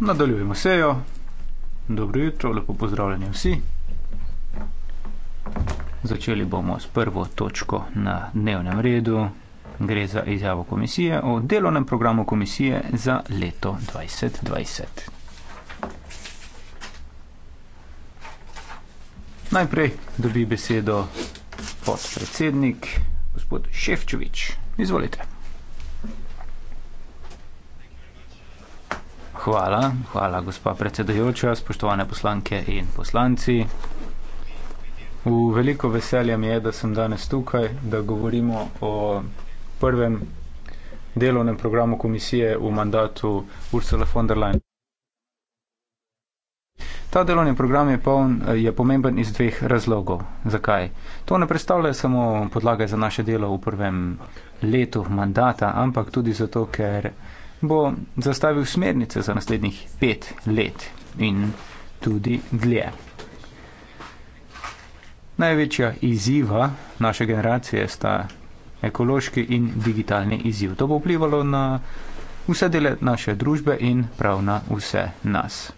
Nadaljujemo sejo. Dobro jutro, lepo pozdravljeni vsi. Začeli bomo s prvo točko na dnevnem redu. Gre za izjavo komisije o delovnem programu komisije za leto 2020. Najprej dobi besedo podpredsednik gospod Ševčovič. Izvolite. Hvala, hvala, gospa predsedujoča, spoštovane poslanke in poslanci. V veliko veselje mi je, da sem danes tukaj, da govorimo o prvem delovnem programu komisije v mandatu Ursula von der Leyen. Ta delovni program je, poln, je pomemben iz dveh razlogov. Zakaj? To ne predstavlja samo podlage za naše delo v prvem letu mandata, ampak tudi zato, ker bo zastavil smernice za naslednjih pet let in tudi dlje. Največja izziva naše generacije sta ekološki in digitalni izziv. To bo vplivalo na vse dele naše družbe in prav na vse nas.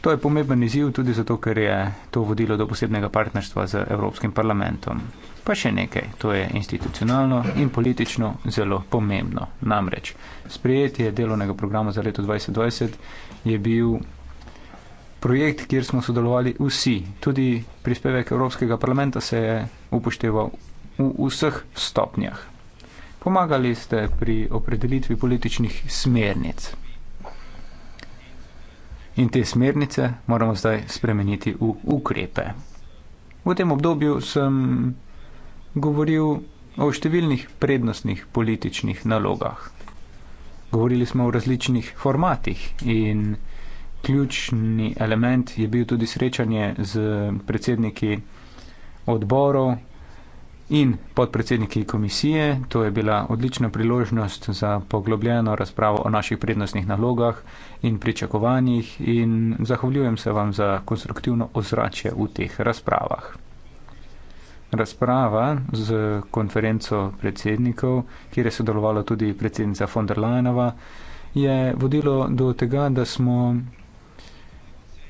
To je pomemben izziv tudi zato, ker je to vodilo do posebnega partnerstva z Evropskim parlamentom. Pa še nekaj, to je institucionalno in politično zelo pomembno. Namreč, sprejetje delovnega programa za leto 2020 je bil projekt, kjer smo sodelovali vsi. Tudi prispevek Evropskega parlamenta se je upošteval v vseh stopnjah. Pomagali ste pri opredelitvi političnih smernic. In te smernice moramo zdaj spremeniti v ukrepe. V tem obdobju sem govoril o številnih prednostnih političnih nalogah. Govorili smo o različnih formatih in ključni element je bil tudi srečanje z predsedniki odborov in podpredsedniki komisije. To je bila odlična priložnost za poglobljeno razpravo o naših prednostnih nalogah in pričakovanjih in zahvaljujem se vam za konstruktivno ozračje v teh razpravah razprava z konferenco predsednikov, kjer je sodelovala tudi predsednica von der Leyenova, je vodilo do tega, da smo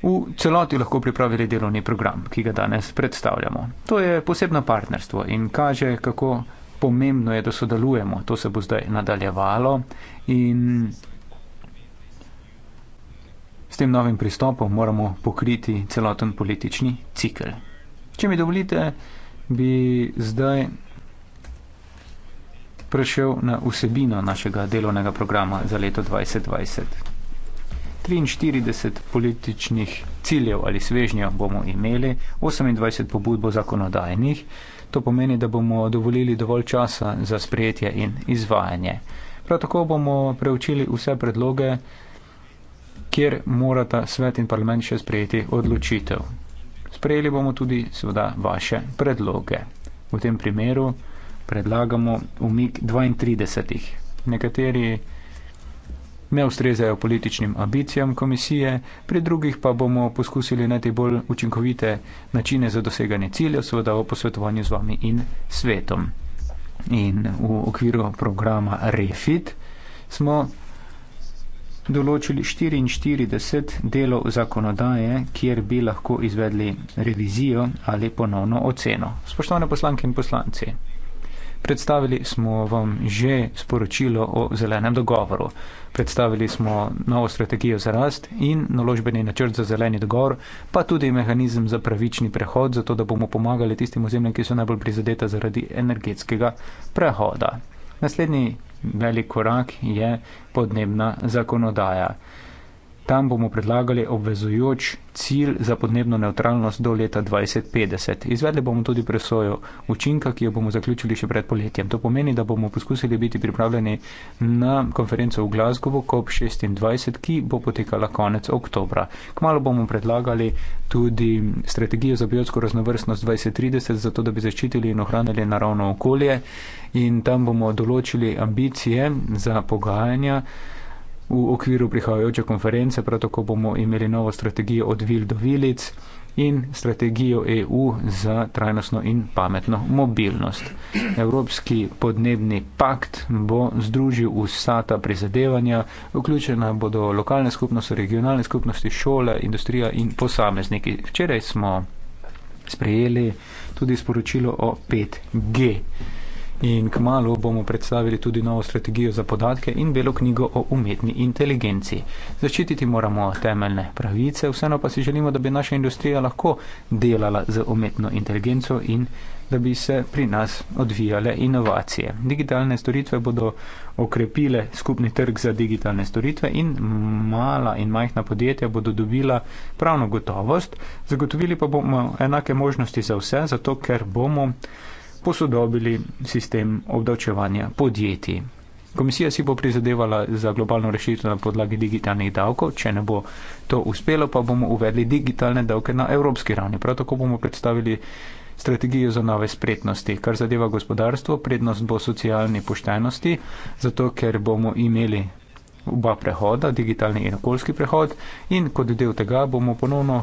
v celoti lahko pripravili delovni program, ki ga danes predstavljamo. To je posebno partnerstvo in kaže, kako pomembno je, da sodelujemo. To se bo zdaj nadaljevalo in s tem novim pristopom moramo pokriti celoten politični cikl. Če mi dovolite, bi zdaj prešel na vsebino našega delovnega programa za leto 2020. 43 političnih ciljev ali svežnja bomo imeli, 28 pobud bo zakonodajnih. To pomeni, da bomo dovolili dovolj časa za sprejetje in izvajanje. Prav tako bomo preučili vse predloge, kjer morata svet in parlament še sprejeti odločitev. Sprejeli bomo tudi seveda vaše predloge. V tem primeru predlagamo umik 32. Nekateri ne ustrezajo političnim ambicijam komisije, pri drugih pa bomo poskusili najti bolj učinkovite načine za doseganje ciljev, seveda o posvetovanju z vami in svetom. In v okviru programa REFIT smo določili 44 delov zakonodaje, kjer bi lahko izvedli revizijo ali ponovno oceno. Spoštovane poslanke in poslanci, predstavili smo vam že sporočilo o zelenem dogovoru. Predstavili smo novo strategijo za rast in naložbeni načrt za zeleni dogovor, pa tudi mehanizem za pravični prehod, zato da bomo pomagali tistim ozemljem, ki so najbolj prizadeta zaradi energetskega prehoda. Naslednji velik korak je podnebna zakonodaja. Tam bomo predlagali obvezujoč cilj za podnebno neutralnost do leta 2050. Izvedli bomo tudi presojo učinka, ki jo bomo zaključili še pred poletjem. To pomeni, da bomo poskusili biti pripravljeni na konferenco v Glasgowu COP26, ki bo potekala konec oktobra. Kmalo bomo predlagali tudi strategijo za biotsko raznovrstnost 2030, zato da bi zaščitili in ohranili naravno okolje in tam bomo določili ambicije za pogajanja v okviru prihajajoče konference, prav tako bomo imeli novo strategijo od vil do vilic in strategijo EU za trajnostno in pametno mobilnost. Evropski podnebni pakt bo združil vsa ta prizadevanja, vključena bodo lokalne skupnosti, regionalne skupnosti, šole, industrija in posamezniki. Včeraj smo sprejeli tudi sporočilo o 5G. In kmalo bomo predstavili tudi novo strategijo za podatke in belo knjigo o umetni inteligenci. Zaščititi moramo temeljne pravice, vseeno pa si želimo, da bi naša industrija lahko delala z umetno inteligenco in da bi se pri nas odvijale inovacije. Digitalne storitve bodo okrepile skupni trg za digitalne storitve in mala in majhna podjetja bodo dobila pravno gotovost. Zagotovili pa bomo enake možnosti za vse, zato ker bomo posodobili sistem obdavčevanja podjetij. Komisija si bo prizadevala za globalno rešitev na podlagi digitalnih davkov, če ne bo to uspelo, pa bomo uvedli digitalne davke na evropski ravni. Prav tako bomo predstavili strategijo za nove spretnosti, kar zadeva gospodarstvo, prednost bo socialni poštenosti, zato ker bomo imeli oba prehoda, digitalni in okoljski prehod in kot del tega bomo ponovno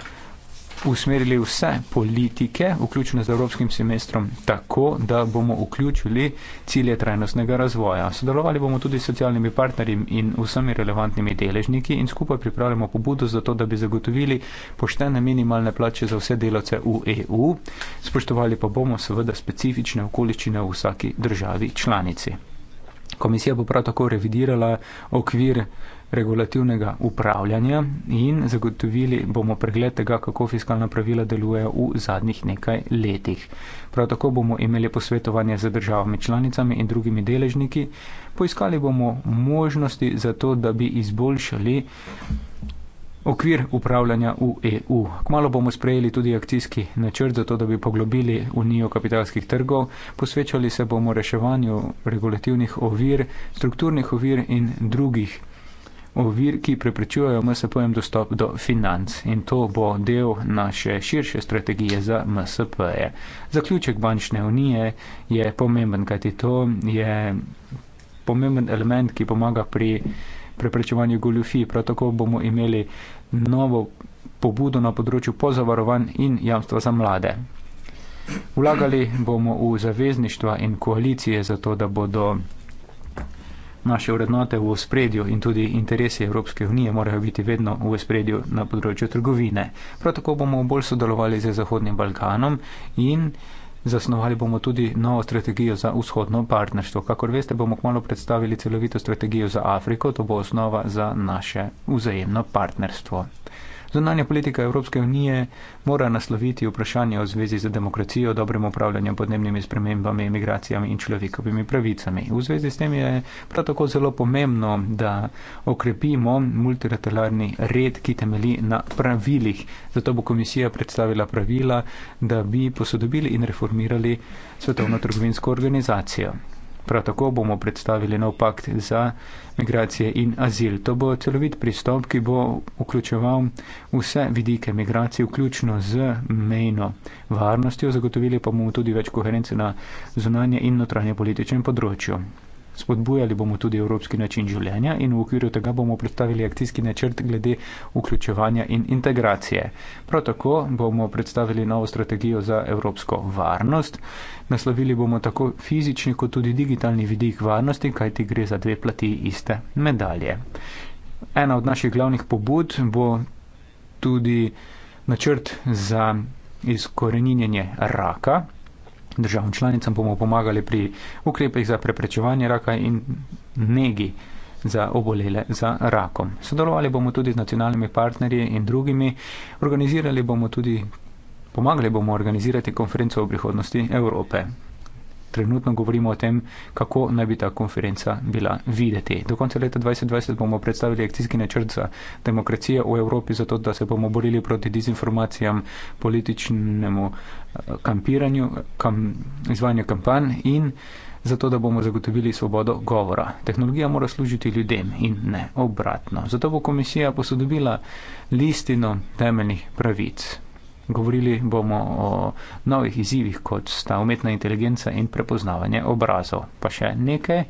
usmerili vse politike, vključno z evropskim semestrom, tako, da bomo vključili cilje trajnostnega razvoja. Sodelovali bomo tudi s socialnimi partnerji in vsemi relevantnimi deležniki in skupaj pripravljamo pobudo za to, da bi zagotovili poštene minimalne plače za vse delavce v EU. Spoštovali pa bomo seveda specifične okoliščine v vsaki državi članici. Komisija bo prav tako revidirala okvir regulativnega upravljanja in zagotovili bomo pregled tega, kako fiskalna pravila delujejo v zadnjih nekaj letih. Prav tako bomo imeli posvetovanje z državami članicami in drugimi deležniki. Poiskali bomo možnosti za to, da bi izboljšali okvir upravljanja v EU. Kmalo bomo sprejeli tudi akcijski načrt za to, da bi poglobili unijo kapitalskih trgov, posvečali se bomo reševanju regulativnih ovir, strukturnih ovir in drugih ovir, ki preprečujejo MSP-jem dostop do financ in to bo del naše širše strategije za MSP-je. Zaključek bančne unije je pomemben, kajti to je pomemben element, ki pomaga pri preprečevanju goljufij. Prav tako bomo imeli novo pobudo na področju pozavarovanj in jamstva za mlade. Vlagali bomo v zavezništva in koalicije za to, da bodo naše vrednote v ospredju in tudi interesi Evropske unije morajo biti vedno v ospredju na področju trgovine. Prav tako bomo bolj sodelovali z Zahodnim Balkanom in zasnovali bomo tudi novo strategijo za vzhodno partnerstvo. Kakor veste, bomo kmalo predstavili celovito strategijo za Afriko, to bo osnova za naše vzajemno partnerstvo. Zunanja politika Evropske unije mora nasloviti vprašanje o zvezi z demokracijo, dobrim upravljanjem podnebnimi spremembami, migracijami in človekovimi pravicami. V zvezi s tem je prav tako zelo pomembno, da okrepimo multilateralni red, ki temeli na pravilih. Zato bo komisija predstavila pravila, da bi posodobili in reformirali svetovno trgovinsko organizacijo. Prav tako bomo predstavili nov pakt za migracije in azil. To bo celovit pristop, ki bo vključeval vse vidike migracije, vključno z mejno varnostjo. Zagotovili pa bomo tudi več koherence na zunanje in notranje politične področje spodbujali bomo tudi evropski način življenja in v okviru tega bomo predstavili akcijski načrt glede vključevanja in integracije. Prav tako bomo predstavili novo strategijo za evropsko varnost. Naslovili bomo tako fizični kot tudi digitalni vidik varnosti, kajti gre za dve plati iste medalje. Ena od naših glavnih pobud bo tudi načrt za izkoreninjenje raka državam članicam bomo pomagali pri ukrepih za preprečevanje raka in negi za obolele za rakom. Sodelovali bomo tudi z nacionalnimi partnerji in drugimi, organizirali bomo tudi, pomagali bomo organizirati konferenco o prihodnosti Evrope trenutno govorimo o tem, kako naj bi ta konferenca bila videti. Do konca leta 2020 bomo predstavili akcijski načrt za demokracijo v Evropi, zato da se bomo borili proti dezinformacijam, političnemu eh, kampiranju, kam, izvanju kampanj in zato, da bomo zagotovili svobodo govora. Tehnologija mora služiti ljudem in ne obratno. Zato bo komisija posodobila listino temeljnih pravic. Govorili bomo o novih izzivih, kot sta umetna inteligenca in prepoznavanje obrazov. Pa še nekaj,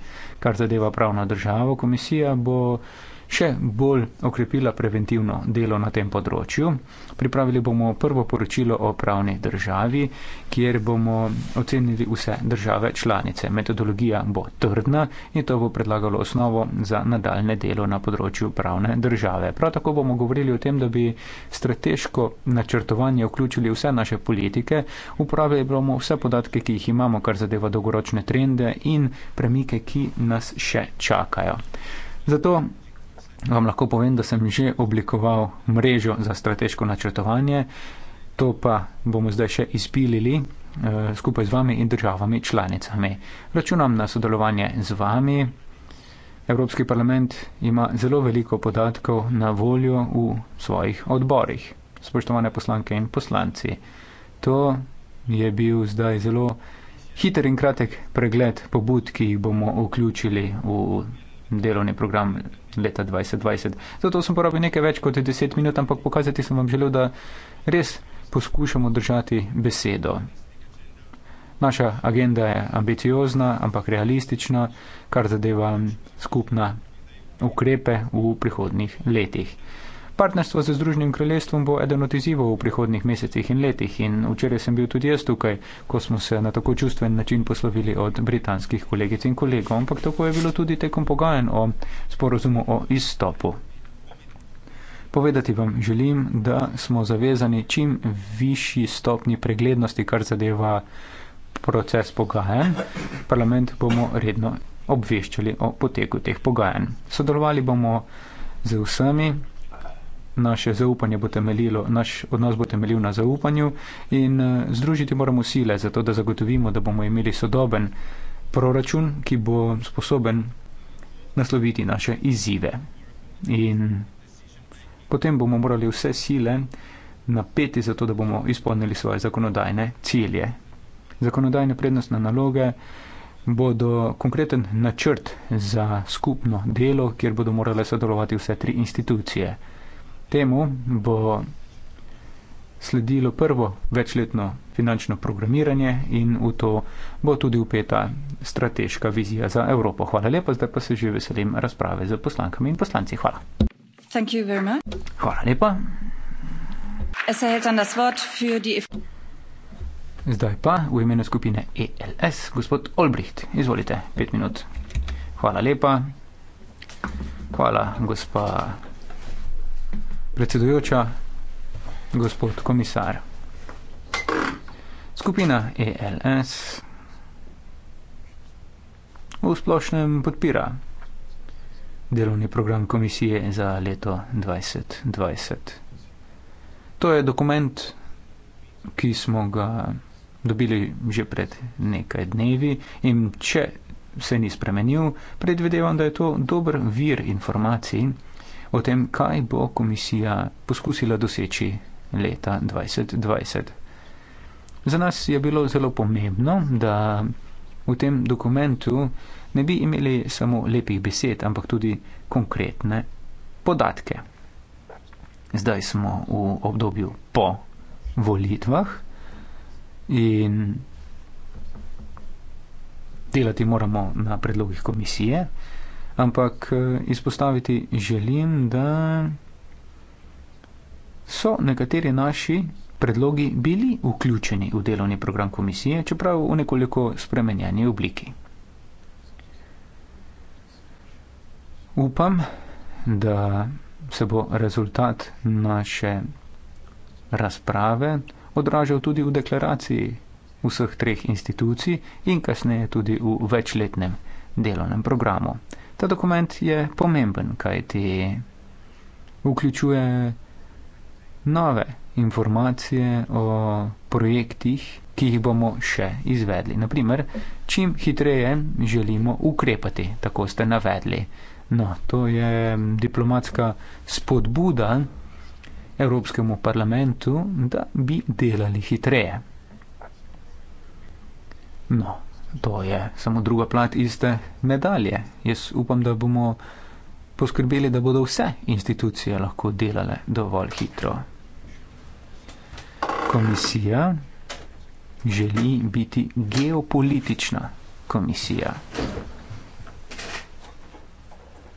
kar zadeva pravno državo, komisija bo še bolj okrepila preventivno delo na tem področju. Pripravili bomo prvo poročilo o pravni državi, kjer bomo ocenili vse države članice. Metodologija bo trdna in to bo predlagalo osnovo za nadaljne delo na področju pravne države. Prav tako bomo govorili o tem, da bi strateško načrtovanje vključili vse naše politike, upravili bomo vse podatke, ki jih imamo, kar zadeva dolgoročne trende in premike, ki nas še čakajo. Zato vam lahko povem, da sem že oblikoval mrežo za strateško načrtovanje, to pa bomo zdaj še izpilili eh, skupaj z vami in državami članicami. Računam na sodelovanje z vami. Evropski parlament ima zelo veliko podatkov na voljo v svojih odborih, spoštovane poslanke in poslanci. To je bil zdaj zelo hiter in kratek pregled pobud, ki jih bomo vključili v delovni program leta 2020. Zato sem porabil nekaj več kot 10 minut, ampak pokazati sem vam želel, da res poskušamo držati besedo. Naša agenda je ambiciozna, ampak realistična, kar zadeva skupna ukrepe v prihodnih letih partnerstvo z združenim kraljestvom bo eden od izzivov v prihodnjih mesecih in letih in včeraj sem bil tudi jaz tukaj, ko smo se na tako čustven način poslovili od britanskih kolegic in kolegov, ampak tako je bilo tudi tekom pogajen o sporozumu o izstopu. Povedati vam želim, da smo zavezani čim višji stopni preglednosti, kar zadeva proces pogajen. Parlament bomo redno obveščali o poteku teh pogajen. Sodelovali bomo z vsemi naše zaupanje bo temeljilo, naš odnos bo temeljil na zaupanju in eh, združiti moramo sile za to, da zagotovimo, da bomo imeli sodoben proračun, ki bo sposoben nasloviti naše izzive. In potem bomo morali vse sile napeti za to, da bomo izpolnili svoje zakonodajne cilje. Zakonodajne prednostne naloge bodo konkreten načrt za skupno delo, kjer bodo morale sodelovati vse tri institucije temu bo sledilo prvo večletno finančno programiranje in v to bo tudi upeta strateška vizija za Evropo. Hvala lepa, zdaj pa se že veselim razprave z poslankami in poslanci. Hvala. Thank you very much. Hvala lepa. Es erhält dann das Wort für die Zdaj pa v imenu skupine ELS, gospod Olbricht, izvolite, pet minut. Hvala lepa. Hvala, gospa predsedujoča, gospod komisar. Skupina ELS v splošnem podpira delovni program komisije za leto 2020. To je dokument, ki smo ga dobili že pred nekaj dnevi in če se ni spremenil, predvidevam, da je to dober vir informacij o tem, kaj bo komisija poskusila doseči leta 2020. Za nas je bilo zelo pomembno, da v tem dokumentu ne bi imeli samo lepih besed, ampak tudi konkretne podatke. Zdaj smo v obdobju po volitvah in delati moramo na predlogih komisije, ampak eh, izpostaviti želim, da so nekateri naši predlogi bili vključeni v delovni program komisije, čeprav v nekoliko spremenjeni obliki. Upam, da se bo rezultat naše razprave odražal tudi v deklaraciji vseh treh institucij in kasneje tudi v večletnem delovnem programu. Ta dokument je pomemben, kajti vključuje nove informacije o projektih, ki jih bomo še izvedli. Naprimer, čim hitreje želimo ukrepati, tako ste navedli. No, to je diplomatska spodbuda Evropskemu parlamentu, da bi delali hitreje. No, To je samo druga plat iste medalje. Jaz upam, da bomo poskrbeli, da bodo vse institucije lahko delale dovolj hitro. Komisija želi biti geopolitična komisija.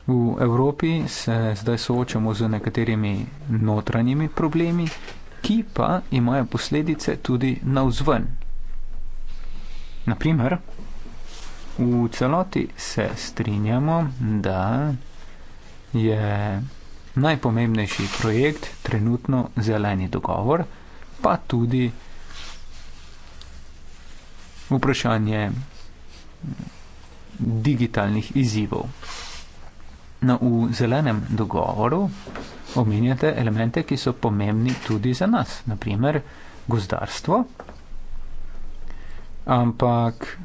V Evropi se zdaj soočamo z nekaterimi notranjimi problemi, ki pa imajo posledice tudi na vzven Naprimer, v celoti se strinjamo, da je najpomembnejši projekt trenutno zeleni dogovor, pa tudi vprašanje digitalnih izzivov. Na, no, v zelenem dogovoru omenjate elemente, ki so pomembni tudi za nas, naprimer gozdarstvo, ampak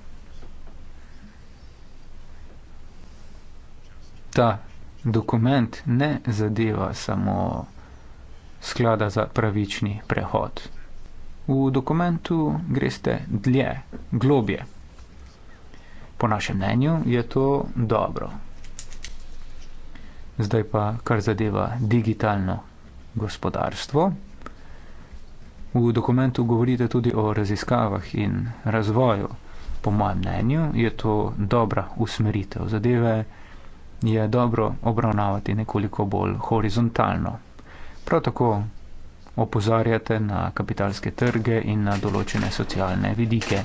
ta dokument ne zadeva samo sklada za pravični prehod. V dokumentu greste dlje, globje. Po našem mnenju je to dobro. Zdaj pa, kar zadeva digitalno gospodarstvo. V dokumentu govorite tudi o raziskavah in razvoju. Po mojem mnenju je to dobra usmeritev. Zadeve je dobro obravnavati nekoliko bolj horizontalno. Prav tako opozarjate na kapitalske trge in na določene socialne vidike.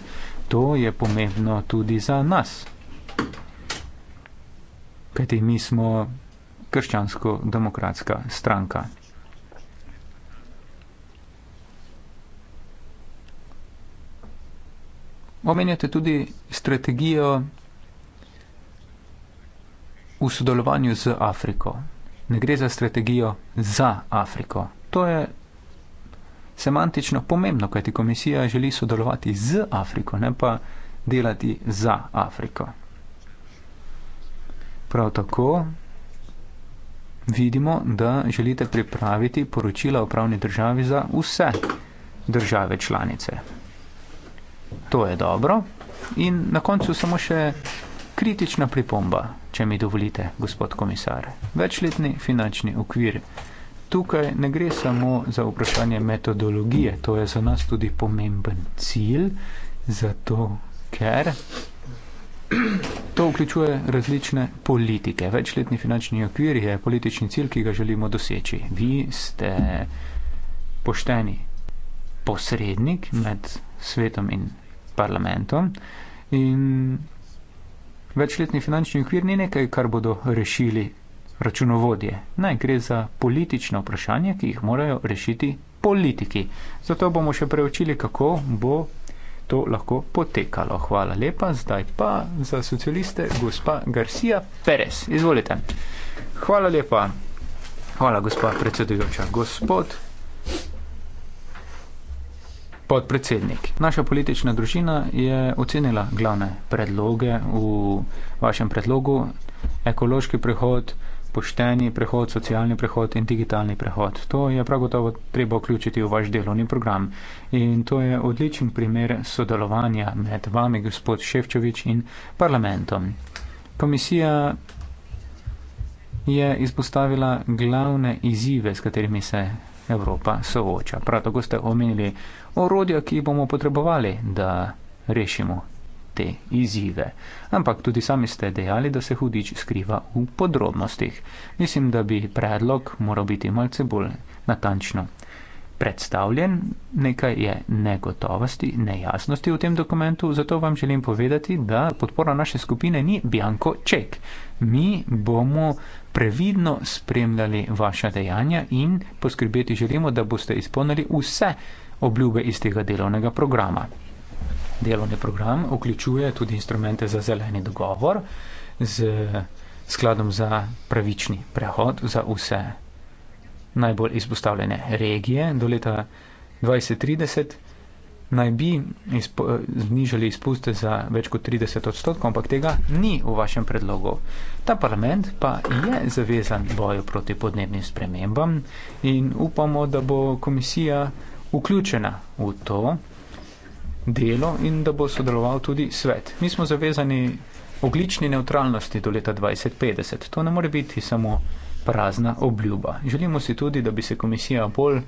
To je pomembno tudi za nas. Kajti mi smo krščansko-demokratska stranka. Omenjate tudi strategijo v sodelovanju z Afriko. Ne gre za strategijo za Afriko. To je semantično pomembno, kajti komisija želi sodelovati z Afriko, ne pa delati za Afriko. Prav tako vidimo, da želite pripraviti poročila o pravni državi za vse države članice. To je dobro. In na koncu samo še kritična pripomba, če mi dovolite, gospod komisar. Večletni finančni okvir. Tukaj ne gre samo za vprašanje metodologije, to je za nas tudi pomemben cilj, zato ker to vključuje različne politike. Večletni finančni okvir je politični cilj, ki ga želimo doseči. Vi ste pošteni posrednik med svetom in parlamentom. In večletni finančni okvir ni nekaj, kar bodo rešili računovodje. Naj gre za politično vprašanje, ki jih morajo rešiti politiki. Zato bomo še preučili, kako bo to lahko potekalo. Hvala lepa, zdaj pa za socialiste gospa Garcia Perez. Izvolite. Hvala lepa. Hvala, gospa predsedujoča. Gospod podpredsednik. Naša politična družina je ocenila glavne predloge v vašem predlogu. Ekološki prehod, pošteni prehod, socialni prehod in digitalni prehod. To je prav gotovo treba vključiti v vaš delovni program. In to je odličen primer sodelovanja med vami, gospod Ševčovič, in parlamentom. Komisija je izpostavila glavne izzive, s katerimi se Evropa sooča. Prav tako ste omenili orodja, ki jih bomo potrebovali, da rešimo te izzive. Ampak tudi sami ste dejali, da se hudič skriva v podrobnostih. Mislim, da bi predlog moral biti malce bolj natančno predstavljen. Nekaj je negotovosti, nejasnosti v tem dokumentu, zato vam želim povedati, da podpora naše skupine ni bianko ček. Mi bomo previdno spremljali vaša dejanja in poskrbeti želimo, da boste izpolnili vse obljube iz tega delovnega programa. Delovni program vključuje tudi instrumente za zeleni dogovor z skladom za pravični prehod za vse najbolj izpostavljene regije. Do leta 2030 naj bi izpo, znižali izpuste za več kot 30 odstotkov, ampak tega ni v vašem predlogu. Ta parlament pa je zavezan boju proti podnebnim spremembam in upamo, da bo komisija vključena v to delo in da bo sodeloval tudi svet. Mi smo zavezani oglični neutralnosti do leta 2050. To ne more biti samo prazna obljuba. Želimo si tudi, da bi se komisija bolj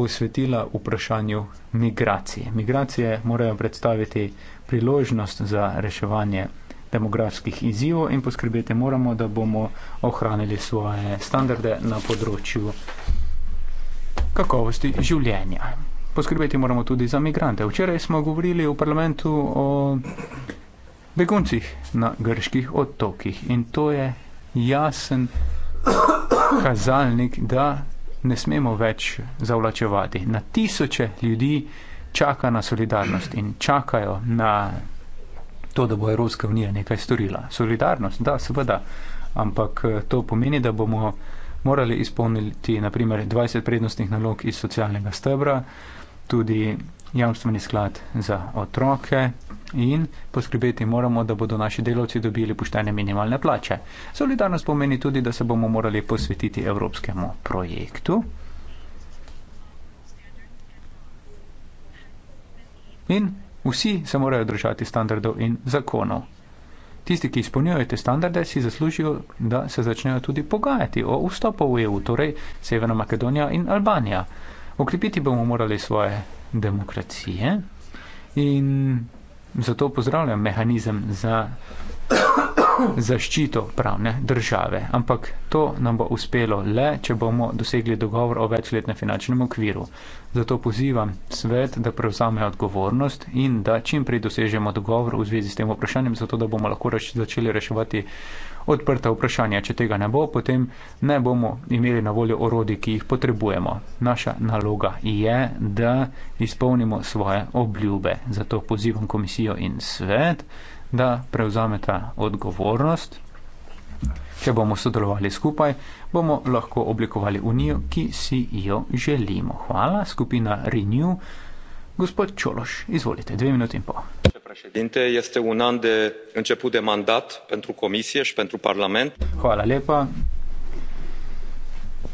posvetila vprašanju migracije. Migracije morajo predstaviti priložnost za reševanje demografskih izzivov in poskrbeti moramo, da bomo ohranili svoje standarde na področju kakovosti življenja. Poskrbeti moramo tudi za migrante. Včeraj smo govorili v parlamentu o beguncih na grških otokih in to je jasen kazalnik, da ne smemo več zavlačevati. Na tisoče ljudi čaka na solidarnost in čakajo na to, da bo Evropska unija nekaj storila. Solidarnost, da, seveda, ampak eh, to pomeni, da bomo morali izpolniti naprimer 20 prednostnih nalog iz socialnega stebra, tudi jamstveni sklad za otroke in poskrbeti moramo, da bodo naši delavci dobili poštene minimalne plače. Solidarnost pomeni tudi, da se bomo morali posvetiti evropskemu projektu. In vsi se morajo držati standardov in zakonov. Tisti, ki izpolnjujejo te standarde, si zaslužijo, da se začnejo tudi pogajati o vstopu v EU, torej Severna Makedonija in Albanija. Okrepiti bomo morali svoje demokracije in zato pozdravljam mehanizem za zaščito pravne države. Ampak to nam bo uspelo le, če bomo dosegli dogovor o večletnem finančnem okviru. Zato pozivam svet, da prevzame odgovornost in da čim prej dosežemo dogovor v zvezi s tem vprašanjem, zato da bomo lahko reš začeli reševati odprta vprašanja. Če tega ne bo, potem ne bomo imeli na voljo orodi, ki jih potrebujemo. Naša naloga je, da izpolnimo svoje obljube. Zato pozivam komisijo in svet, da prevzame ta odgovornost. Če bomo sodelovali skupaj, bomo lahko oblikovali unijo, ki si jo želimo. Hvala, skupina Renew. Gospod Čološ, izvolite, dve minuti in pol. Președinte, este un an de început de mandat pentru Comisie și pentru Parlament. Hvala lepa.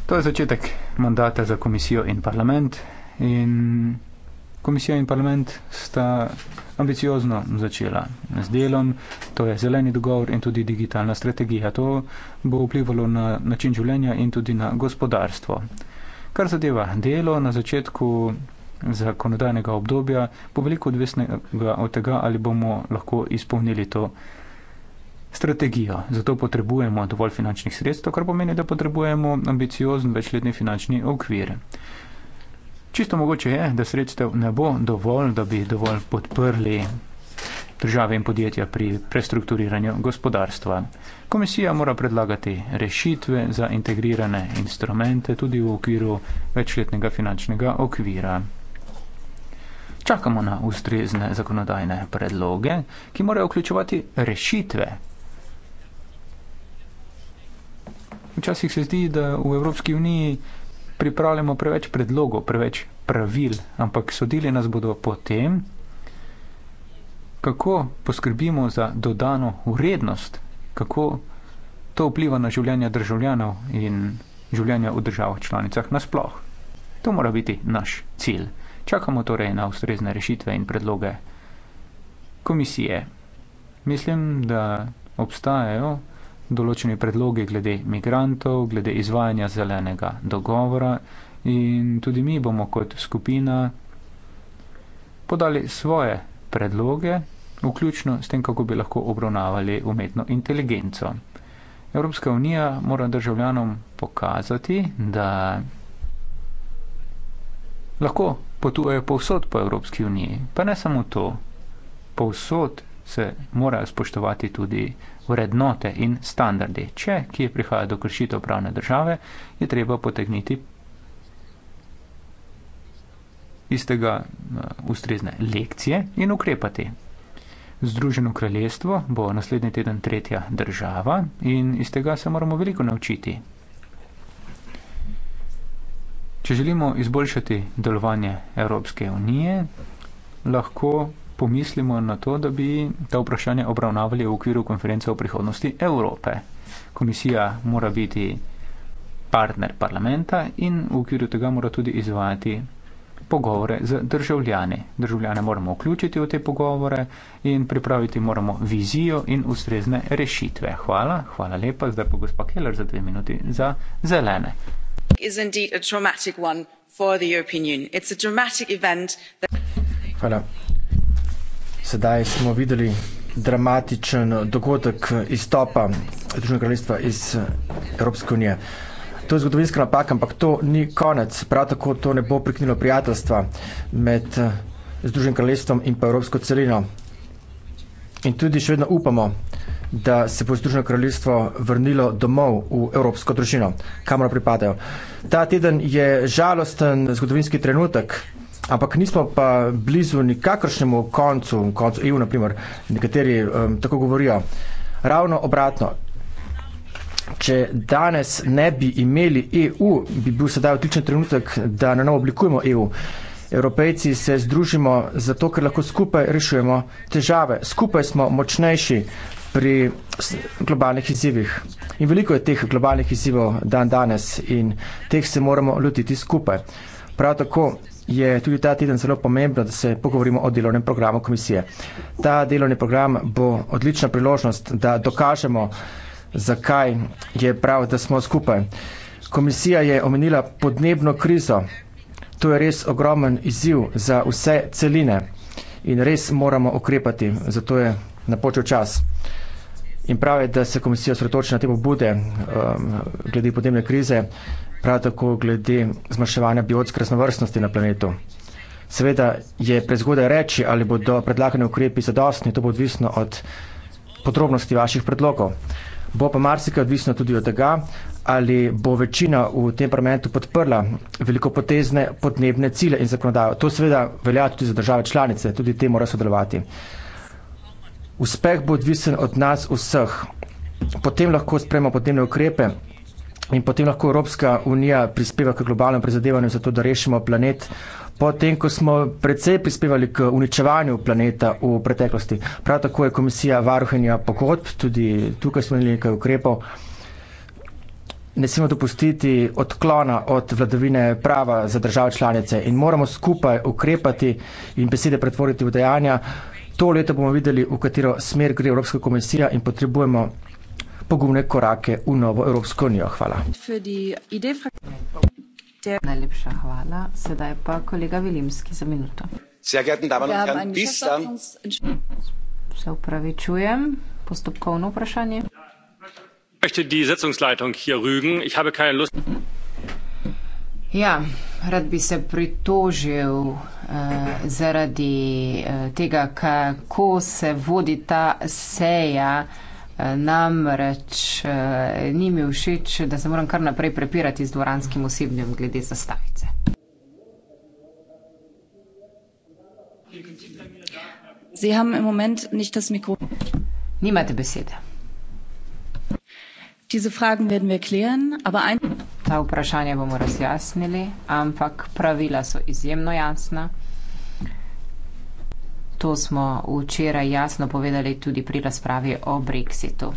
To je začetek mandata za Komisijo in Parlament. In Komisija in Parlament sta ambiciozno začela z delom, to je zeleni dogovor in tudi digitalna strategija. To bo vplivalo na način življenja in tudi na gospodarstvo. Kar zadeva delo, na začetku zakonodajnega obdobja bo veliko odvisnega od tega, ali bomo lahko izpolnili to strategijo. Zato potrebujemo dovolj finančnih sredstev, kar pomeni, da potrebujemo ambiciozen večletni finančni okvir. Čisto mogoče je, da sredstev ne bo dovolj, da bi dovolj podprli države in podjetja pri prestrukturiranju gospodarstva. Komisija mora predlagati rešitve za integrirane instrumente tudi v okviru večletnega finančnega okvira. Čakamo na ustrezne zakonodajne predloge, ki morajo vključevati rešitve. Včasih se zdi, da v Evropski uniji pripravljamo preveč predlogov, preveč pravil, ampak sodili nas bodo potem, kako poskrbimo za dodano vrednost, kako to vpliva na življenje državljanov in življenje v državah članicah nasploh. To mora biti naš cilj. Čakamo torej na ustrezne rešitve in predloge komisije. Mislim, da obstajajo določeni predlogi glede migrantov, glede izvajanja zelenega dogovora in tudi mi bomo kot skupina podali svoje predloge, vključno s tem, kako bi lahko obravnavali umetno inteligenco. Evropska unija mora državljanom pokazati, da lahko potujejo povsod po Evropski uniji, pa ne samo to, povsod se morajo spoštovati tudi vrednote in standardi. Če, ki je prihaja do kršitev pravne države, je treba potegniti istega uh, eh, ustrezne lekcije in ukrepati. Združeno kraljestvo bo naslednji teden tretja država in iz tega se moramo veliko naučiti. Če želimo izboljšati delovanje Evropske unije, lahko pomislimo na to, da bi ta vprašanja obravnavali v okviru konference o prihodnosti Evrope. Komisija mora biti partner parlamenta in v okviru tega mora tudi izvajati pogovore z državljani. Državljane moramo vključiti v te pogovore in pripraviti moramo vizijo in ustrezne rešitve. Hvala, hvala lepa, zdaj pa gospa Keller za dve minuti za zelene. Hvala. Sedaj smo videli dramatičen dogodek izstopa Združenega kraljestva iz eh, Evropske unije. To je zgodovinska napaka, ampak to ni konec. Prav tako to ne bo priknilo prijateljstva med eh, Združenim kraljestvom in pa Evropsko celino. In tudi še vedno upamo, da se bo Združeno kraljestvo vrnilo domov v Evropsko družino, kamor pripadajo. Ta teden je žalosten zgodovinski trenutek. Ampak nismo pa blizu nikakršnemu koncu, koncu EU, naprimer, nekateri um, tako govorijo. Ravno obratno, če danes ne bi imeli EU, bi bil sedaj odličen trenutek, da na novo oblikujemo EU. Evropejci se združimo zato, ker lahko skupaj rešujemo težave. Skupaj smo močnejši pri globalnih izzivih. In veliko je teh globalnih izzivov dan danes in teh se moramo lotiti skupaj. Prav tako je tudi ta teden zelo pomembno, da se pogovorimo o delovnem programu komisije. Ta delovni program bo odlična priložnost, da dokažemo, zakaj je prav, da smo skupaj. Komisija je omenila podnebno krizo. To je res ogromen izziv za vse celine in res moramo ukrepati. Zato je napočil čas. In prav je, da se komisija sretoči na te pobude um, glede podnebne krize prav tako glede zmanjševanja biotske raznovrstnosti na planetu. Seveda je prezgodaj reči, ali bodo predlagani ukrepi zadostni, to bo odvisno od podrobnosti vaših predlogov. Bo pa marsikaj odvisno tudi od tega, ali bo večina v tem parlamentu podprla velikopotezne podnebne cilje in zakonodajo. To seveda velja tudi za države članice, tudi te mora sodelovati. Uspeh bo odvisen od nas vseh. Potem lahko spremo podnebne ukrepe, in potem lahko Evropska unija prispeva k globalnemu prizadevanju za to, da rešimo planet, potem, ko smo precej prispevali k uničevanju planeta v preteklosti. Prav tako je komisija varuhenja pogodb, tudi tukaj smo imeli nekaj ukrepov. Ne smemo dopustiti odklona od vladavine prava za države članice in moramo skupaj ukrepati in besede pretvoriti v dejanja. To leto bomo videli, v katero smer gre Evropska komisija in potrebujemo pogumne korake v novo Evropsko unijo. Hvala. Najlepša hvala. Sedaj pa kolega Vilimski za minuto. Ja, se upravičujem, postopkovno vprašanje. Ja, rad bi se pritožil eh, zaradi eh, tega, kako se vodi ta seja. Namreč eh, ni mi všeč, da se moram kar naprej prepirati z dvoranskim osebjem glede zastavice. Sie haben im Moment nicht das Mikro. Nimate besede. Diese Fragen werden wir klären, aber ein Ta vprašanja bomo razjasnili, ampak pravila so izjemno jasna. To smo včeraj jasno povedali tudi pri razpravi o Brexitu.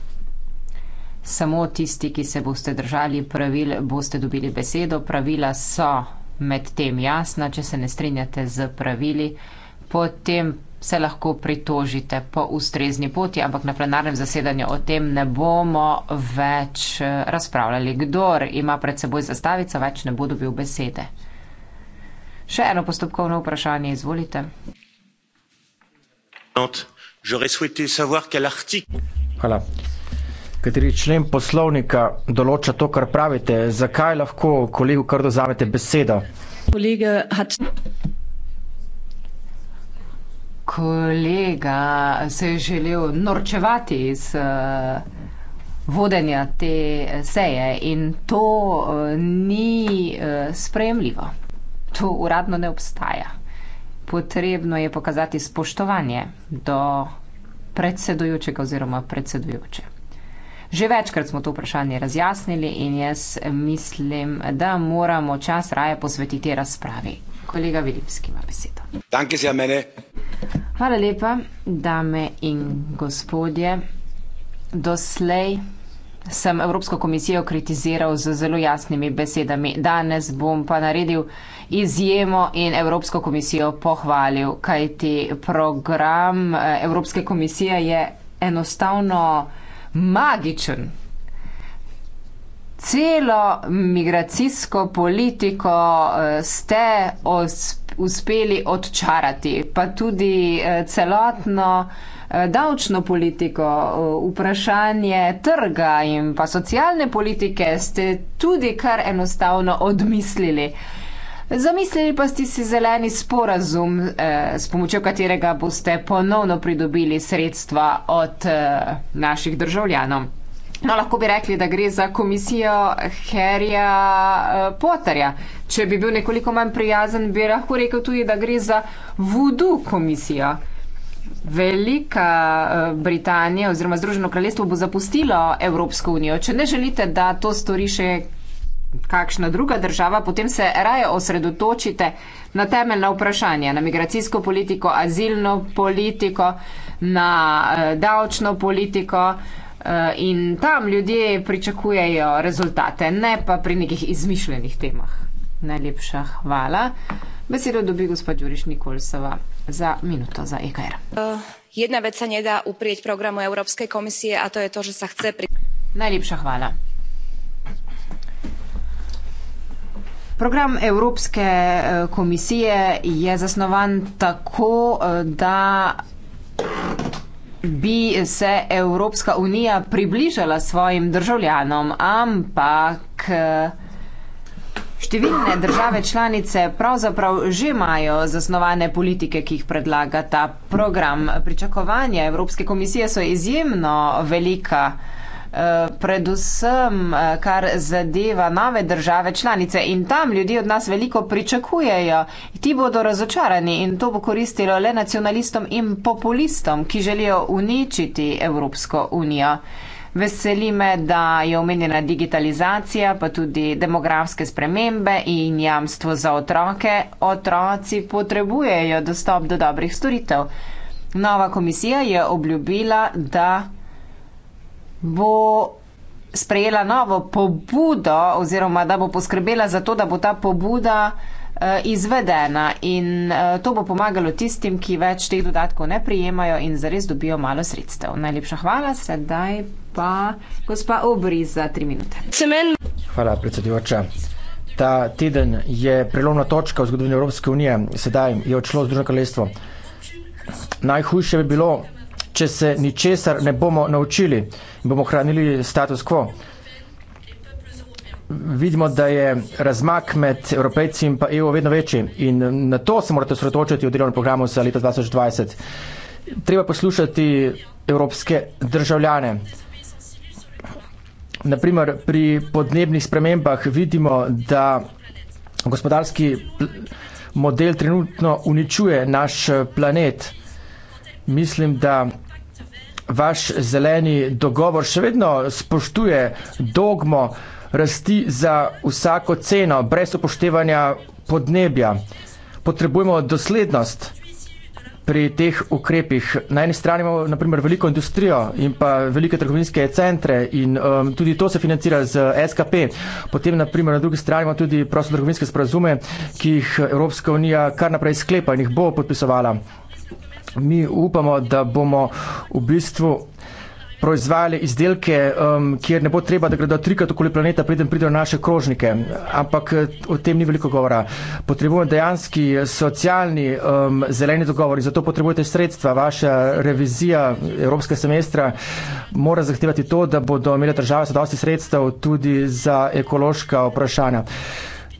Samo tisti, ki se boste držali pravil, boste dobili besedo. Pravila so med tem jasna, če se ne strinjate z pravili, potem se lahko pritožite po ustrezni poti, ampak na plenarnem zasedanju o tem ne bomo več eh, razpravljali. Kdor ima pred seboj zastavico, več ne bo dobil besede. Še eno postopkovno vprašanje, izvolite présidente j'aurais souhaité savoir quel article voilà. Kateri člen poslovnika določa to, kar pravite? Zakaj lahko kolegu kar dozamete besedo? Kolega, hač... Kolega se je želel norčevati iz uh, vodenja te eh, seje in to uh, ni uh, spremljivo. To uradno ne obstaja potrebno je pokazati spoštovanje do predsedujočega oziroma predsedujoče. Že večkrat smo to vprašanje razjasnili in jaz mislim, da moramo čas raje posvetiti razpravi. Kolega Vilipski ima besedo. Hvala lepa, dame in gospodje. Doslej sem Evropsko komisijo kritiziral z zelo jasnimi besedami. Danes bom pa naredil izjemo in Evropsko komisijo pohvalil, kajti program eh, Evropske komisije je enostavno magičen. Celo migracijsko politiko eh, ste ospravili uspeli odčarati, pa tudi eh, celotno eh, davčno politiko, eh, vprašanje trga in pa socialne politike ste tudi kar enostavno odmislili. Zamislili pa ste si zeleni sporazum, s pomočjo katerega boste ponovno pridobili sredstva od naših državljanov. No, lahko bi rekli, da gre za komisijo Harryja Potterja. Eh, Če bi bil nekoliko manj prijazen, bi lahko rekel tudi, da gre za Vudu komisijo. Velika eh, Britanija oziroma Združeno kraljestvo bo zapustilo Evropsko unijo. Če ne želite, da to stori še kakšna druga država, potem se raje osredotočite na temeljna vprašanja, na migracijsko politiko, azilno politiko, na eh, davčno politiko. Eh, in tam ljudje pričakujejo rezultate, ne pa pri nekih izmišljenih temah. Najlepša hvala. Besedo dobi gospod Đuriš Nikolsova za minuto za EKR. Eh, jedna vec sa nedá uprieť programu Európskej komisie a to je to, že sa chce... Pri... Najlepša hvala. Program Evropske eh, komisije je zasnovan tako, da bi se Evropska unija približala svojim državljanom, ampak eh, številne države članice pravzaprav že imajo zasnovane politike, ki jih predlaga ta program. Pričakovanja Evropske komisije so izjemno velika. Eh, predvsem eh, kar zadeva nove države članice in tam ljudje od nas veliko pričakujejo. Ti bodo razočarani in to bo koristilo le nacionalistom in populistom, ki želijo uničiti Evropsko unijo. Veseli me, da je omenjena digitalizacija, pa tudi demografske spremembe in jamstvo za otroke. Otroci potrebujejo dostop do dobrih storitev. Nova komisija je obljubila, da bo sprejela novo pobudo oziroma da bo poskrbela za to, da bo ta pobuda eh, izvedena in eh, to bo pomagalo tistim, ki več teh dodatkov ne prijemajo in zares dobijo malo sredstev. Najlepša hvala, sedaj pa gospa Obri za tri minute. Hvala, predsedujoča. Ta teden je prelomna točka v zgodovini Evropske unije, sedaj je odšlo Združeno kraljestvo. Najhujše bi bilo, če se ničesar ne bomo naučili in bomo hranili status quo. Vidimo, da je razmak med evropejci in pa EU vedno večji in na to se morate sredočiti v delovnem programu za leto 2020. Treba poslušati evropske državljane. Naprimer, pri podnebnih spremembah vidimo, da gospodarski model trenutno uničuje naš planet mislim, da vaš zeleni dogovor še vedno spoštuje dogmo rasti za vsako ceno, brez upoštevanja podnebja. Potrebujemo doslednost pri teh ukrepih. Na eni strani imamo naprimer veliko industrijo in pa velike trgovinske centre in um, tudi to se financira z SKP. Potem naprimer na drugi strani imamo tudi prosto trgovinske sporazume, ki jih Evropska unija kar naprej sklepa in jih bo podpisovala mi upamo, da bomo v bistvu proizvajali izdelke, um, kjer ne bo treba, da gredo trikrat okoli planeta, preden pridejo naše krožnike. Ampak o tem ni veliko govora. Potrebujemo dejanski socialni um, zeleni dogovor in zato potrebujete sredstva. Vaša revizija Evropske semestra mora zahtevati to, da bodo imele države zadosti sredstev tudi za ekološka vprašanja.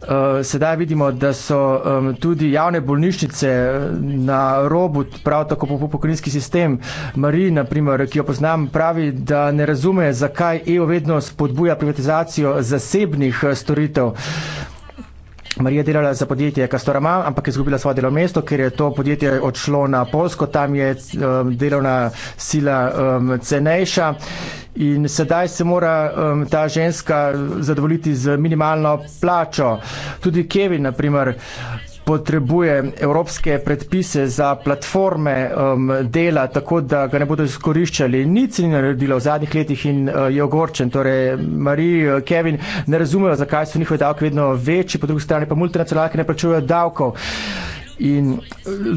Eh, sedaj vidimo, da so tudi javne bolnišnice eh, na robu, prav tako po pokojninski sistem. Mari, naprimer, ki jo poznam, pravi, da ne razume, zakaj EU vedno spodbuja privatizacijo zasebnih eh, storitev. Marija je delala za podjetje Castorama, ampak je izgubila svoje delovno mesto, ker je to podjetje odšlo na Polsko, tam je um, delovna sila um, cenejša. In sedaj se mora um, ta ženska zadovoljiti z minimalno plačo. Tudi Kevin, naprimer, potrebuje evropske predpise za platforme um, dela, tako da ga ne bodo izkoriščali. Nic ni naredilo v zadnjih letih in uh, je ogorčen. Torej, Marie, uh, Kevin ne razumejo, zakaj so njihovi davki vedno večji, po drugi strani pa multinacionalke ne plačujejo davkov in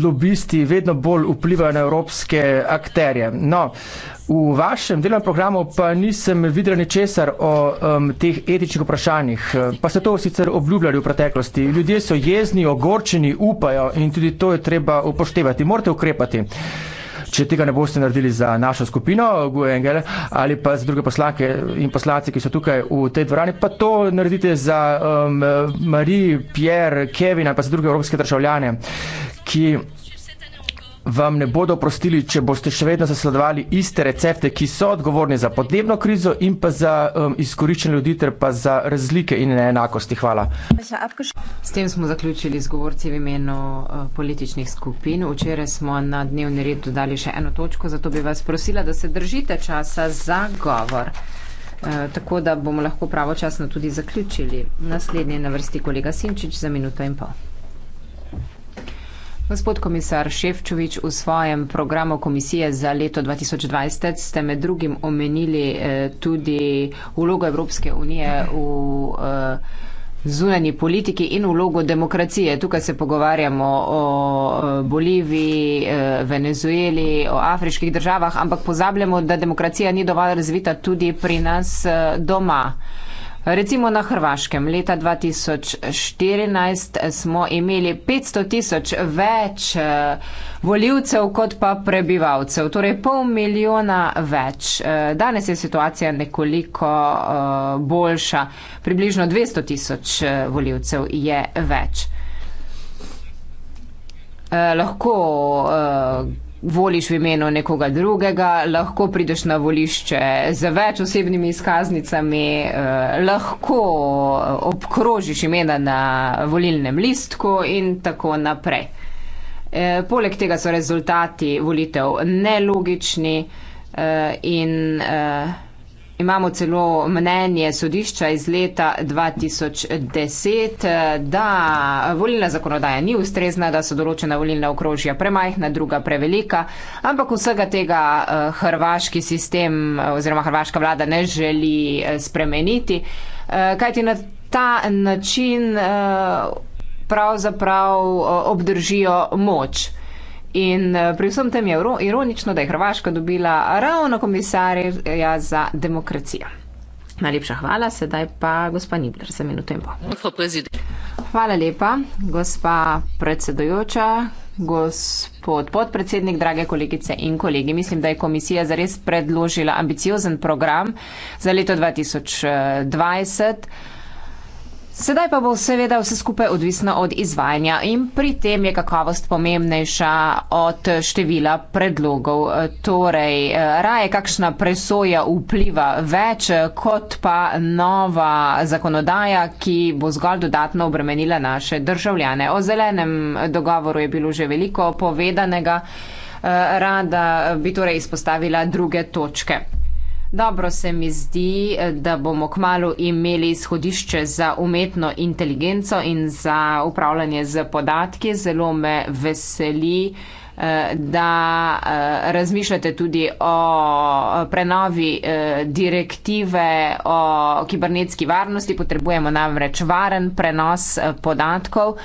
lobisti vedno bolj vplivajo na evropske akterje. No, v vašem delovnem programu pa nisem videl ničesar o um, teh etičnih vprašanjih, pa ste to sicer obljubljali v preteklosti. Ljudje so jezni, ogorčeni, upajo in tudi to je treba upoštevati. Morate ukrepati če tega ne boste naredili za našo skupino, Guy Engel, ali pa za druge poslake in poslance, ki so tukaj v tej dvorani, pa to naredite za um, Marie, Pierre, Kevina, pa za druge evropske državljane, ki vam ne bodo oprostili, če boste še vedno zasledovali iste recepte, ki so odgovorni za podnebno krizo in pa za um, izkoriščene ljudi ter pa za razlike in neenakosti. Hvala. S tem smo zaključili z govorci v imenu uh, političnih skupin. Včeraj smo na dnevni red dodali še eno točko, zato bi vas prosila, da se držite časa za govor. Uh, tako da bomo lahko pravočasno tudi zaključili. Naslednji je na vrsti kolega Simčič za minuto in pol. Gospod komisar Ševčovič, v svojem programu komisije za leto 2020 ste med drugim omenili eh, tudi vlogo Evropske unije v eh, zunanji politiki in vlogo demokracije. Tukaj se pogovarjamo o eh, Boliviji, Venezueli, o afriških državah, ampak pozabljamo, da demokracija ni dovolj razvita tudi pri nas doma. Recimo na Hrvaškem leta 2014 smo imeli 500 tisoč več eh, voljivcev kot pa prebivalcev, torej pol milijona več. Eh, danes je situacija nekoliko eh, boljša, približno 200 tisoč voljivcev je več. Lahko voliš v imenu nekoga drugega, lahko prideš na volišče z več osebnimi izkaznicami, eh, lahko obkrožiš imena na volilnem listku in tako naprej. Eh, poleg tega so rezultati volitev nelogični eh, in. Eh, Imamo celo mnenje sodišča iz leta 2010, da volilna zakonodaja ni ustrezna, da so določena volilna okrožja premajhna, druga prevelika, ampak vsega tega eh, hrvaški sistem eh, oziroma hrvaška vlada ne želi eh, spremeniti. Kajti na ta način pravzaprav obdržijo moč. In eh, pri vsem tem je ironično, da je Hrvaška dobila ravno komisarja za demokracijo. Najlepša hvala, sedaj pa gospa Nibler za minuto in pol. Hvala lepa, gospa predsedujoča, gospod podpredsednik, drage kolegice in kolegi. Mislim, da je komisija zares predložila ambiciozen program za leto 2020. Sedaj pa bo seveda vse skupaj odvisno od izvajanja in pri tem je kakovost pomembnejša od števila predlogov. Torej, raje kakšna presoja vpliva več kot pa nova zakonodaja, ki bo zgolj dodatno obremenila naše državljane. O zelenem dogovoru je bilo že veliko povedanega. Rada bi torej izpostavila druge točke. Dobro se mi zdi, eh, da bomo kmalo imeli izhodišče za umetno inteligenco in za upravljanje z podatki. Zelo me veseli, eh, da eh, razmišljate tudi o prenovi direktive o kibernetski varnosti. Potrebujemo namreč varen prenos podatkov.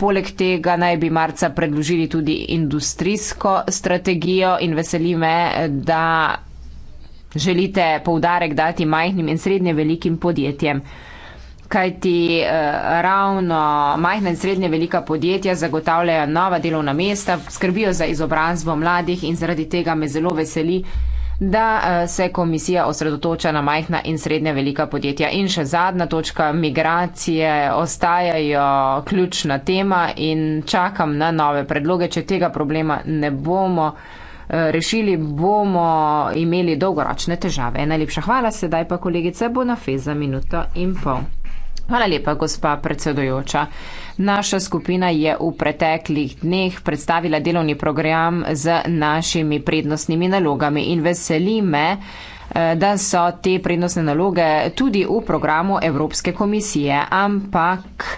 Poleg tega naj bi marca predložili tudi industrijsko strategijo in veseli me, da želite poudarek dati majhnim in srednje velikim podjetjem. Kaj ti eh, ravno majhne in srednje velika podjetja zagotavljajo nova delovna mesta, skrbijo za izobrazbo mladih in zaradi tega me zelo veseli, da eh, se komisija osredotoča na majhna in srednje velika podjetja. In še zadnja točka, migracije ostajajo ključna tema in čakam na nove predloge, če tega problema ne bomo. Eh, rešili, bomo imeli dolgoročne težave. Najlepša hvala, sedaj pa kolegica Bonafez za minuto in pol. Hvala lepa, gospa predsedojoča. Naša skupina je v preteklih dneh predstavila delovni program z našimi prednostnimi nalogami in veseli me, eh, da so te prednostne naloge tudi v programu Evropske komisije, ampak.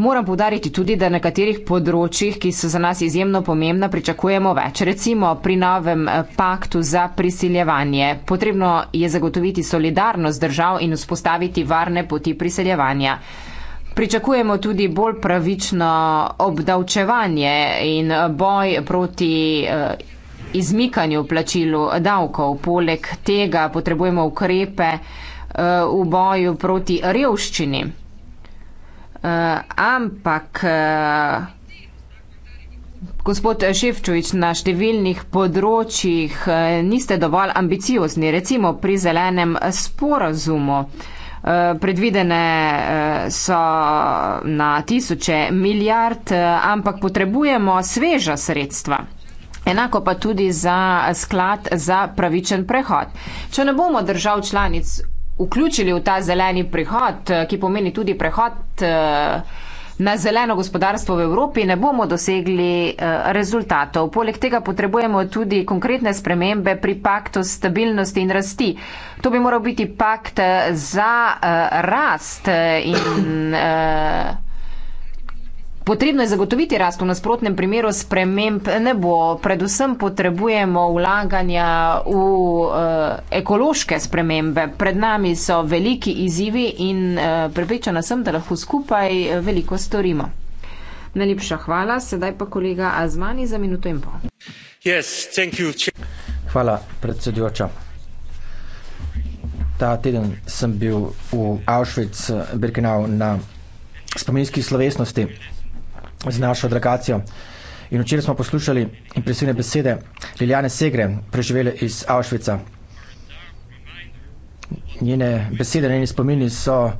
Moram povdariti tudi, da na nekaterih področjih, ki so za nas izjemno pomembna, pričakujemo več. Recimo pri novem eh, paktu za priseljevanje. Potrebno je zagotoviti solidarnost držav in vzpostaviti varne poti priseljevanja. Pričakujemo tudi bolj pravično obdavčevanje in eh, boj proti eh, izmikanju plačilu davkov. Poleg tega potrebujemo ukrepe v boju proti revščini. Uh, ampak. Uh, Gospod Ševčovič, na številnih področjih eh, niste dovolj ambiciozni, recimo pri zelenem sporazumu. Predvidene so na tisoče milijard, ampak potrebujemo sveža sredstva. Enako pa tudi za sklad za pravičen prehod. Če ne bomo držav članic vključili v ta zeleni prihod, eh, ki pomeni tudi prehod eh, na zeleno gospodarstvo v Evropi, ne bomo dosegli eh, rezultatov. Poleg tega potrebujemo tudi konkretne spremembe pri paktu stabilnosti in rasti. To bi moral biti pakt za rast in. Potrebno je zagotoviti rast, v nasprotnem primeru sprememb ne bo. Predvsem potrebujemo vlaganja v uh, ekološke spremembe. Pred nami so veliki izzivi in uh, prepričana sem, da lahko skupaj eh, veliko storimo. Najlepša hvala. Sedaj pa kolega Azmani za minuto in pol. Yes, hvala, predsedujoča. Ta teden sem bil v Auschwitz-Birkenau na spominski slovesnosti z našo delegacijo. In včeraj smo poslušali impresivne besede Liljane Segre, preživele iz Avšvica. Njene besede, njeni spomini so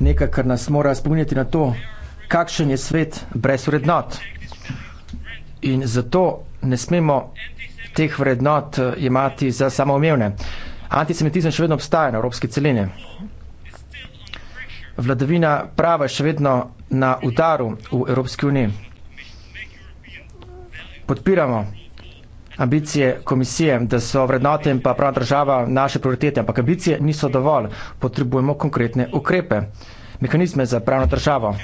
nekaj, kar nas mora spominjati na to, kakšen je svet brez vrednot. In zato ne smemo teh vrednot imati eh, za samoumevne. Antisemitizem še vedno obstaja na evropski celini vladavina prava še vedno na udaru v Evropski uniji. Podpiramo ambicije komisije, da so vrednote in pa pravna država naše prioritete, ampak ambicije niso dovolj. Potrebujemo konkretne ukrepe, mehanizme za pravno državo.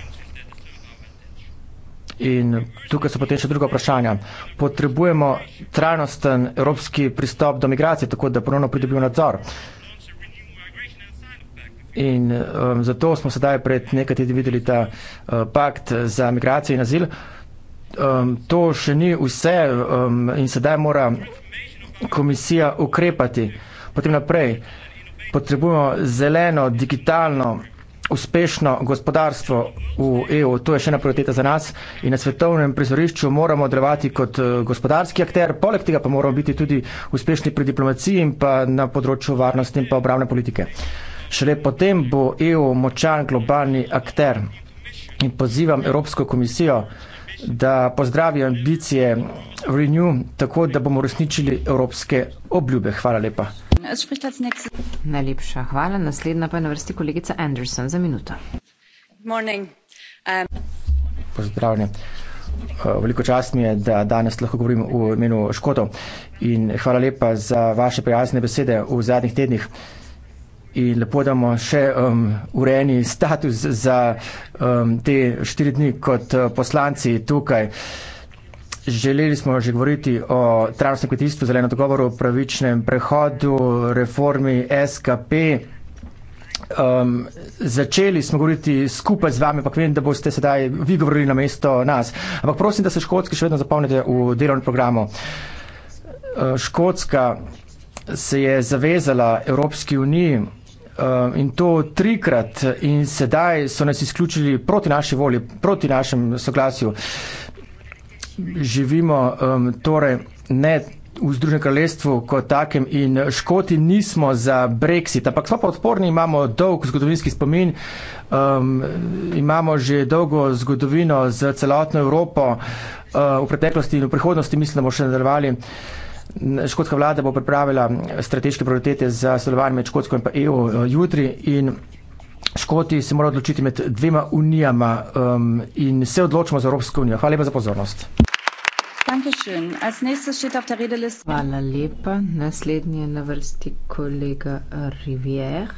In tukaj so potem še druga vprašanja. Potrebujemo trajnosten evropski pristop do migracije, tako da ponovno pridobimo nadzor. In um, zato smo sedaj pred nekaj tedni videli ta uh, pakt za migracije in azil. Um, to še ni vse um, in sedaj mora komisija ukrepati. Potem naprej potrebujemo zeleno, digitalno, uspešno gospodarstvo v EU. To je še ena prioriteta za nas in na svetovnem prizorišču moramo delovati kot uh, gospodarski akter. Poleg tega pa moramo biti tudi uspešni pri diplomaciji in pa na področju varnosti in pa obravne politike. Uh, Šele potem bo EU močan globalni akter. In pozivam Evropsko komisijo, da pozdravi ambicije Renew, tako da bomo resničili evropske obljube. Hvala lepa. Najlepša hvala. Naslednja pa je na vrsti kolegica Anderson za minuto. Um... Pozdravljen. Uh, veliko čast mi je, da danes lahko govorim v imenu Škoto. In hvala lepa za vaše prijazne besede v zadnjih tednih in lepo damo še um, urejeni status za um, te štiri dni kot uh, poslanci tukaj. Želeli smo že govoriti o trajnostnem kmetijstvu, zeleno dogovoru, pravičnem prehodu, reformi SKP. Um, začeli smo govoriti skupaj z vami, ampak vem, da boste sedaj vi govorili na mesto nas. Ampak prosim, da se škotski še vedno zapomnite v delovnem programu. Uh, Škotska se je zavezala Evropski uniji Um, in to trikrat in sedaj so nas izključili proti naši volji, proti našem soglasju. Živimo um, torej ne v Združenem kraljestvu kot takem in Škoti nismo za Brexit, ampak smo pa odporni, imamo dolg zgodovinski spomin, um, imamo že dolgo zgodovino z celotno Evropo uh, v preteklosti in v prihodnosti, mislim, da bomo še nadaljevali. Uh, Škotska vlada bo pripravila strateške prioritete za sodelovanje med Škotsko in pa EU eh, jutri in Škoti se morajo odločiti med dvema unijama um, in se odločimo za Evropsko unijo. Hvala lepa za pozornost. Hvala lepa. Naslednji je na vrsti kolega Rivière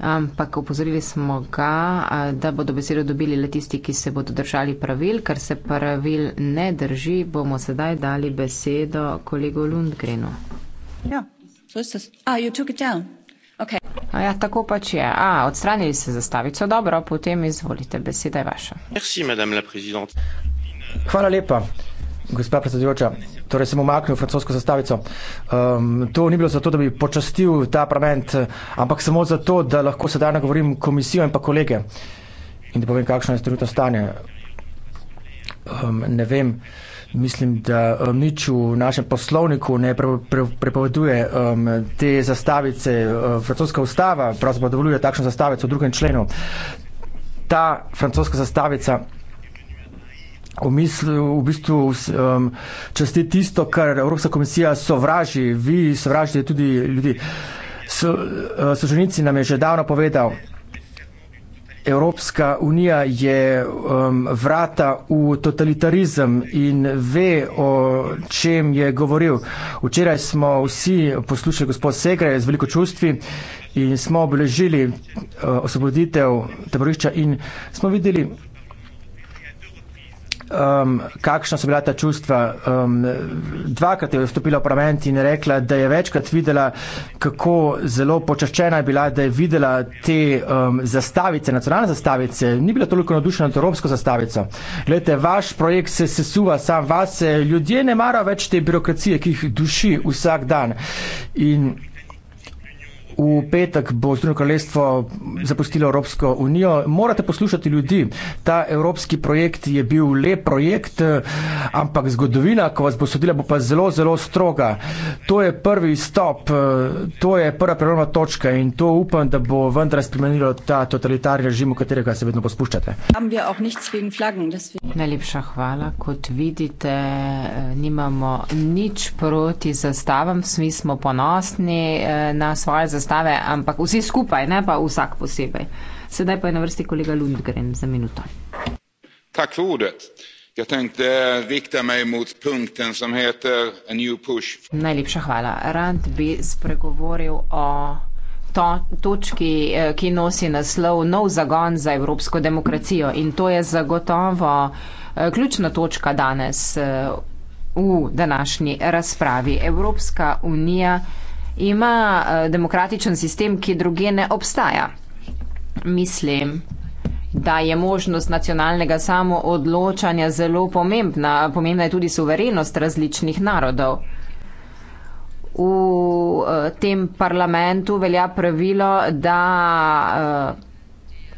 ampak opozorili smo ga, da bodo besedo dobili le tisti, ki se bodo držali pravil, ker se pravil ne drži, bomo sedaj dali besedo kolegu Lundgrenu. Ja. Ah, okay. ja, tako pač je. A, odstranili ste zastavico, dobro, potem izvolite, beseda je vaša. Merci, Hvala lepa. Gospa predsedujoča, torej sem umaknil francosko zastavico. Um, to ni bilo zato, da bi počastil ta parlament, ampak samo zato, da lahko sedaj nagovorim komisijo in pa kolege in da povem, kakšno je trenutno stanje. Um, ne vem, mislim, da um, nič v našem poslovniku ne pre, pre, prepoveduje um, te zastavice. Um, francoska ustava pravzaprav dovoljuje takšno zastavico v drugem členu. Ta francoska zastavica V, mislu, v bistvu um, časti tisto, kar Evropska komisija sovraži, vi sovražite tudi ljudi. Uh, soženici so nam je že davno povedal, Evropska unija je um, vrata v totalitarizem in ve, o čem je govoril. Včeraj smo vsi poslušali gospod Segre z veliko čustvi in smo obeležili uh, osvoboditev taborišča in smo videli, um, kakšna so bila ta čustva. Um, dvakrat je vstopila v parlament in rekla, da je večkrat videla, kako zelo počaščena je bila, da je videla te um, zastavice, nacionalne zastavice. Ni bila toliko nadušena nad evropsko zastavico. Glejte, vaš projekt se sesuva sam vase, ljudje ne marajo več te birokracije, ki jih duši vsak dan. In V petek bo Združeno kraljestvo zapustilo Evropsko unijo. Morate poslušati ljudi. Ta evropski projekt je bil lep projekt, ampak zgodovina, ko vas bo sodila, bo pa zelo, zelo stroga. To je prvi stop, to je prva prelomna točka in to upam, da bo vendar spremenilo ta totalitarni režim, v katerega se vedno pospuščate. Najlepša hvala. Kot vidite, eh, nimamo nič proti zastavam. Vsi smo ponosni eh, na svoje zastavljanje zastave, ampak vsi skupaj, ne pa vsak posebej. Sedaj pa je na vrsti kolega Lundgren za minuto. Tak for ordet. Jaz tenkte eh, rikta me mot punkten, som heter A New Push. Najlepša hvala. Rand bi spregovoril o to, točki, eh, ki nosi naslov Nov zagon za evropsko demokracijo. In to je zagotovo eh, ključna točka danes v današnji razpravi. Evropska unija ima eh, demokratičen sistem, ki druge ne obstaja. Mislim, da je možnost nacionalnega samoodločanja zelo pomembna. Pomembna je tudi suverenost različnih narodov. V eh, tem parlamentu velja pravilo, da eh,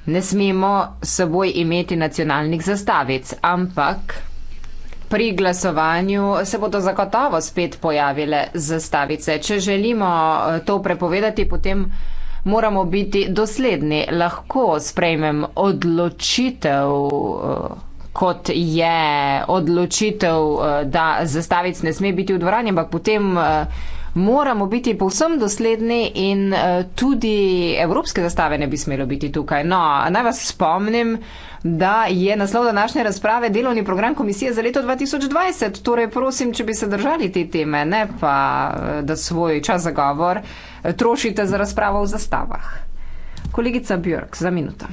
ne smemo seboj imeti nacionalnih zastavic, ampak Pri glasovanju se bodo zagotovo spet pojavile zastavice. Če želimo eh, to prepovedati, potem moramo biti dosledni. Lahko sprejmem odločitev, eh, kot je odločitev, eh, da zastavic ne sme biti v dvorani, ampak potem moramo biti povsem dosledni in uh, tudi evropske zastave ne bi smelo biti tukaj. No, naj vas spomnim, da je naslov današnje razprave delovni program komisije za leto 2020. Torej, prosim, če bi se držali te teme, ne pa, eh, da svoj čas za govor eh, trošite za razpravo v zastavah. Kolegica Björk, za minuto.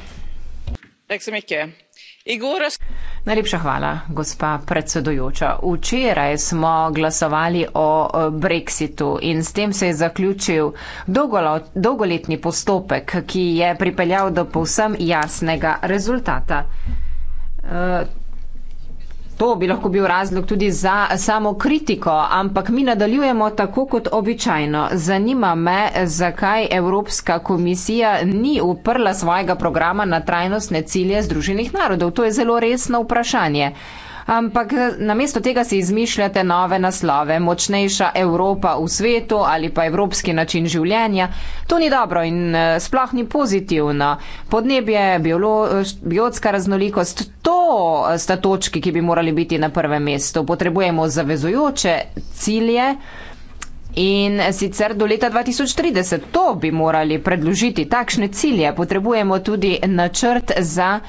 Tak se mi je. Najlepša hvala, gospa predsedujoča. Včeraj smo glasovali o brexitu in s tem se je zaključil dolgoletni postopek, ki je pripeljal do povsem jasnega rezultata. Eh, to bi lahko bil razlog tudi za samo kritiko, ampak mi nadaljujemo tako kot običajno. Zanima me, zakaj Evropska komisija ni uprla svojega programa na trajnostne cilje Združenih narodov. To je zelo resno vprašanje ampak eh, namesto tega si izmišljate nove naslove, močnejša Evropa v svetu ali pa evropski način življenja. To ni dobro in eh, sploh ni pozitivno. Podnebje, biolo, biotska raznolikost, to eh, sta točki, ki bi morali biti na prvem mestu. Potrebujemo zavezujoče cilje. In sicer do leta 2030 to bi morali predložiti, takšne cilje. Potrebujemo tudi načrt za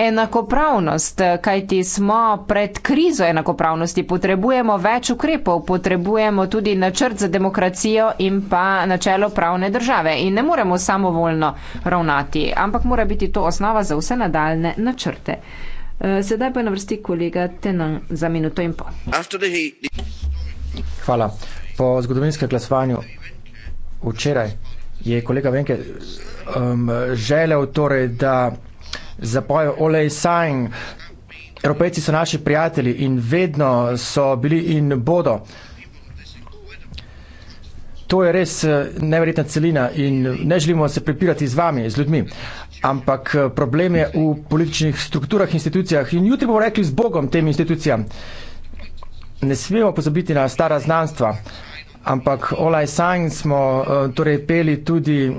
enakopravnost, kajti smo pred krizo enakopravnosti, potrebujemo več ukrepov, potrebujemo tudi načrt za demokracijo in pa načelo pravne države. In ne moremo samovoljno ravnati, ampak mora biti to osnova za vse nadaljne načrte. Eh, sedaj pa na vrsti kolega Tenan za minuto in pol. Hvala. Po zgodovinskem glasovanju včeraj je kolega Venke um, želel torej, da zapojo Olej Sang. Evropejci so naši prijatelji in vedno so bili in bodo. To je res eh, neverjetna celina in ne želimo se prepirati z vami, z ljudmi. Ampak eh, problem je v političnih strukturah, institucijah in jutri bomo rekli z Bogom tem institucijam. Ne smemo pozabiti na stara znanstva, ampak Olaj Sang smo eh, torej peli tudi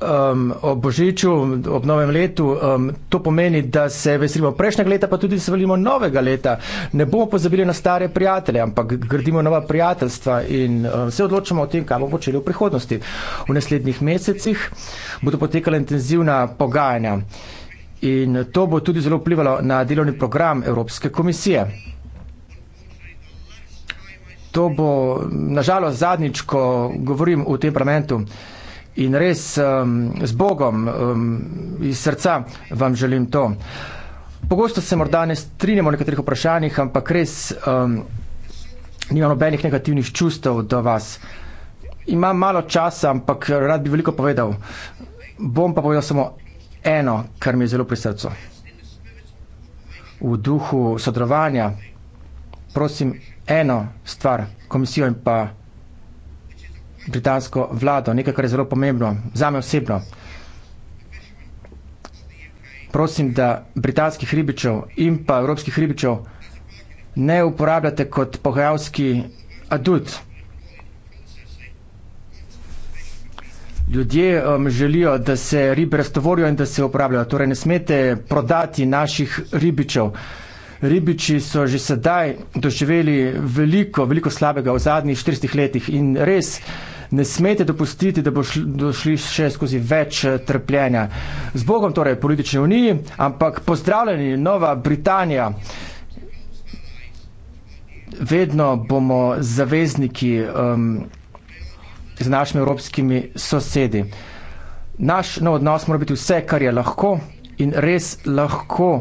um, ob božiču, ob novem letu. Um, to pomeni, da se veselimo prejšnjega leta, pa tudi se veselimo novega leta. Ne bomo pozabili na stare prijatelje, ampak gradimo nova prijateljstva in um, se odločamo o tem, kaj bomo počeli v prihodnosti. V naslednjih mesecih bodo potekala intenzivna pogajanja in to bo tudi zelo vplivalo na delovni program Evropske komisije. To bo nažalost zadnjič, ko govorim v tem parlamentu in res um, z Bogom um, iz srca vam želim to. Pogosto se morda ne strinjamo o nekaterih vprašanjih, ampak res um, nimam nobenih negativnih čustev do vas. Imam malo časa, ampak rad bi veliko povedal. Bom pa povedal samo eno, kar mi je zelo pri srcu. V duhu sodelovanja prosim eno stvar, komisijo in pa britansko vlado, nekaj, kar je zelo pomembno, zame osebno. Prosim, da britanskih ribičev in pa evropskih ribičev ne uporabljate kot pohajalski adult. Ljudje um, želijo, da se ribe raztovorijo in da se uporabljajo. Torej, ne smete prodati naših ribičev. Ribiči so že sedaj doživeli veliko, veliko slabega v zadnjih 40 letih in res ne smete dopustiti, da bo šli še skozi več eh, trpljenja. Z Bogom torej politične unije, ampak pozdravljeni Nova Britanija. Vedno bomo zavezniki um, z našimi evropskimi sosedi. Naš nov odnos mora biti vse, kar je lahko in res lahko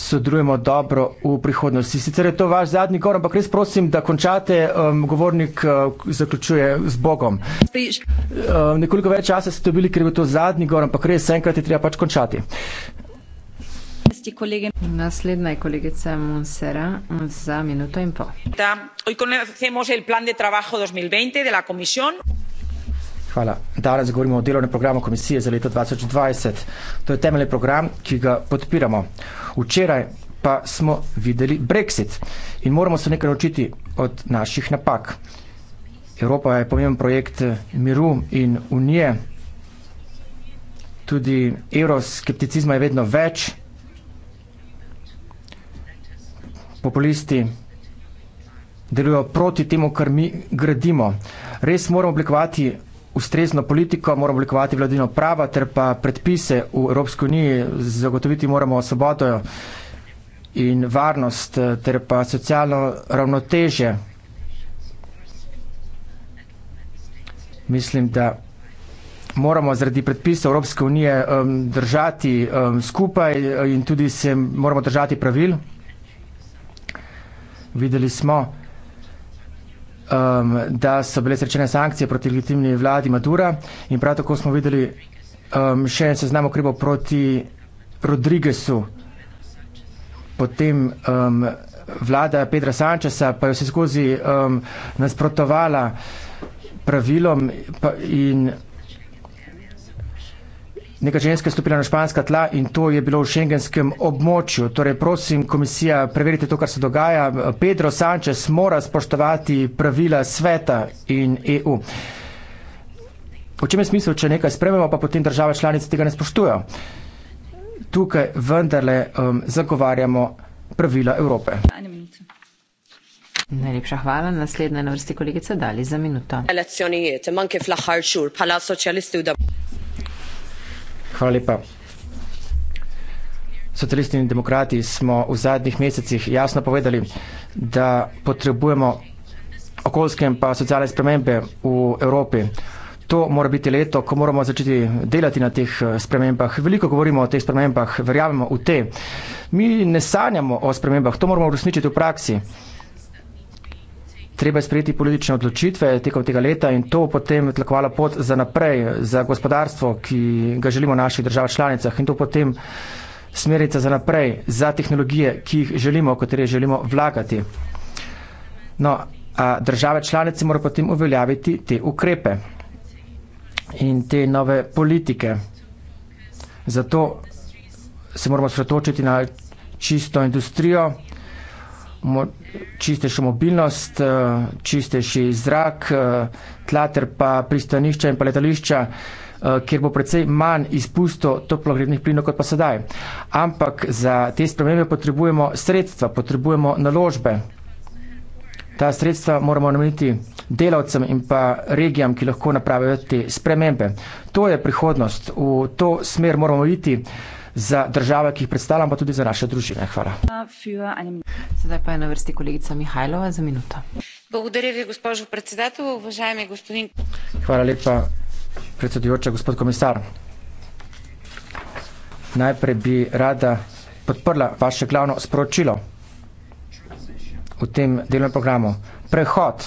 sodelujemo dobro v prihodnosti. Sicer je to vaš zadnji govor, ampak res prosim, da končate, um, govornik uh, zaključuje z Bogom. Uh, nekoliko več časa ste dobili, ker je bil to zadnji govor, ampak res enkrat je treba pač končati. Naslednja je kolegica Monsera um, za minuto in pol. Da, Hvala. Danes govorimo o delovnem programu komisije za leto 2020. To je temeljni program, ki ga podpiramo. Včeraj pa smo videli Brexit in moramo se nekaj naučiti od naših napak. Evropa je pomemben projekt eh, miru in unije. Tudi euroskepticizma je vedno več. Populisti delujejo proti temu, kar mi gradimo. Res moramo oblikovati ustrezno politiko, moramo oblikovati vladino prava ter pa predpise v Evropski uniji, zagotoviti moramo svobodo in varnost eh, ter pa socialno ravnotežje. Mislim, da moramo zaradi predpisa Evropske unije um, držati um, skupaj eh, in tudi se moramo držati pravil. Videli smo, um, da so bile srečene sankcije proti legitimni vladi Madura in prav tako smo videli um, še en seznam okrepov proti Rodrigesu. Potem um, vlada Pedra Sančesa pa je vse skozi um, nasprotovala pravilom in Neka ženska je stopila na španska tla in to je bilo v šengenskem območju. Torej, prosim, komisija, preverite to, kar se dogaja. Pedro Sanchez mora spoštovati pravila sveta in EU. V čem je smisel, če nekaj sprememo, pa potem države članice tega ne spoštujejo? Tukaj vendarle um, zagovarjamo pravila Evrope. Najlepša hvala. Naslednja na vrsti kolegica Dali za minuto. Hvala lepa. Socialisti in demokrati smo v zadnjih mesecih jasno povedali, da potrebujemo okoljske in pa socialne spremembe v Evropi. To mora biti leto, ko moramo začeti delati na teh eh, spremembah. Veliko govorimo o teh spremembah, verjamemo v te. Mi ne sanjamo o spremembah, to moramo uresničiti v praksi treba je sprejeti politične odločitve tekom tega leta in to potem tlakovalo pot za naprej, za gospodarstvo, ki ga želimo v naših državah članicah in to potem smerica za naprej, za tehnologije, ki jih želimo, v katere želimo vlagati. No, a države članice morajo potem uveljaviti te ukrepe in te nove politike. Zato se moramo sretočiti na čisto industrijo, mo, čistejšo mobilnost, eh, čistejši zrak, eh, tlater pa pristanišča in pa letališča, eh, kjer bo precej manj izpustov toplogrednih plinov kot pa sedaj. Ampak za te spremembe potrebujemo sredstva, potrebujemo naložbe. Ta sredstva moramo nameniti delavcem in pa regijam, ki lahko napravijo te spremembe. To je prihodnost, v to smer moramo iti. Uh, za države, ki jih predstavljam, pa tudi za naše družine. Hvala. Zdaj pa je na vrsti kolegica Mihajlova za minuto. Благодаря ви, госпожо председател. Уважаеми господин... Хвала лепа, председател, господ комисар. Najprej bi rada podprla vaše glavno sporočilo v tem delnem programu. Prehod.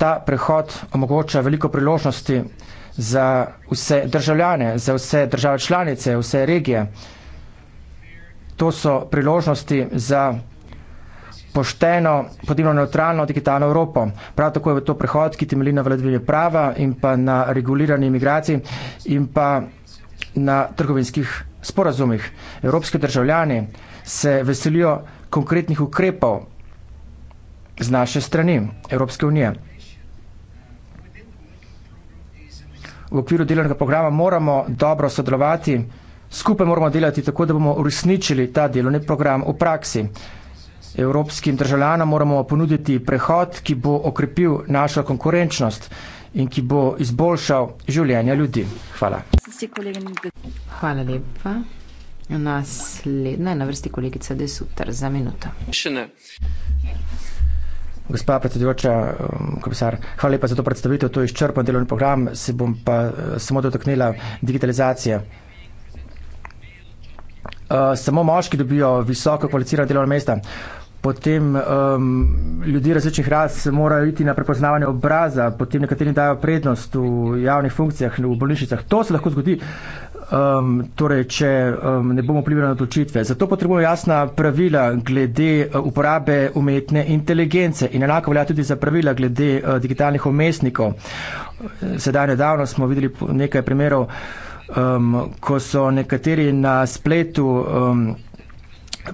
Ta prehod omogoča veliko priložnosti za vse državljane, za vse države članice, vse regije. To so priložnosti za pošteno, podivno neutralno digitalno Evropo. Prav tako je to prehod, ki temelji na vladavini prava in pa na regulirani imigraciji in pa na trgovinskih sporazumih. Evropski državljani se veselijo konkretnih ukrepov z naše strani, Evropske unije. v okviru delovnega programa moramo dobro sodelovati, skupaj moramo delati tako, da bomo uresničili ta delovni program v praksi. Evropskim državljanom moramo ponuditi prehod, ki bo okrepil našo konkurenčnost in ki bo izboljšal življenje ljudi. Hvala. Hvala lepa. Naslednja je na vrsti kolegica Desutar za minuto. Gospa predsedujoča, um, komisar, hvala lepa za to predstavitev, to je izčrpan delovni program, se bom pa uh, samo dotaknila digitalizacije. Uh, samo moški dobijo visoko kvalificirana delovna mesta, potem um, ljudi različnih ras morajo iti na prepoznavanje obraza, potem nekateri dajo prednost v javnih funkcijah, v bolnišnicah. To se lahko zgodi, uh, um, torej, če um, ne bomo vplivali na odločitve. Zato potrebujemo jasna pravila glede uh, uporabe umetne inteligence in enako velja tudi za pravila glede uh, digitalnih umestnikov. Sedaj nedavno smo videli nekaj primerov, um, ko so nekateri na spletu um,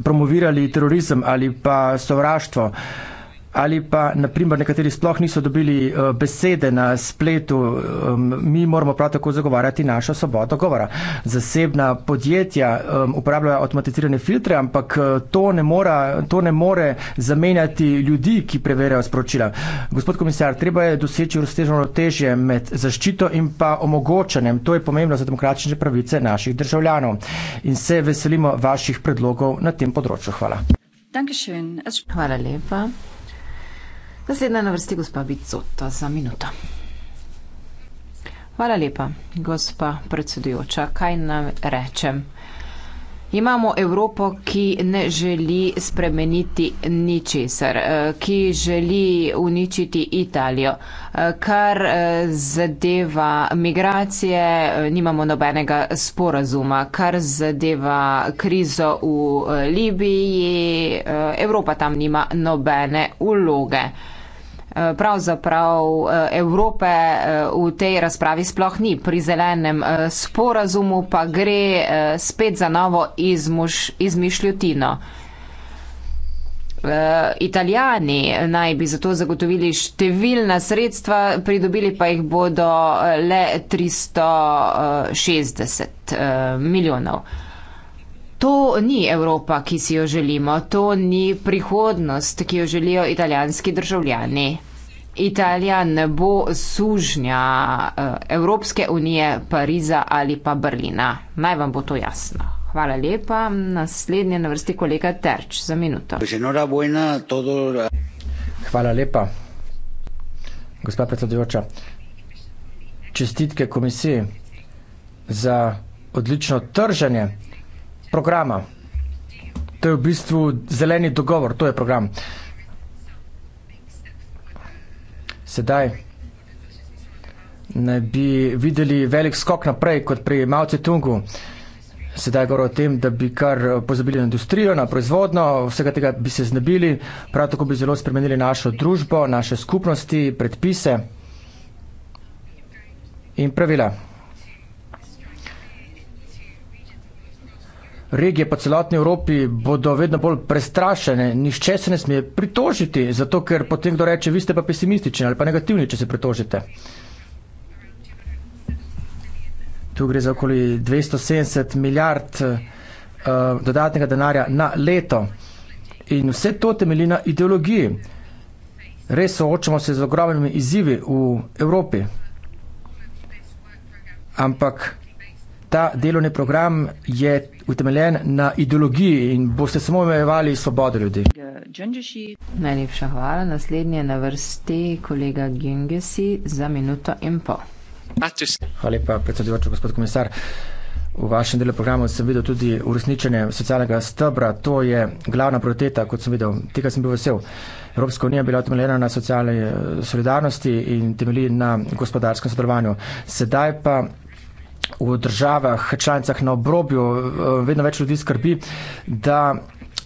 promovirali terorizem ali pa sovraštvo. Uh, ali pa naprimer nekateri sploh niso dobili eh, besede na spletu, mi moramo prav tako zagovarjati našo svobodo govora. Zasebna podjetja uporabljajo avtomatizirane filtre, ampak eh, to ne, mora, to ne more zamenjati ljudi, ki preverjajo sporočila. Gospod komisar, treba je doseči ustrežno težje med zaščito in pa omogočanjem. To je pomembno za demokratične pravice naših državljanov. In se veselimo vaših predlogov na tem področju. Hvala. Dankeschön. Hvala lepa. Naslednja na vrsti gospa Vicota za minuto. Hvala lepa, gospa predsedujoča. Kaj nam rečem? Imamo Evropo, ki ne želi spremeniti ničesar, eh, ki želi uničiti Italijo. Eh, kar eh, zadeva migracije, nimamo nobenega sporazuma. Kar zadeva krizo v Libiji, Evropa tam nima nobene uloge pravzaprav eh, Evrope eh, v tej razpravi sploh ni. Pri zelenem eh, sporazumu pa gre spet za novo izmuš, izmišljotino. Italijani naj bi zato zagotovili številna sredstva, pridobili pa jih bodo le 360 milijonov. To ni Evropa, ki si jo želimo, to ni prihodnost, ki jo želijo italijanski državljani. Italija ne bo sužnja eh, Evropske unije, Pariza ali pa Berlina. Naj vam bo to jasno. Hvala lepa. Naslednje na vrsti kolega Terč za minuto. Hvala lepa, gospa predsedujoča. Čestitke komisiji za odlično trženje programa. To je v bistvu zeleni dogovor, to je program. Uh, sedaj naj bi videli velik skok naprej kot pri Mao Tse-tungu. Sedaj govorijo o tem, da bi kar pozabili na industrijo, na proizvodno, vsega tega bi se znebili, prav tako bi zelo spremenili našo družbo, naše skupnosti, predpise in pravila. regije po celotni Evropi bodo vedno bolj prestrašene, nišče se ne smije pritožiti, zato ker potem kdo reče, vi ste pa pesimistični ali pa negativni, če se pritožite. Tu gre za okoli 270 milijard uh, dodatnega denarja na leto. In vse to temelji na ideologiji. Res soočamo se z ogromnimi izzivi v Evropi. Ampak ta delovni program je utemeljen na ideologiji in boste samo omejevali svobodo ljudi. Najlepša hvala. Naslednji je na vrsti kolega Gengesi za minuto in pol. Hvala lepa, predsedujoči gospod komisar. V vašem delu programu sem videl tudi uresničenje socialnega stebra, to je glavna prioriteta, kot sem videl, tega sem bil vesel. Evropska unija je bila utemeljena na socialni solidarnosti in temelji na gospodarskem sodelovanju. Sedaj pa v državah, članicah na obrobju, eh, vedno več ljudi skrbi, da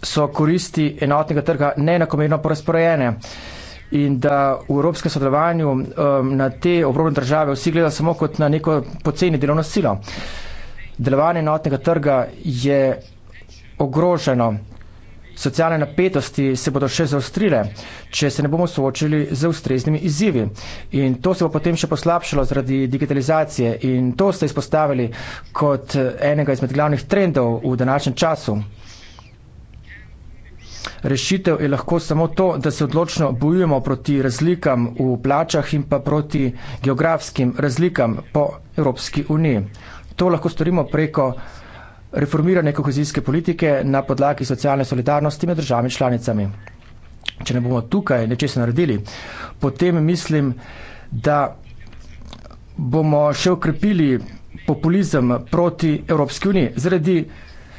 so koristi enotnega trga neenakomerno porazporejene in da v evropskem sodelovanju eh, na te obrobne države vsi gledajo samo kot na neko poceni delovno silo. Delovanje enotnega trga je ogroženo, Socialne napetosti se bodo še zaostrile, če se ne bomo soočili z ustreznimi izzivi. In to se bo potem še poslabšalo zaradi digitalizacije. In to ste izpostavili kot enega izmed glavnih trendov v današnjem času. Rešitev je lahko samo to, da se odločno bojujemo proti razlikam v plačah in pa proti geografskim razlikam po Evropski uniji. To lahko storimo preko reformiranje kohezijske politike na podlagi socialne solidarnosti med državami članicami. Če ne bomo tukaj nečesa naredili, potem mislim, da bomo še ukrepili populizem proti Evropski uniji zaradi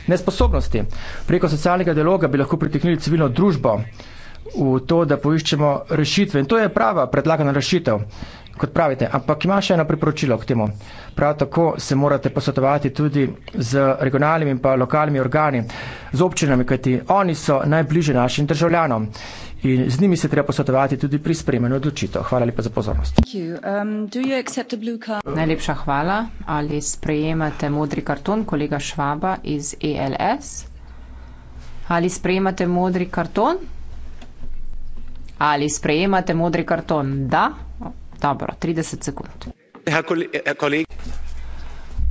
nesposobnosti. Preko socialnega dialoga bi lahko pritehnili civilno družbo v to, da poiščemo rešitve. In to je prava predlagana rešitev kot pravite. Ampak imam še eno priporočilo k temu. Prav tako se morate posvetovati tudi z regionalnimi in pa lokalnimi organi, z občinami, kajti oni so najbliže našim državljanom. In z njimi se treba posvetovati tudi pri sprejemanju odločitev. Hvala lepa za pozornost. You, um, Najlepša hvala. Ali sprejemate modri karton, kolega Švaba iz ELS? Ali sprejemate modri karton? Ali sprejemate modri karton? Da. Dobro, 30 sekund. Äh,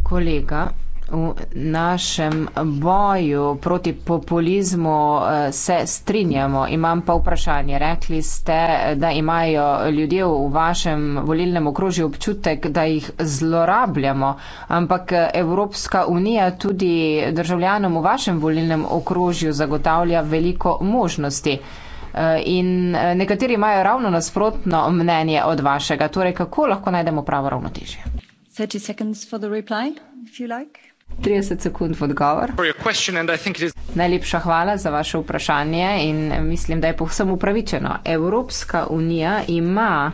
Kolega, v našem boju proti populizmu äh, se strinjamo. Imam pa vprašanje. Rekli ste, da imajo ljudje v vašem volilnem okrožju občutek, da jih zlorabljamo, ampak äh, Evropska unija tudi državljanom v vašem volilnem okrožju zagotavlja veliko možnosti. E, in e, nekateri imajo ravno nasprotno mnenje od vašega. Torej, kako lahko najdemo pravo ravnotežje? 30 sekund v odgovor. Najlepša hvala za vaše vprašanje in mislim, da je povsem upravičeno. Evropska unija ima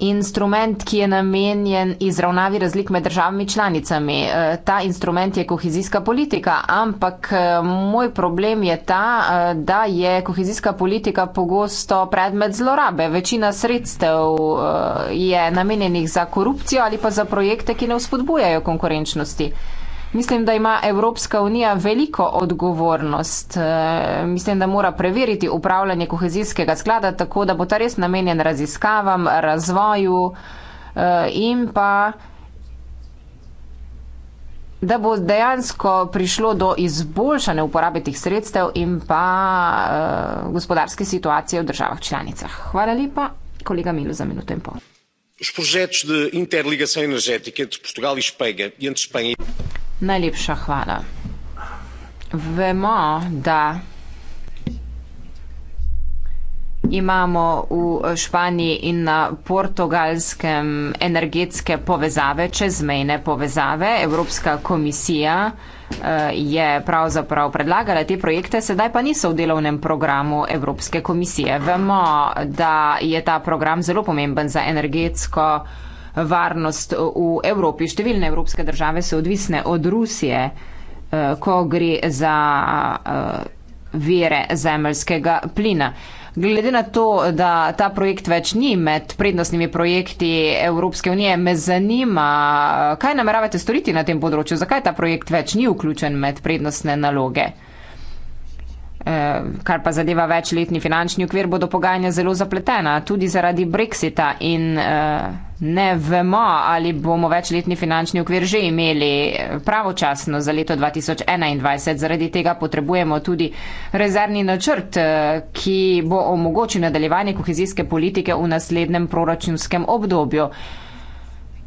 instrument, ki je namenjen izravnavi razlik med državami članicami. E, ta instrument je kohezijska politika, ampak e, moj problem je ta, e, da je kohezijska politika pogosto predmet zlorabe. Večina sredstev je namenjenih za korupcijo ali pa za projekte, ki ne vzpodbujajo konkurenčnosti. Mislim, da ima Evropska unija veliko odgovornost. Eh, mislim, da mora preveriti upravljanje kohezijskega sklada tako, da bo ta res namenjen raziskavam, razvoju eh, in pa da bo dejansko prišlo do izboljšanja uporabe teh sredstev in pa eh, gospodarske situacije v državah članicah. Hvala lepa, kolega Milo, za minuto in pol. Os projetos de interligação energética entre Portugal e Espanha, e entre Espanha e... Najlepša hvala. Vemo, da imamo v Španiji in na portugalskem energetske povezave, čezmejne povezave. Evropska komisija eh, je pravzaprav predlagala te projekte, sedaj pa niso v delovnem programu Evropske komisije. Vemo, da je ta program zelo pomemben za energetsko povezave varnost v Evropi. Številne evropske države so odvisne od Rusije, eh, ko gre za eh, vire zemljskega plina. Glede na to, da ta projekt več ni med prednostnimi projekti Evropske unije, me zanima, kaj nameravate storiti na tem področju, zakaj ta projekt več ni vključen med prednostne naloge. Uh, Eh, kar pa zadeva večletni finančni ukvir, bodo pogajanja zelo zapletena, tudi zaradi Brexita in eh, ne vemo, ali bomo večletni finančni ukvir že imeli eh, pravočasno za leto 2021. Zaradi tega potrebujemo tudi rezervni načrt, ki bo omogočil nadaljevanje kohezijske politike v naslednjem proračunskem obdobju.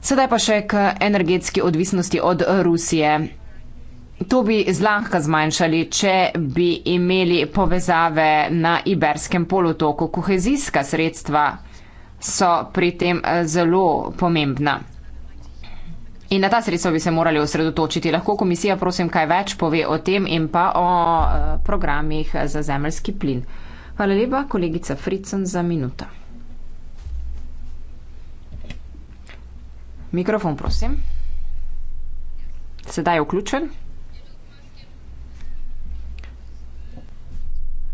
Sedaj pa še k energetski odvisnosti od Rusije. To bi zlahka zmanjšali, če bi imeli povezave na Iberskem polotoku. Kohezijska sredstva so pri tem eh, zelo pomembna. In na ta sredstva bi se morali osredotočiti. Lahko komisija, prosim, kaj več pove o tem in pa o eh, programih za zemljski plin. Hvala lepa, kolegica Fritzen, za minuta. Mikrofon, prosim. Sedaj je vključen.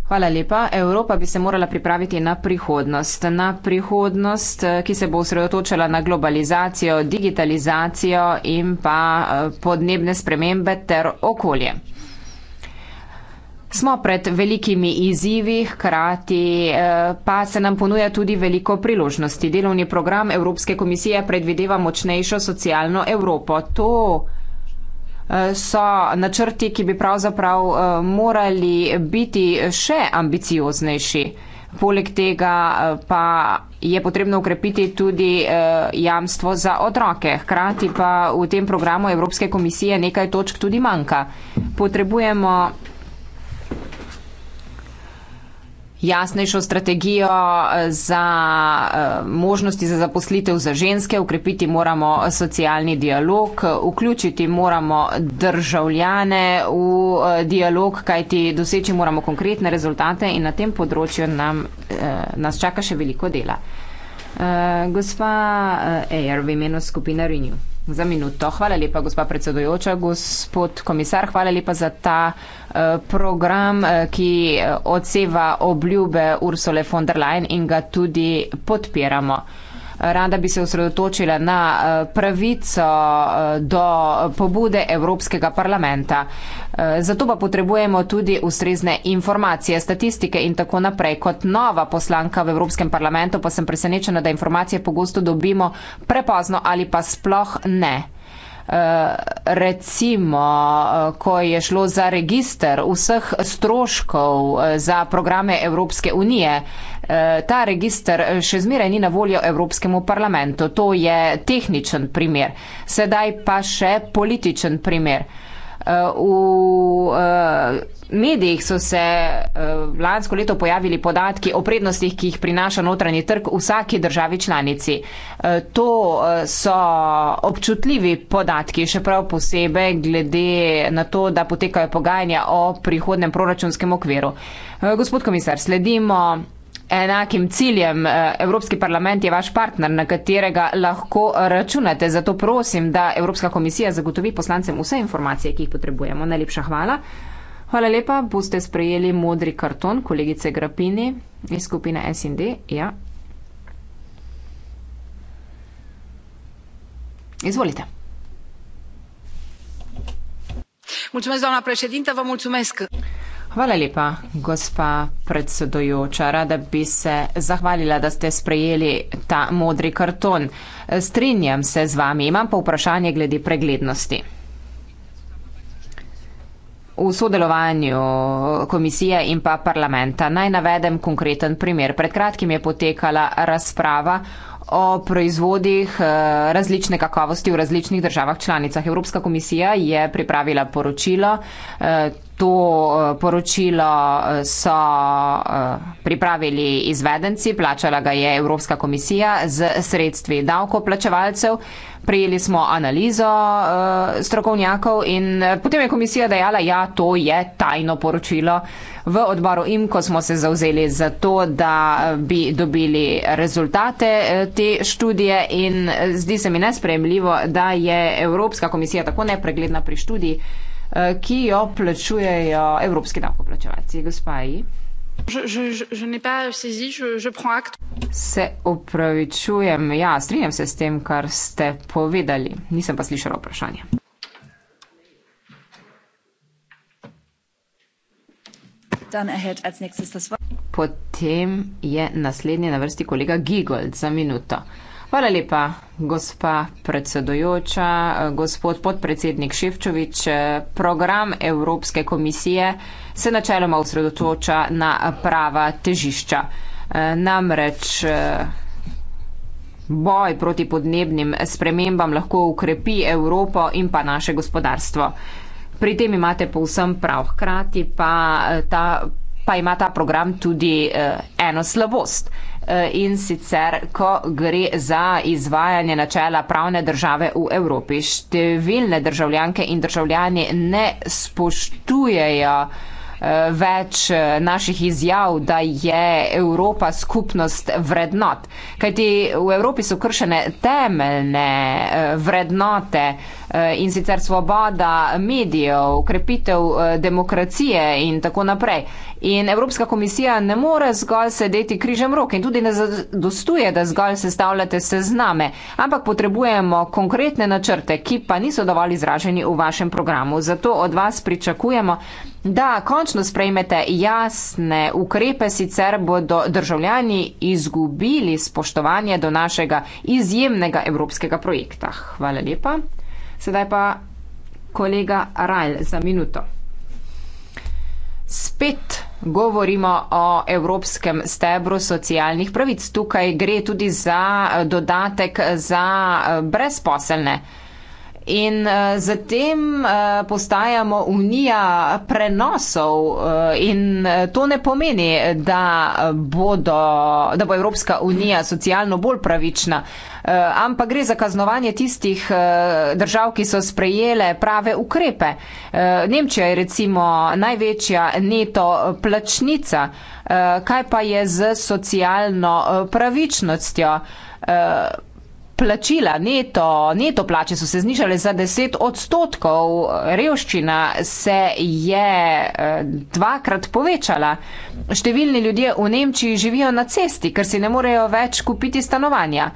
Hvala lepa. Evropa bi se morala pripraviti na prihodnost. Na prihodnost, eh, ki se bo osredotočala na globalizacijo, digitalizacijo in pa eh, podnebne spremembe ter okolje. Smo pred velikimi izzivi, hkrati eh, pa se nam ponuja tudi veliko priložnosti. Delovni program Evropske komisije predvideva močnejšo socialno Evropo. To so načrti, ki bi pravzaprav eh, morali biti še ambicioznejši. Poleg tega eh, pa je potrebno ukrepiti tudi eh, jamstvo za otroke. Hkrati pa v tem programu Evropske komisije nekaj točk tudi manjka. Potrebujemo jasnejšo strategijo eh, za eh, možnosti za zaposlitev za ženske, ukrepiti moramo socialni dialog, vključiti moramo državljane v eh, dialog, kajti doseči moramo konkretne rezultate in na tem področju nam, nas čaka še veliko dela. Gospa Ejer v imenu skupine Renew za minuto. Hvala lepa, gospa predsedujoča, gospod komisar, hvala lepa za ta eh, program, eh, ki eh, odseva obljube Ursule von der Leyen in ga tudi podpiramo. Rada bi se osredotočila na eh, pravico eh, do pobude Evropskega parlamenta. Eh, zato pa potrebujemo tudi ustrezne informacije, statistike in tako naprej. Kot nova poslanka v Evropskem parlamentu pa sem presenečena, da informacije pogosto dobimo prepozno ali pa sploh ne recimo, eh, ko je šlo za registr vseh stroškov eh, za programe Evropske unije, eh, ta registr še zmeraj ni na voljo Evropskemu parlamentu. To je tehničen primer. Sedaj pa še političen primer. Eh, v eh, medijih so se eh, lansko leto pojavili podatki o prednostih, ki jih prinaša notranji trg vsaki državi članici. To so občutljivi podatki, še prav posebej glede na to, da potekajo pogajanja o prihodnem proračunskem okviru. Gospod komisar, sledimo enakim ciljem. Eh, Evropski parlament je vaš partner, na katerega lahko računate. Zato prosim, da Evropska komisija zagotovi poslancem vse informacije, ki jih potrebujemo. Najlepša hvala. Hvala lepa, boste sprejeli modri karton kolegice Grapini iz skupine SND. Ja. Izvolite. Mulțumesc, doamna președintă, vă mulțumesc. Hvala lepa, gospa predsedojoča. Rada bi se zahvalila, da ste sprejeli ta modri karton. Strinjam se z vami, imam pa vprašanje glede preglednosti. V sodelovanju komisije in pa parlamenta naj navedem konkreten primer. Pred kratkim je potekala razprava o proizvodih eh, različne kakovosti v različnih državah članicah. Evropska komisija je pripravila poročilo, eh, To eh, poročilo eh, so eh, pripravili izvedenci, plačala ga je Evropska komisija z sredstvi davkoplačevalcev. Prijeli smo analizo strokovnjakov in potem je komisija dejala, ja, to je tajno poročilo. V odboru im, ko smo se zauzeli za to, da bi dobili rezultate te študije in zdi se mi nespremljivo, da je Evropska komisija tako nepregledna pri študiji. Eh, ki jo plačujejo evropski davkoplačevalci. Gospa I. Se upravičujem, ja, strinjam se s tem, kar ste povedali, nisem pa slišala vprašanje. Potem je naslednji na vrsti kolega Gigold za minuto. Hvala lepa, gospa predsedojoča, gospod podpredsednik Ševčovič. Program Evropske komisije se načeloma osredotoča na prava težišča. Namreč boj proti podnebnim spremembam lahko ukrepi Evropo in pa naše gospodarstvo. Pri tem imate povsem prav. Hkrati pa, ta, pa ima ta program tudi eno slabost. Eh, in sicer, ko gre za izvajanje načela pravne države v Evropi. Številne državljanke in državljani ne spoštujejo eh, več eh, naših izjav, da je Evropa skupnost vrednot. Kajti v Evropi so kršene temeljne vrednote in sicer svoboda medijev, krepitev demokracije in tako naprej. In Evropska komisija ne more zgolj sedeti križem rok in tudi ne zadostuje, da zgolj sestavljate sezname, ampak potrebujemo konkretne načrte, ki pa niso dovolj izraženi v vašem programu. Zato od vas pričakujemo, da končno sprejmete jasne ukrepe, sicer bodo državljani izgubili spoštovanje do našega izjemnega evropskega projekta. Hvala lepa. Sedaj pa kolega Rajl za minuto spet govorimo o evropskem stebru socialnih pravic. Tukaj gre tudi za eh, dodatek za eh, brezposelne in uh, zatem uh, postajamo unija prenosov uh, in uh, to ne pomeni, da, bodo, da bo Evropska unija socialno bolj pravična, uh, ampak gre za kaznovanje tistih uh, držav, ki so sprejele prave ukrepe. Uh, Nemčija je recimo največja neto plačnica. Uh, kaj pa je z socialno uh, pravičnostjo? Uh, plačila, neto, neto plače so se znižale za 10 odstotkov, revščina se je eh, dvakrat povečala. Številni ljudje v Nemčiji živijo na cesti, ker si ne morejo več kupiti stanovanja.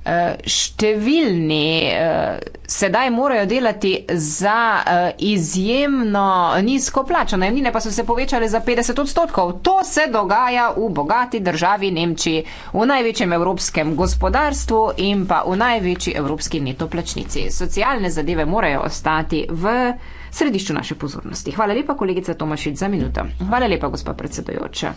Eh, številni eh, sedaj morajo delati za eh, izjemno nizko plačo, najemnine pa so se povečale za 50 odstotkov. To se dogaja v bogati državi Nemčiji, v največjem evropskem gospodarstvu in pa v največji evropski netoplačnici. Socialne zadeve morajo ostati v središču naše pozornosti. Hvala lepa, kolegica Tomašic, za minuto. Hvala lepa, gospod predsedojoča.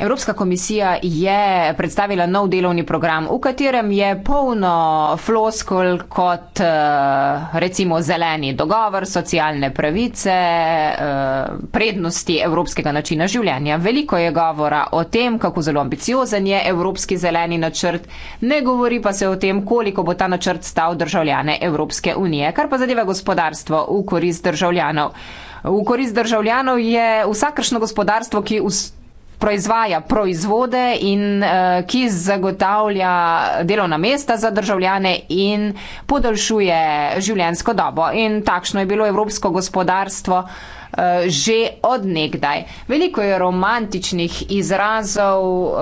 Evropska komisija je predstavila nov delovni program, v katerem je polno floskol kot eh, recimo zeleni dogovor, socialne pravice, eh, prednosti evropskega načina življenja. Veliko je govora o tem, kako zelo ambiciozen je evropski zeleni načrt, ne govori pa se o tem, koliko bo ta načrt stal državljane Evropske unije, kar pa zadeva gospodarstvo v korist državljanov. V korist državljanov je vsakršno gospodarstvo, ki ustavlja proizvaja proizvode in uh, ki zagotavlja delovna mesta za državljane in podaljšuje življensko dobo. In takšno je bilo evropsko gospodarstvo uh, že odnegdaj. Veliko je romantičnih izrazov, uh,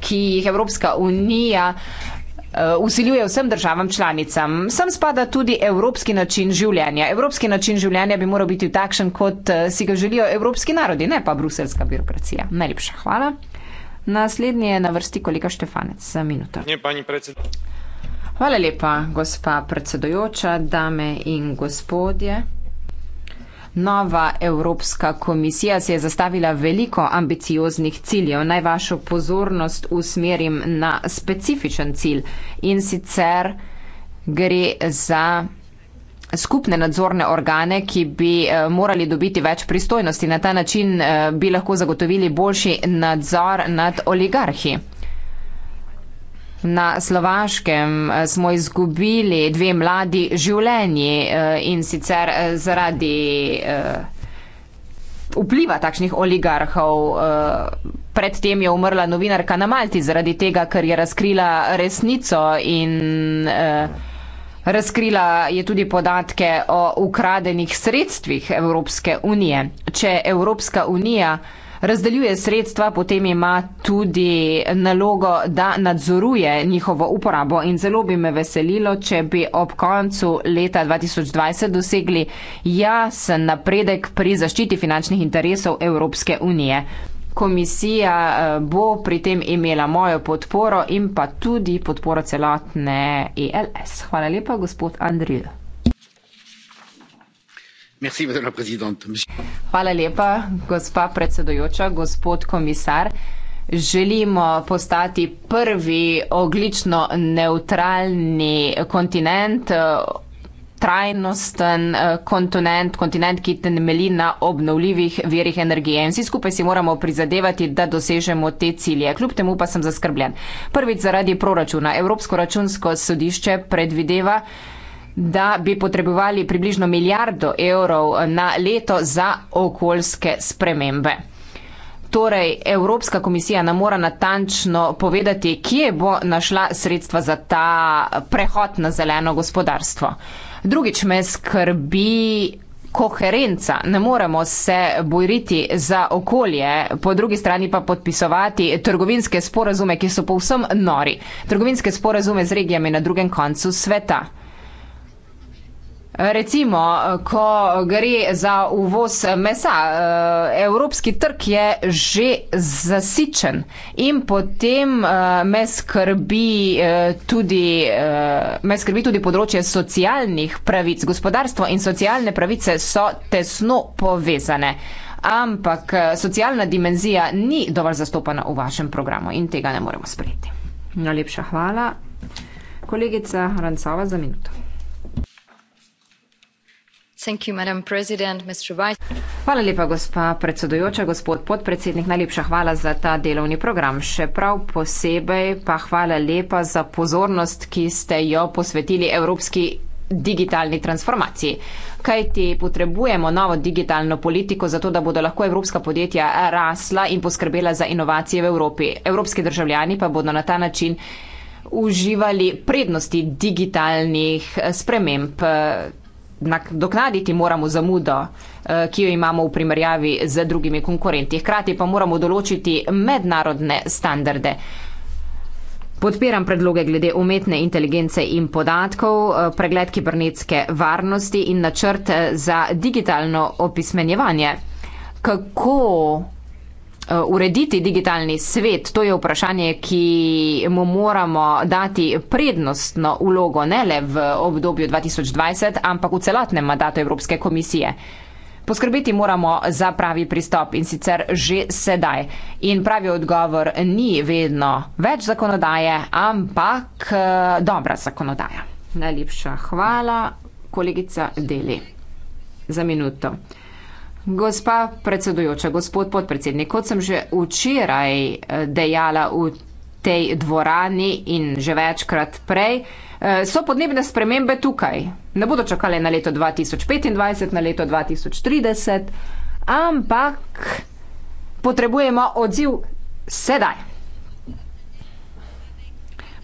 ki jih Evropska unija uh, Eh, usiljuje vsem državam članicam. Sem spada tudi evropski način življenja. Evropski način življenja bi moral biti takšen, kot eh, si ga želijo evropski narodi, ne pa bruselska birokracija. Najlepša hvala. Naslednji je na vrsti kolega Štefanec. Minuta. Hvala lepa, gospa predsedojoča, dame in gospodje. Nova Evropska komisija se je zastavila veliko ambicioznih ciljev. Naj vašo pozornost usmerim na specifičen cilj in sicer gre za skupne nadzorne organe, ki bi eh, morali dobiti več pristojnosti. Na ta način eh, bi lahko zagotovili boljši nadzor nad oligarhi. Na Slovaškem eh, smo izgubili dve mladi življenji eh, in sicer eh, zaradi vpliva takšnih oligarhov. Predtem je umrla novinarka na Malti zaradi tega, ker je razkrila resnico in razkrila je tudi podatke o ukradenih sredstvih Evropske unije. Če Evropska unija razdeljuje sredstva, potem ima tudi nalogo, da nadzoruje njihovo uporabo in zelo bi me veselilo, če bi ob koncu leta 2020 dosegli jasen napredek pri zaščiti finančnih interesov Evropske unije. Komisija eh, bo pri tem imela mojo podporo in pa tudi podporo celotne ELS. Hvala lepa, gospod Andril. Hvala lepa, gospa predsedujoča, gospod komisar. Želimo postati prvi oglično neutralni kontinent, trajnosten eh, kontinent, kontinent, ki temelji na obnovljivih verjih energije. In vsi skupaj si moramo prizadevati, da dosežemo te cilje. Kljub temu pa sem zaskrbljen. Prvič zaradi proračuna. Evropsko računsko sodišče predvideva da bi potrebovali približno milijardo evrov na leto za okoljske spremembe. Torej, Evropska komisija nam mora natančno povedati, kje bo našla sredstva za ta prehod na zeleno gospodarstvo. Drugič me skrbi koherenca. Ne moremo se bojiti za okolje, po drugi strani pa podpisovati trgovinske sporazume, ki so povsem nori. Trgovinske sporazume z regijami na drugem koncu sveta. Recimo, ko gre za uvoz mesa, eh, evropski trg je že zasičen in potem eh, me skrbi eh, tudi, me skrbi tudi področje socialnih pravic. Gospodarstvo in socialne pravice so tesno povezane, ampak socialna dimenzija ni dovolj zastopana v vašem programu in tega ne moremo sprejeti. Najlepša hvala. Kolegica Rancova za minuto. Hvala lepa, gospa predsedujoča, gospod podpredsednik. Najlepša hvala za ta delovni program. Še prav posebej pa hvala lepa za pozornost, ki ste jo posvetili evropski digitalni transformaciji. Kaj ti potrebujemo novo digitalno politiko, zato da bodo lahko evropska podjetja rasla in poskrbela za inovacije v Evropi. Evropski državljani pa bodo na ta način uživali prednosti digitalnih sprememb nadoknaditi moramo zamudo, eh, ki jo imamo v primerjavi z drugimi konkurenti. Hkrati pa moramo določiti mednarodne standarde. Podpiram predloge glede umetne inteligence in podatkov, eh, pregled kibernetske varnosti in načrt eh, za digitalno opismenjevanje. Kako Eh, urediti digitalni svet, to je vprašanje, ki mu moramo dati prednostno ulogo ne le v obdobju 2020, ampak v celotnem mandatu Evropske komisije. Poskrbeti moramo za pravi pristop in sicer že sedaj. In pravi odgovor ni vedno več zakonodaje, ampak eh, dobra zakonodaja. Najlepša hvala, kolegica Deli, za minuto. Gospa predsedujoča, gospod podpredsednik, kot sem že včeraj eh, dejala v tej dvorani in že večkrat prej, eh, so podnebne spremembe tukaj. Ne bodo čakale na leto 2025, na leto 2030, ampak potrebujemo odziv sedaj.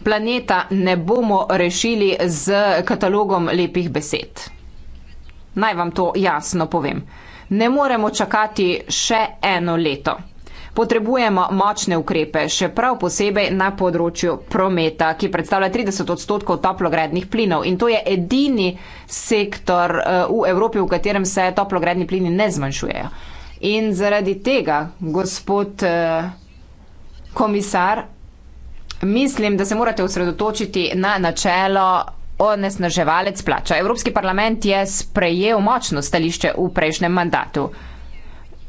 Planeta ne bomo rešili z katalogom lepih besed. Naj vam to jasno povem ne moremo čakati še eno leto. Potrebujemo močne ukrepe, še prav posebej na področju prometa, ki predstavlja 30 odstotkov toplogrednih plinov. In to je edini sektor eh, v Evropi, v katerem se toplogredni plini ne zmanjšujejo. In zaradi tega, gospod eh, komisar, mislim, da se morate osredotočiti na načelo onesnaževalec plača. Evropski parlament je sprejel močno stališče v prejšnjem mandatu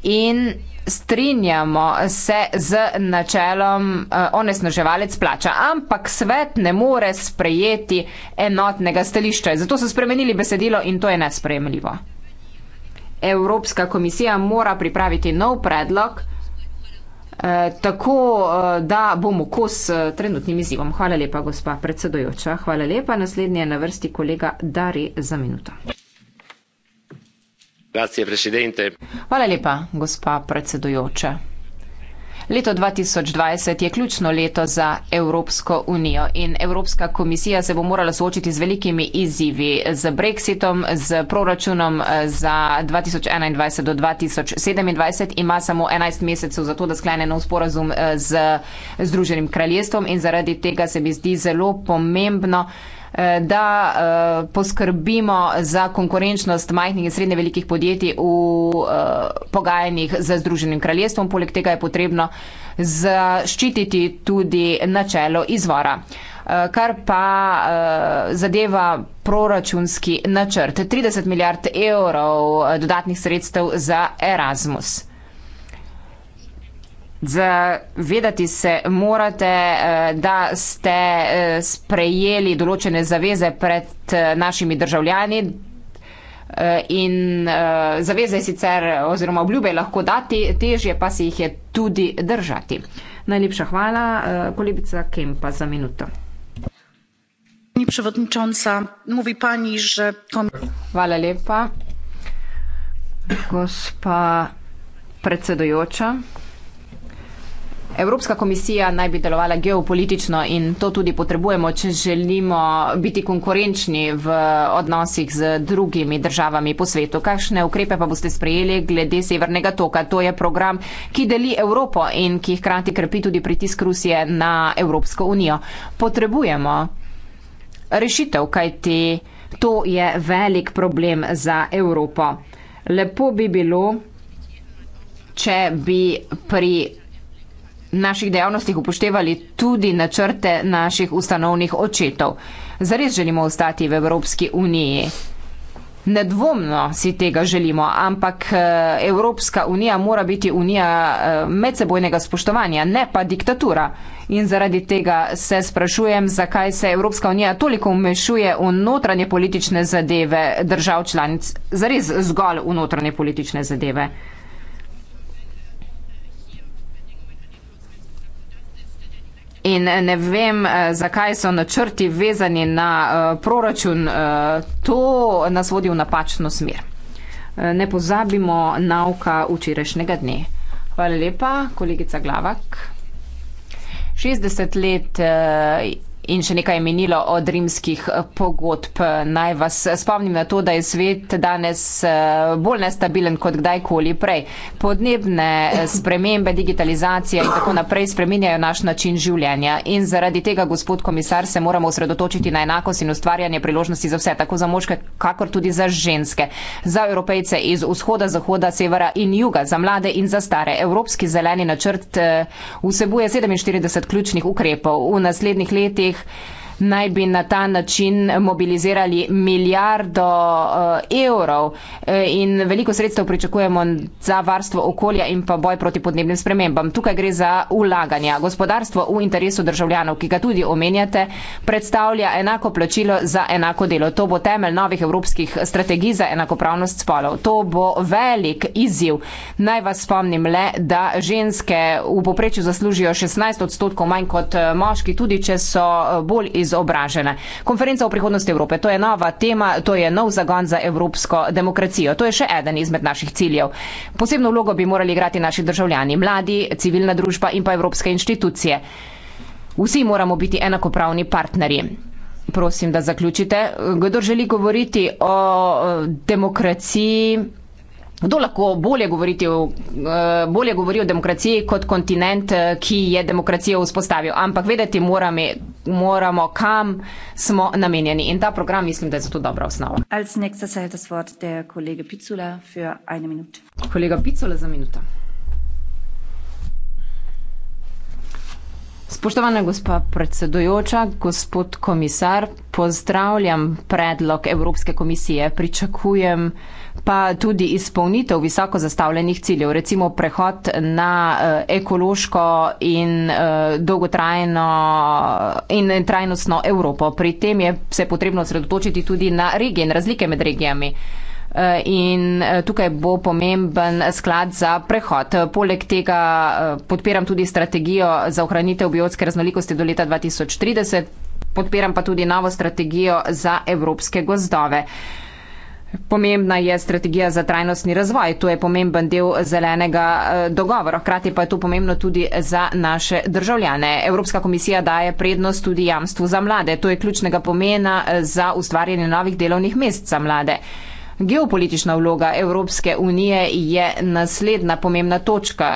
in strinjamo se z načelom eh, onesnaževalec plača, ampak svet ne more sprejeti enotnega stališča. Zato so spremenili besedilo in to je nesprejemljivo. Evropska komisija mora pripraviti nov predlog, Eh, tako eh, da bomo kos eh, trenutnim izzivom. Hvala lepa, gospa predsedojoča. Hvala lepa. Naslednji je na vrsti kolega Dari za minuto. Hvala lepa, gospa predsedojoča. Leto 2020 je ključno leto za Evropsko unijo in Evropska komisija se bo morala soočiti z velikimi izzivi, z brexitom, z proračunom eh, za 2021 do 2027. Ima samo 11 mesecev za to, da sklene nov sporazum eh, z Združenim kraljestvom in zaradi tega se mi zdi zelo pomembno, Eh, da eh, poskrbimo za konkurenčnost majhnih in srednje velikih podjetij v eh, pogajanjih z Združenim kraljestvom. Poleg tega je potrebno zaščititi tudi načelo izvora. Kar pa zadeva proračunski načrt. 30 milijard evrov dodatnih sredstev za Erasmus. Zavedati se morate, eh, da ste eh, sprejeli določene zaveze pred eh, našimi državljani in zaveze sicer oziroma obljube lahko dati, težje pa se jih je tudi držati. Najlepša hvala, kolegica Kempa, za minuto. Hvala lepa. Gospa predsedujoča. Evropska komisija naj bi delovala geopolitično in to tudi potrebujemo, če želimo biti konkurenčni v odnosih z drugimi državami po svetu. Kakšne ukrepe pa boste sprejeli glede Severnega toka? To je program, ki deli Evropo in ki hkrati krepi tudi pritisk Rusije na Evropsko unijo. Potrebujemo rešitev, kajti to je velik problem za Evropo. Lepo bi bilo, če bi pri naših dejavnostih upoštevali tudi načrte naših ustanovnih očetov. Zares želimo ostati v Evropski uniji. Nedvomno si tega želimo, ampak eh, Evropska unija mora biti unija eh, medsebojnega spoštovanja, ne pa diktatura. In zaradi tega se sprašujem, zakaj se Evropska unija toliko umešuje v notranje politične zadeve držav članic, zares zgolj v notranje politične zadeve. In eh, ne vem, eh, zakaj so načrti vezani na eh, proračun. To nas vodi v napačno smer. Ne pozabimo nauka včerajšnjega dne. Hvala lepa, kolegica Glavak. 60 let. In še nekaj je minilo od rimskih pogodb. Naj vas spomnim na to, da je svet danes eh, bolj nestabilen kot kdajkoli prej. Podnebne eh, spremembe, digitalizacija in tako naprej spreminjajo naš način življenja. In zaradi tega, gospod komisar, se moramo osredotočiti na enakost in ustvarjanje priložnosti za vse, tako za moške, kakor tudi za ženske. Za evropejce iz vzhoda, zahoda, severa in juga, za mlade in za stare. Evropski zeleni načrt eh, vsebuje 47 ključnih ukrepov. V naslednjih letih teh naj bi na ta način mobilizirali milijardo eh, evrov eh, in veliko sredstev pričakujemo za varstvo okolja in pa boj proti podnebnim spremembam. Tukaj gre za ulaganja. Gospodarstvo v interesu državljanov, ki ga tudi omenjate, predstavlja enako plačilo za enako delo. To bo temelj novih evropskih strategij za enakopravnost spolov. To bo velik izziv. Naj vas spomnim le, da ženske v poprečju zaslužijo 16 odstotkov manj kot eh, moški, tudi če so bolj izobraženi izobražene. Konferenca o prihodnosti Evrope, to je nova tema, to je nov zagon za evropsko demokracijo, to je še eden izmed naših ciljev. Posebno vlogo bi morali igrati naši državljani, mladi, civilna družba in pa evropske inštitucije. Vsi moramo biti enakopravni partnerji. Prosim, da zaključite. Kdo želi govoriti o eh, demokraciji, Kdo lahko bolje govori, o, eh, bolje govori o demokraciji kot kontinent, eh, ki je demokracijo vzpostavil? Ampak vedeti morami, moramo, kam smo namenjeni. In ta program mislim, da je zato dobra osnova. Kolega Picula, kolega Picula za minuto. Spoštovana gospa predsedujoča, gospod komisar, pozdravljam predlog Evropske komisije. Pričakujem pa tudi izpolnitev visoko zastavljenih ciljev, recimo prehod na eh, ekološko in eh, dolgotrajno in eh, trajnostno Evropo. Pri tem je se potrebno sredotočiti tudi na regije in razlike med regijami. In tukaj bo pomemben sklad za prehod. Poleg tega podpiram tudi strategijo za ohranitev biotske raznolikosti do leta 2030, podpiram pa tudi novo strategijo za evropske gozdove. Pomembna je strategija za trajnostni razvoj, to je pomemben del zelenega eh, dogovora, hkrati pa je to pomembno tudi za naše državljane. Evropska komisija daje prednost tudi jamstvu za mlade, to je ključnega pomena eh, za ustvarjanje novih delovnih mest za mlade. Geopolitična vloga Evropske unije je naslednja pomembna točka.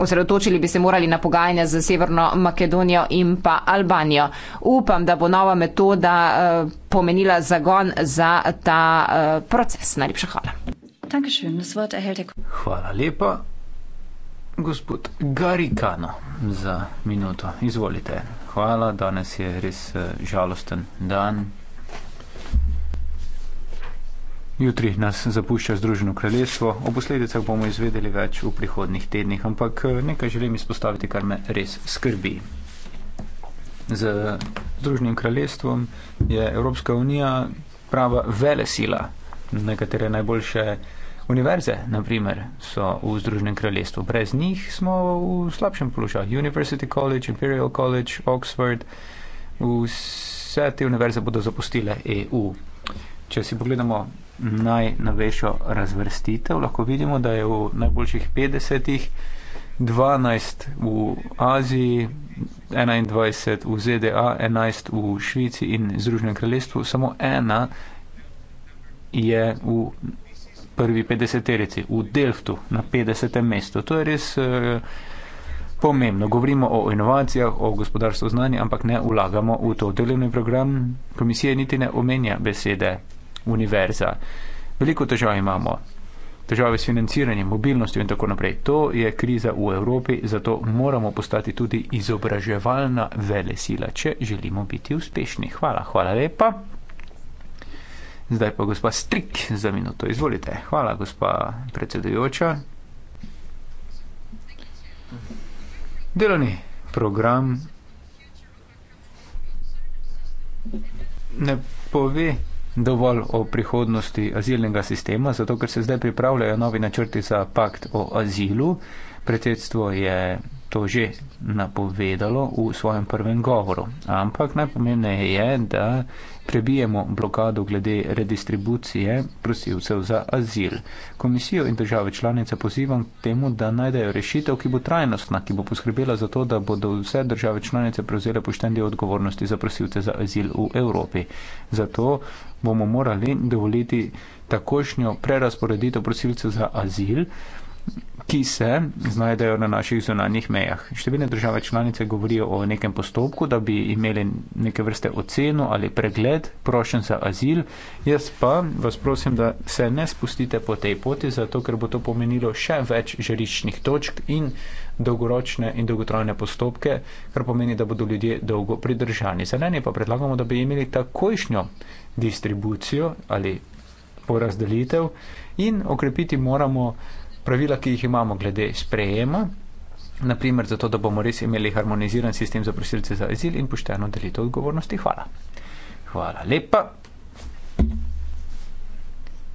Osredotočili bi se morali na pogajanja z Severno Makedonijo in pa Albanijo. Upam, da bo nova metoda eh, pomenila zagon za ta eh, proces. Najlepša hvala. Hvala lepa. Gospod Garikano za minuto. Izvolite. Hvala, danes je res eh, žalosten dan, Jutri nas zapušča Združeno kraljestvo, o posledicah bomo izvedeli več v prihodnih tednih, ampak nekaj želim izpostaviti, kar me res skrbi. Z Združenim kraljestvom je Evropska unija prava vele sila. Nekatere najboljše univerze, naprimer, so v Združenem kraljestvu. Brez njih smo v slabšem položaju. University College, Imperial College, Oxford, vse te univerze bodo zapustile EU. Če si pogledamo najnovejšo razvrstitev. Lahko vidimo, da je v najboljših 50-ih 12 v Aziji, 21 v ZDA, 11 v Švici in Združenem kraljestvu, samo ena je v prvi 50-terici, v Delftu, na 50. mestu. To je res eh, pomembno. Govorimo o inovacijah, o gospodarstvu znanja, ampak ne ulagamo v to. Delovni program komisije niti ne omenja besede univerza. Veliko težav imamo. Težave s financiranjem, mobilnostjo in tako naprej. To je kriza v Evropi, zato moramo postati tudi izobraževalna vele sila, če želimo biti uspešni. Hvala, hvala lepa. Zdaj pa gospa Strik za minuto. Izvolite. Hvala, gospa predsedujoča. Delovni program ne pove dovolj o prihodnosti azilnega sistema, zato ker se zdaj pripravljajo novi načrti za pakt o azilu. Predsedstvo je to že napovedalo v svojem prvem govoru. Ampak najpomembneje je, da prebijemo blokado glede redistribucije prosilcev za azil. Komisijo in države članice pozivam k temu, da najdejo rešitev, ki bo trajnostna, ki bo poskrbela za to, da bodo vse države članice prevzele pošten del odgovornosti za prosilce za azil v Evropi. Zato bomo morali dovoliti takošnjo prerasporeditev prosilcev za azil, ki se znajdejo na naših zunanjih mejah. Številne države članice govorijo o nekem postopku, da bi imeli neke vrste oceno ali pregled prošen za azil. Jaz pa vas prosim, da se ne spustite po tej poti, zato ker bo to pomenilo še več žeriščnih točk in dolgoročne in dolgotrajne postopke, kar pomeni, da bodo ljudje dolgo pridržani. Zeleni pa predlagamo, da bi imeli takojšnjo distribucijo ali porazdelitev in okrepiti moramo pravila, ki jih imamo glede sprejema, naprimer zato, da bomo res imeli harmoniziran sistem za prosilce za azil in pošteno delitev odgovornosti. Hvala. Hvala lepa.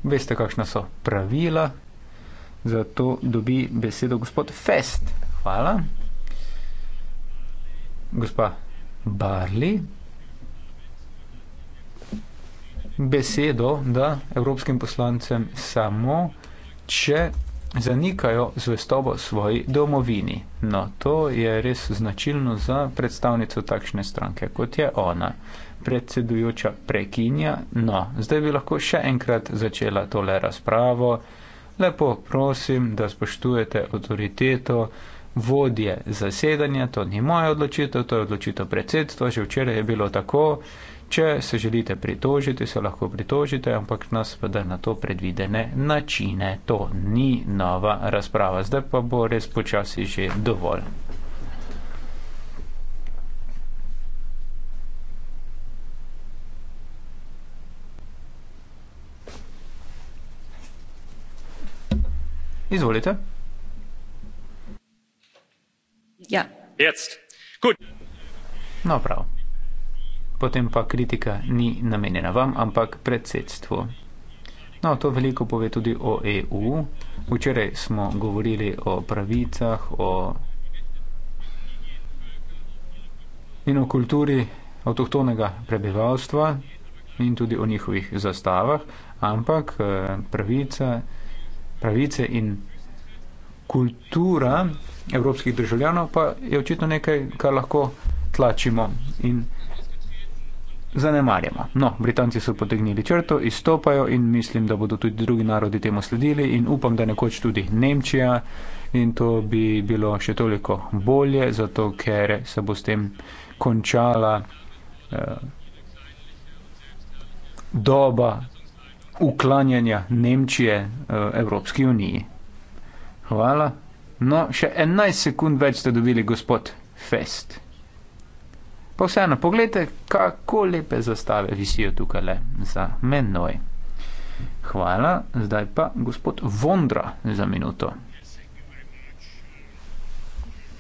Veste, kakšna so pravila, zato dobi besedo gospod Fest. Hvala. Gospa Barli besedo, da evropskim poslancem samo, če zanikajo zvestobo svoji domovini. No, to je res značilno za predstavnico takšne stranke, kot je ona. Predsedujoča prekinja, no, zdaj bi lahko še enkrat začela tole razpravo. Lepo prosim, da spoštujete avtoriteto vodje zasedanja, to ni moja odločitev, to je odločitev predsedstva, že včeraj je bilo tako. Če se želite pritožiti, se lahko pritožite, ampak nas pa na to predvidene načine. To ni nova razprava. Zdaj pa bo res počasi že dovolj. Izvolite. Ja. Jetzt. Gut. No, prav potem pa kritika ni namenjena vam, ampak predsedstvu. No, to veliko pove tudi o EU. Včeraj smo govorili o pravicah, o in o kulturi avtohtonega prebivalstva in tudi o njihovih zastavah, ampak eh, pravica, pravice in kultura evropskih državljanov pa je očitno nekaj, kar lahko tlačimo in zanemarjamo. No, Britanci so potegnili črto, izstopajo in mislim, da bodo tudi drugi narodi temu sledili in upam, da nekoč tudi Nemčija in to bi bilo še toliko bolje, zato ker se bo s tem končala eh, doba uklanjanja Nemčije eh, Evropski uniji. Hvala. No, še 11 sekund več ste dobili, gospod Fest. Pa vseeno, pogledajte, kako lepe zastave visijo tukaj le za menoj. Hvala, zdaj pa gospod Vondra za minuto.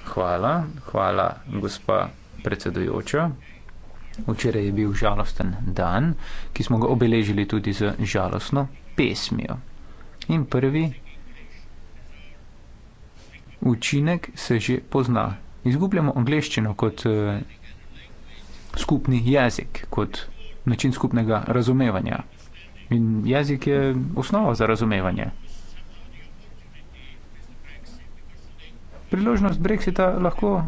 Hvala, hvala gospa predsedujoča. Včeraj je bil žalosten dan, ki smo ga obeležili tudi z žalostno pesmijo. In prvi učinek se že pozna. Izgubljamo angliščino kot eh, skupni jezik, kot način skupnega razumevanja. In jezik je osnova za razumevanje. Priložnost Brexita lahko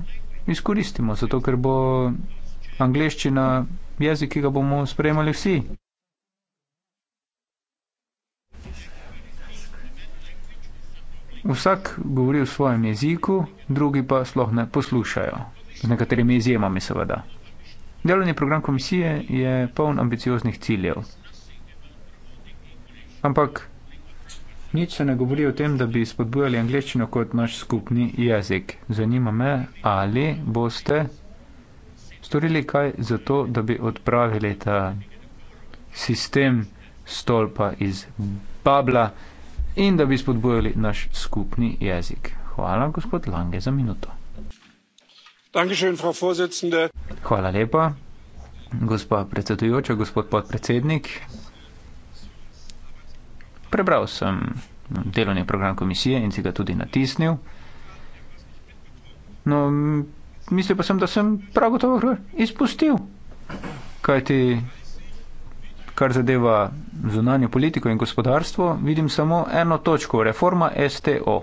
izkoristimo, zato ker bo angliščina jezik, ki ga bomo sprejemali vsi. Vsak govori v svojem jeziku, drugi pa sloh ne poslušajo, z nekaterimi izjemami seveda. Delovni program komisije je poln ambicioznih ciljev. Ampak nič se ne govori o tem, da bi spodbujali angliščino kot naš skupni jezik. Zanima me, ali boste storili kaj za to, da bi odpravili ta sistem stolpa iz Babla in da bi spodbujali naš skupni jezik. Hvala, gospod Lange, za minuto. Hvala lepa, gospa predsedujoča, gospod podpredsednik. Prebral sem delovni program komisije in si ga tudi natisnil. No, mislil pa sem, da sem prav gotovo izpustil, kajti kar zadeva zunanjo politiko in gospodarstvo, vidim samo eno točko, reforma STO.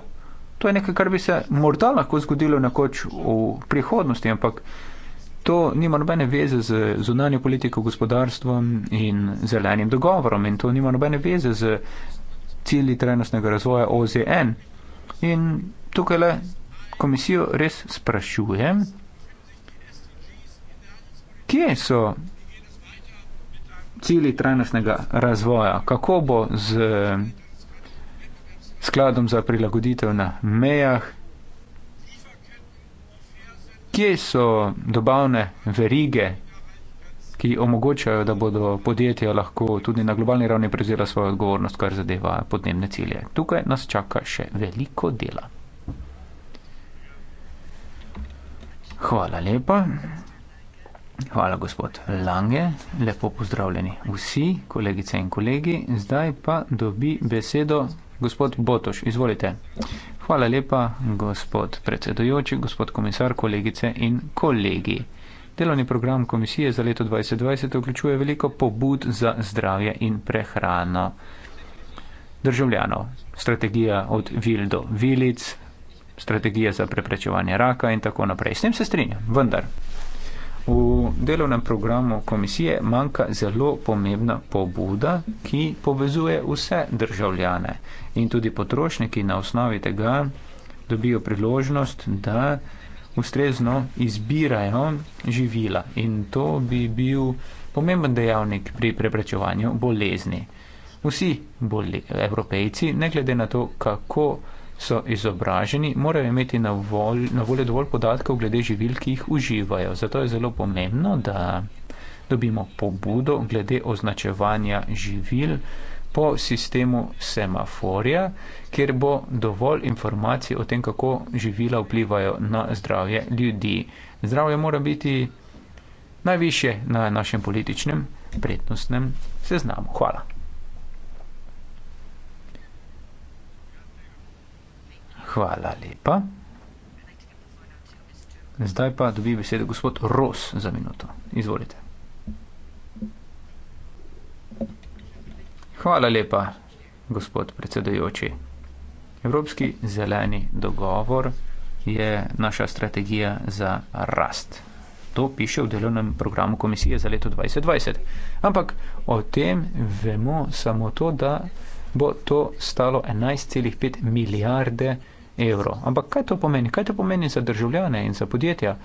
To je nekaj, kar bi se morda lahko zgodilo nekoč v prihodnosti, ampak to nima nobene veze z zunanjo politiko, gospodarstvom in zelenim dogovorom in to nima nobene veze z cilji trenostnega razvoja OZN. In tukaj le komisijo res sprašujem, kje so cilji trenostnega razvoja, kako bo z skladom za prilagoditev na mejah. Kje so dobavne verige, ki omogočajo, da bodo podjetja lahko tudi na globalni ravni prevzela svojo odgovornost, kar zadeva podnebne cilje? Tukaj nas čaka še veliko dela. Hvala lepa. Hvala, gospod Lange. Lepo pozdravljeni vsi, kolegice in kolegi. Zdaj pa dobi besedo. Gospod Botoš, izvolite. Hvala lepa, gospod predsedujoči, gospod komisar, kolegice in kolegi. Delovni program komisije za leto 2020 vključuje veliko pobud za zdravje in prehrano državljanov. Strategija od vil do vilic, strategija za preprečevanje raka in tako naprej. S tem se strinjam, vendar V delovnem programu komisije manjka zelo pomembna pobuda, ki povezuje vse državljane in tudi potrošniki na osnovi tega dobijo priložnost, da ustrezno izbirajo živila in to bi bil pomemben dejavnik pri preprečevanju bolezni. Vsi boli, evropejci, ne glede na to, kako so izobraženi, morajo imeti na, vol, na voljo dovolj podatkov glede živil, ki jih uživajo. Zato je zelo pomembno, da dobimo pobudo glede označevanja živil po sistemu semaforja, kjer bo dovolj informacij o tem, kako živila vplivajo na zdravje ljudi. Zdravje mora biti najviše na našem političnem prednostnem seznamu. Hvala. Hvala lepa. Zdaj pa dobi besedo gospod Ros za minuto. Izvolite. Hvala lepa, gospod predsedujoči. Evropski zeleni dogovor je naša strategija za rast. To piše v delovnem programu komisije za leto 2020. Ampak o tem vemo samo to, da bo to stalo 11,5 milijarde evrov evro. Ampak kaj to pomeni? Kaj to pomeni za državljane in za podjetja?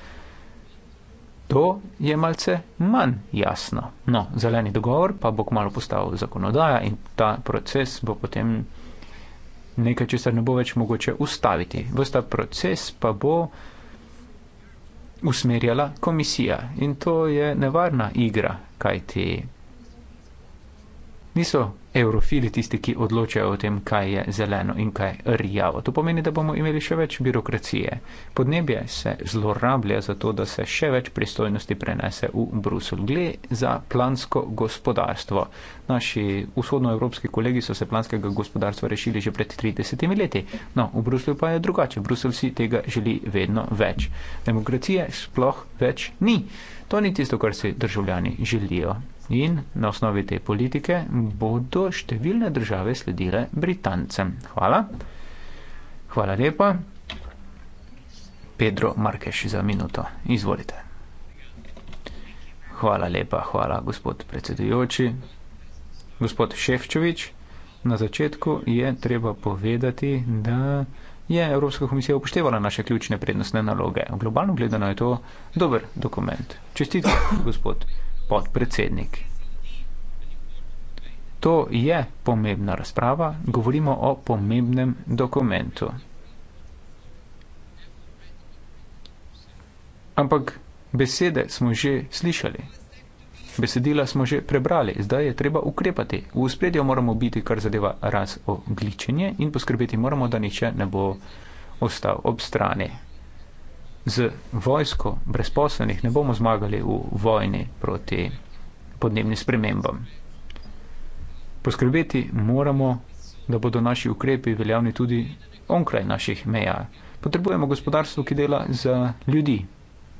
To je malce manj jasno. No, zeleni dogovor pa bo kmalo postal zakonodaja in ta proces bo potem nekaj, česar ne bo več mogoče ustaviti. Vsta proces pa bo usmerjala komisija in to je nevarna igra, kaj ti niso eurofili tisti, ki odločajo o tem, kaj je zeleno in kaj rjavo. To pomeni, da bomo imeli še več birokracije. Podnebje se zlorablja za to, da se še več pristojnosti prenese v Brusel. Gle za plansko gospodarstvo. Naši vzhodnoevropski kolegi so se planskega gospodarstva rešili že pred 30 leti. No, v Bruslju pa je drugače. Brusel si tega želi vedno več. Demokracije sploh več ni. To ni tisto, kar si državljani želijo. In na osnovi te politike bodo številne države sledile Britancem. Hvala. Hvala lepa. Pedro Markeš za minuto. Izvolite. Hvala lepa, hvala gospod predsedujoči. Gospod Ševčovič, na začetku je treba povedati, da je Evropska komisija upoštevala naše ključne prednostne naloge. Globalno gledano je to dober dokument. Čestitke, gospod podpredsednik. To je pomembna razprava, govorimo o pomembnem dokumentu. Ampak besede smo že slišali, besedila smo že prebrali, zdaj je treba ukrepati. V spredju moramo biti, kar zadeva razogličenje in poskrbeti moramo, da nihče ne bo ostal ob strani z vojsko brezposlenih ne bomo zmagali v vojni proti podnebnim spremembam. Poskrbeti moramo, da bodo naši ukrepi veljavni tudi onkraj naših meja. Potrebujemo gospodarstvo, ki dela za ljudi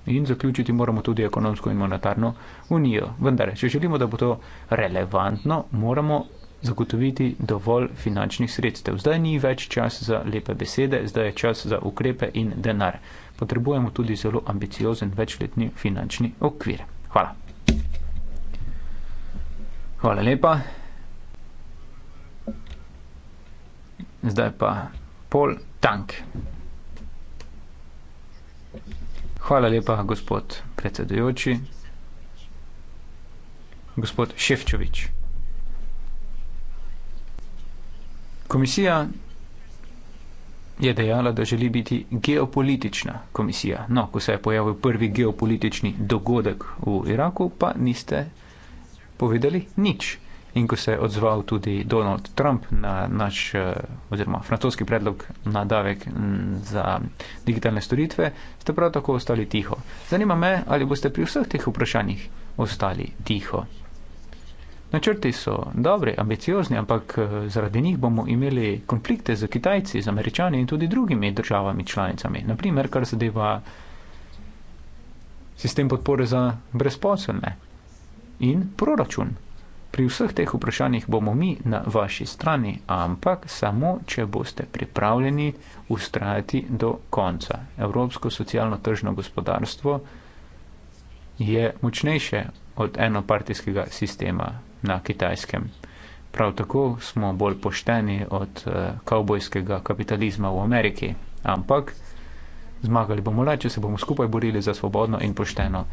in zaključiti moramo tudi ekonomsko in monetarno unijo. Vendar, če želimo, da bo to relevantno, moramo zagotoviti dovolj finančnih sredstev. Zdaj ni več čas za lepe besede, zdaj je čas za ukrepe in denar. Potrebujemo tudi zelo ambiciozen večletni finančni okvir. Hvala. Hvala lepa. Zdaj pa pol tank. Hvala lepa, gospod predsedujoči. Gospod Ševčovič. Komisija je dejala, da želi biti geopolitična komisija. No, ko se je pojavil prvi geopolitični dogodek v Iraku, pa niste povedali nič. In ko se je odzval tudi Donald Trump na naš eh, oziroma francoski predlog na davek mm, za digitalne storitve, ste prav tako ostali tiho. Zanima me, ali boste pri vseh teh vprašanjih ostali tiho. Načrti so dobri, ambiciozni, ampak eh, zaradi njih bomo imeli konflikte z Kitajci, z Američani in tudi drugimi državami članicami. Naprimer, kar zadeva sistem podpore za brezposelne in proračun. Pri vseh teh vprašanjih bomo mi na vaši strani, ampak samo, če boste pripravljeni ustrajati do konca. Evropsko socialno-tržno gospodarstvo je močnejše od enopartijskega sistema na kitajskem. Prav tako smo bolj pošteni od eh, kavbojskega kapitalizma v Ameriki, ampak zmagali bomo le, če se bomo skupaj borili za svobodno in pošteno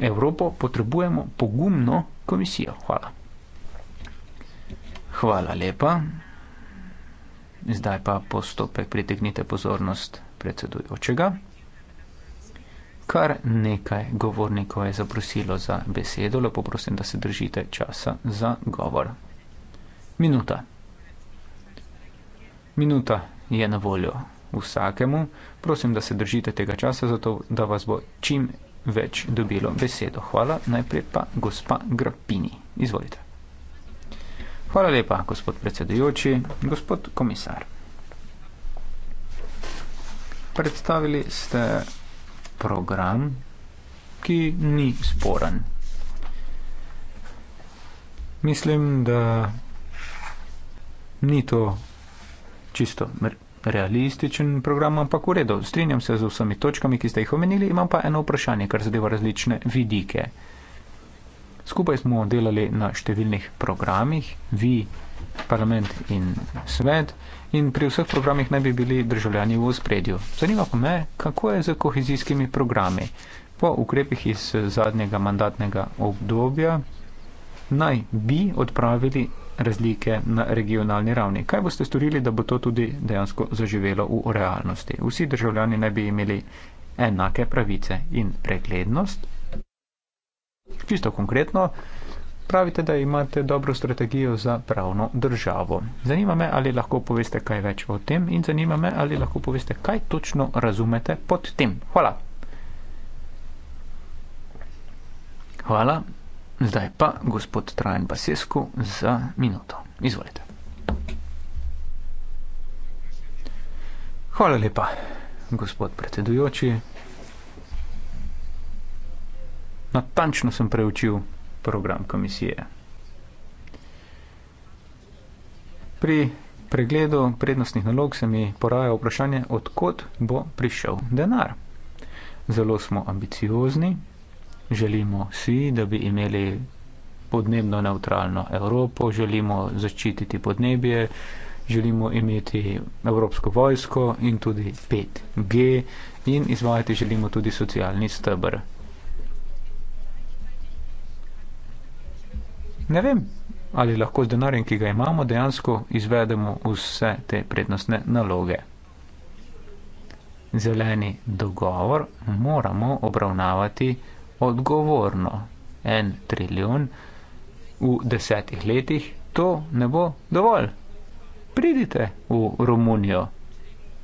Evropo. Potrebujemo pogumno komisijo. Hvala. Hvala lepa. Zdaj pa postopek pritegnite pozornost predsedujočega. Kar nekaj govornikov je zaprosilo za besedo, lepo prosim, da se držite časa za govor. Minuta. Minuta je na voljo vsakemu. Prosim, da se držite tega časa, zato da vas bo čim več dobilo besedo. Hvala. Najprej pa gospa Grappini. Izvolite. Hvala lepa, gospod predsedujoči, gospod komisar. Predstavili ste program, ki ni sporen. Mislim, da ni to čisto realističen program, ampak v redu. Strinjam se z vsemi točkami, ki ste jih omenili, imam pa eno vprašanje, kar zadeva različne vidike. Skupaj smo delali na številnih programih, vi parlament in svet in pri vseh programih naj bi bili državljani v ospredju. Zanima pa me, kako je z kohezijskimi programi. Po ukrepih iz zadnjega mandatnega obdobja naj bi odpravili razlike na regionalni ravni. Kaj boste storili, da bo to tudi dejansko zaživelo v realnosti? Vsi državljani naj bi imeli enake pravice in preglednost. Čisto konkretno, Pravite, da imate dobro strategijo za pravno državo. Zanima me, ali lahko poveste kaj več o tem in zanima me, ali lahko poveste, kaj točno razumete pod tem. Hvala. Hvala. Zdaj pa gospod Trajan Basesku za minuto. Izvolite. Hvala lepa, gospod predsedujoči. Natančno sem preučil program komisije. Pri pregledu prednostnih nalog se mi poraja vprašanje, odkot bo prišel denar. Zelo smo ambiciozni, želimo si, da bi imeli podnebno neutralno Evropo, želimo zaščititi podnebje, želimo imeti Evropsko vojsko in tudi 5G in izvajati želimo tudi socialni stebr ne vem, ali lahko z denarjem, ki ga imamo, dejansko izvedemo vse te prednostne naloge. Zeleni dogovor moramo obravnavati odgovorno. En trilijon v desetih letih, to ne bo dovolj. Pridite v Romunijo,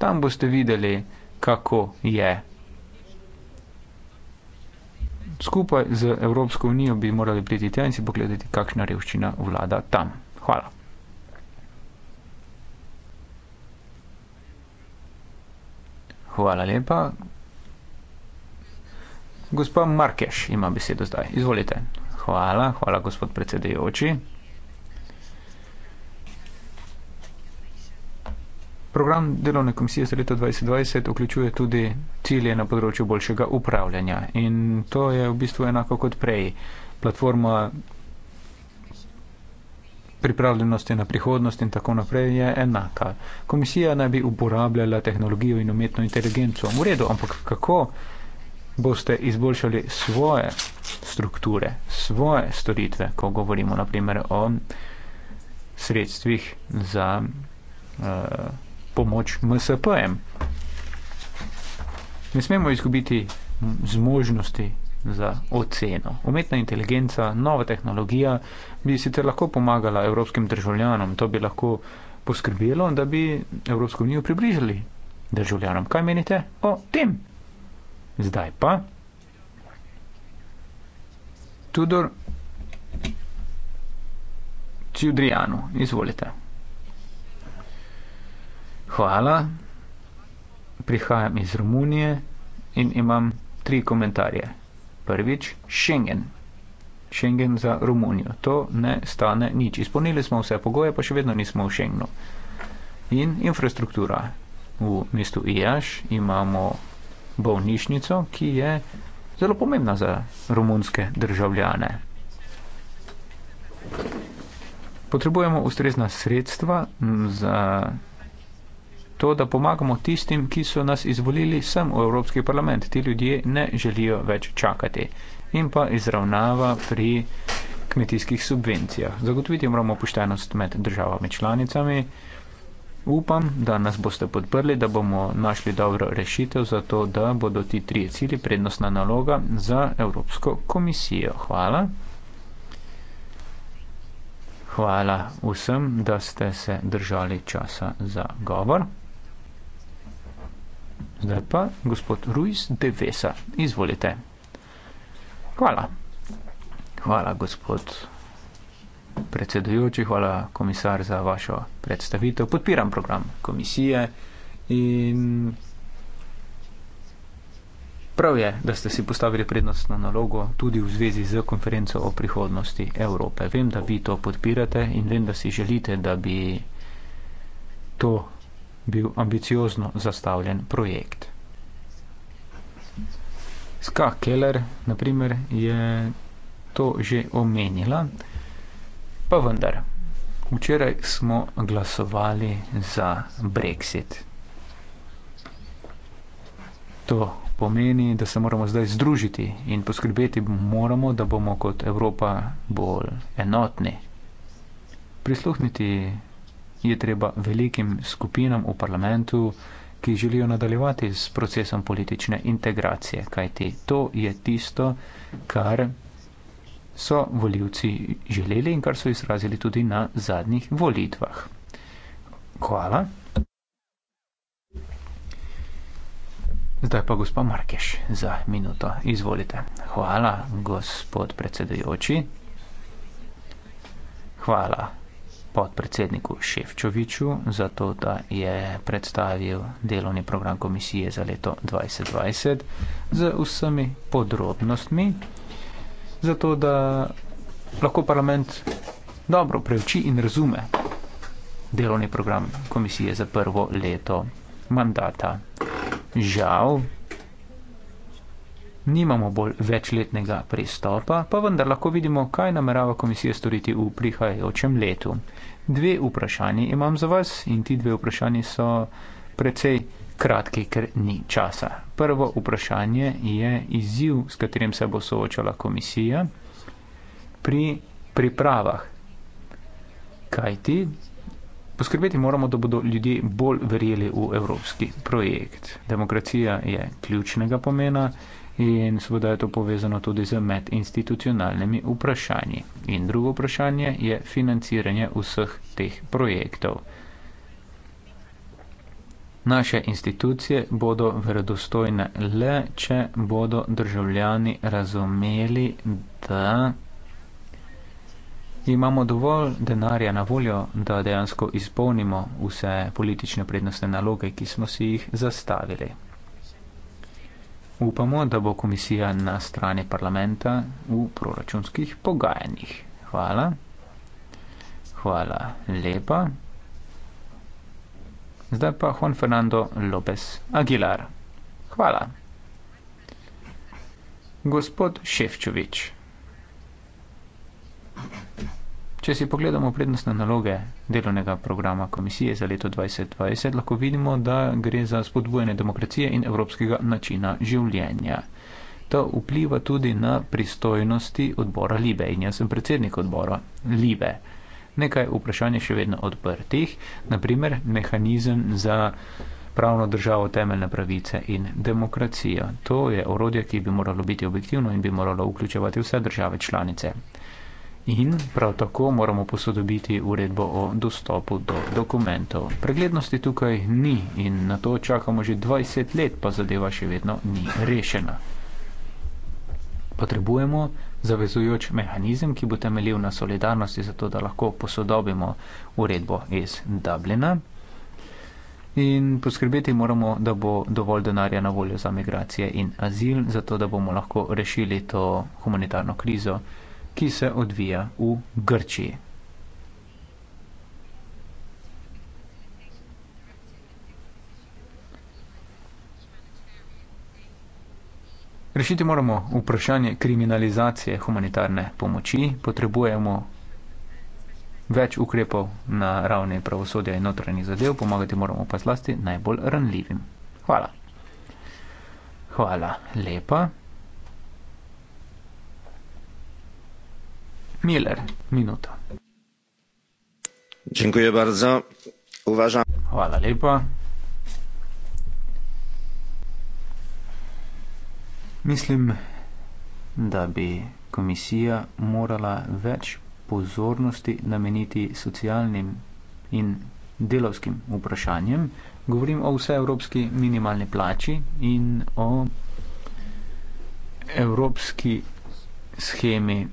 tam boste videli, kako je skupaj z Evropsko unijo bi morali priti tja in si pogledati, kakšna revščina vlada tam. Hvala. Hvala lepa. Gospod Markeš ima besedo zdaj. Izvolite. Hvala, hvala gospod predsedujoči. Program delovne komisije za leto 2020 vključuje tudi cilje na področju boljšega upravljanja in to je v bistvu enako kot prej. Platforma pripravljenosti na prihodnost in tako naprej je enaka. Komisija naj bi uporabljala tehnologijo in umetno inteligenco. V redu, ampak kako boste izboljšali svoje strukture, svoje storitve, ko govorimo naprimer o sredstvih za uh, pomoč MSP-jem. Ne smemo izgubiti zmožnosti za oceno. Umetna inteligenca, nova tehnologija bi sicer lahko pomagala evropskim državljanom, to bi lahko poskrbelo, da bi Evropsko unijo približali državljanom. Kaj menite o tem? Zdaj pa. Tudor Čudrijanu, izvolite. Hvala. Prihajam iz Romunije in imam tri komentarje. Prvič, Schengen. Schengen za Romunijo. To ne stane nič. Izpolnili smo vse pogoje, pa še vedno nismo v Schengenu. In infrastruktura. V mestu Iaš imamo bolnišnico, ki je zelo pomembna za romunske državljane. Potrebujemo ustrezna sredstva za to, da pomagamo tistim, ki so nas izvolili sem v Evropski parlament. Ti ljudje ne želijo več čakati. In pa izravnava pri kmetijskih subvencijah. Zagotoviti moramo poštenost med državami članicami. Upam, da nas boste podprli, da bomo našli dobro rešitev za to, da bodo ti tri cilji prednostna naloga za Evropsko komisijo. Hvala. Hvala vsem, da ste se držali časa za govor. Zdaj pa gospod Ruiz de Vesa. Izvolite. Hvala. Hvala, gospod predsedujoči, hvala, komisar, za vašo predstavitev. Podpiram program komisije in prav je, da ste si postavili prednostno nalogo tudi v zvezi z konferenco o prihodnosti Evrope. Vem, da vi to podpirate in vem, da si želite, da bi to bil ambiciozno zastavljen projekt. Ska Keller, naprimer, je to že omenila, pa vendar, včeraj smo glasovali za Brexit. To pomeni, da se moramo zdaj združiti in poskrbeti moramo, da bomo kot Evropa bolj enotni. Prisluhniti je treba velikim skupinam v parlamentu, ki želijo nadaljevati s procesom politične integracije, kajti to je tisto, kar so voljivci želeli in kar so izrazili tudi na zadnjih volitvah. Hvala. Zdaj pa gospa Markeš za minuto. Izvolite. Hvala, gospod predsedujoči. Hvala podpredsedniku Ševčoviču za to, da je predstavil delovni program komisije za leto 2020 z vsemi podrobnostmi, zato da lahko parlament dobro preuči in razume delovni program komisije za prvo leto mandata. Žal, nimamo bolj večletnega pristopa, pa vendar lahko vidimo, kaj namerava komisija storiti v prihajajočem letu. Dve vprašanji imam za vas in ti dve vprašanji so precej kratki, ker ni časa. Prvo vprašanje je izziv, s katerim se bo soočala komisija pri pripravah. Kaj ti? Poskrbeti moramo, da bodo ljudje bolj verjeli v evropski projekt. Demokracija je ključnega pomena in seveda je to povezano tudi z medinstitucionalnimi vprašanji. In drugo vprašanje je financiranje vseh teh projektov. Naše institucije bodo verodostojne le, če bodo državljani razumeli, da imamo dovolj denarja na voljo, da dejansko izpolnimo vse politične prednostne naloge, ki smo si jih zastavili upamo, da bo komisija na strani parlamenta v proračunskih pogajanjih. Hvala. Hvala lepa. Zdaj pa Juan Fernando López Aguilar. Hvala. Gospod Ševčovič. Če si pogledamo prednostne naloge delovnega programa komisije za leto 2020 lahko vidimo, da gre za spodbujanje demokracije in evropskega načina življenja. To vpliva tudi na pristojnosti odbora Libe in jaz sem predsednik odbora Libe. Nekaj vprašanj je še vedno odprtih, naprimer mehanizem za pravno državo temeljne pravice in demokracijo. To je orodje, ki bi moralo biti objektivno in bi moralo vključevati vse države članice. In prav tako moramo posodobiti uredbo o dostopu do dokumentov. Preglednosti tukaj ni in na to čakamo že 20 let, pa zadeva še vedno ni rešena. Potrebujemo zavezujoč mehanizem, ki bo temeljil na solidarnosti, zato da lahko posodobimo uredbo iz Dublina. In poskrbeti moramo, da bo dovolj denarja na voljo za migracije in azil, zato da bomo lahko rešili to humanitarno krizo ki se odvija v Grčiji. Rešiti moramo vprašanje kriminalizacije humanitarne pomoči. Potrebujemo več ukrepov na ravni pravosodja in notranjih zadev. Pomagati moramo pa zlasti najbolj ranljivim. Hvala. Hvala lepa. Miller, minuta. Dziękuję bardzo. Uważam. Hvala lepa. Mislim, da bi komisija morala več pozornosti nameniti socialnim in delovskim vprašanjem. Govorim o vseevropski minimalni plači in o evropski schemi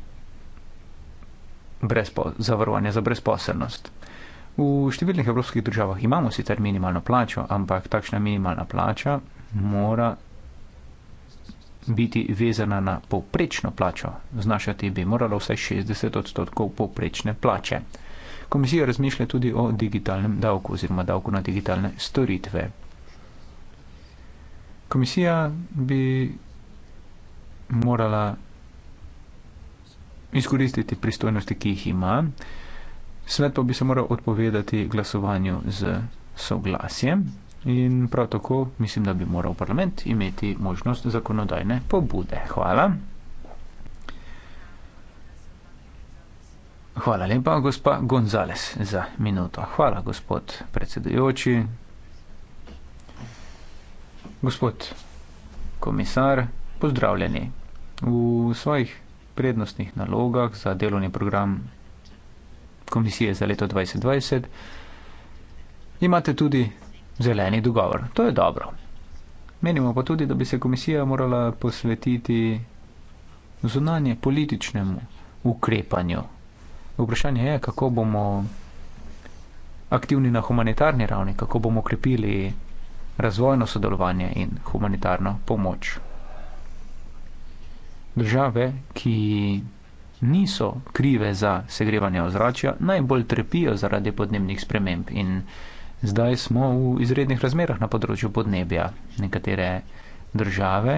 brezpo, zavarovanja za brezposelnost. V številnih evropskih državah imamo sicer minimalno plačo, ampak takšna minimalna plača mora biti vezana na povprečno plačo. Znašati bi morala vsaj 60 odstotkov povprečne plače. Komisija razmišlja tudi o digitalnem davku oziroma davku na digitalne storitve. Komisija bi morala izkoristiti pristojnosti, ki jih ima. Svet pa bi se moral odpovedati glasovanju z soglasjem in prav tako mislim, da bi moral parlament imeti možnost zakonodajne pobude. Hvala. Hvala lepa, gospa Gonzales, za minuto. Hvala, gospod predsedujoči. Gospod komisar, pozdravljeni v svojih prednostnih nalogah za delovni program komisije za leto 2020, imate tudi zeleni dogovor. To je dobro. Menimo pa tudi, da bi se komisija morala posvetiti zunanje političnemu ukrepanju. Vprašanje je, kako bomo aktivni na humanitarni ravni, kako bomo krepili razvojno sodelovanje in humanitarno pomoč države, ki niso krive za segrevanje ozračja, najbolj trpijo zaradi podnebnih sprememb. In zdaj smo v izrednih razmerah na področju podnebja. Nekatere države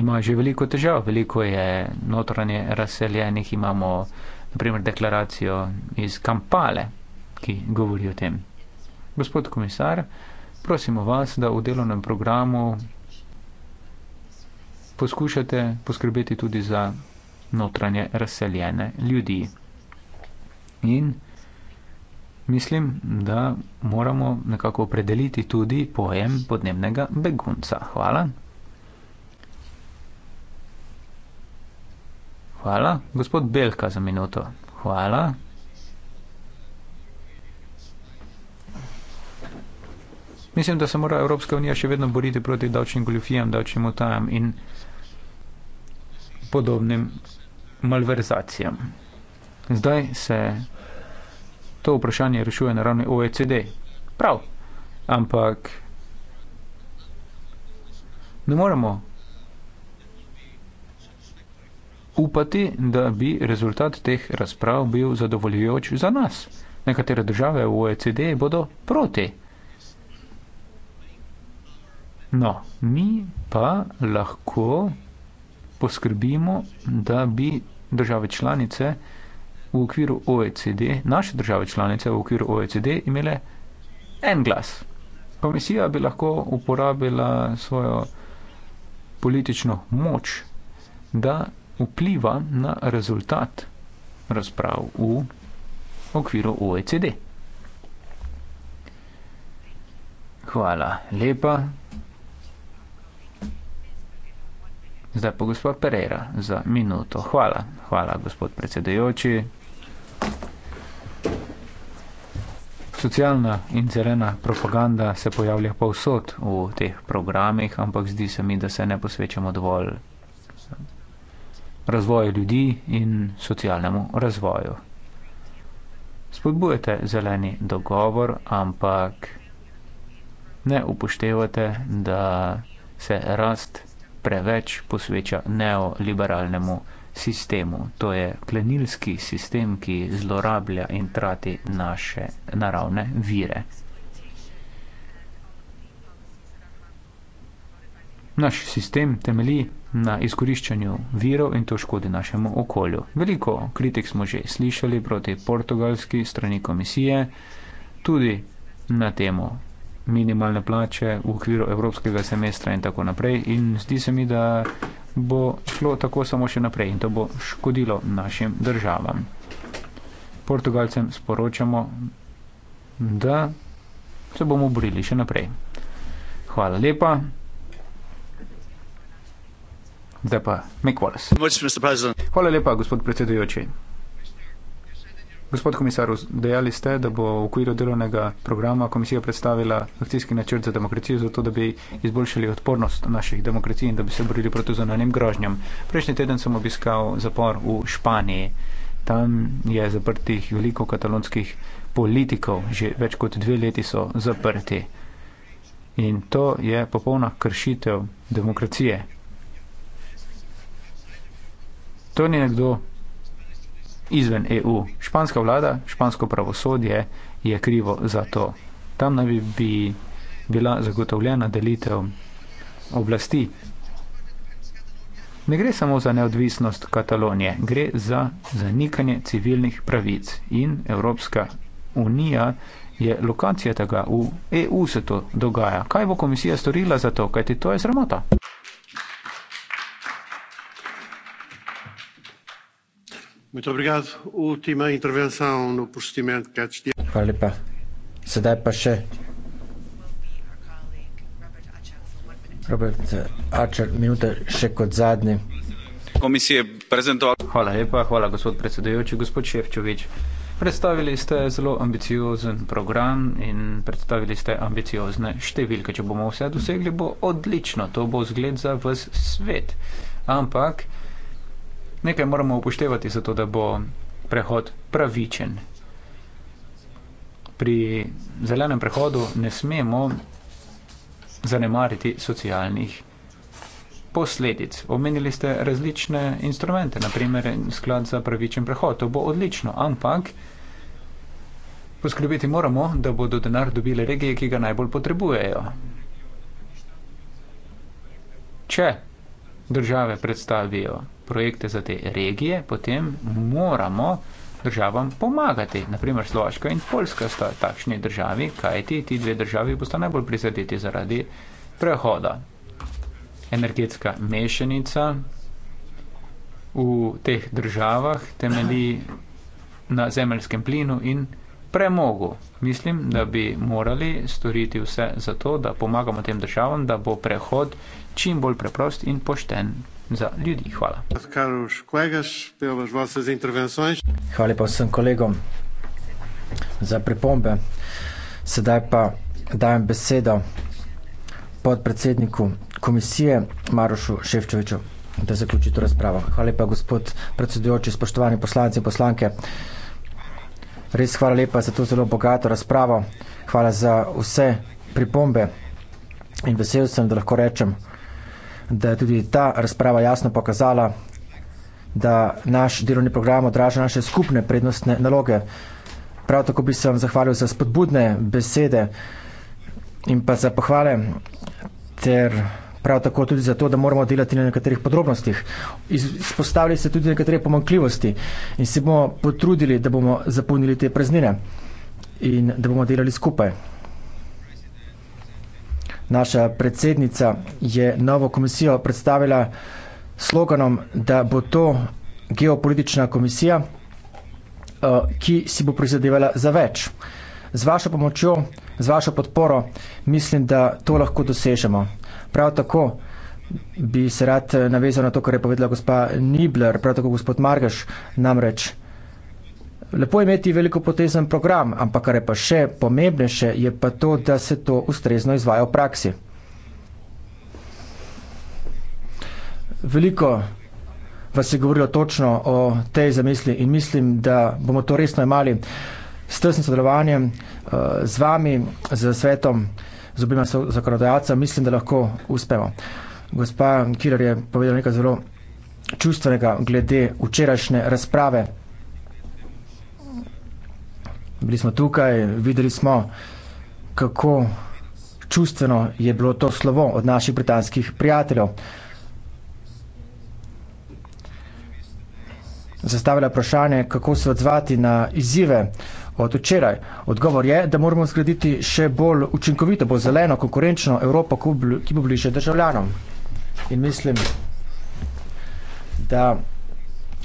imajo že veliko težav, veliko je notranje razseljenih, imamo naprimer deklaracijo iz Kampale, ki govori o tem. Gospod komisar, prosimo vas, da v delovnem programu poskušate poskrbeti tudi za notranje razseljene ljudi. In mislim, da moramo nekako opredeliti tudi pojem podnebnega begunca. Hvala. Hvala, gospod Belka, za minuto. Hvala. Mislim, da se mora Evropska unija še vedno boriti proti davčnim goljufijam, davčnim utajam in podobnim malverzacijam. Zdaj se to vprašanje rešuje na ravni OECD. Prav, ampak ne moremo upati, da bi rezultat teh razprav bil zadovoljujoč za nas. Nekatere države v OECD bodo proti. No, mi pa lahko poskrbimo, da bi države članice v okviru OECD, naše države članice v okviru OECD imele en glas. Komisija bi lahko uporabila svojo politično moč, da vpliva na rezultat razprav v okviru OECD. Hvala lepa. Zdaj pa gospod Pereira za minuto. Hvala. Hvala, gospod predsedajoči. Socialna in zelena propaganda se pojavlja povsod v teh programih, ampak zdi se mi, da se ne posvečamo dovolj razvoju ljudi in socialnemu razvoju. Spodbujete zeleni dogovor, ampak ne upoštevate, da se rast preveč posveča neoliberalnemu sistemu. To je plenilski sistem, ki zlorablja in trati naše naravne vire. Naš sistem temelji na izkoriščanju virov in to škodi našemu okolju. Veliko kritik smo že slišali proti portugalski strani komisije, tudi na temo minimalne plače v okviru evropskega semestra in tako naprej. In zdi se mi, da bo šlo tako samo še naprej in to bo škodilo našim državam. Portugalcem sporočamo, da se bomo borili še naprej. Hvala lepa. Zdaj pa, Mick Wallace. Hvala lepa, gospod predsedujoči. Gospod komisar, dejali ste, da bo v okviru delovnega programa komisija predstavila akcijski načrt za demokracijo, zato da bi izboljšali odpornost naših demokracij in da bi se borili proti zunanjem grožnjam. Prejšnji teden sem obiskal zapor v Španiji. Tam je zaprtih veliko katalonskih politikov, že več kot dve leti so zaprti. In to je popolna kršitev demokracije. To ni nekdo, izven EU. Španska vlada, špansko pravosodje je krivo za to. Tam naj bi bila zagotovljena delitev oblasti. Ne gre samo za neodvisnost Katalonije, gre za zanikanje civilnih pravic in Evropska unija je lokacija tega. V EU se to dogaja. Kaj bo komisija storila za to? Kaj ti to je sramota? Muito obrigado. Última intervenção no procedimento que é de... Hvala lepa. Sedaj pa še Robert Archer, minuta še kot zadnji. Komisije prezentoval. Hvala lepa, hvala gospod predsedujoči, gospod Šefčovič. Predstavili ste zelo ambiciozen program in predstavili ste ambiciozne številke. Če bomo vse dosegli, bo odlično. To bo zgled za vse svet. Ampak nekaj moramo upoštevati, zato da bo prehod pravičen. Pri zelenem prehodu ne smemo zanemariti socialnih posledic. Omenili ste različne instrumente, naprimer sklad za pravičen prehod. To bo odlično, ampak poskrbeti moramo, da bodo denar dobile regije, ki ga najbolj potrebujejo. Če države predstavijo projekte za te regije, potem moramo državam pomagati. Naprimer, Slovaška in Poljska sta takšni državi, kajti ti dve državi bosta najbolj prizadeti zaradi prehoda. Energetska mešanica v teh državah temeli na zemeljskem plinu in premogu. Mislim, da bi morali storiti vse za to, da pomagamo tem državam, da bo prehod čim bolj preprost in pošten za ljudi. Hvala. Hvala pa vsem kolegom za pripombe. Sedaj pa dajem besedo podpredsedniku komisije Marošu Ševčoviču, da zaključi to razpravo. Hvala lepa, gospod predsedujoči, spoštovani poslanci in poslanke. Res hvala lepa za to zelo bogato razpravo. Hvala za vse pripombe in vesel sem, da lahko rečem, da je tudi ta razprava jasno pokazala, da naš delovni program odraža naše skupne prednostne naloge. Prav tako bi se vam zahvalil za spodbudne besede in pa za pohvale ter prav tako tudi za to, da moramo delati na nekaterih podrobnostih. Izpostavili se tudi nekatere pomankljivosti in se bomo potrudili, da bomo zapolnili te praznine in da bomo delali skupaj naša predsednica je novo komisijo predstavila sloganom, da bo to geopolitična komisija, eh, ki si bo prizadevala za več. Z vašo pomočjo, z vašo podporo mislim, da to lahko dosežemo. Prav tako bi se rad eh, navezal na to, kar je povedala gospa Nibler, prav tako gospod Margaš namreč. Lepo je imeti veliko potezen program, ampak kar je pa še pomembnejše, je pa to, da se to ustrezno izvaja v praksi. Veliko vas je govorilo točno o tej zamisli in mislim, da bomo to resno imali s tesnim sodelovanjem eh, z vami, z svetom, z obima zakonodajalca, mislim, da lahko uspemo. Gospa Kirar je povedala nekaj zelo čustvenega glede včerajšnje razprave. Bili smo tukaj, videli smo, kako čustveno je bilo to slovo od naših britanskih prijateljev. Zastavila vprašanje, kako se odzvati na izzive od včeraj. Odgovor je, da moramo zgraditi še bolj učinkovito, bolj zeleno, konkurenčno Evropo, ki bo bližje državljanom. In mislim, da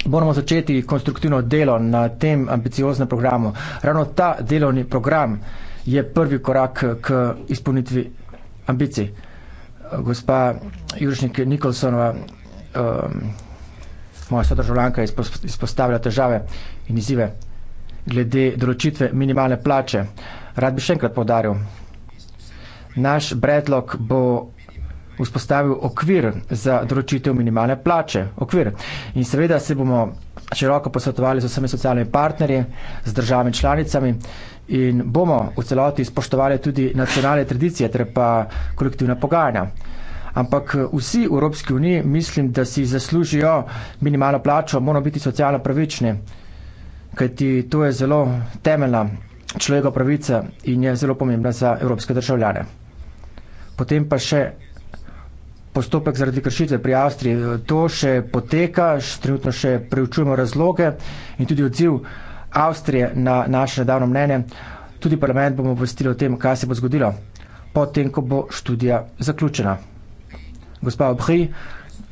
moramo začeti konstruktivno delo na tem ambicioznem programu. Ravno ta delovni program je prvi korak k izpolnitvi ambicij. Gospa Jurišnik Nikolsonova, um, moja sodržavljanka, izpostavlja težave in izzive glede določitve minimalne plače. Rad bi še enkrat povdaril, naš predlog bo vzpostavil okvir za določitev minimalne plače. Okvir. In seveda se bomo široko posvetovali z vsemi socialnimi partnerji, z državami članicami in bomo v celoti spoštovali tudi nacionalne tradicije, ter pa kolektivna pogajanja. Ampak vsi v Evropski uniji mislim, da si zaslužijo minimalno plačo, moramo biti socialno pravični, kajti to je zelo temeljna človekova pravica in je zelo pomembna za evropske državljane. Potem pa še postopek zaradi kršitve pri Avstriji. To še poteka, še trenutno še preučujemo razloge in tudi odziv Avstrije na naše nedavno mnenje. Tudi parlament bomo obvestili o tem, kaj se bo zgodilo, potem, ko bo študija zaključena. Gospa Obhri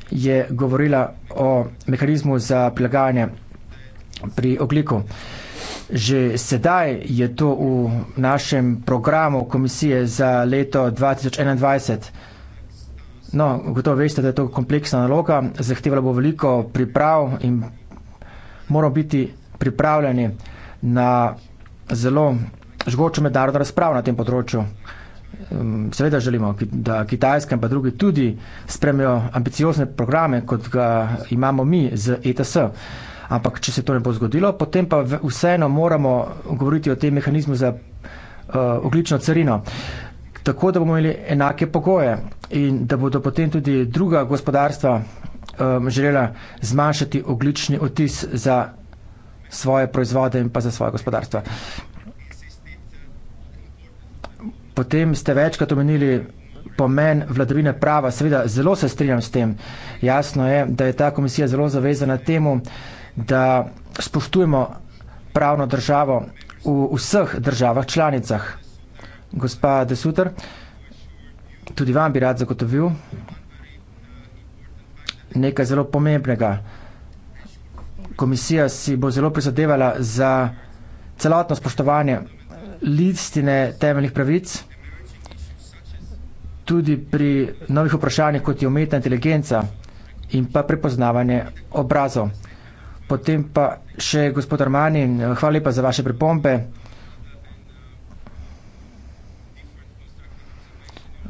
je govorila o mehanizmu za prilagajanje pri ogliku. Že sedaj je to v našem programu komisije za leto 2021. No, gotovo veste, da je to kompleksna naloga, zahtevala bo veliko priprav in moramo biti pripravljeni na zelo žgočo mednarodno razpravo na tem področju. Ehm, seveda želimo, da Kitajska in pa drugi tudi spremljajo ambiciozne programe, kot ga imamo mi z ETS. Ampak, če se to ne bo zgodilo, potem pa vseeno moramo govoriti o tem mehanizmu za uh, eh, oglično carino. Uh, tako da bomo imeli enake pogoje in da bodo potem tudi druga gospodarstva um, želela zmanjšati oglični otis za svoje proizvode in pa za svoje gospodarstva. Potem ste večkrat omenili pomen vladavine prava. Seveda, zelo se strinjam s tem. Jasno je, da je ta komisija zelo zavezana temu, da spoštujemo pravno državo v vseh državah članicah. Gospa Desuter, tudi vam bi rad zagotovil nekaj zelo pomembnega. Komisija si bo zelo prizadevala za celotno spoštovanje listine temeljnih pravic, tudi pri novih vprašanjih, kot je umetna inteligenca in pa prepoznavanje obrazov. Potem pa še gospod Armani, eh, hvala lepa za vaše pripombe.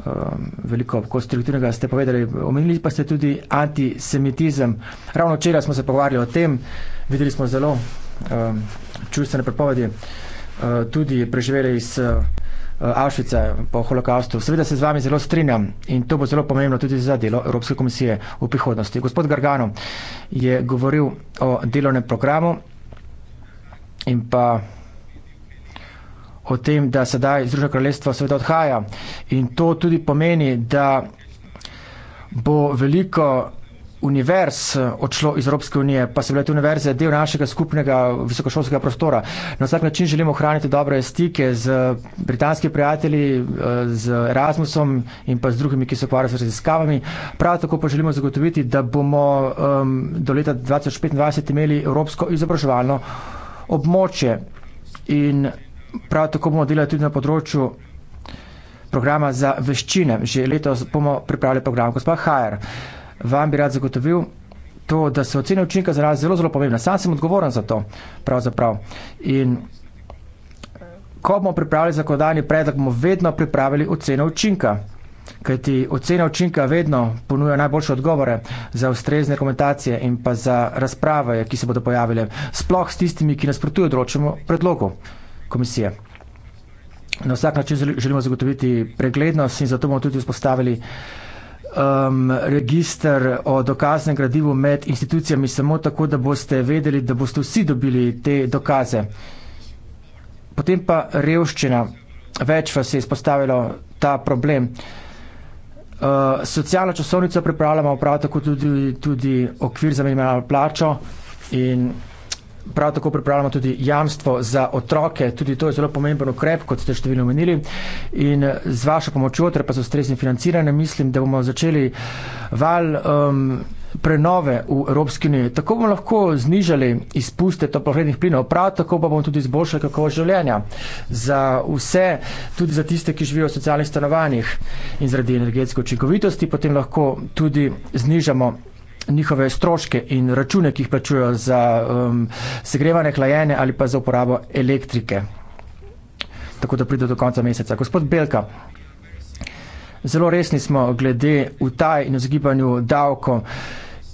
Um, veliko konstruktivnega ste povedali. Omenili pa ste tudi antisemitizem. Ravno včeraj smo se pogovarjali o tem, videli smo zelo um, čustvene prepovedi, uh, tudi preživeli iz uh, Auschwitza po holokaustu. Seveda se z vami zelo strinjam in to bo zelo pomembno tudi za delo Evropske komisije v prihodnosti. Gospod Gargano je govoril o delovnem programu in pa o tem, da sedaj Združeno kraljestvo sveta odhaja in to tudi pomeni, da bo veliko univerz eh, odšlo iz Evropske unije, pa so bile te univerze del našega skupnega visokošolskega prostora. Na vsak način želimo ohraniti dobre stike z britanskimi prijatelji, eh, z Erasmusom in pa z drugimi, ki se ukvarjajo z raziskavami. Prav tako pa želimo zagotoviti, da bomo um, do leta 2025 imeli evropsko izobraževalno območje. In Prav tako bomo delali tudi na področju programa za veščine. Že letos bomo pripravili program Gospod Hajer. Vam bi rad zagotovil to, da so ocene učinka za nas zelo, zelo pomembne. Sam sem odgovoren za to, pravzaprav. In ko bomo pripravili zakonodajni predlog, bomo vedno pripravili oceno učinka. Kaj ti ocena učinka vedno ponuja najboljše odgovore za ustrezne komentacije in pa za razprave, ki se bodo pojavile, sploh s tistimi, ki nasprotujejo določenemu predlogu komisije. Na vsak način želimo zagotoviti preglednost in zato bomo tudi vzpostavili um, registr o dokaznem gradivu med institucijami, samo tako, da boste vedeli, da boste vsi dobili te dokaze. Potem pa revščina. Več vas je izpostavilo ta problem. Uh, socialno časovnico pripravljamo prav tako tudi, tudi okvir za minimalno plačo in Prav tako pripravljamo tudi jamstvo za otroke, tudi to je zelo pomemben ukrep, kot ste številno omenili. In z vašo pomočjo, ter torej pa z ustreznim financiranjem, mislim, da bomo začeli val um, prenove v Evropski uniji. Tako bomo lahko znižali izpuste toplogrednih plinov, prav tako pa bomo tudi izboljšali kakovost življenja za vse, tudi za tiste, ki živijo v socialnih stanovanjih in zaradi energetske učinkovitosti, potem lahko tudi znižamo njihove stroške in račune, ki jih plačujejo za um, segrevanje, hlajene ali pa za uporabo elektrike. Tako da pride do konca meseca. Gospod Belka, zelo resni smo glede v taj in vzgibanju davko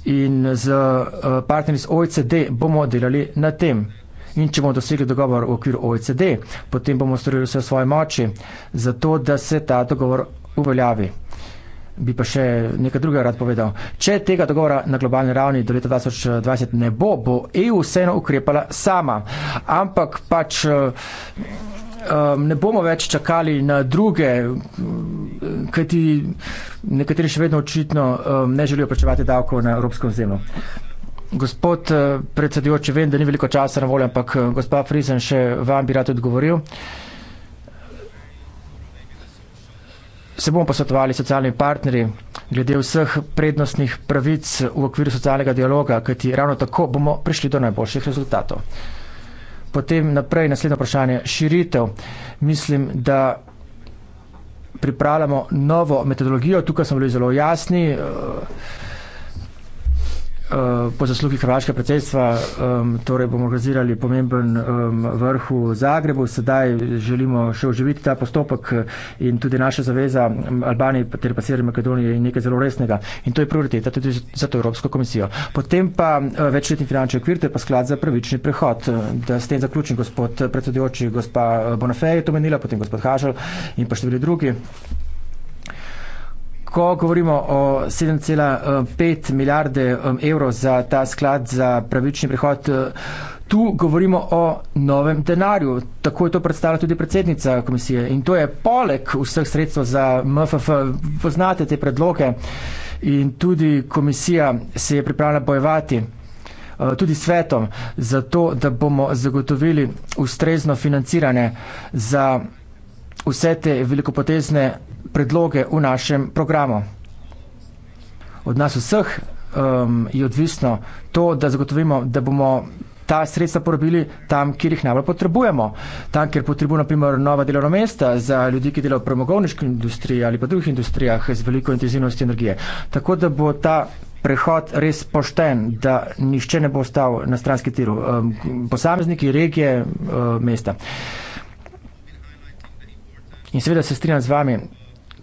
in z uh, partnerji z OECD bomo delali na tem. In če bomo dosegli dogovor v okviru OECD, potem bomo storili vse v svoje moči, zato da se ta dogovor uveljavi bi pa še nekaj drugega rad povedal. Če tega dogovora na globalni ravni do leta 2020 ne bo, bo EU vseeno ukrepala sama. Ampak pač. Um, ne bomo več čakali na druge, eh, kajti nekateri še vedno očitno um, ne želijo plačevati davkov na evropskem zemlju. Gospod uh, predsedujoči, vem, da ni veliko časa na voljo, ampak uh, gospod Frizen še vam bi rad odgovoril. Uh, Se bomo posvetovali s socialnimi partnerji glede vseh prednostnih pravic v okviru socialnega dialoga, kajti ravno tako bomo prišli do najboljših rezultatov. Potem naprej naslednje vprašanje. Širitev. Mislim, da pripravljamo novo metodologijo. Tukaj smo bili zelo jasni. Uh, Eh, po zaslugi hrvaškega predsedstva um, torej bomo organizirali pomemben um, vrh v Zagrebu. Sedaj želimo še oživiti ta postopek in tudi naša zaveza Albanije ter pa Sjeverne Makedonije je nekaj zelo resnega in to je prioriteta tudi za to Evropsko komisijo. Potem pa uh, večletni finančni okvir, to je pa sklad za pravični prehod. Da s tem zaključim, gospod predsedujoči, gospa eh, Bonafej je to menila, potem gospod Hažal in pa številni drugi. Ko govorimo o 7,5 milijarde um, evrov za ta sklad za pravični prihod, uh, tu govorimo o novem denarju. Tako je to predstavila tudi predsednica komisije. In to je poleg vseh sredstev za MFF. Poznate te predloge in tudi komisija se je pripravljena bojevati uh, tudi svetom za to, da bomo zagotovili ustrezno financiranje za vse te velikopotezne predloge v našem programu. Od nas vseh um, je odvisno to, da zagotovimo, da bomo ta sredstva porabili tam, kjer jih najbolj potrebujemo. Tam, kjer potrebujemo, naprimer, nova delovna mesta za ljudi, ki delajo v premogovniški industriji ali pa drugih industrijah z veliko intenzivnosti energije. Tako da bo ta prehod res pošten, da nišče ne bo ostal na stranski tiru. Um, posamezniki, regije, um, mesta. In seveda se strinjam z vami,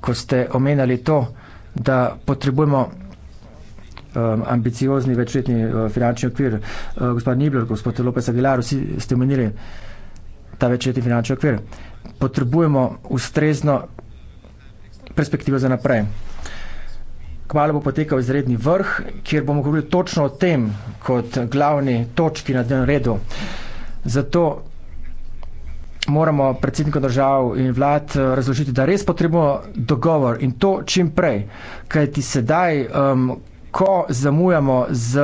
ko ste omenjali to, da potrebujemo um, ambiciozni večletni uh, finančni okvir. Uh, gospod Nibler, gospod Lopes Aguilar, vsi ste omenili ta večletni finančni okvir. Potrebujemo ustrezno perspektivo za naprej. Kmalo bo potekal izredni vrh, kjer bomo govorili točno o tem kot glavni točki na dnevnem redu. Zato moramo predsedniku držav in vlad eh, razložiti, da res potrebujemo dogovor in to čim prej. Kaj ti sedaj, um, ko zamujamo z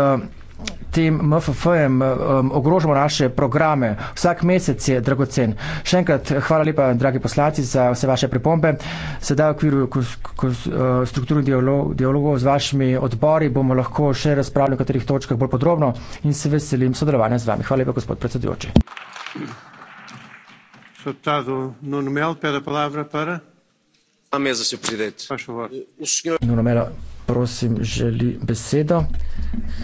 tem MFF-jem, um, ogrožamo naše programe. Vsak mesec je dragocen. Še enkrat eh, hvala lepa, dragi poslanci, za vse vaše pripombe. Sedaj v okviru eh, strukturnih dialogov dialogo z vašimi odbori bomo lahko še razpravljali o katerih točkah bolj podrobno in se veselim sodelovanja z vami. Hvala lepa, gospod predsedujoči. Thank you. Deputado Nuno Melo pede a palavra para. À mesa, Sr. Presidente. Faz favor. O senhor. Nuno Melo. Prosim, želi besedo.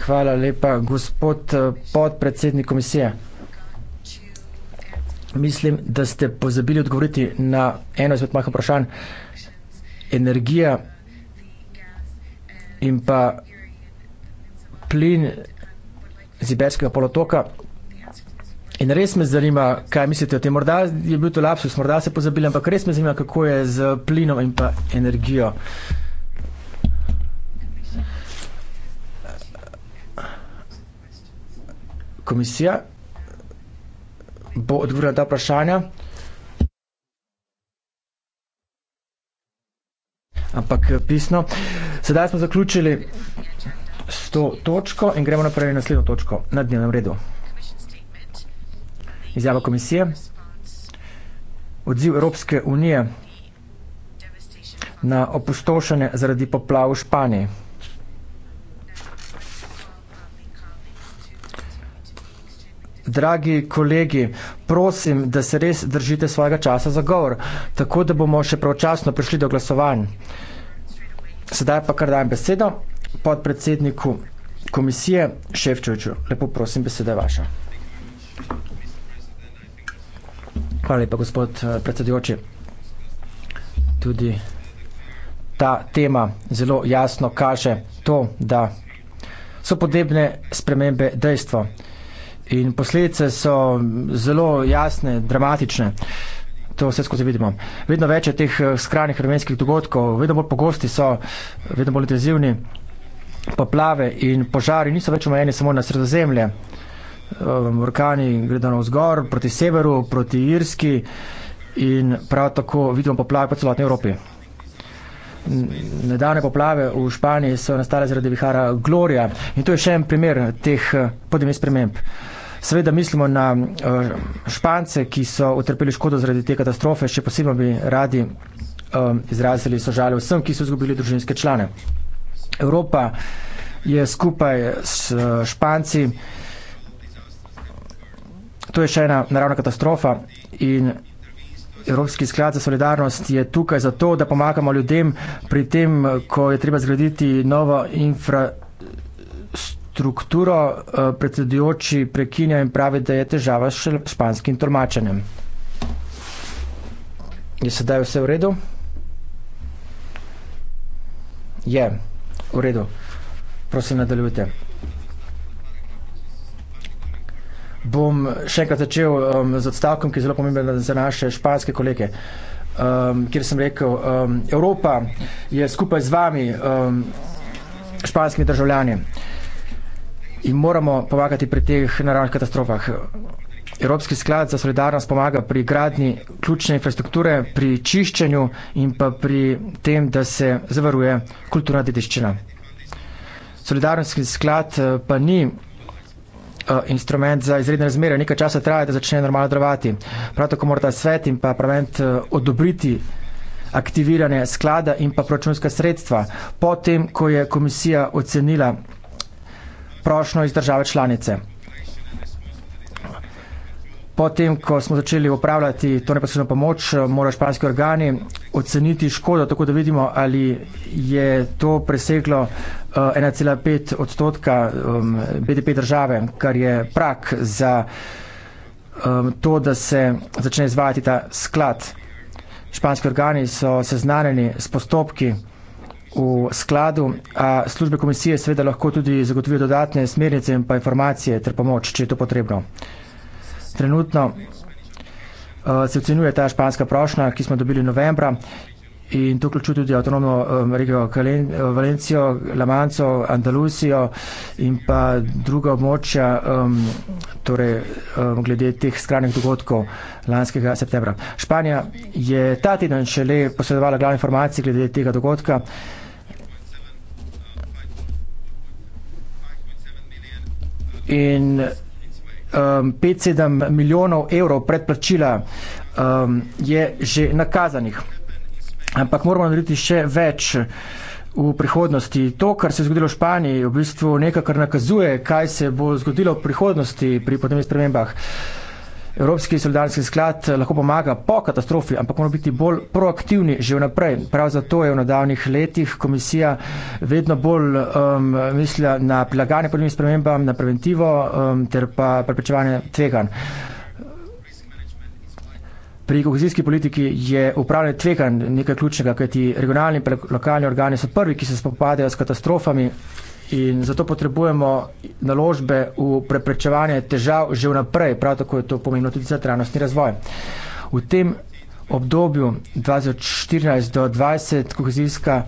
Hvala lepa, gospod eh, podpredsednik komisije. Mislim, da ste pozabili odgovoriti na eno izmed mojih vprašanj. Energija in pa plin z Iberskega polotoka, In res me zanima, kaj mislite o tem. Morda je bil to lapsus, morda se pozabil, ampak res me zanima, kako je z plinom in pa energijo. Komisija bo odgovorila ta vprašanja. Ampak eh, pisno. Sedaj smo zaključili s to točko in gremo naprej na naslednjo točko na dnevnem redu izjava komisije, odziv Evropske unije na opustošene zaradi poplav v Španiji. Dragi kolegi, prosim, da se res držite svojega časa za govor, tako da bomo še pravočasno prišli do glasovanj. Sedaj pa kar dajem besedo podpredsedniku komisije Ševčoviču. Lepo prosim, beseda je vaša. Hvala lepa, gospod eh, predsedujoči. Tudi ta tema zelo jasno kaže to, da so podnebne spremembe dejstvo. In posledice so zelo jasne, dramatične. To vse skozi vidimo. Vedno več je teh eh, skrajnih vremenskih dogodkov, vedno bolj pogosti so, vedno bolj intenzivni. Poplave in požari niso več omejeni samo na sredozemlje, uh, orkani gledano vzgor, proti severu, proti Irski in prav tako vidimo poplave po celotni Evropi. Nedavne poplave v Španiji so nastale zaradi vihara Gloria in to je še en primer teh podnebnih sprememb. Seveda mislimo na eh, Špance, ki so utrpeli škodo zaradi te katastrofe, še posebej bi radi um, izrazili sožalje vsem, ki so izgubili družinske člane. Evropa je skupaj s eh, Španci. To je še ena naravna katastrofa in Evropski sklad za solidarnost je tukaj zato, da pomagamo ljudem pri tem, ko je treba zgraditi novo infrastrukturo. Eh, predsedujoči prekinja in pravi, da je težava s španskim tolmačenjem. Je sedaj vse v redu? Je. V redu. Prosim, nadaljujte. bom še enkrat začel um, z odstavkom, ki je zelo pomemben za naše španske kolege. Um, kjer sem rekel, um, Evropa je skupaj z vami, um, španskimi državljani, in moramo pomagati pri teh naravnih katastrofah. Evropski sklad za solidarnost pomaga pri gradni ključne infrastrukture, pri čiščenju in pa pri tem, da se zavaruje kulturna dediščina. Solidarnostni sklad uh, pa ni Eh, instrument za izredne razmere, nekaj časa traja, da začne normalno drvati. Prav tako mora ta svet in pa parlament eh, odobriti aktiviranje sklada in pa proračunska sredstva, potem, ko je komisija ocenila prošno iz države članice. Potem, ko smo začeli upravljati to neposredno pomoč, eh, morajo španski organi oceniti škodo, tako da vidimo, ali je to preseglo 1,5 eh, odstotka um, BDP države, kar je prak za um, to, da se začne izvajati ta sklad. Španski organi so seznanjeni s postopki v skladu, a službe komisije seveda lahko tudi zagotovijo dodatne smernice in pa informacije ter pomoč, če je to potrebno trenutno uh, se ocenjuje ta španska prošnja, ki smo dobili novembra in to vključuje tudi avtonomno um, regijo Kalen, eh, Valencijo, Lamanco, Andalusijo in pa druga območja, um, torej um, glede teh skrajnih dogodkov lanskega septembra. Španija je ta teden šele posredovala glavne informacije glede tega dogodka. In um, 5-7 milijonov evrov predplačila um, je že nakazanih. Ampak moramo narediti še več v prihodnosti. To, kar se je zgodilo v Španiji, je v bistvu nekaj, kar nakazuje, kaj se bo zgodilo v prihodnosti pri podnebnih spremembah. Uh, Evropski solidarski sklad eh, lahko pomaga po katastrofi, ampak moramo biti bolj proaktivni že vnaprej. Prav zato je v nadaljnih letih komisija vedno bolj um, mislila na prilagajanje podnebnim spremembam, na preventivo um, ter pa preprečevanje tveganj. Pri kohezijski politiki je upravljanje tvegan nekaj ključnega, kajti regionalni in lokalni organi so prvi, ki se spopadajo s katastrofami in zato potrebujemo naložbe v preprečevanje težav že vnaprej, prav tako je to pomembno tudi za trajnostni razvoj. V tem obdobju 2014 do 2020 kohezijska uh,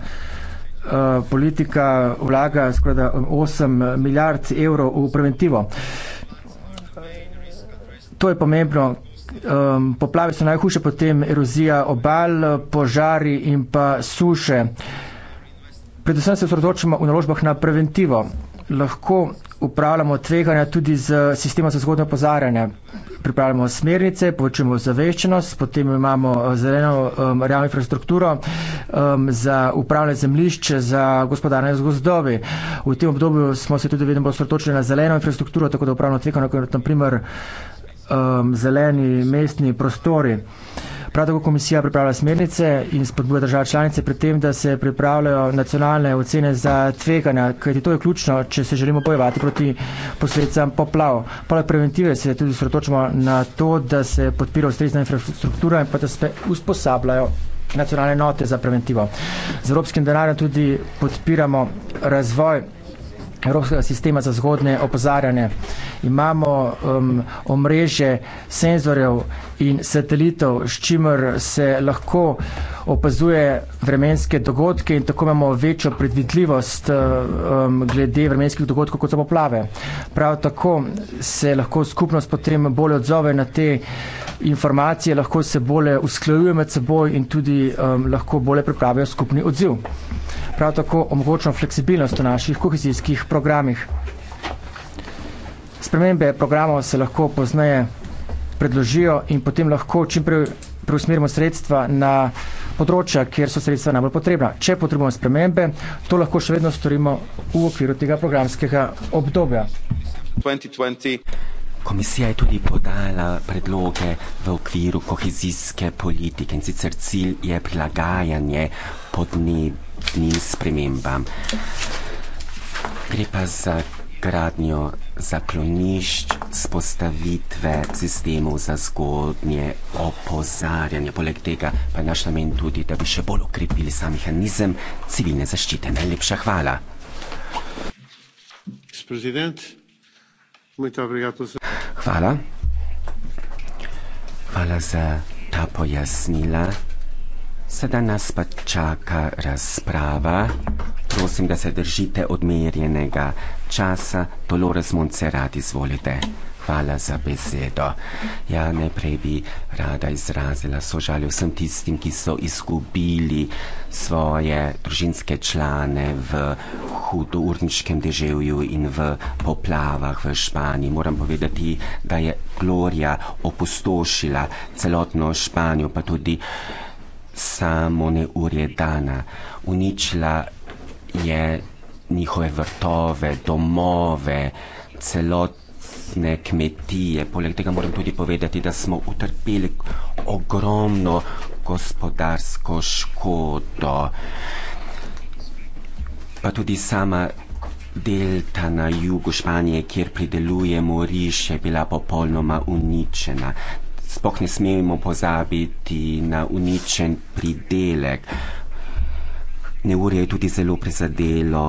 politika vlaga skoraj 8 milijard evrov v preventivo. To je pomembno. Um, poplave so najhujše, potem erozija obal, požari in pa suše. Uh, predvsem se sredočimo v naložbah na preventivo. Lahko upravljamo tveganja tudi z sistemom za zgodno pozarjanje. Pripravljamo smernice, povečujemo zaveščenost, potem imamo eh, zeleno um, realno infrastrukturo um, za upravljanje zemljišče, za gospodarne zgozdovi. V tem obdobju smo se tudi vedno bolj sredočili na zeleno infrastrukturo, tako da upravljamo tveganja, kot je naprimer um, zeleni mestni prostori. Prav tako komisija pripravlja smernice in spodbuja države članice pri tem, da se pripravljajo nacionalne ocene za tveganja, kajti to je ključno, če se želimo bojevati proti posledicam poplav. Poleg preventive se tudi sredotočimo na to, da se podpira ustrezna infrastruktura in pa da se usposabljajo nacionalne note za preventivo. Z evropskim denarjem tudi podpiramo razvoj evropskega sistema za zgodne opozarjanje. Imamo um, omrežje senzorjev in satelitov, s čimer se lahko opazuje vremenske dogodke in tako imamo večjo predvidljivost eh, um, glede vremenskih dogodkov kot so poplave. Prav tako se lahko skupnost potem bolje odzove na te informacije, lahko se bolje usklajuje med seboj in tudi um, lahko bolje pripravijo skupni odziv. Prav tako omogočamo fleksibilnost v naših kohezijskih programih. Spremembe programov se lahko poznaje predložijo in potem lahko čimprej preusmerimo sredstva na področja, kjer so sredstva najbolj potrebna. Če potrebujemo spremembe, to lahko še vedno storimo v okviru tega programskega obdobja. 2020. Komisija je tudi podala predloge v okviru kohezijske politike in sicer cilj je prilagajanje podnebnim spremembam. Gre pa za gradnjo zaklonišč, spostavitve sistemov za zgodnje opozarjanje. Poleg tega pa je naš namen tudi, da bi še bolj ukrepili sam mehanizem civilne zaščite. Najlepša hvala. Hvala. Hvala za ta pojasnila. Sedaj nas pa čaka razprava. Prosim, da se držite odmerjenega časa. Dolores Montserrat, izvolite. Hvala za besedo. Ja, najprej bi rada izrazila sožalje vsem tistim, ki so izgubili svoje družinske člane v hudourniškem deževju in v poplavah v Španiji. Moram povedati, da je Gloria opustošila celotno Španijo, pa tudi samo neurje dana. Uničila je njihove vrtove, domove, celotne kmetije. Poleg tega moram tudi povedati, da smo utrpeli ogromno gospodarsko škodo. Pa tudi sama delta na jugu Španije, kjer pridelujemo riž, je bila popolnoma uničena spoh ne smemo pozabiti na uničen pridelek. Neurje je tudi zelo prizadelo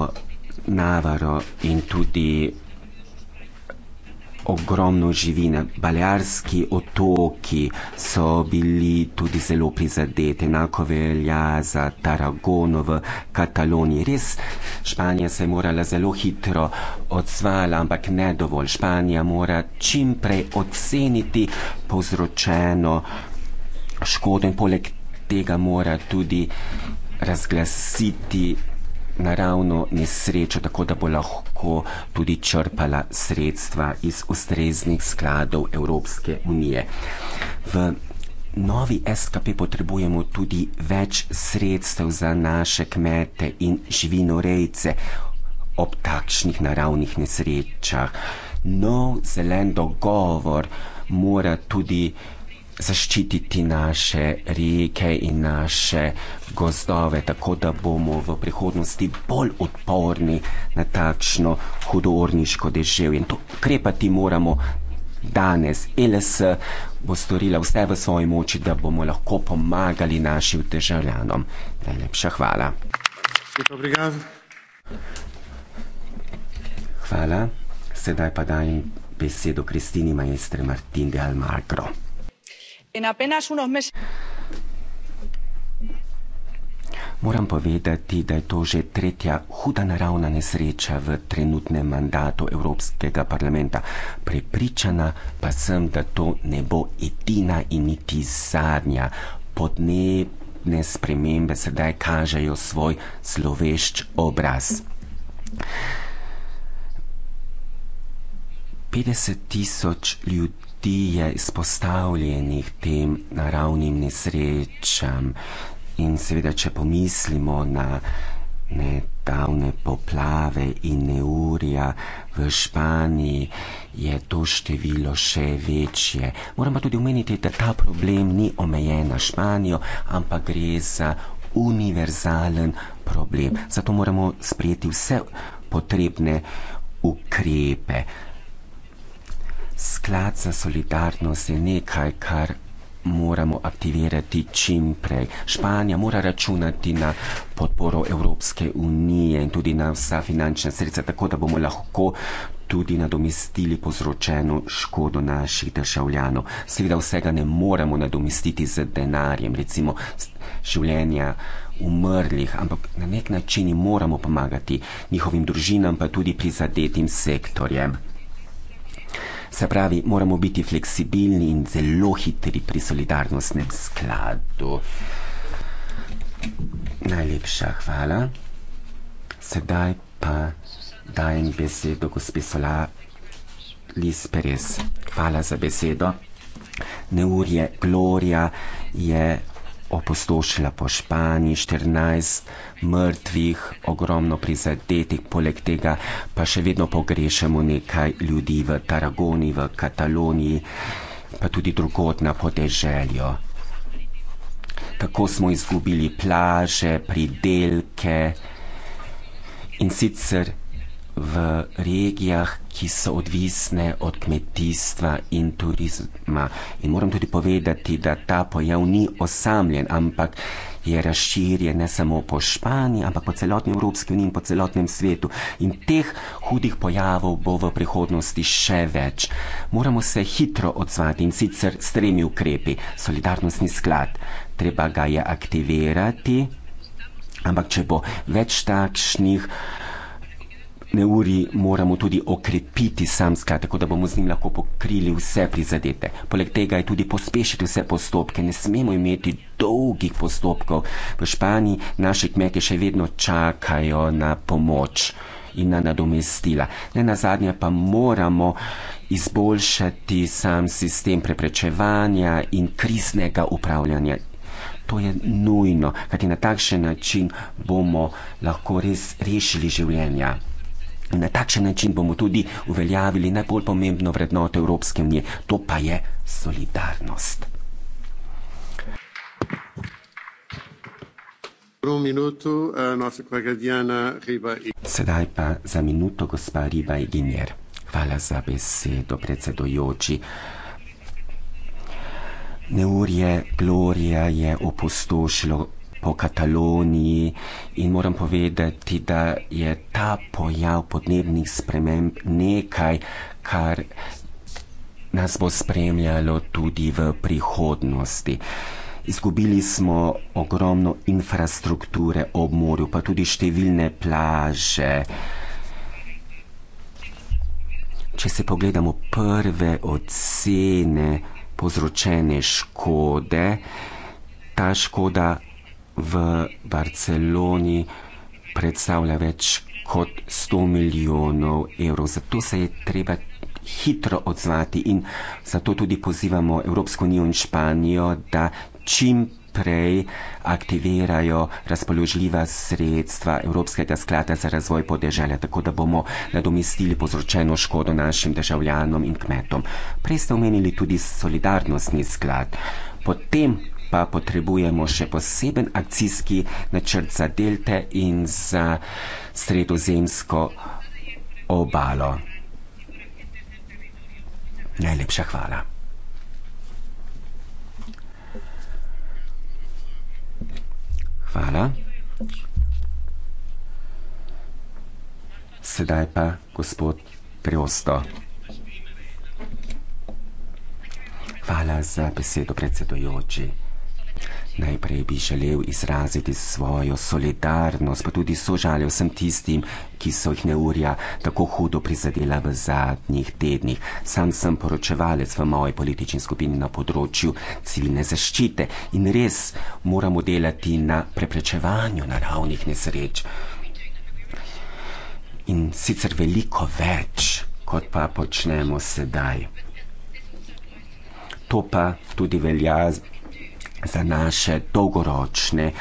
navaro in tudi ogromno živine. Balearski otoki so bili tudi zelo prizadeti, enako velja za Tarragono v Kataloniji. Res, Španija se je morala zelo hitro odzvala, ampak ne dovolj. Španija mora čimprej oceniti povzročeno škodo in poleg tega mora tudi razglasiti naravno nesrečo, tako da bo lahko tudi črpala sredstva iz ustreznih skladov Evropske unije. V novi SKP potrebujemo tudi več sredstev za naše kmete in živinorejce ob takšnih naravnih nesrečah. Nov zelen dogovor mora tudi zaščititi naše rijeke in naše gozdove, tako da bomo v prihodnosti bolj odporni na takšno hudorniško deževje. In to ukrepati moramo danes. E LS bo storila vse v svoji moči, da bomo lahko pomagali našim državljanom. Najlepša hvala. Hvala. Sedaj pa dajem besedo Kristini Maestre Martin de Almagro. Moram povedati, da je to že tretja huda naravna nesreča v trenutnem mandatu Evropskega parlamenta. Prepričana pa sem, da to ne bo edina in niti zadnja. Podnebne spremembe sedaj kažejo svoj slovešč obraz. 50 tisoč ljudi je izpostavljenih tem naravnim nesrečam. In seveda, če pomislimo na nedavne poplave in neurja v Španiji, je to število še večje. Moramo tudi omeniti, da ta problem ni omejen na Španijo, ampak gre za univerzalen problem. Zato moramo sprejeti vse potrebne ukrepe. Sklad za solidarnost je nekaj, kar moramo aktivirati čim prej. Španija mora računati na podporo Evropske unije in tudi na vsa finančna sredstva, tako da bomo lahko tudi nadomestili povzročeno škodo naših državljanov. Seveda vsega ne moremo nadomestiti z denarjem, recimo življenja umrlih, ampak na nek način moramo pomagati njihovim družinam, pa tudi prizadetim sektorjem. Se pravi, moramo biti fleksibilni in zelo hitri pri solidarnostnem skladu. Najlepša hvala. Sedaj pa dajem besedo gospe Sola Lisperes. Hvala za besedo. Neurje Gloria je opustošila po Španiji, 14 mrtvih, ogromno prizadetih, poleg tega pa še vedno pogrešamo nekaj ljudi v Taragoni, v Kataloniji, pa tudi drugot na podeželju. Tako smo izgubili plaže, pridelke in sicer v regijah, ki so odvisne od kmetijstva in turizma. In moram tudi povedati, da ta pojav ni osamljen, ampak je razširjen ne samo po Španiji, ampak po celotni Evropski uniji in po celotnem svetu. In teh hudih pojavov bo v prihodnosti še več. Moramo se hitro odzvati in sicer s tremi ukrepi. Solidarnostni sklad, treba ga je aktivirati, ampak če bo več takšnih neuri moramo tudi okrepiti samska, tako da bomo z njim lahko pokrili vse prizadete. Poleg tega je tudi pospešiti vse postopke. Ne smemo imeti dolgih postopkov. V Španiji naše kmete še vedno čakajo na pomoč in na nadomestila. Ne na zadnje pa moramo izboljšati sam sistem preprečevanja in kriznega upravljanja. To je nujno, kajti na takšen način bomo lahko res rešili življenja. In na takšen način bomo tudi uveljavili najbolj pomembno vrednoto Evropske unije, to pa je solidarnost. Eh, Sedaj pa za minuto, gospa Riba Eginjer. Hvala za besedo, predsedojoči. Neurje Gloria je opustošilo po Kataloniji in moram povedati, da je ta pojav podnebnih sprememb nekaj, kar nas bo spremljalo tudi v prihodnosti. Izgubili smo ogromno infrastrukture ob morju, pa tudi številne plaže. Če se pogledamo prve ocene povzročene škode, ta škoda v Barceloni predstavlja več kot 100 milijonov evrov. Zato se je treba hitro odzvati in zato tudi pozivamo Evropsko unijo in Španijo, da čim prej aktivirajo razpoložljiva sredstva Evropskega sklada za razvoj podeželja, tako da bomo nadomestili povzročeno škodo našim državljanom in kmetom. Prej ste omenili tudi solidarnostni sklad. Potem pa potrebujemo še poseben akcijski načrt za delte in za sredozemsko obalo. Najlepša hvala. Hvala. Sedaj pa gospod Preosto. Hvala za besedo, predsedujoči. Najprej bi želel izraziti svojo solidarnost, pa tudi sožalje vsem tistim, ki so jih neurja tako hudo prizadela v zadnjih tednih. Sam sem poročevalec v moji politični skupini na področju civilne zaščite in res moramo delati na preprečevanju naravnih nesreč. In sicer veliko več, kot pa počnemo sedaj. To pa tudi velja za naše dolgoročne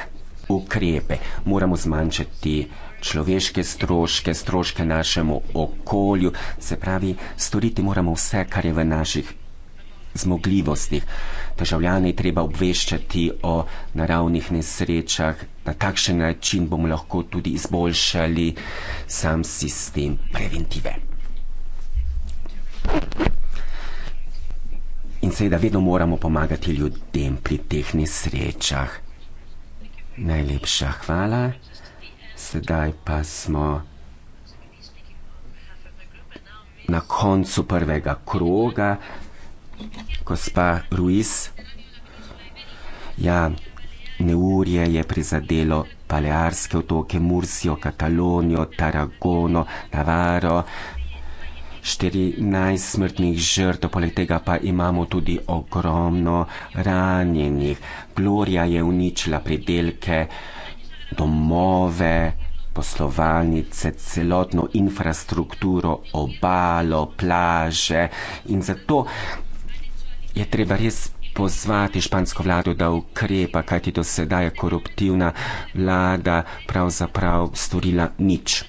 ukrepe. Moramo zmanjšati človeške stroške, stroške našemu okolju, se pravi, storiti moramo vse, kar je v naših zmogljivostih. Državljane je treba obveščati o naravnih nesrečah, na takšen način bomo lahko tudi izboljšali sam sistem preventive. Thank you in seveda vedno moramo pomagati ljudem pri teh nesrečah. Najlepša hvala. Sedaj pa smo na koncu prvega kroga. Gospa Ruiz, ja, neurje je prizadelo Balearske otoke, Mursijo, Katalonijo, Tarragono, Navaro, 14 smrtnih žrtev, poleg tega pa imamo tudi ogromno ranjenih. Gloria je uničila predelke, domove, poslovalnice, celotno infrastrukturo, obalo, plaže in zato je treba res pozvati špansko vlado, da ukrepa, kajti do sedaj je koruptivna vlada pravzaprav storila nič.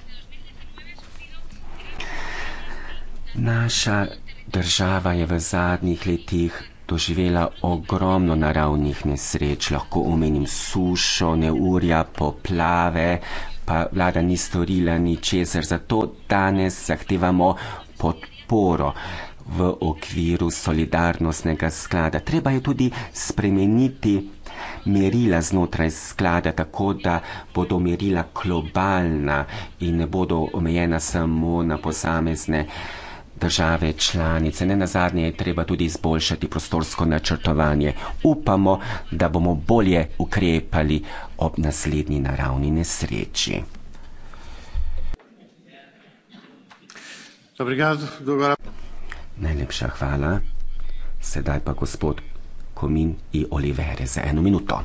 Naša država je v zadnjih letih doživela ogromno naravnih nesreč, lahko omenim sušo, neurja, poplave, pa vlada ni storila ničesar. Zato danes zahtevamo podporo v okviru solidarnostnega sklada. Treba je tudi spremeniti merila znotraj sklada, tako da bodo merila globalna in ne bodo omejena samo na posamezne države članice. Ne nazadnje je treba tudi izboljšati prostorsko načrtovanje. Upamo, da bomo bolje ukrepali ob naslednji naravni nesreči. Najlepša hvala. Sedaj pa gospod Komin i Olivere za eno minuto.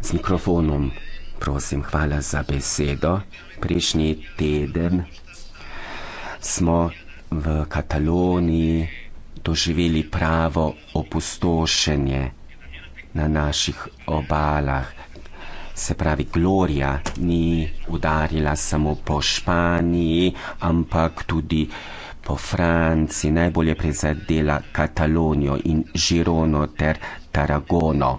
Z mikrofonom prosim, hvala za besedo. Prejšnji teden smo v Kataloniji doživeli pravo opustošenje na naših obalah. Se pravi, gloria ni udarila samo po Španiji, ampak tudi po Franciji, najbolje prizadela Katalonijo in Žirono ter Tarragono.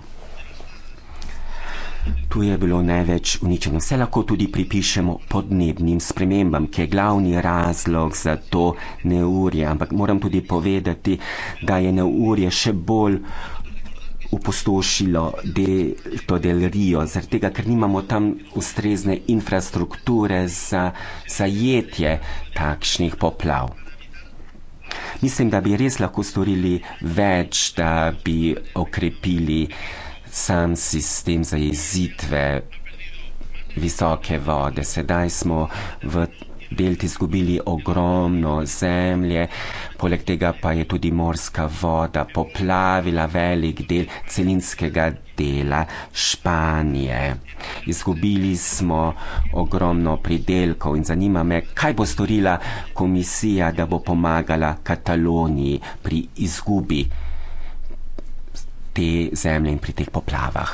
Tu je bilo največ uničeno. Vse lahko tudi pripišemo podnebnim spremembam, ki je glavni razlog za to neurje. Ampak moram tudi povedati, da je neurje še bolj upostošilo de, to del Rio, zaradi tega, ker nimamo tam ustrezne infrastrukture za zajetje takšnih poplav. Mislim, da bi res lahko storili več, da bi okrepili uh, sam sistem zajezitve visoke vode. Sedaj smo v delti izgubili ogromno zemlje, poleg tega pa je tudi morska voda poplavila velik del celinskega dela Španije. Izgubili smo ogromno pridelkov in zanima me, kaj bo storila komisija, da bo pomagala Kataloniji pri izgubi te zemlje in pri teh poplavah.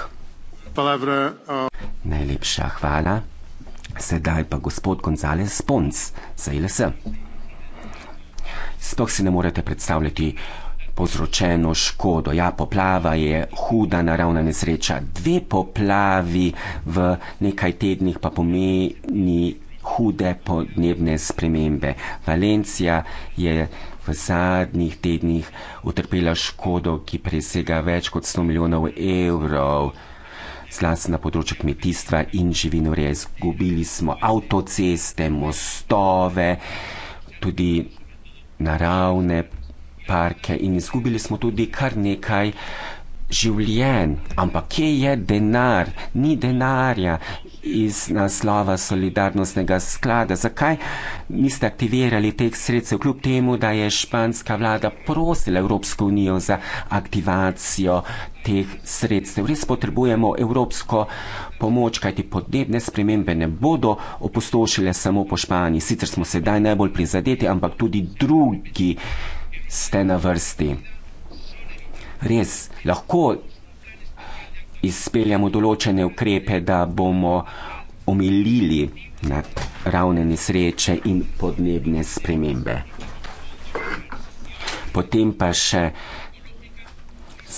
Palavra, uh... Najlepša hvala. Sedaj pa gospod Gonzales Pons za ILS. Sploh si ne morete predstavljati povzročeno škodo. Ja, poplava je huda naravna nesreča. Dve poplavi v nekaj tednih pa pomeni hude podnebne spremembe. Valencija je zadnjih tednih utrpela škodo, ki presega več kot 100 milijonov evrov. Zlasti na področju kmetijstva in živinoreje izgubili smo avtoceste, mostove, tudi naravne parke in izgubili smo tudi kar nekaj življenj. Ampak kje je denar? Ni denarja iz naslova solidarnostnega sklada. Zakaj niste aktivirali teh sredstev, kljub temu, da je španska vlada prosila Evropsko unijo za aktivacijo teh sredstev? Res potrebujemo evropsko pomoč, kajti podnebne spremembe ne bodo opustošile samo po Španiji. Sicer smo sedaj najbolj prizadeti, ampak tudi drugi ste na vrsti. Res, lahko izpeljamo določene ukrepe, da bomo omilili ravne nesreče in podnebne spremembe. Potem pa še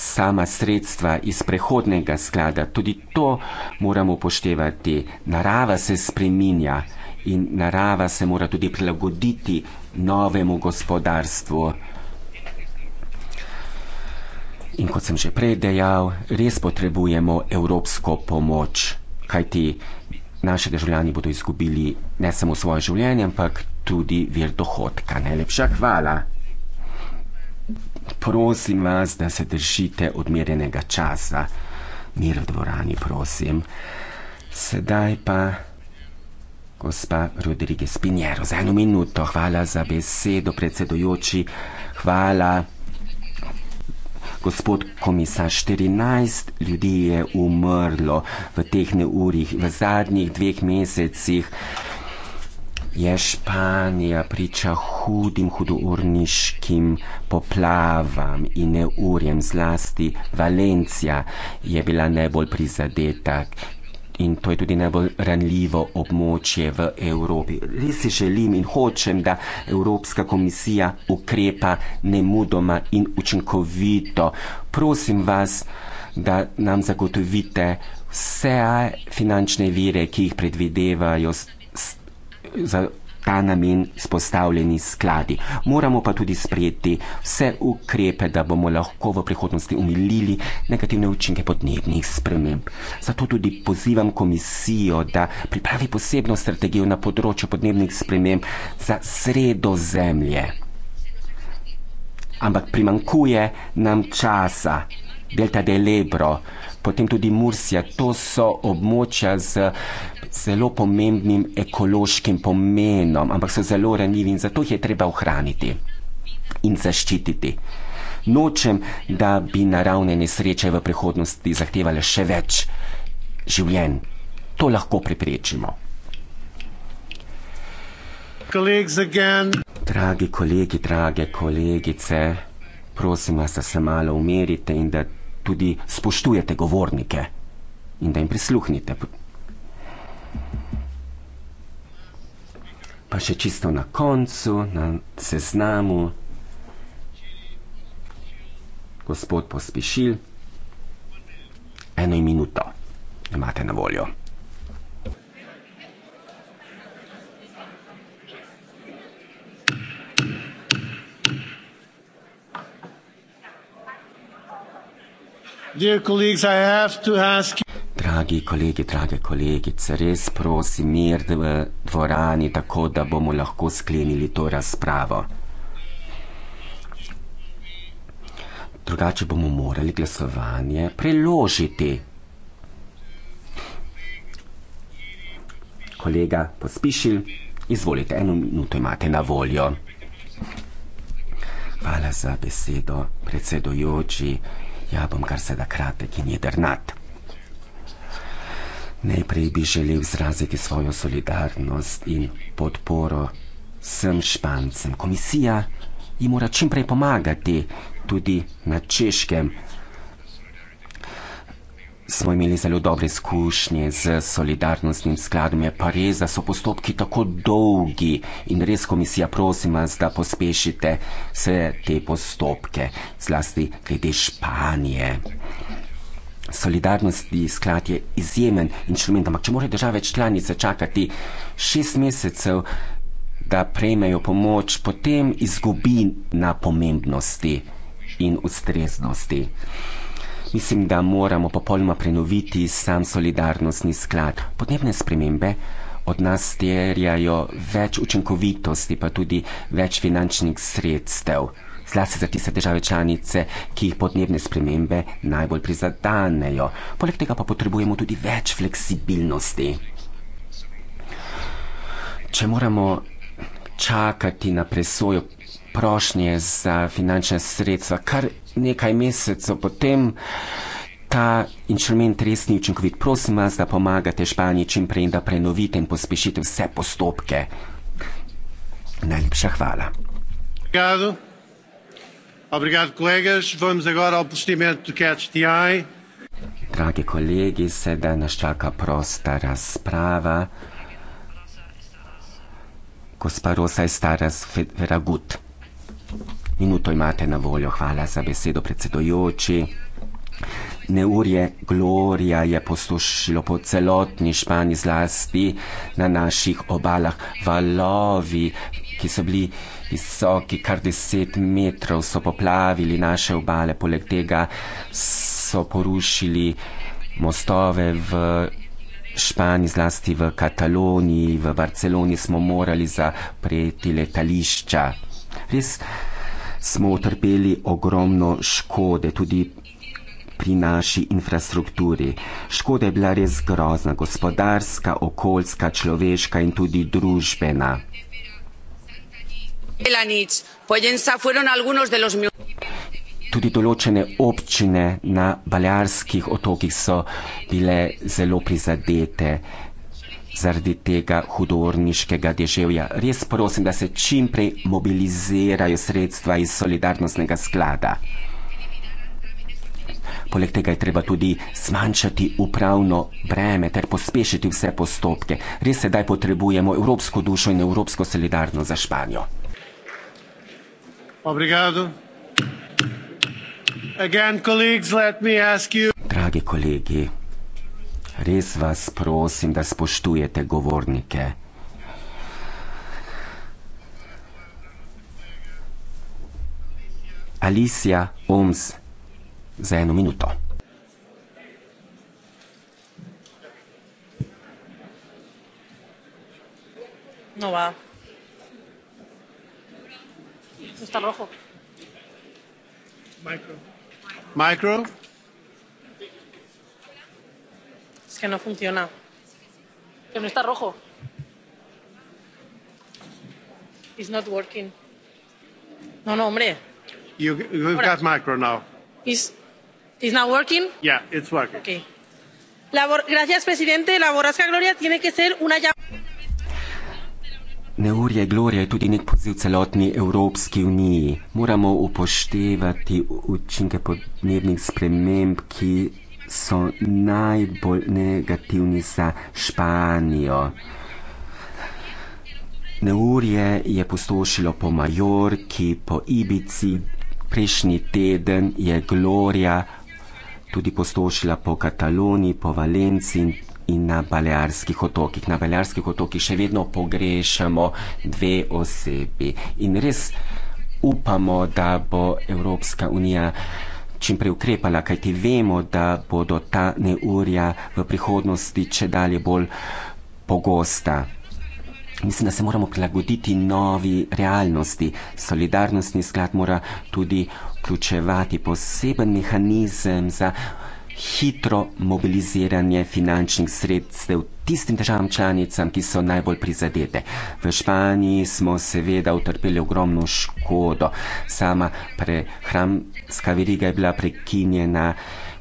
sama sredstva iz prehodnega sklada, tudi to moramo upoštevati. Narava se spreminja in narava se mora tudi prilagoditi novemu gospodarstvu. In kot sem že prej dejal, res potrebujemo evropsko pomoč, kajti naši državljani bodo izgubili ne samo svoje življenje, ampak tudi vir dohodka. Najlepša hvala. Prosim vas, da se držite odmerjenega časa. Mir v dvorani, prosim. Sedaj pa gospa Rodriguez Pinjero. Za eno minuto hvala za besedo, predsedujoči. Hvala gospod komisar, 14 ljudi je umrlo v teh neurjih, v zadnjih dveh mesecih. Je Španija priča hudim, hudourniškim poplavam in neurjem, zlasti Valencija je bila najbolj prizadeta, in to je tudi najbolj ranljivo območje v Evropi. Res si želim in hočem, da Evropska komisija ukrepa nemudoma in učinkovito. Prosim vas, da nam zagotovite vse finančne vire, ki jih predvidevajo za ta namen izpostavljeni skladi. Moramo pa tudi sprejeti vse ukrepe, da bomo lahko v prihodnosti umilili negativne učinke podnebnih sprememb. Zato tudi pozivam komisijo, da pripravi posebno strategijo na področju podnebnih sprememb za sredo zemlje. Ampak primankuje nam časa. Delta del Ebro, potem tudi Mursija, to so območja z zelo pomembnim ekološkim pomenom, ampak so zelo ranljivi in zato jih je treba ohraniti in zaščititi. Nočem, da bi naravne nesreče v prihodnosti zahtevale še več življenj. To lahko preprečimo. Dragi kolegi, drage kolegice, prosim vas, da se malo umerite in da tudi spoštujete govornike in da jim prisluhnite. pa še čisto na koncu, na seznamu, gospod pospešil, eno minuto imate na voljo. Dear colleagues, I have to ask you. Dragi kolegi, drage kolegice, res prosim mir v dvorani, tako da bomo lahko sklenili to razpravo. Drugače bomo morali glasovanje preložiti. Kolega Pospišil, izvolite, eno minuto imate na voljo. Hvala za besedo, predsedujoči. Ja, bom kar se da kratek in jedrnat. Najprej bi želel izraziti svojo solidarnost in podporo vsem Špancem. Komisija jim mora čimprej pomagati, tudi na češkem. Smo imeli zelo dobre izkušnje z solidarnostnim skladom, je pa res, da so postopki tako dolgi in res komisija prosim vas, da pospešite vse te postopke, zlasti glede Španije solidarnostni sklad je izjemen inštrument. Ampak, če morajo države članice čakati šest mesecev, da prejmejo pomoč, potem izgubi na pomembnosti in ustreznosti. Mislim, da moramo popolnoma prenoviti sam solidarnostni sklad. Podnebne spremembe od nas terjajo več učinkovitosti, pa tudi več finančnih sredstev zlasti za tiste države članice, ki jih podnebne spremembe najbolj prizadanejo. Poleg tega pa potrebujemo tudi več fleksibilnosti. Če moramo čakati na presojo prošnje za finančne sredstva kar nekaj mesecev, potem ta inštrument res ni učinkovit. Prosim vas, da pomagate Španiji čim prej in da prenovite in pospešite vse postopke. Najlepša hvala. Gado. Obrigado, colegas. Vamos agora ao procedimento do Catch the Eye. Dragi kolegi, sedaj nas čaka prosta razprava. Gospa Rosa je stara z Veragut. Minuto imate na voljo. Hvala za besedo, predsedojoči. Neurje Gloria je poslušilo po celotni Španiji, zlasti na naših obalah. Valovi, ki so bili visoki kar deset metrov, so poplavili naše obale, poleg tega so porušili mostove v Španiji, zlasti v Kataloniji, v Barceloni smo morali zapreti letališča. Res smo utrpeli ogromno škode, tudi pri naši infrastrukturi. Škoda je bila res grozna, gospodarska, okoljska, človeška in tudi družbena. Tudi določene občine na Baljarskih otokih so bile zelo prizadete zaradi tega hudorniškega deževja. Res prosim, da se čim prej mobilizirajo sredstva iz solidarnostnega sklada. Poleg tega je treba tudi zmanjšati upravno breme ter pospešiti vse postopke. Res sedaj potrebujemo evropsko dušo in evropsko solidarnost za Španijo. Obrigado. Again, colleagues, let me ask you... Dragi kolegi, res vas prosim, da spoštujete govornike. Alicia Oms, za eno minuto. No, wow está rojo. Micro. Micro. Es que no funciona. Que no está rojo. It's not working. No, no, hombre. You, you've Ahora. got micro now. Is, is not working? Yeah, it's working. Okay. Labor Gracias, presidente. La borrasca Gloria tiene que ser una llamada. Neurje glorije je tudi nek poziv celotni Evropski uniji. Moramo upoštevati učinke podnebnih sprememb, ki so najbolj negativni za Španijo. Neurje je pustošilo po Majorki, po Ibici, prejšnji teden je Gloria tudi pustošila po Kataloniji, po Valenciji in in na Balearskih otokih. Na Balearskih otokih še vedno pogrešamo dve osebi in res upamo, da bo Evropska unija čim prej ukrepala, kajti vemo, da bodo ta neurja v prihodnosti če dalje bolj pogosta. Mislim, da se moramo prilagoditi novi realnosti. Solidarnostni sklad mora tudi vključevati poseben mehanizem za hitro mobiliziranje finančnih sredstev tistim državam članicam, ki so najbolj prizadete. V Španiji smo seveda utrpeli ogromno škodo, sama prehranska veriga je bila prekinjena,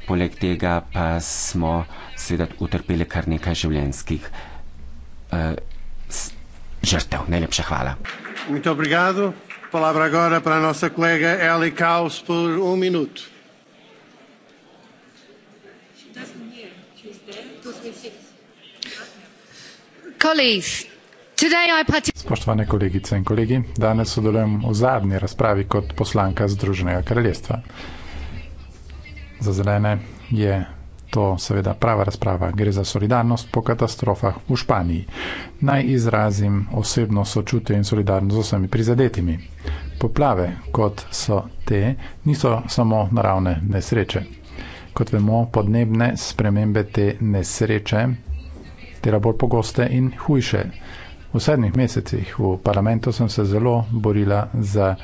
poleg tega pa smo seveda utrpeli kar nekaj življenjskih eh, žrtev. Najlepša hvala. Muito obrigado. Palavra agora para nossa colega Eli Kaus por um minuto. Spoštovane kolegice in kolegi, danes sodelujem v zadnji razpravi kot poslanka Združenega kraljestva. Za zelene je to seveda prava razprava. Gre za solidarnost po katastrofah v Španiji. Naj izrazim osebno sočutje in solidarnost z vsemi prizadetimi. Poplave, kot so te, niso samo naravne nesreče kot vemo, podnebne spremembe te nesreče, tera bolj pogoste in hujše. V sedmih mesecih v parlamentu sem se zelo borila za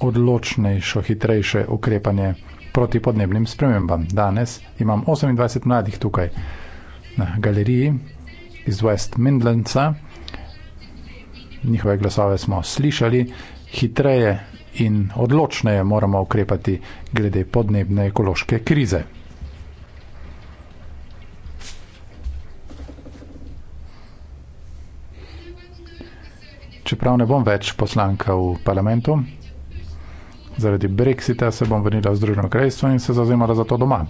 odločnejšo, hitrejše ukrepanje proti podnebnim spremembam. Danes imam 28 mladih tukaj na galeriji iz West Midlandsa. Njihove glasove smo slišali. Hitreje in odločneje moramo ukrepati glede podnebne ekološke krize. Čeprav ne bom več poslanka v parlamentu, zaradi Brexita se bom vrnila v Združeno krajstvo in se zauzemala za to doma.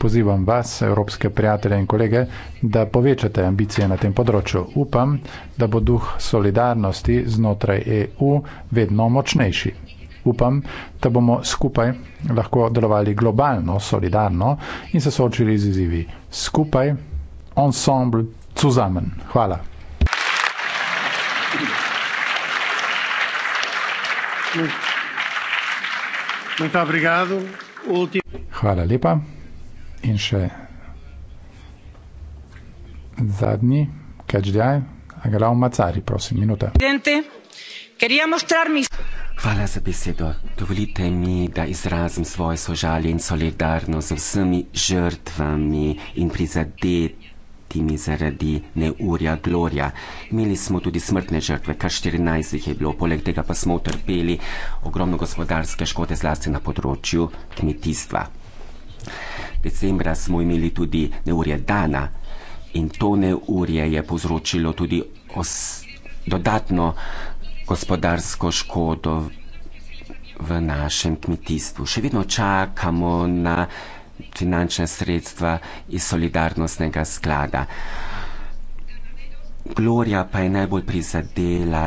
Pozivam vas, evropske prijatelje in kolege, da povečate ambicije na tem področju. Upam, da bo duh solidarnosti znotraj EU vedno močnejši upam, da bomo skupaj lahko delovali globalno, solidarno in se soočili z izzivi skupaj, ensemble, zusammen. Hvala. Hvala lepa. In še zadnji, kaj že je, Agrao Macari, prosim, minuta. Presidente. Quería mostrar mis... Hvala za besedo. Dovolite mi, da izrazim svoje sožalje in solidarnost z vsemi žrtvami in prizadetimi zaradi neurja glorja. Imeli smo tudi smrtne žrtve, kar 14 jih je bilo, poleg tega pa smo utrpeli ogromno gospodarske škode, zlasti na področju kmetijstva. Decembra smo imeli tudi neurje dana in to neurje je povzročilo tudi os, dodatno gospodarsko škodo v našem kmetijstvu. Še vedno čakamo na finančne sredstva iz solidarnostnega sklada. Gloria pa je najbolj prizadela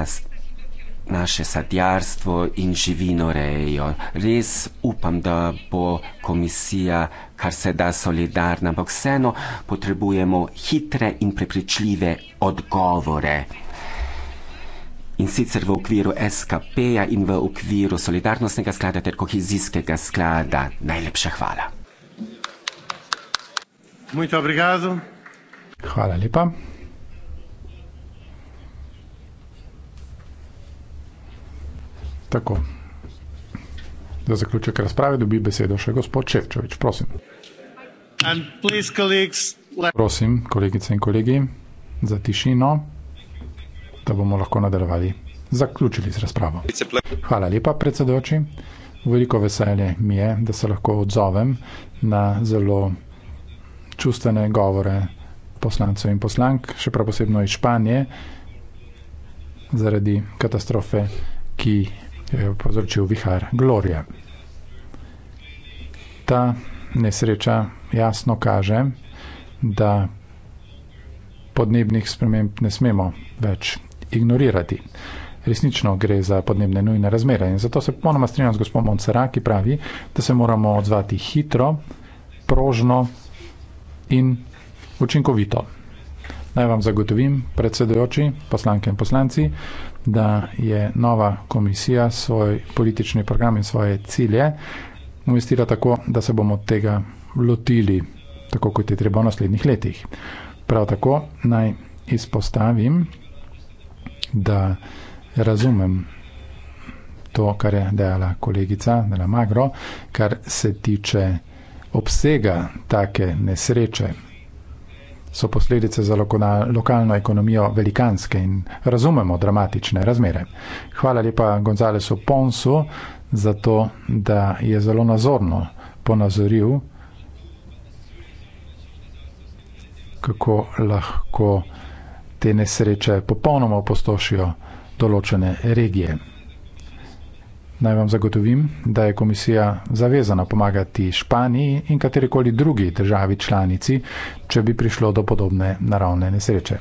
naše sadjarstvo in živinorejo. Res upam, da bo komisija kar se da solidarna, ampak vseeno potrebujemo hitre in prepričljive odgovore in sicer v okviru SKP-ja in v okviru solidarnostnega sklada ter kohezijskega sklada. Najlepša hvala. Muito obrigado. Hvala lepa. Tako. Za zaključek razprave dobi besedo še gospod Ševčovič, prosim. Prosim, kolegice in kolegi, za tišino da bomo lahko nadaljevali, zaključili z razpravo. Hvala lepa, predsedoči. Veliko veselje mi je, da se lahko odzovem na zelo čustvene govore poslancev in poslank, še prav posebno iz Španije, zaradi katastrofe, ki jo je povzročil vihar Gloria. Ta nesreča jasno kaže, da podnebnih sprememb ne smemo več ignorirati. Resnično gre za podnebne nujne razmere in zato se ponoma strinjam z gospod Moncera, ki pravi, da se moramo odzvati hitro, prožno in učinkovito. Naj vam zagotovim, predsedojoči, poslanke in poslanci, da je nova komisija svoj politični program in svoje cilje umestila tako, da se bomo tega lotili, tako kot je treba v naslednjih letih. Prav tako naj izpostavim, da razumem to, kar je dejala kolegica Dela Magro, kar se tiče obsega take nesreče. So posledice za lokalno ekonomijo velikanske in razumemo dramatične razmere. Hvala lepa Gonzalesu Ponsu za to, da je zelo nazorno ponazoril, kako lahko te nesreče popolnoma opostošijo določene regije. Naj vam zagotovim, da je komisija zavezana pomagati Španiji in katerikoli drugi državi članici, če bi prišlo do podobne naravne nesreče.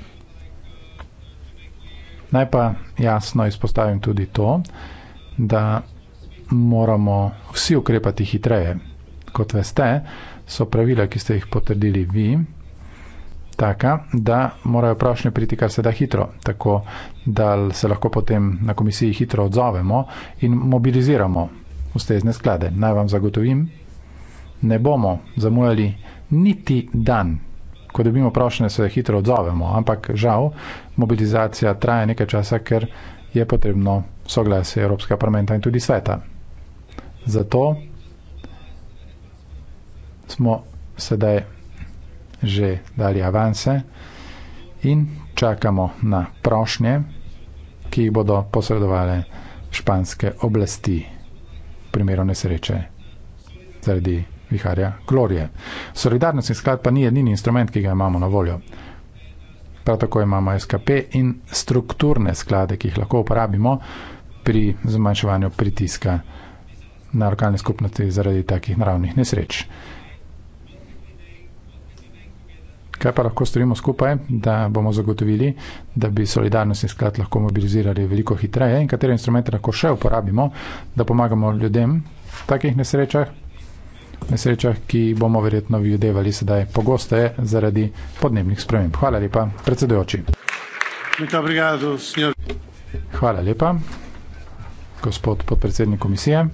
Naj pa jasno izpostavim tudi to, da moramo vsi ukrepati hitreje. Kot veste, so pravila, ki ste jih potrdili vi, taka, da morajo prošnje priti kar se da hitro, tako da se lahko potem na komisiji hitro odzovemo in mobiliziramo ustezne sklade. Naj vam zagotovim, ne bomo zamujali niti dan. Ko dobimo prošnje, se hitro odzovemo, ampak žal mobilizacija traja nekaj časa, ker je potrebno soglasje Evropskega parlamenta in tudi sveta. Zato smo sedaj že dali avanse in čakamo na prošnje, ki jih bodo posredovale španske oblasti v primeru nesreče zaradi viharja glorije. Solidarnostni sklad pa ni edini instrument, ki ga imamo na voljo. Prav tako imamo SKP in strukturne sklade, ki jih lahko uporabimo pri zmanjševanju pritiska na lokalne skupnosti zaradi takih naravnih nesreč. Kaj pa lahko storimo skupaj, da bomo zagotovili, da bi solidarnostni sklad lahko mobilizirali veliko hitreje in katere instrumente lahko še uporabimo, da pomagamo ljudem v takih nesrečah, nesrečah, ki bomo verjetno videvali sedaj pogosteje zaradi podnebnih sprememb. Hvala lepa, predsedujoči. Hvala lepa, gospod podpredsednik komisije.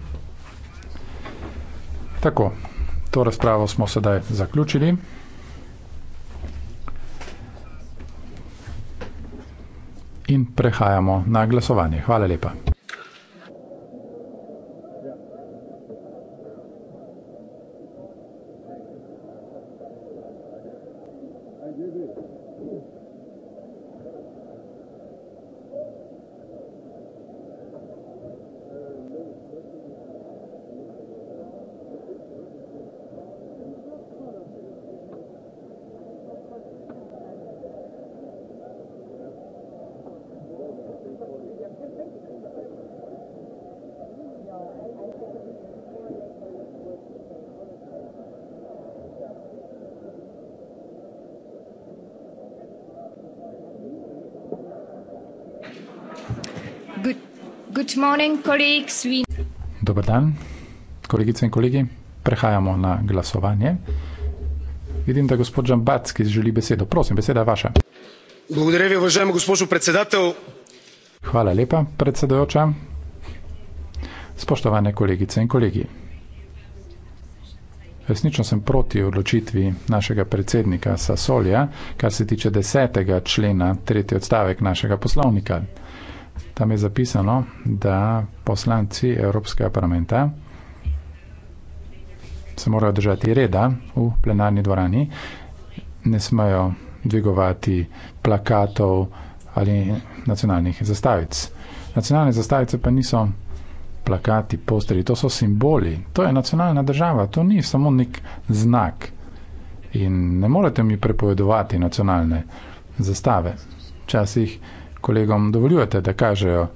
Tako, to razpravo smo sedaj zaključili. in prehajamo na glasovanje. Hvala lepa. Dobro dan, kolegice in kolegi. Prehajamo na glasovanje. Vidim, da gospod Žambacki želi besedo. Prosim, beseda je vaša. Благодаря ви, уважаема госпожо председател. Хвала лепа, председаоча. Споштоване колегице и колеги. Resnično sem proti odločitvi našega predsednika Sasolja, kar se tiče desetega člena, tretji odstavek našega poslovnika. Tam je zapisano, da poslanci Evropskega parlamenta se morajo držati reda v plenarni dvorani, ne smejo dvigovati plakatov ali nacionalnih zastavic. Nacionalne zastavice pa niso plakati, posteri, to so simboli. To je nacionalna država, to ni samo nek znak. In ne morete mi prepovedovati nacionalne zastave. Včasih kolegom dovoljujete, da kažejo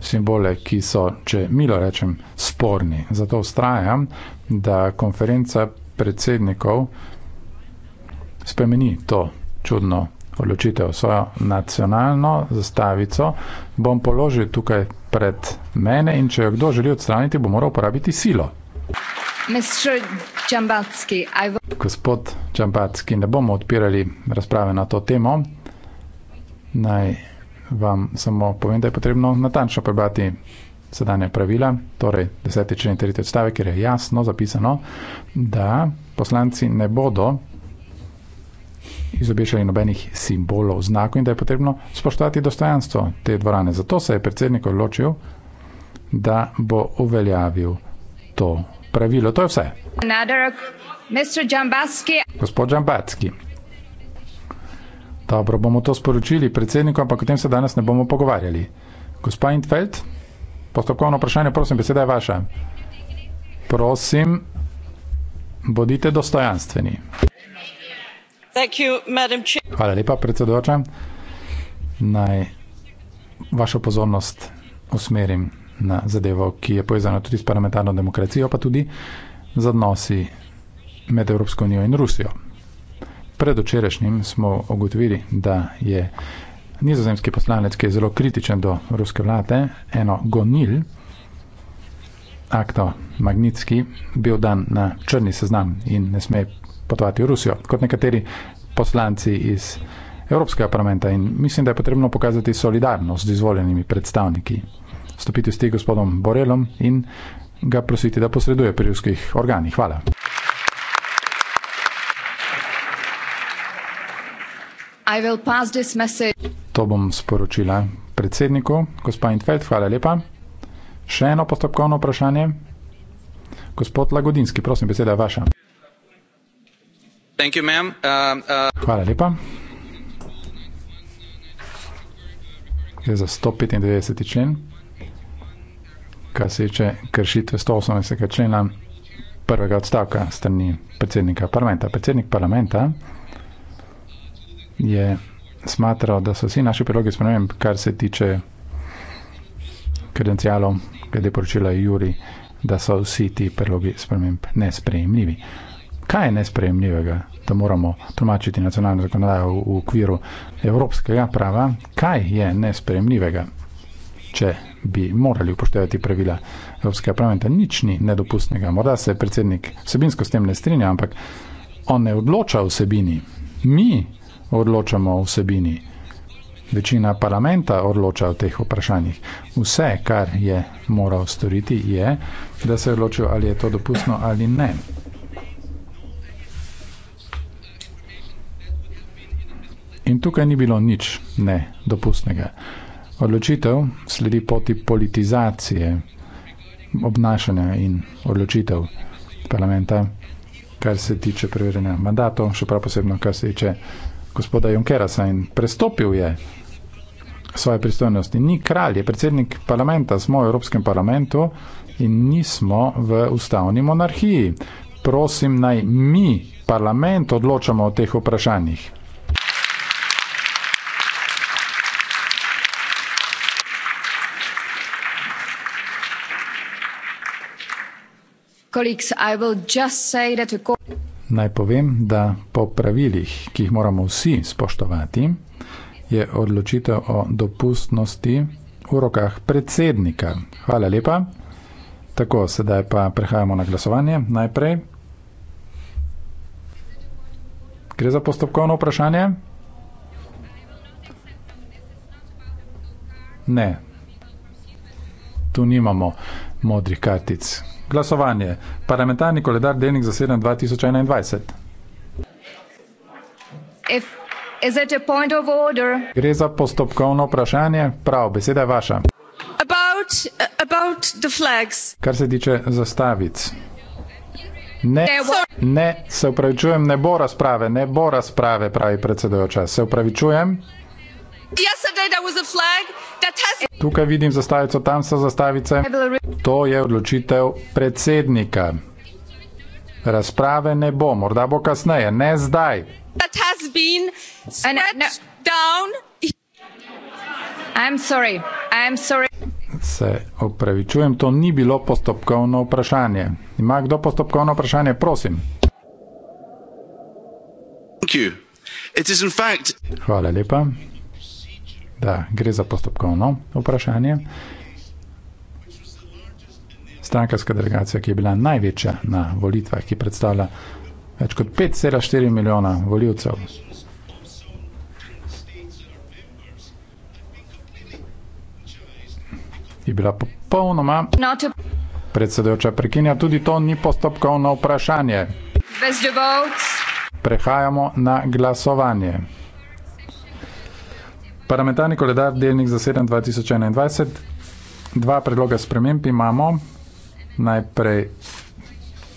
simbole, ki so, če milo rečem, sporni. Zato ustrajam, da konferenca predsednikov spremeni to čudno odločitev svojo nacionalno zastavico, bom položil tukaj pred mene in če jo kdo želi odstraniti, bo moral uporabiti silo. Gospod Čambatski, ne bomo odpirali razprave na to temo. Naj vam samo povem, da je potrebno natančno prebrati sedanje pravila, torej 10. člen 3. odstavek, kjer je jasno zapisano, da poslanci ne bodo izobešali nobenih simbolov, znakov in da je potrebno spoštovati dostojanstvo te dvorane. Zato se je predsednik odločil, da bo uveljavil to pravilo. To je vse. Gospod Džambatski, Dobro, bomo to sporočili predsedniku, ampak o tem se danes ne bomo pogovarjali. Gospa Intfeld, postopkovno vprašanje, prosim, beseda je vaša. Prosim, bodite dostojanstveni. Hvala lepa, predsedujoča. Naj vašo pozornost usmerim na zadevo, ki je povezana tudi s parlamentarno demokracijo, pa tudi z odnosi med Evropsko unijo in Rusijo. Predočerajšnjim smo ugotovili, da je nizozemski poslanec, ki je zelo kritičen do ruske vlade, eno gonil, akto Magnitski, bil dan na črni seznam in ne sme potovati v Rusijo, kot nekateri poslanci iz Evropskega parlamenta. In mislim, da je potrebno pokazati solidarnost z izvoljenimi predstavniki, stopiti v stik gospodom Borelom in ga prositi, da posreduje pri ruskih organih. Hvala. To bom sporočila predsedniku, gospa Intfeld, hvala lepa. Še eno postopkovno vprašanje. Gospod Lagodinski, prosim, beseda je vaša. You, uh, uh... Hvala lepa. Je za 195. člen, kar se tiče kršitve 118. člena prvega odstavka strani predsednika parlamenta. Predsednik parlamenta je smatral, da so vsi naši predlogi spremem, kar se tiče kredencialov, glede poročila Juri, da so vsi ti predlogi sprememb nesprejemljivi. Kaj je nesprejemljivega, da moramo tlmačiti nacionalno zakonodajo v okviru evropskega prava? Kaj je nesprejemljivega, če bi morali upoštevati pravila evropskega prava? Nič ni nedopustnega. Morda se predsednik vsebinsko s tem ne strinja, ampak on ne odloča vsebini. Mi odločamo o vsebini. Večina parlamenta odloča o teh vprašanjih. Vse, kar je moral storiti, je, da se je odločil, ali je to dopustno ali ne. In tukaj ni bilo nič ne dopustnega. Odločitev sledi poti politizacije obnašanja in odločitev parlamenta, kar se tiče preverjanja mandatov, še prav posebno, kar se tiče gospoda Junkerasa in prestopil je svoje pristojnosti. Ni kralj, je predsednik parlamenta, smo v Evropskem parlamentu in nismo v ustavni monarhiji. Prosim, naj mi, parlament, odločamo o teh vprašanjih. Colleagues, I will just say that according... Naj povem, da po pravilih, ki jih moramo vsi spoštovati, je odločitev o dopustnosti v rokah predsednika. Hvala lepa. Tako, sedaj pa prehajamo na glasovanje. Najprej. Gre za postopkovno vprašanje? Ne. Tu nimamo modrih kartic. Glasovanje. Parlamentarni koledar delnik za 7. 2021. If, is it a point of order? Gre za postopkovno vprašanje. Prav, beseda je vaša. About, about the flags. Kar se tiče zastavic. Ne, ne, se upravičujem, ne bo razprave, ne bo razprave, pravi predsedujoča. Se upravičujem. Tukaj vidim zastavico, tam so zastavice. To je odločitev predsednika. Razprave ne bo, morda bo kasneje, ne zdaj. No. Se opravičujem, to ni bilo postopkovno vprašanje. Ima kdo postopkovno vprašanje? Prosim. Hvala lepa da gre za postopkovno vprašanje. Strankarska delegacija, ki je bila največja na volitvah, ki predstavlja več kot 5,4 milijona voljivcev. Je bila popolnoma predsedojoča prekinja, tudi to ni postopkovno vprašanje. Prehajamo na glasovanje. Parlamentarni koledar delnik za 7. 2021. Dva predloga sprememb imamo. Najprej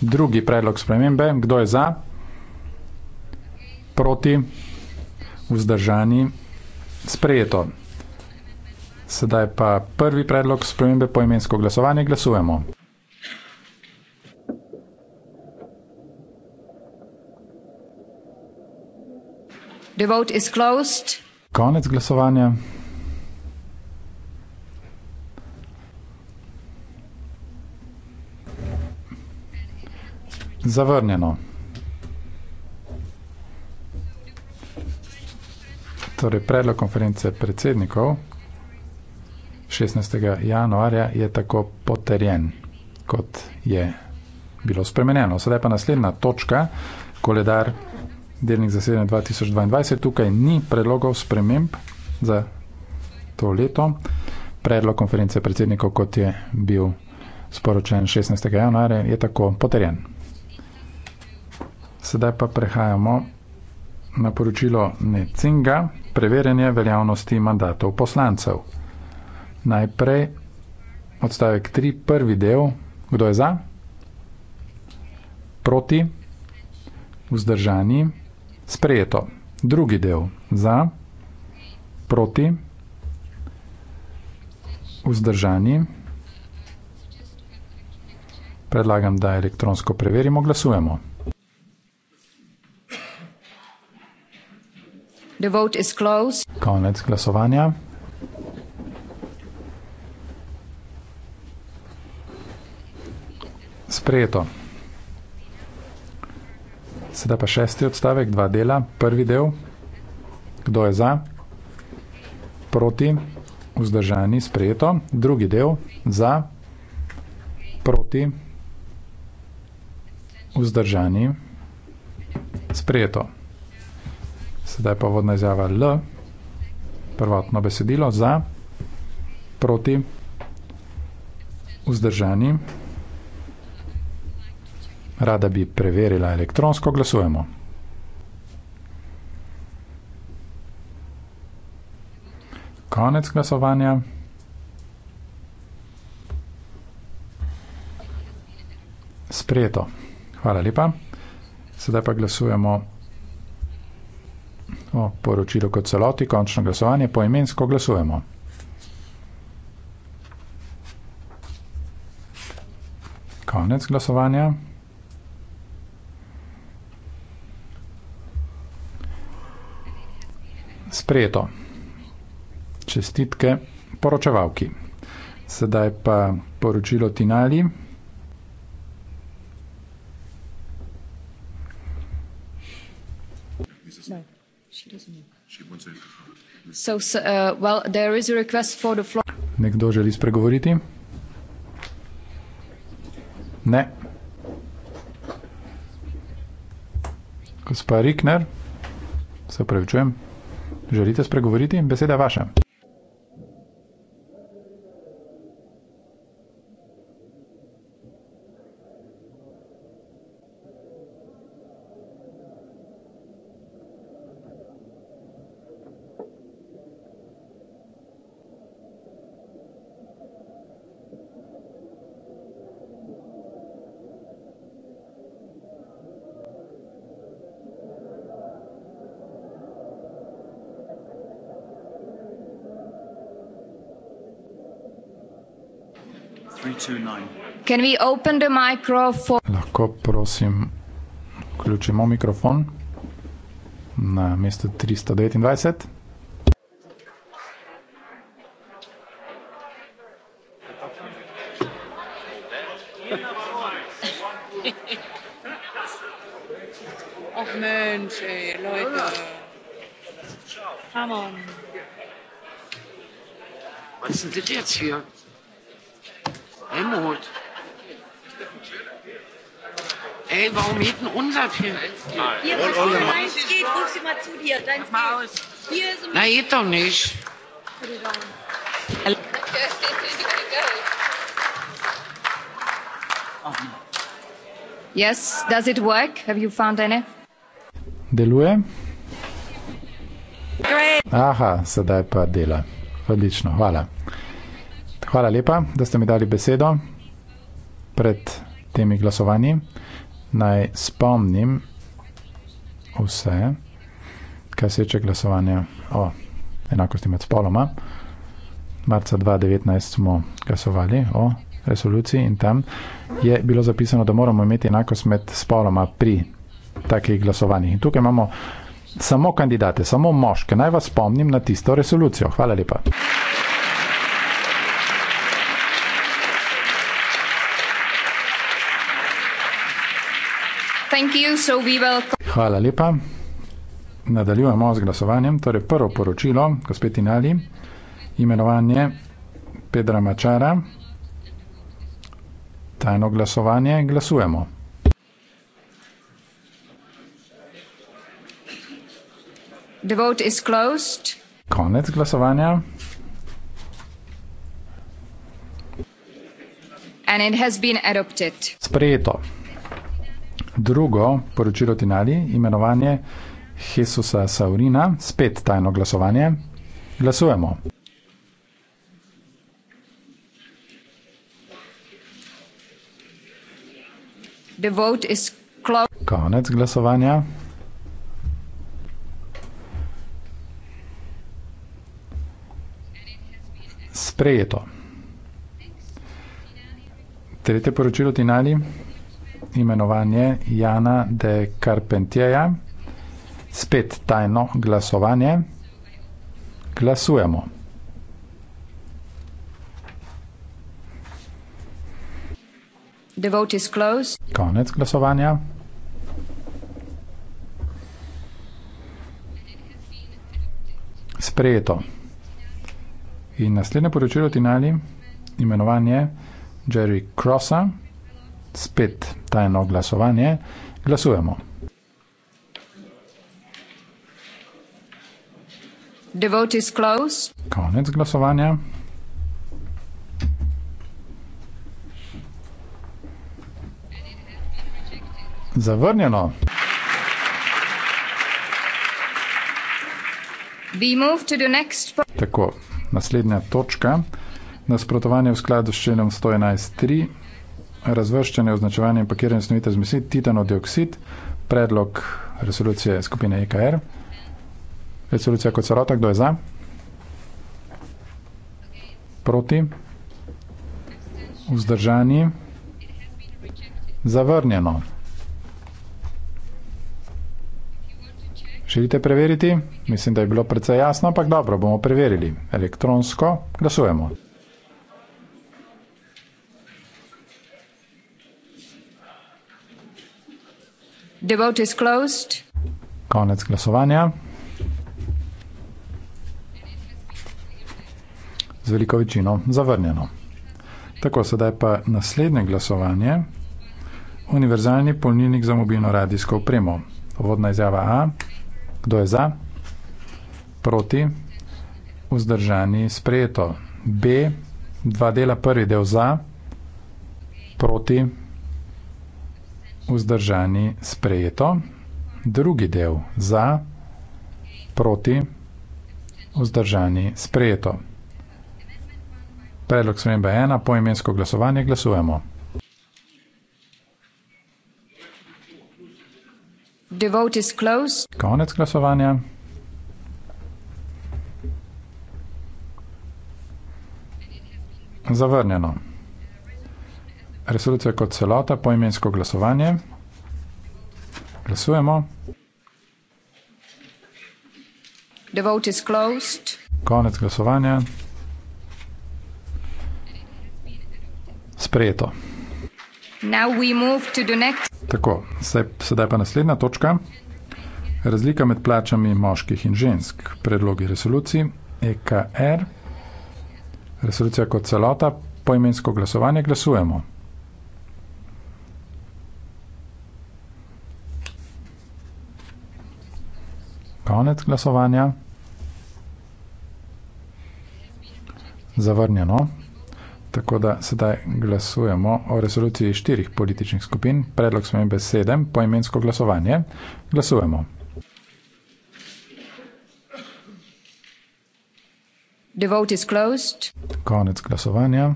drugi predlog spremembe. Kdo je za? Proti? Vzdržani? Sprejeto. Sedaj pa prvi predlog spremembe poimensko glasovanje. Glasujemo. The vote is closed. Konec glasovanja. Zavrnjeno. Torej, predlog konference predsednikov 16. januarja je tako poterjen, kot je bilo spremenjeno. Sedaj pa naslednja točka, koledar delnik zasedanja 2022. Tukaj ni predlogov sprememb za to leto. Predlog konference predsednikov, kot je bil sporočen 16. januarja, je tako potrjen. Sedaj pa prehajamo na poročilo Necinga, preverjanje veljavnosti mandatov poslancev. Najprej odstavek 3, prvi del, kdo je za, proti, vzdržani, Sprejeto. Drugi del. Za, proti, vzdržani. Predlagam, da elektronsko preverimo. Glasujemo. The vote is closed. Konec glasovanja. Sprejeto. Sedaj pa šesti odstavek, dva dela. Prvi del, kdo je za, proti, vzdržani, sprejeto. Drugi del, za, proti, vzdržani, sprejeto. Sedaj pa vodna izjava L, prvotno besedilo, za, proti, vzdržani, sprejeto. Rada bi preverila elektronsko glasujemo. Konec glasovanja. Sprejeto. Hvala lepa. Sedaj pa glasujemo o poročilu kot celoti. Končno glasovanje poimensko glasujemo. Konec glasovanja. sprejeto. Čestitke poročevalki. Sedaj pa poročilo Tinali. So, uh, well, there is a request for the floor. Nekdo želi spregovoriti? Ne. Gospa Rikner, se pravi, čujem. Želite spregovoriti? Beseda je vaša. Can we open the Lahko prosim vključimo mikrofon na mesto 329. Oh, Mensch, ey, Leute. Uh, come on. Was ist denn das jetzt hier? warum hätten unser Film. Hier, was du meinst, geht, ruf sie mal zu dir. Dein mal aus. Hier ist Na, geht doch nicht. Yes, does it work? Have you found any? Deluje. Aha, sedaj pa dela. Odlično, hvala. Hvala lepa, da ste mi dali besedo pred temi glasovanji naj spomnim vse, kaj seče glasovanja o enakosti med spoloma. Marca 2019 smo glasovali o resoluciji in tam je bilo zapisano, da moramo imeti enakost med spoloma pri takih glasovanjih. In tukaj imamo samo kandidate, samo moške. Naj vas spomnim na tisto resolucijo. Hvala lepa. Hvala lepa. Nadaljujemo z glasovanjem. Torej, prvo poročilo, gospod Tinali, imenovanje Pedra Mačara. Tajno glasovanje, glasujemo. The vote is closed. Konec glasovanja. And it has been adopted. Sprejeto drugo poročilo Tinali, imenovanje Jesusa Saurina, spet tajno glasovanje. Glasujemo. The vote is Konec glasovanja. Sprejeto. Tretje poročilo Tinali imenovanje Jana de Carpentieja, spet tajno glasovanje. Glasujemo. The vote is Konec glasovanja. Sprejeto. In naslednje poročilo Tinali, imenovanje Jerry Crossa spet tajno glasovanje. Glasujemo. The vote is Konec glasovanja. Zavrnjeno. Tako, naslednja točka. Nasprotovanje v skladu s členom 111.3 razvrščanje, označevanje in pakiranje snovi ter zmesi titanodioksid, predlog resolucije skupine IKR. E Resolucija kot celota, kdo je za? Proti? Vzdržani? Zavrnjeno? Želite preveriti? Mislim, da je bilo precej jasno, ampak dobro, bomo preverili elektronsko. Glasujemo. The vote is closed. Konec glasovanja. Z veliko večino zavrnjeno. Tako, sedaj pa naslednje glasovanje. Univerzalni polnilnik za mobilno radijsko opremo. Vodna izjava A. Kdo je za? Proti. Vzdržani sprejeto. B. Dva dela prvi del za. Proti vzdržani, sprejeto. Drugi del za, proti, vzdržani, sprejeto. Predlog svemba ena, poimensko glasovanje, glasujemo. The vote is closed. Konec glasovanja. Zavrnjeno resolucijo kot celota po imensko glasovanje. Glasujemo. The vote is closed. Konec glasovanja. Sprejeto. Now we move to the next. Tako, sedaj, sedaj pa naslednja točka. Razlika med plačami moških in žensk. Predlogi resoluciji. EKR. Resolucija kot celota. Po imensko glasovanje glasujemo. konec glasovanja. Zavrnjeno. Tako da sedaj glasujemo o rezoluciji štirih političnih skupin. Predlog spremembe 7, poimensko glasovanje. Glasujemo. The vote is closed. Konec glasovanja.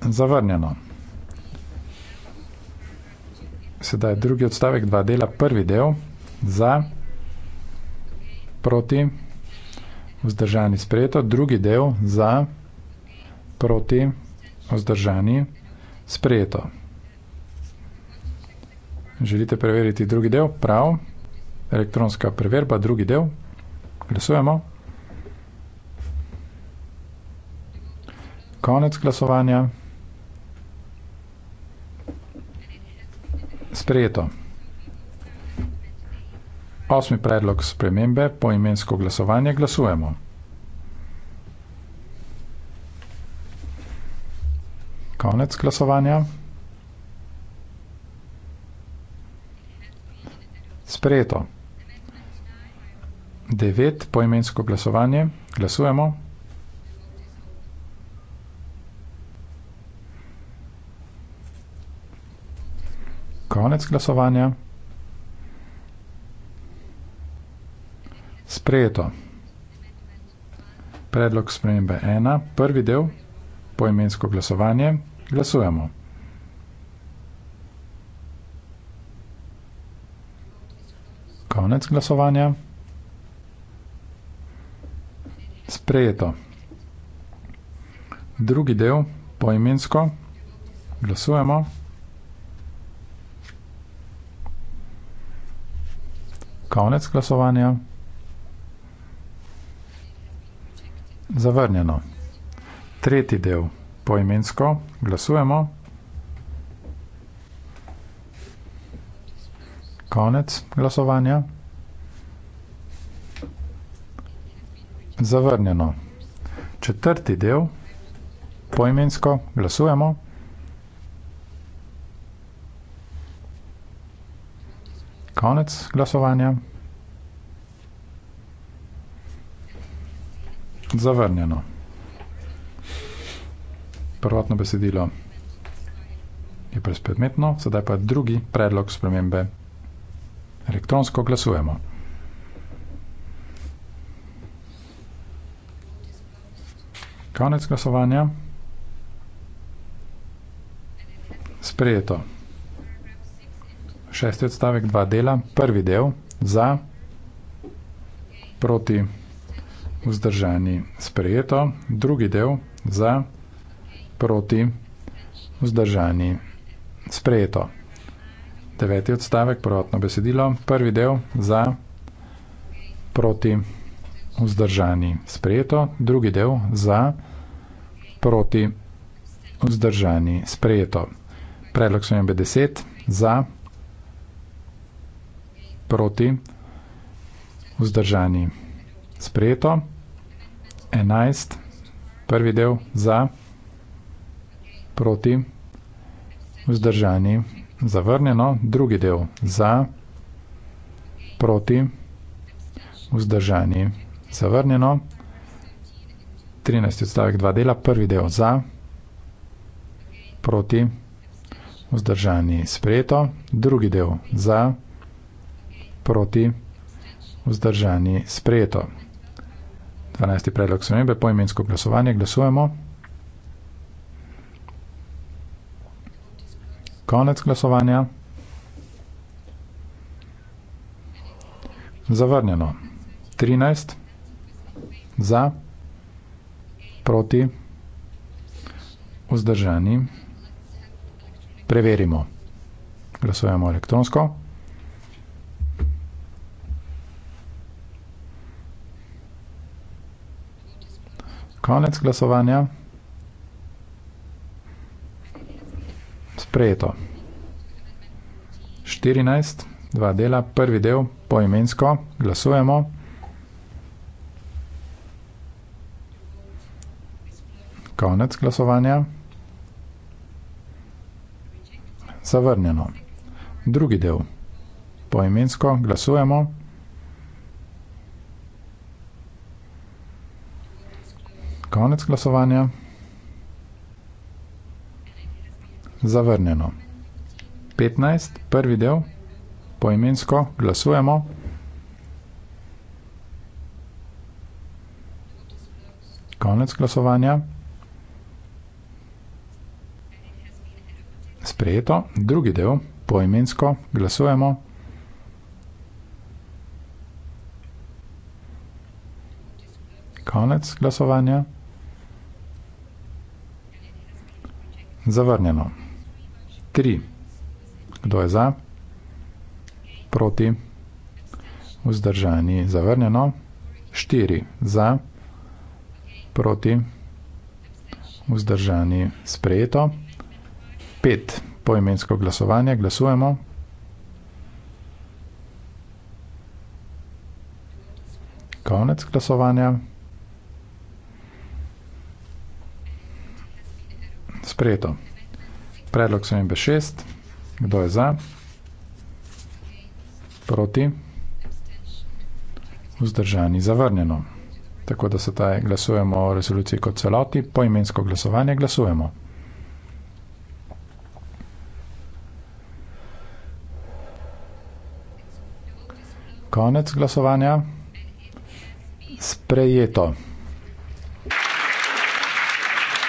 Zavrnjeno. Sedaj drugi odstavek, dva dela, prvi del za, proti, vzdržani sprejeto, drugi del za, proti, vzdržani sprejeto. Želite preveriti drugi del? Prav. Elektronska preverba, drugi del. Glasujemo. Konec glasovanja. Sprejeto. Osmi predlog spremembe, poimensko glasovanje, glasujemo. Konec glasovanja. Sprejeto. Devet, poimensko glasovanje, glasujemo. konec glasovanja. Sprejeto. Predlog spremembe 1, prvi del, poimensko glasovanje, glasujemo. Konec glasovanja. Sprejeto. Drugi del, poimensko, glasujemo. Glasujemo. Konec glasovanja. Zavrnjeno. Tretji del. Poimensko glasujemo. Konec glasovanja. Zavrnjeno. Četrti del. Poimensko glasujemo. Konec glasovanja. Zavrnjeno. Prvotno besedilo je prespredmetno, sedaj pa drugi predlog spremembe. Elektronsko glasujemo. Konec glasovanja. Sprejeto šesti odstavek, dva dela. Prvi del za, proti, vzdržani, sprejeto. Drugi del za, proti, vzdržani, sprejeto. Deveti odstavek, prvotno besedilo. Prvi del za, proti, vzdržani, sprejeto. Drugi del za, proti, vzdržani, sprejeto. Predlog so jim 10, za, proti, vzdržani. Sprejeto, enajst, prvi del za, proti, vzdržani. Zavrnjeno, drugi del za, proti, vzdržani. Zavrnjeno, 13 odstavek 2 dela, prvi del za, proti, vzdržani. Sprejeto, drugi del za, proti, vzdržani proti vzdržani sprejeto. 12. predlog spremembe, poimensko glasovanje, glasujemo. Konec glasovanja. Zavrnjeno. 13. Za. Proti. Vzdržani. Preverimo. Glasujemo elektronsko. konec glasovanja. Sprejeto. 14, dva dela, prvi del, poimensko, glasujemo. Konec glasovanja. Zavrnjeno. Drugi del, poimensko, glasujemo. konec glasovanja. Zavrnjeno. 15, prvi del, poimensko, glasujemo. Konec glasovanja. Sprejeto, drugi del, poimensko, glasujemo. Konec glasovanja. Zavrnjeno. 3. Kdo je za? Proti. Vzdržani. Zavrnjeno. 4. Za. Proti. Vzdržani. Sprejeto. 5. Poimensko glasovanje. Glasujemo. Konec glasovanja. Glasovanje. sprejeto. Predlog so imbe šest. Kdo je za? Proti? Vzdržani zavrnjeno. Tako da se taj glasujemo o resoluciji kot celoti, po imensko glasovanje glasujemo. Konec glasovanja. Sprejeto. Sprejeto.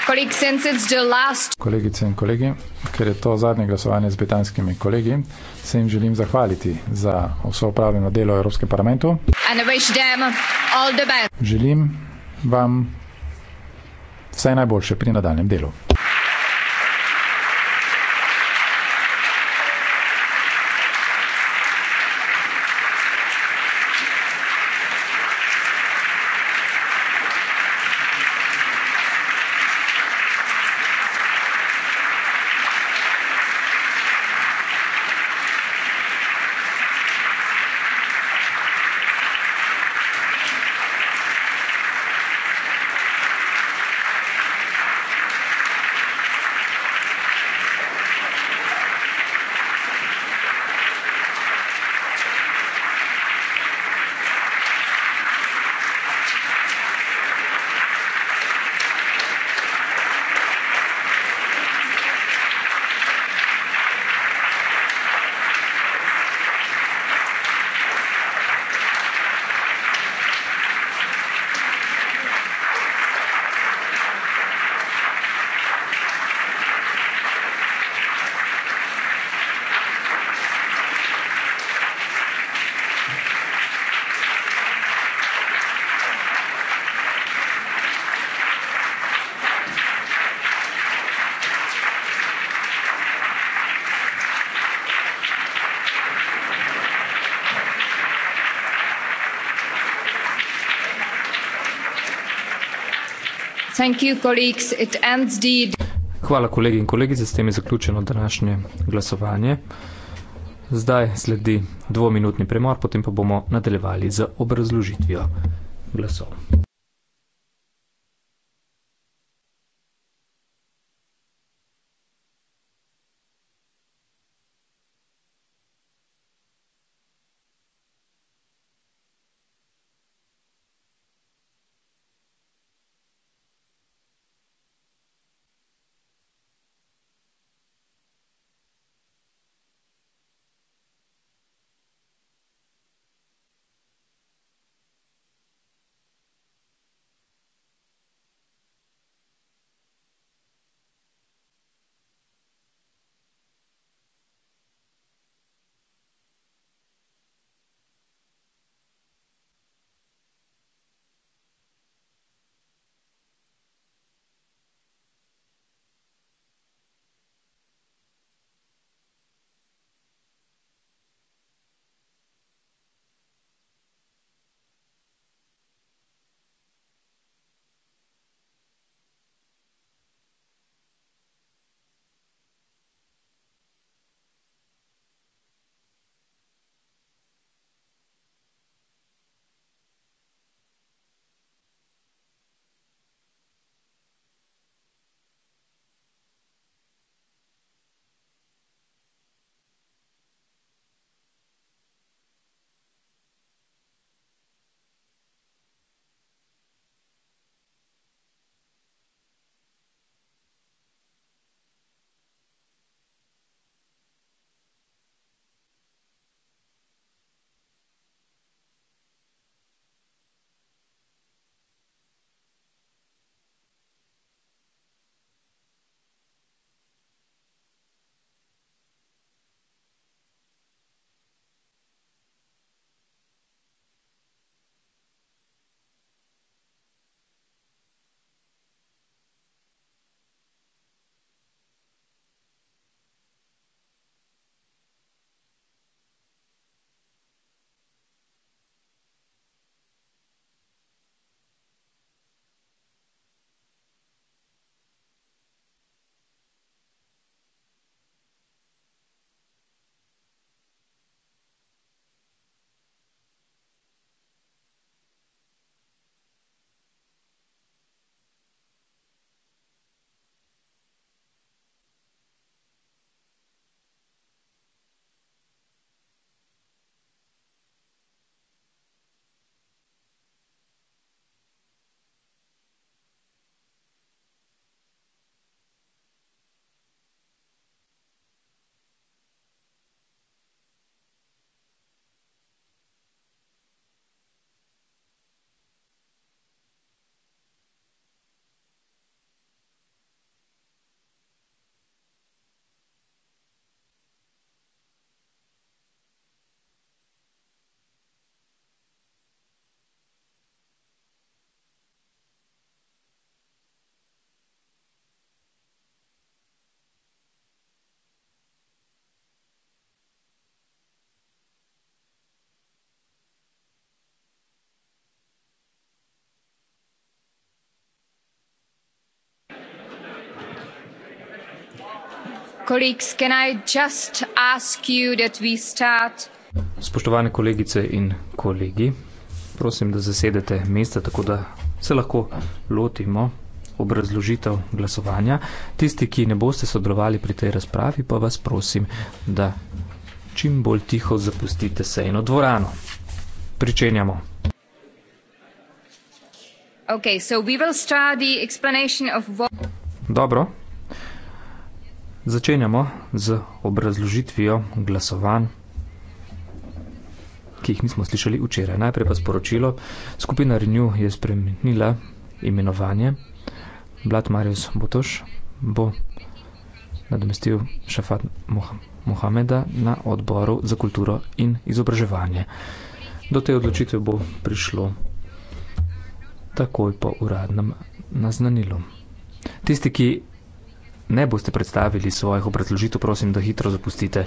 Kolegice in kolegi, ker je to zadnje glasovanje z britanskimi kolegi, se jim želim zahvaliti za vso upravljeno delo v Evropskem parlamentu. Želim vam vse najboljše pri nadaljem delu. Hvala kolegi in kolegi, za s tem je zaključeno današnje glasovanje. Zdaj sledi dvominutni premor, potem pa bomo nadaljevali z obrazložitvijo glasov. colleagues, can I just ask you that we start? Spoštovane kolegice in kolegi, prosim, da zasedete mesta, tako da se lahko lotimo obrazložitev glasovanja. Tisti, ki ne boste sodelovali pri tej razpravi, pa vas prosim, da čim bolj tiho zapustite sejno dvorano. Pričenjamo. Okay, so we will start the explanation of what... Dobro, Začenjamo z obrazložitvijo glasovanj, ki jih nismo slišali včeraj. Najprej pa sporočilo. Skupina Renew je spremenila imenovanje. Blat Marius Botoš bo nadomestil Šafat Mohameda na odboru za kulturo in izobraževanje. Do te odločitve bo prišlo takoj po uradnem naznanilu. Tisti, ki ne boste predstavili svojih obrazložitev, prosim, da hitro zapustite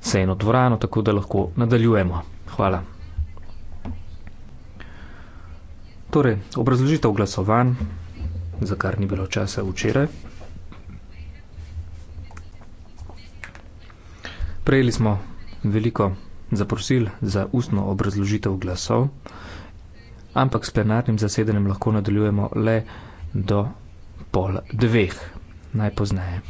sejno dvorano, tako da lahko nadaljujemo. Hvala. Torej, obrazložitev glasovanj, za kar ni bilo časa včeraj. Prejeli smo veliko zaprosil za ustno obrazložitev glasov, ampak s plenarnim zasedanjem lahko nadaljujemo le do pol dveh najpozneje.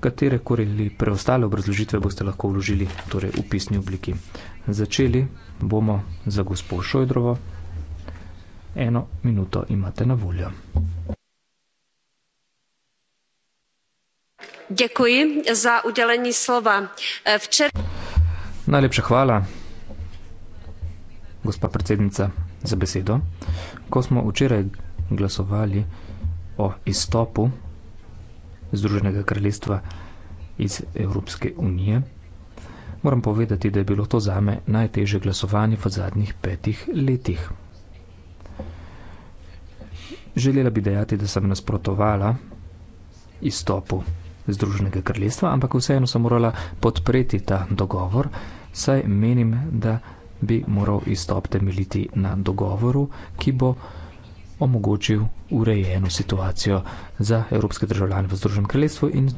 Katere koreli preostale obrazložitve boste lahko vložili torej v pisni obliki? Začeli bomo za gospod Šojdrovo. Eno minuto imate na voljo. Děkuji za udělení slova. Včer... Najlepša hvala, gospa predsednica, za besedo. Ko smo včeraj glasovali o izstopu Združenega kraljestva iz Evropske unije. Moram povedati, da je bilo to zame najtežje glasovanje v zadnjih petih letih. Želela bi dejati, da sem nasprotovala izstopu Združenega kraljestva, ampak vseeno sem morala podpreti ta dogovor, saj menim, da bi moral izstop temeljiti na dogovoru, ki bo omogočil urejeno situacijo za evropske državljane v Združenem kraljestvu in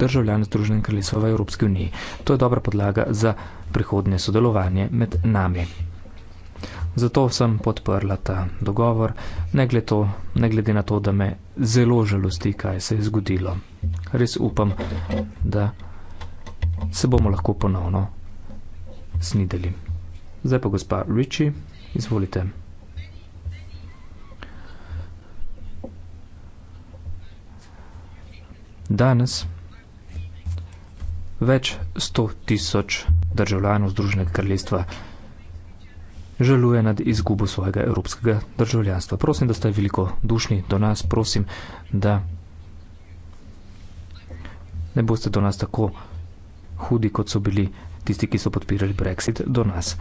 državljane Združenem kraljestvu v Evropski uniji. To je dobra podlaga za prihodnje sodelovanje med nami. Zato sem podprla ta dogovor, ne glede, to, ne glede na to, da me zelo žalosti, kaj se je zgodilo. Res upam, da se bomo lahko ponovno snideli. Zdaj pa gospa Richie, izvolite. Danes več sto tisoč državljanov Združenega kraljestva žaluje nad izgubo svojega evropskega državljanstva. Prosim, da ste veliko dušni do nas, prosim, da ne boste do nas tako hudi, kot so bili tisti, ki so podpirali Brexit do nas.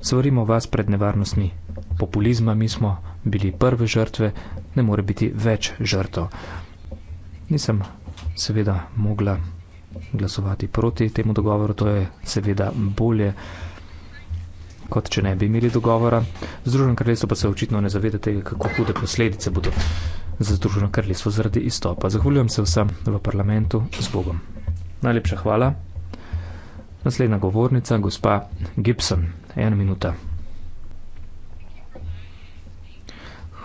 Svarimo vas pred nevarnostmi populizma, mi smo bili prve žrtve, ne more biti več žrtov. Nisem seveda mogla glasovati proti temu dogovoru, to je seveda bolje, kot če ne bi imeli dogovora. Združeno kraljestvo pa se očitno ne zaveda tega, kako hude posledice bodo za Združeno kraljestvo zaradi izstopa. Zahvaljujem se vsem v parlamentu z Bogom. Najlepša hvala. Naslednja govornica, gospa Gibson. Ena minuta.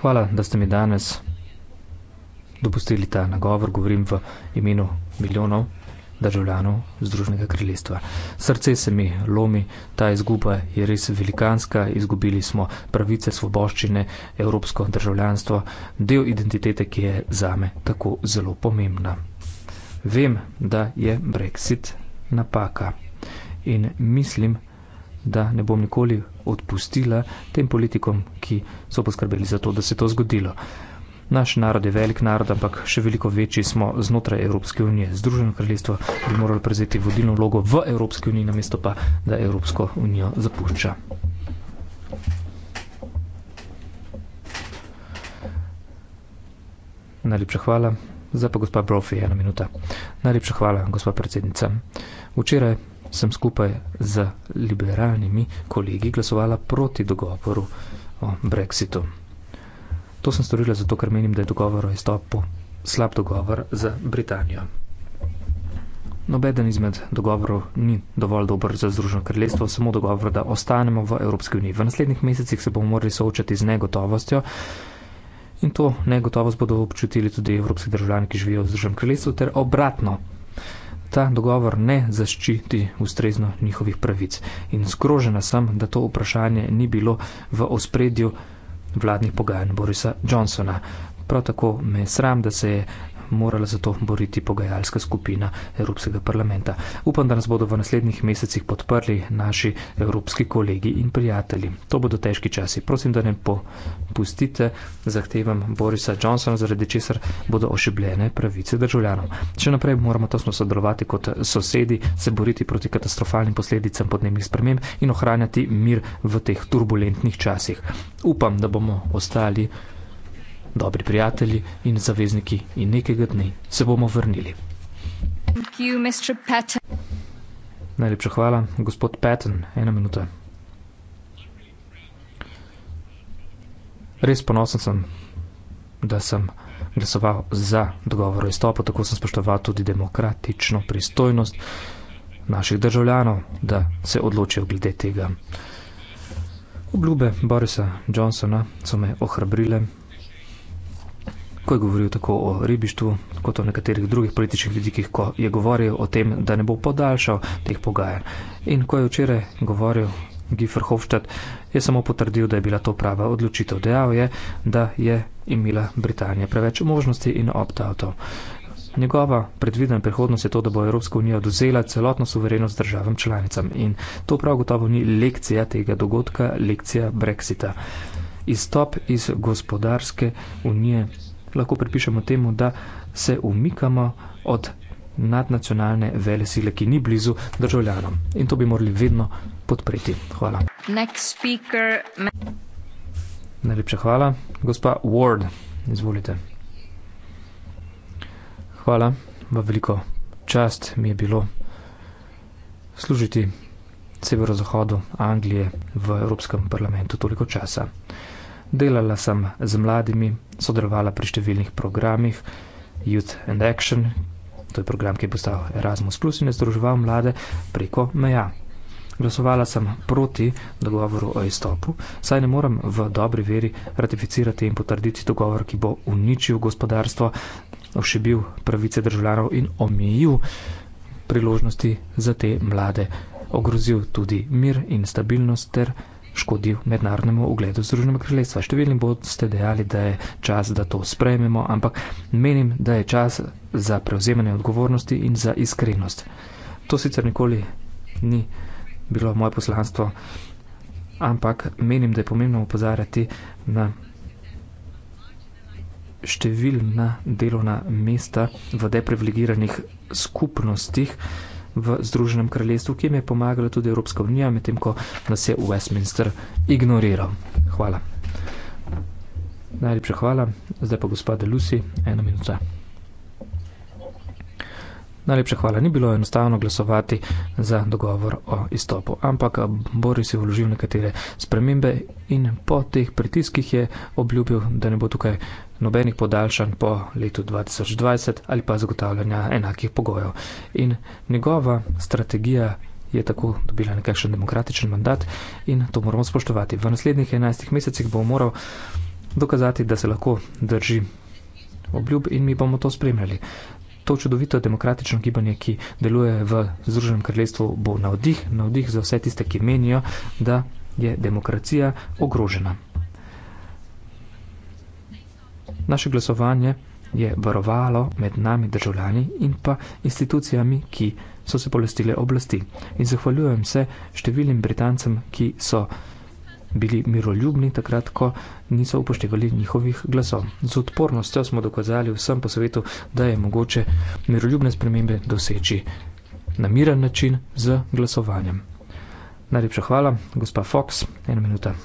Hvala, da ste mi danes dopustili ta nagovor, govorim v imenu milijonov državljanov Združenega kraljestva. Srce se mi lomi, ta izguba je res velikanska, izgubili smo pravice, svoboščine, evropsko državljanstvo, del identitete, ki je zame tako zelo pomembna. Vem, da je Brexit napaka in mislim, da ne bom nikoli odpustila tem politikom, ki so poskrbeli za to, da se to zgodilo. Naš narod je velik narod, ampak še veliko večji smo znotraj Evropske unije. Združeno kraljestvo bi moralo prevzeti vodilno vlogo v Evropski uniji, namesto pa, da Evropsko unijo zapušča. Najlepša hvala. Zdaj pa gospa Brophy, ena minuta. Najlepša hvala, gospa predsednica. Včeraj sem skupaj z liberalnimi kolegi glasovala proti dogovoru o Brexitu. To sem storila zato, ker menim, da je dogovor o izstopu slab dogovor za Britanijo. Nobeden izmed dogovorov ni dovolj dober za Združeno kraljestvo, samo dogovor, da ostanemo v Evropski uniji. V naslednjih mesecih se bomo morali soočati z negotovostjo in to negotovost bodo občutili tudi evropski državljani, ki živijo v Združenem kraljestvu, ter obratno. Ta dogovor ne zaščiti ustrezno njihovih pravic. In zgrožena sem, da to vprašanje ni bilo v ospredju vladnih pogajanj Borisa Johnsona. Prav tako me je sram, da se je morala za to boriti pogajalska skupina Evropskega parlamenta. Upam, da nas bodo v naslednjih mesecih podprli naši evropski kolegi in prijatelji. To bodo težki časi. Prosim, da ne popustite zahtevam Borisa Johnsona, zaradi česar bodo ošibljene pravice državljanov. Še naprej moramo tesno sodelovati kot sosedi, se boriti proti katastrofalnim posledicam podnebnih sprememb in ohranjati mir v teh turbulentnih časih. Upam, da bomo ostali dobri prijatelji in zavezniki in nekega dne se bomo vrnili. You, Najlepša hvala, gospod Patton, ena minuta. Res ponosen sem, da sem glasoval za dogovor o izstopu, tako sem spoštoval tudi demokratično pristojnost naših državljanov, da se odločijo glede tega. Obljube Borisa Johnsona so me ohrabrile, ko je govoril tako o ribištvu, kot o nekaterih drugih političnih vidikih, ko je govoril o tem, da ne bo podaljšal teh pogajanj. In ko je včeraj govoril Giffer Hofstadt, je samo potrdil, da je bila to prava odločitev. Dejal je, da je imela Britanija preveč možnosti in opt-outov. Njegova predvidena prihodnost je to, da bo Evropska unija oduzela celotno suverenost državam članicam. In to prav gotovo ni lekcija tega dogodka, lekcija Brexita. Izstop iz gospodarske unije lahko pripišemo temu, da se umikamo od nadnacionalne vele sile, ki ni blizu državljanom. In to bi morali vedno podpreti. Hvala. Najlepša hvala. Gospa Ward, izvolite. Hvala, v veliko čast mi je bilo služiti severozahodu Anglije v Evropskem parlamentu toliko časa. Delala sem z mladimi, sodelovala pri številnih programih Youth and Action, to je program, ki je postal Erasmus, in je združeval mlade preko meja. Glasovala sem proti dogovoru o izstopu, saj ne morem v dobri veri ratificirati in potrditi dogovor, ki bo uničil gospodarstvo, ošibil pravice državljanov in omejil priložnosti za te mlade, ogrozil tudi mir in stabilnost ter stabilnost škodil mednarodnemu ugledu Združenega kraljestva. Številni boste dejali, da je čas, da to sprejmemo, ampak menim, da je čas za prevzemanje odgovornosti in za iskrenost. To sicer nikoli ni bilo moje poslanstvo, ampak menim, da je pomembno upozarjati na številna delovna mesta v deprivilegiranih skupnostih, v Združenem kraljestvu, ki jim je pomagala tudi Evropska unija, medtem ko nas je Westminster ignoriral. Hvala. Najlepša hvala. Zdaj pa gospode Lucy, ena minuta. Najlepša hvala. Ni bilo enostavno glasovati za dogovor o izstopu, ampak Boris je vložil nekatere spremembe in po teh pritiskih je obljubil, da ne bo tukaj nobenih podaljšanj po letu 2020 ali pa zagotavljanja enakih pogojev. In njegova strategija je tako dobila nekakšen demokratičen mandat in to moramo spoštovati. V naslednjih 11 mesecih bo moral dokazati, da se lahko drži obljub in mi bomo to spremljali. To čudovito demokratično gibanje, ki deluje v Združenem kraljestvu, bo navdih, navdih za vse tiste, ki menijo, da je demokracija ogrožena. Naše glasovanje je varovalo med nami državljani in pa institucijami, ki so se polestile oblasti. In zahvaljujem se številnim Britancem, ki so bili miroljubni takrat, ko niso upoštevali njihovih glasov. Z odpornostjo smo dokazali vsem po svetu, da je mogoče miroljubne spremembe doseči na miren način z glasovanjem. Najlepša hvala, gospa Fox, ena minuta.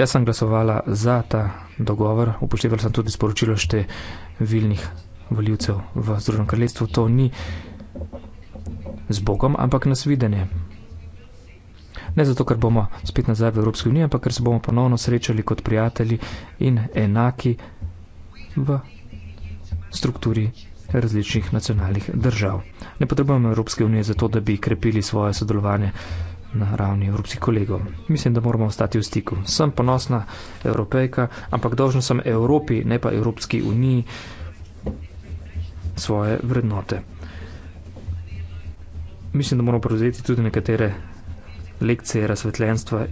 Jaz sem glasovala za ta dogovor, upoštevala sem tudi sporočilo številnih voljivcev v Združenem kraljestvu. To ni z Bogom, ampak nas videnje. Ne zato, ker bomo spet nazaj v Evropski uniji, ampak ker se bomo ponovno srečali kot prijatelji in enaki v strukturi različnih nacionalnih držav. Ne potrebujemo Evropske unije zato, da bi krepili svoje sodelovanje na ravni evropskih kolegov. Mislim, da moramo ostati v stiku. Sem ponosna evropejka, ampak dolžna sem Evropi, ne pa Evropski uniji, svoje vrednote. Mislim, da moramo prevzeti tudi nekatere lekcije razsvetljenstva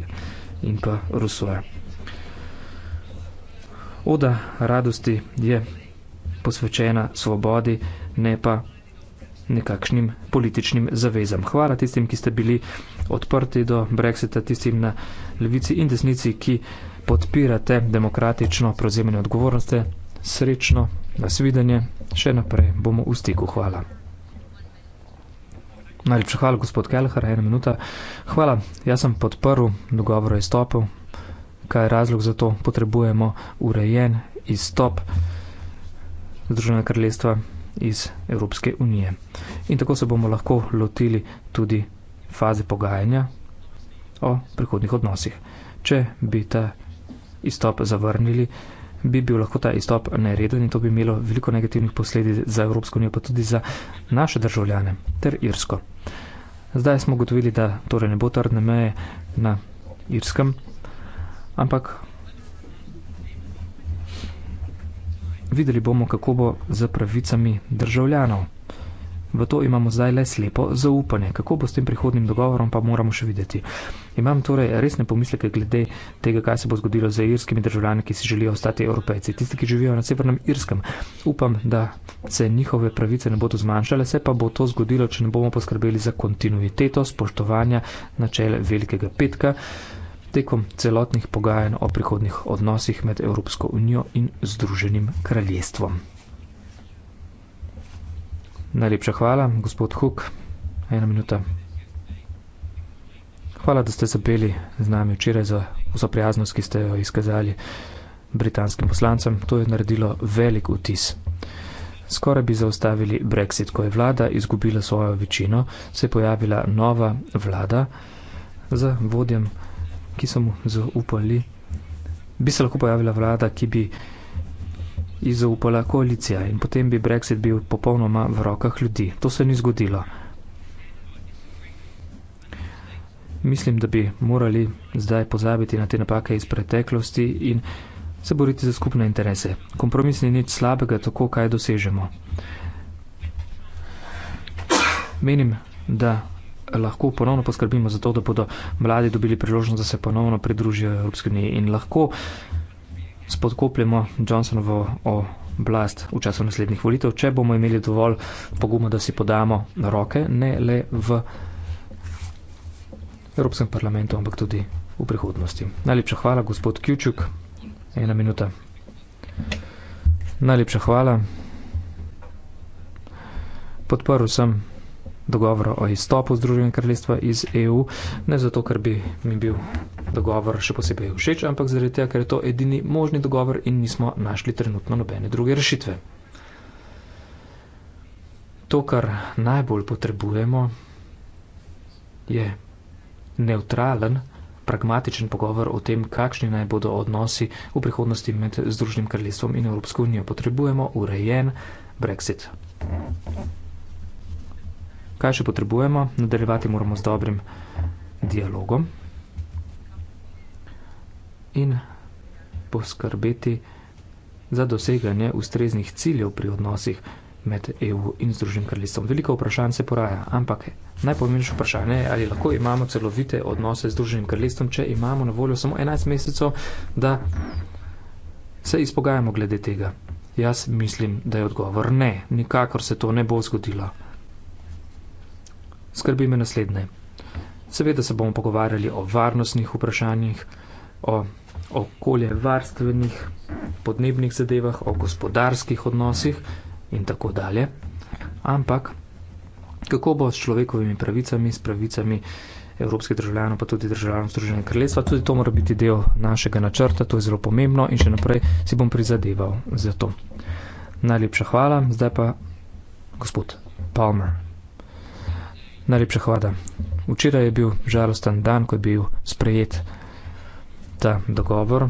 in pa rusoja. Oda radosti je posvečena svobodi, ne pa nekakšnim političnim zavezam. Hvala tistim, ki ste bili odprti do Brexita, tistim na levici in desnici, ki podpirate demokratično prevzemanje odgovornosti. Srečno, nasvidenje, še naprej bomo v stiku. Hvala. Najlepša hvala, gospod Kelhar, ena minuta. Hvala, jaz sem podprl, dogovor je stopil. Kaj je razlog za to? Potrebujemo urejen izstop Združenega kraljestva iz Evropske unije. In tako se bomo lahko lotili tudi faze pogajanja o prihodnih odnosih. Če bi ta izstop zavrnili, bi bil lahko ta izstop nereden in to bi imelo veliko negativnih posledic za Evropsko unijo, pa tudi za naše državljane ter Irsko. Zdaj smo gotovili, da torej ne bo trdne meje na Irskem, ampak Videli bomo, kako bo z pravicami državljanov. V to imamo zdaj le slepo zaupanje. Kako bo s tem prihodnim dogovorom, pa moramo še videti. Imam torej resne pomisleke glede tega, kaj se bo zgodilo z irskimi državljani, ki si želijo ostati evropejci. Tisti, ki živijo na severnem Irskem, upam, da se njihove pravice ne bodo zmanjšale, se pa bo to zgodilo, če ne bomo poskrbeli za kontinuiteto spoštovanja načel velikega petka tekom celotnih pogajanj o prihodnih odnosih med Evropsko unijo in Združenim kraljestvom. Najlepša hvala, gospod Huk. Ena minuta. Hvala, da ste zapeli z nami včeraj za vso prijaznost, ki ste jo izkazali britanskim poslancem. To je naredilo velik vtis. Skoraj bi zaustavili Brexit, ko je vlada izgubila svojo večino, se je pojavila nova vlada za vodjem ki so mu zaupali. Bi se lahko pojavila vlada, ki bi izupala koalicija in potem bi Brexit bil popolnoma v rokah ljudi. To se ni zgodilo. Mislim, da bi morali zdaj pozabiti na te napake iz preteklosti in se boriti za skupne interese. Kompromis ni nič slabega, tako kaj dosežemo. Menim, da lahko ponovno poskrbimo za to, da bodo mladi dobili priložnost, da se ponovno pridružijo Evropski uniji in lahko spodkopljemo Johnsonovo oblast v času naslednjih volitev, če bomo imeli dovolj poguma, da si podamo roke, ne le v Evropskem parlamentu, ampak tudi v prihodnosti. Najlepša hvala, gospod Kjučuk. Ena minuta. Najlepša hvala. Podporil sem dogovor o izstopu Združenega kraljestva iz EU, ne zato, ker bi mi bil dogovor še posebej všeč, ampak zaradi tega, ker je to edini možni dogovor in nismo našli trenutno nobene druge rešitve. To, kar najbolj potrebujemo, je neutralen, pragmatičen pogovor o tem, kakšni naj bodo odnosi v prihodnosti med Združenim kraljestvom in Evropsko unijo. Potrebujemo urejen Brexit. Thank you kaj še potrebujemo, nadaljevati moramo z dobrim dialogom in poskrbeti za doseganje ustreznih ciljev pri odnosih med EU in Združenim kraljestvom. Veliko vprašanj se poraja, ampak najpomembnejše vprašanje je, ali lahko imamo celovite odnose z Združenim kraljestvom, če imamo na voljo samo 11 mesecev, da se izpogajamo glede tega. Jaz mislim, da je odgovor ne, nikakor se to ne bo zgodilo skrbi me naslednje. Seveda se bomo pogovarjali o varnostnih vprašanjih, o okolje varstvenih, podnebnih zadevah, o gospodarskih odnosih in tako dalje. Ampak kako bo s človekovimi pravicami, s pravicami evropskih državljanov, pa tudi državljanov Združenega kraljestva, tudi to mora biti del našega načrta, to je zelo pomembno in še naprej si bom prizadeval za to. Najlepša hvala, zdaj pa gospod Palmer. Najlepša hvala. Včeraj je bil žalosten dan, ko je bil sprejet ta dogovor.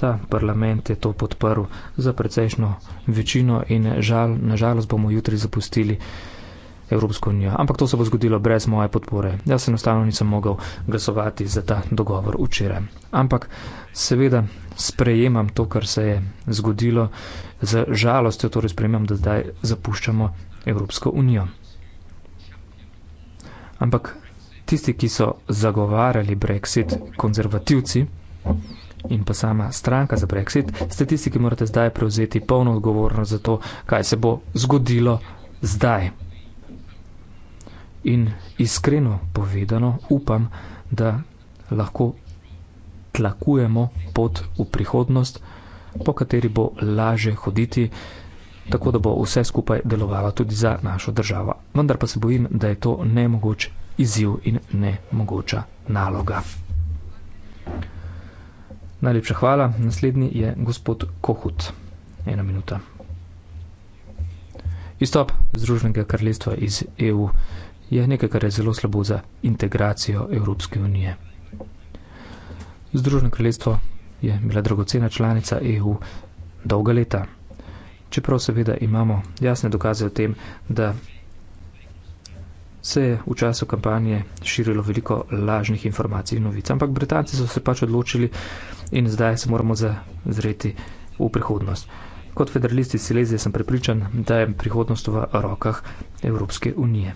Ta parlament je to podprl za precejšno večino in žal, nažalost bomo jutri zapustili Evropsko unijo. Ampak to se bo zgodilo brez moje podpore. Jaz enostavno nisem mogel glasovati za ta dogovor včeraj. Ampak seveda sprejemam to, kar se je zgodilo. Z žalostjo torej sprejemam, da zdaj zapuščamo Evropsko unijo. Ampak tisti, ki so zagovarjali Brexit, konzervativci in pa sama stranka za Brexit, ste tisti, ki morate zdaj prevzeti polno odgovornost za to, kaj se bo zgodilo zdaj. In iskreno povedano, upam, da lahko tlakujemo pot v prihodnost, po kateri bo laže hoditi tako da bo vse skupaj delovalo tudi za našo državo. Vendar pa se bojim, da je to nemogoč izziv in nemogoča naloga. Najlepša hvala. Naslednji je gospod Kohut. Ena minuta. Izstop Združenega kraljestva iz EU je nekaj, kar je zelo slabo za integracijo Evropske unije. Združeno kraljestvo je bila dragocena članica EU dolga leta. Čeprav seveda imamo jasne dokaze o tem, da se je v času kampanje širilo veliko lažnih informacij in novic. Ampak Britanci so se pač odločili in zdaj se moramo zazreti v prihodnost. Kot federalist iz Silezije sem prepričan, da je prihodnost v rokah Evropske unije.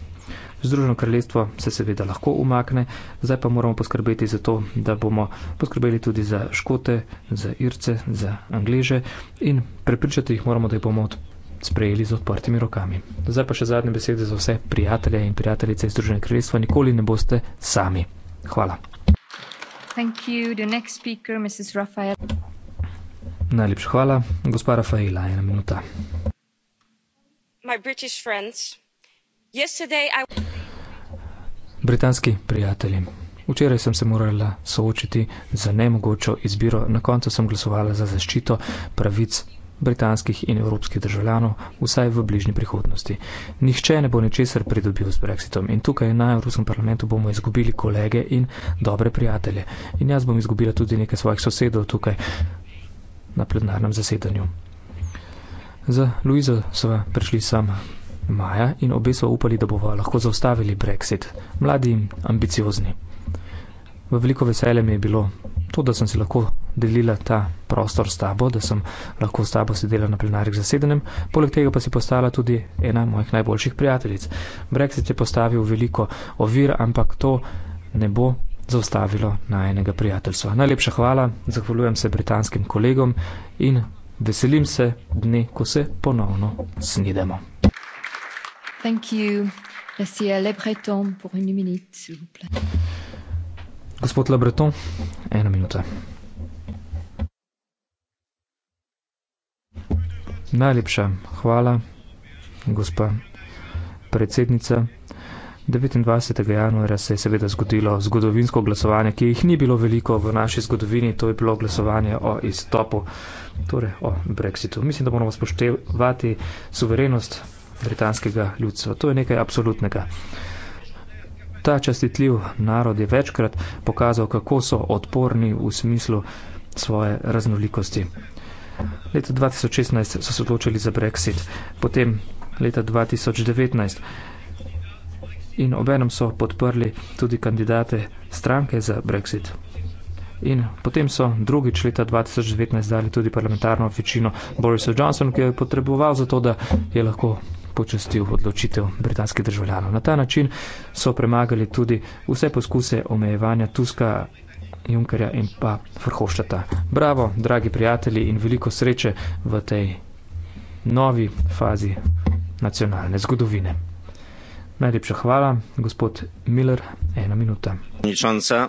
Združeno kraljestvo se seveda lahko umakne, zdaj pa moramo poskrbeti za to, da bomo poskrbeli tudi za škote, za irce, za angleže in prepričati jih moramo, da jih bomo sprejeli z odprtimi rokami. Zdaj pa še zadnje besede za vse prijatelje in prijateljice iz Združenega kraljestva. Nikoli ne boste sami. Hvala. Thank you. The next speaker, Mrs. Rafael. Najlepša hvala. Gospa Rafaela, ena minuta. My British friends, yesterday I... Britanski prijatelji, včeraj sem se morala soočiti z nemogočo izbiro, na koncu sem glasovala za zaščito pravic britanskih in evropskih državljanov, vsaj v bližnji prihodnosti. Nihče ne bo ničesar pridobil s Brexitom in tukaj na Evropskem parlamentu bomo izgubili kolege in dobre prijatelje. In jaz bom izgubila tudi nekaj svojih sosedov tukaj na plenarnem zasedanju. Za Luizo sva prišli sama maja in obe so upali, da bova lahko zaustavili brexit. Mladi in ambiciozni. V veliko veselje mi je bilo to, da sem si lahko delila ta prostor s tabo, da sem lahko s tabo sedela na plenarjih zasedenem, poleg tega pa si postala tudi ena mojih najboljših prijateljic. Brexit je postavil veliko ovir, ampak to ne bo zaustavilo najenega prijateljstva. Najlepša hvala, zahvaljujem se britanskim kolegom in veselim se dne, ko se ponovno snidemo. Gospod Le Breton, ena minuta. Najlepša hvala, gospa predsednica. 29. januarja se je seveda zgodilo zgodovinsko glasovanje, ki jih ni bilo veliko v naši zgodovini, to je bilo glasovanje o izstopu, torej o Brexitu. Mislim, da moramo spoštevati suverenost britanskega ljudstva. To je nekaj absolutnega. Ta častitljiv narod je večkrat pokazal, kako so odporni v smislu svoje raznolikosti. Leta 2016 so se odločili za Brexit, potem leta 2019 in obenem so podprli tudi kandidate stranke za Brexit. In potem so drugič leta 2019 dali tudi parlamentarno večino Borisa Johnsona, ki jo je potreboval za to, da je lahko počastil odločitev britanskih državljanov. Na ta način so premagali tudi vse poskuse omejevanja Tuska, Junkerja in pa Vrhoštata. Bravo, dragi prijatelji, in veliko sreče v tej novi fazi nacionalne zgodovine. Najlepša hvala, gospod Miller, ena minuta. Ničonca,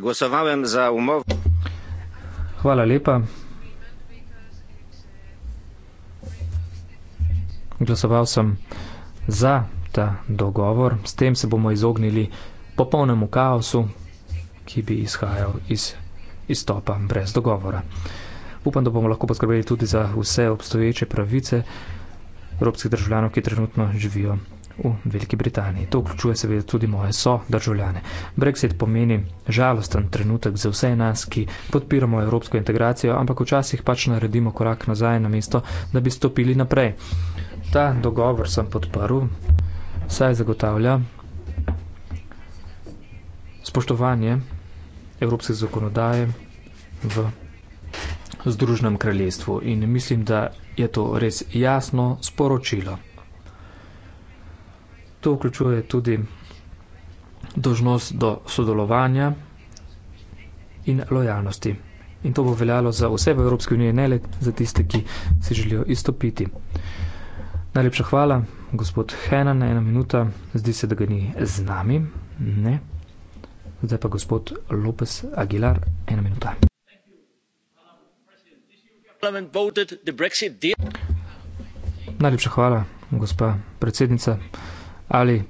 glasovalem za umov. Hvala lepa. glasoval sem za ta dogovor. S tem se bomo izognili popolnemu kaosu, ki bi izhajal iz izstopa brez dogovora. Upam, da bomo lahko poskrbeli tudi za vse obstoječe pravice evropskih državljanov, ki trenutno živijo v Veliki Britaniji. To vključuje seveda tudi moje so državljane. Brexit pomeni žalosten trenutek za vse nas, ki podpiramo evropsko integracijo, ampak včasih pač naredimo korak nazaj na mesto, da bi stopili naprej ta dogovor sem podparil, saj zagotavlja spoštovanje evropske zakonodaje v Združnem kraljestvu in mislim, da je to res jasno sporočilo. To vključuje tudi dožnost do sodelovanja in lojalnosti. In to bo veljalo za vse v Evropski uniji, ne le za tiste, ki se želijo izstopiti. Najlepša hvala, gospod Henan, ena minuta. Zdi se, da ga ni z nami. Ne. Zdaj pa gospod Lopez Aguilar, ena minuta. Najlepša hvala, gospa predsednica. Ali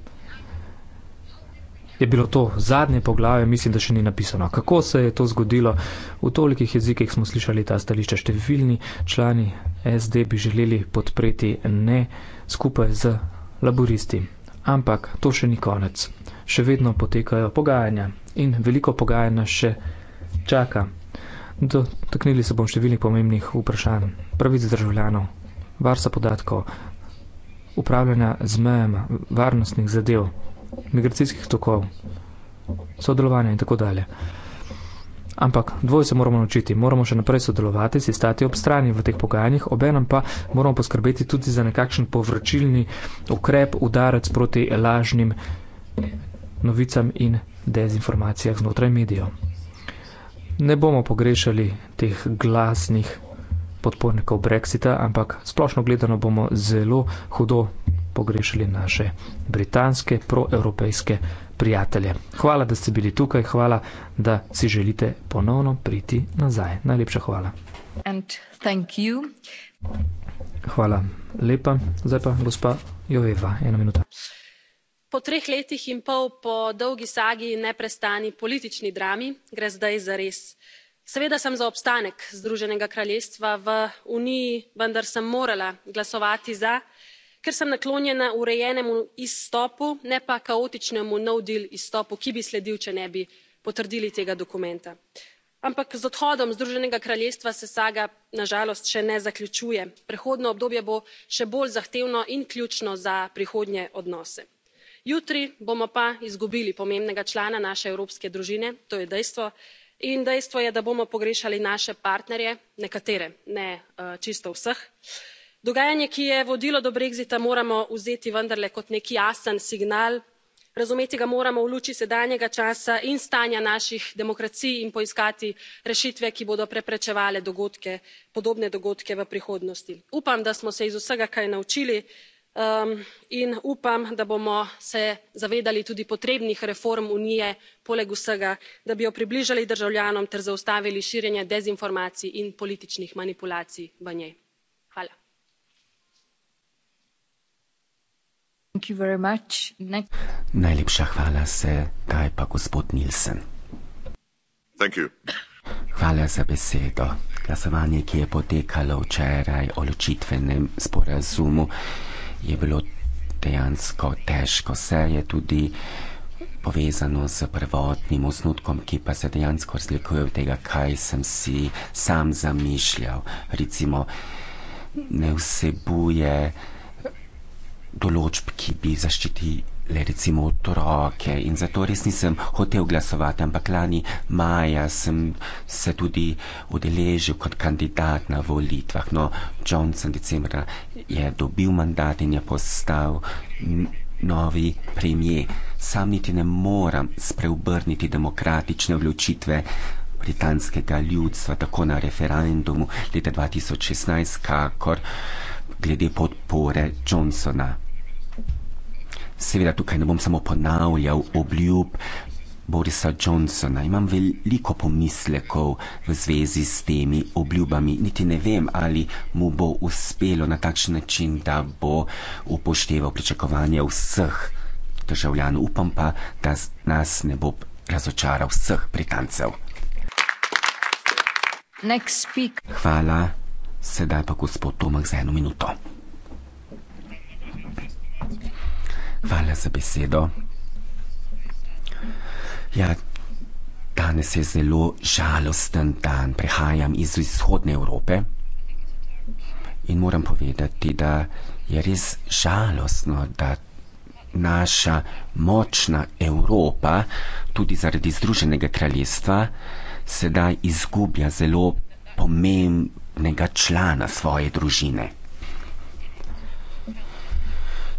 je bilo to zadnje poglavje, mislim, da še ni napisano. Kako se je to zgodilo? V tolikih jezikih smo slišali ta stališča. Številni člani SD bi želeli podpreti ne skupaj z laboristi. Ampak to še ni konec. Še vedno potekajo pogajanja in veliko pogajanja še čaka. Dotaknili se bom številnih pomembnih vprašanj. Pravic državljanov, varstva podatkov, upravljanja z mejem, varnostnih zadev, migracijskih tokov, sodelovanja in tako dalje. Ampak dvoje se moramo naučiti, moramo še naprej sodelovati, si stati ob strani v teh pogajanjih, obenem pa moramo poskrbeti tudi za nekakšen povračilni ukrep, udarec proti lažnim novicam in dezinformacijah znotraj medijev. Ne bomo pogrešali teh glasnih podpornikov Brexita, ampak splošno gledano bomo zelo hudo pogrešali naše britanske, proevropejske prijatelje. Hvala, da ste bili tukaj, hvala, da si želite ponovno priti nazaj. Najlepša hvala. Hvala lepa. Zdaj pa gospa Joeva, ena minuta. Po treh letih in pol po dolgi sagi in neprestani politični drami gre zdaj za res. Seveda sem za obstanek Združenega kraljestva v Uniji, vendar sem morala glasovati za, ker sem naklonjena urejenemu izstopu ne pa kaotičnemu no deal izstopu ki bi sledil če ne bi potrdili tega dokumenta. ampak z odhodom združenega kraljestva se saga na žalost še ne zaključuje prehodno obdobje bo še bolj zahtevno in ključno za prihodnje odnose. jutri bomo pa izgubili pomembnega člana naše evropske družine to je dejstvo in dejstvo je da bomo pogrešali naše partnerje nekatere ne eh, čisto vseh dogajanje ki je vodilo do brexita moramo vzeti vendarle kot nek jasen signal razumeti ga moramo v luči sedanjega časa in stanja naših demokracij in poiskati rešitve ki bodo preprečevale dogodke podobne dogodke v prihodnosti. upam da smo se iz vsega kaj naučili um, in upam da bomo se zavedali tudi potrebnih reform unije poleg vsega da bi jo približali državljanom ter zaustavili širjenje dezinformacij in političnih manipulacij v njej. Thank you very much. Ne Najlepša hvala se, kaj pa gospod Nilsen. Thank you. Hvala za besedo. Glasovanje, ki je potekalo včeraj o ločitvenem sporazumu, je bilo dejansko težko. Vse je tudi povezano s prvotnim osnutkom, ki pa se dejansko razlikuje od tega, kaj sem si sam zamišljal. Recimo, ne vsebuje določb, ki bi zaščitili recimo otroke in zato res nisem hotel glasovati, ampak lani maja sem se tudi udeležil kot kandidat na volitvah. No, Johnson decembra je dobil mandat in je postal novi premijer. Sam niti ne moram spreobrniti demokratične vločitve britanskega ljudstva tako na referendumu leta 2016, kakor glede podpore Johnsona. Seveda tukaj ne bom samo ponavljal obljub Borisa Johnsona. Imam veliko pomislekov v zvezi s temi obljubami. Niti ne vem, ali mu bo uspelo na takšen način, da bo upošteval pričakovanja vseh državljanov. Upam pa, da nas ne bo razočaral vseh Britancev. Hvala. Sedaj pa gospod Tomek za eno minuto. Hvala za besedo. Ja, danes je zelo žalosten dan. Prihajam iz vzhodne Evrope in moram povedati, da je res žalostno, da naša močna Evropa, tudi zaradi Združenega kraljestva, sedaj izgublja zelo pomemb, enega člana svoje družine.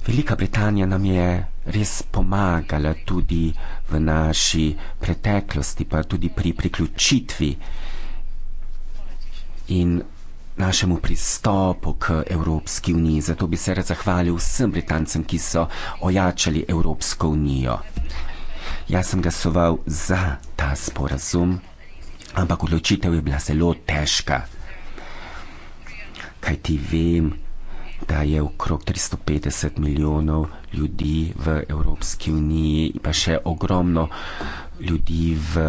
Velika Britanija nam je res pomagala tudi v naši preteklosti, pa tudi pri priključitvi in našemu pristopu k Evropski uniji. Zato bi se rad zahvalil vsem Britancem, ki so ojačali Evropsko unijo. Jaz sem glasoval za ta sporazum, ampak odločitev je bila zelo težka kaj ti vem, da je okrog 350 milijonov ljudi v Evropski uniji, pa še ogromno ljudi v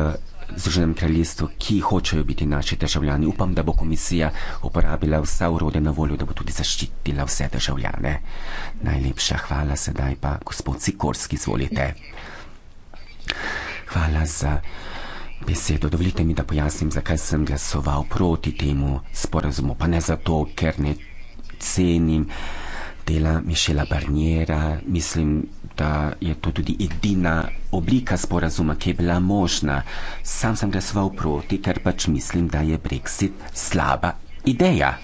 Združenem kraljestvu, ki hočejo biti naši državljani. Upam, da bo komisija uporabila vsa urode na voljo, da bo tudi zaščitila vse državljane. Najlepša hvala sedaj pa, gospod Sikorski, izvolite. Hvala za besedo. Dovolite mi, da pojasnim, zakaj sem glasoval proti temu sporazumu. Pa ne zato, ker ne cenim dela Mišela Barniera. Mislim, da je to tudi edina oblika sporazuma, ki je bila možna. Sam sem glasoval proti, ker pač mislim, da je Brexit slaba ideja.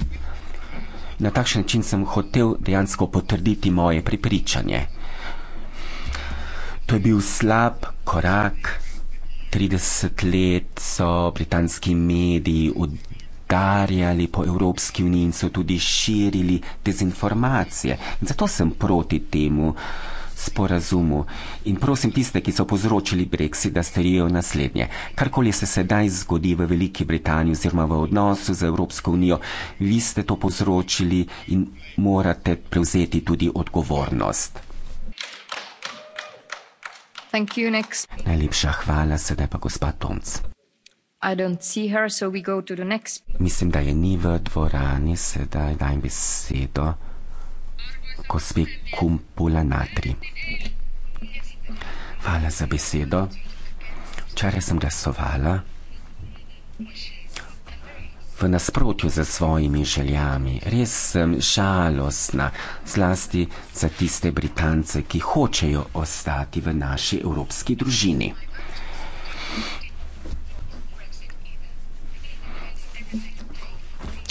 Na takšen način sem hotel dejansko potrditi moje prepričanje. To je bil slab korak 30 let so britanski mediji udarjali po Evropski uniji in so tudi širili dezinformacije. Zato sem proti temu sporazumu. In prosim tiste, ki so povzročili Brexit, da storijo naslednje. Karkoli se sedaj zgodi v Veliki Britaniji oziroma v odnosu z Evropsko unijo, vi ste to povzročili in morate prevzeti tudi odgovornost. Najlepša hvala, sedaj pa gospa Tomc. Her, so to Mislim, da je ni v dvorani, sedaj dajem besedo gospe Kumpula Natri. Hvala za besedo. Včeraj sem glasovala v nasprotju za svojimi željami, res sem žalostna, zlasti za tiste Britance, ki hočejo ostati v naši evropski družini.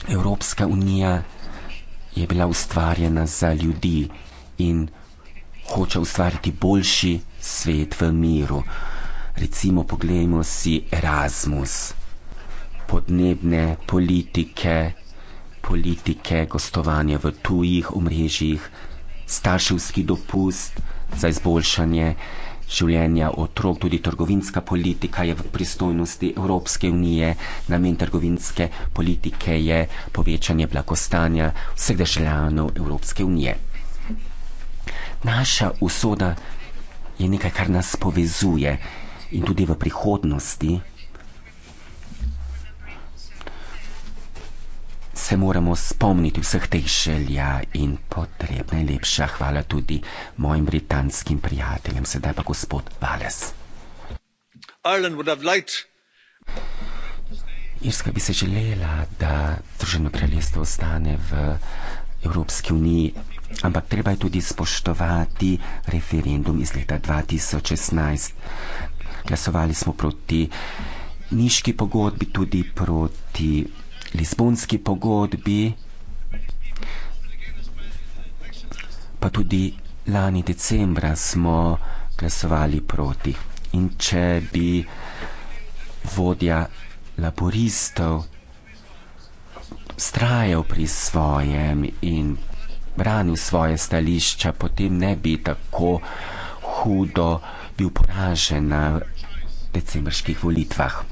Evropska unija je bila ustvarjena za ljudi in hoče ustvariti boljši svet v miru. Recimo, poglejmo si Erasmus podnebne politike, politike gostovanja v tujih omrežjih, starševski dopust za izboljšanje življenja otrok, tudi trgovinska politika je v pristojnosti Evropske unije, namen trgovinske politike je povečanje blagostanja vseh državljanov Evropske unije. Naša usoda je nekaj, kar nas povezuje in tudi v prihodnosti. se moramo spomniti vseh teh želja in potreb. Najlepša hvala tudi mojim britanskim prijateljem. Sedaj pa gospod Vales. Irska bi se želela, da Združeno kraljestvo ostane v Evropski uniji, ampak treba je tudi spoštovati referendum iz leta 2016. Glasovali smo proti niški pogodbi, tudi proti Lizbonski pogodbi, pa tudi lani decembra smo glasovali proti. In če bi vodja laboristov strajal pri svojem in branil svoje stališča, potem ne bi tako hudo bil poražen na decembrskih volitvah.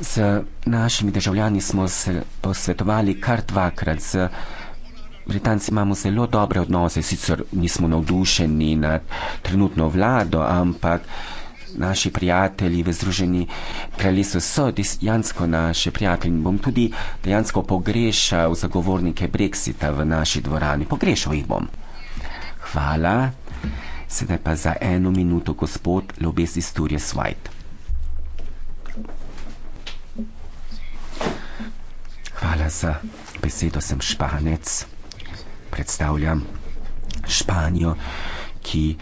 Z našimi državljani smo se posvetovali kar dvakrat. Z Britanci imamo zelo dobre odnose, sicer nismo navdušeni nad trenutno vlado, ampak naši prijatelji v Združeni kraljestvu so dejansko naši prijatelji. Bom tudi dejansko pogrešal zagovornike Brexita v naši dvorani. Pogrešal jih bom. Hvala. Sedaj pa za eno minuto gospod Lobes iz Turje Svajt. Hvala za besedo, sem španec. Predstavljam Španijo, ki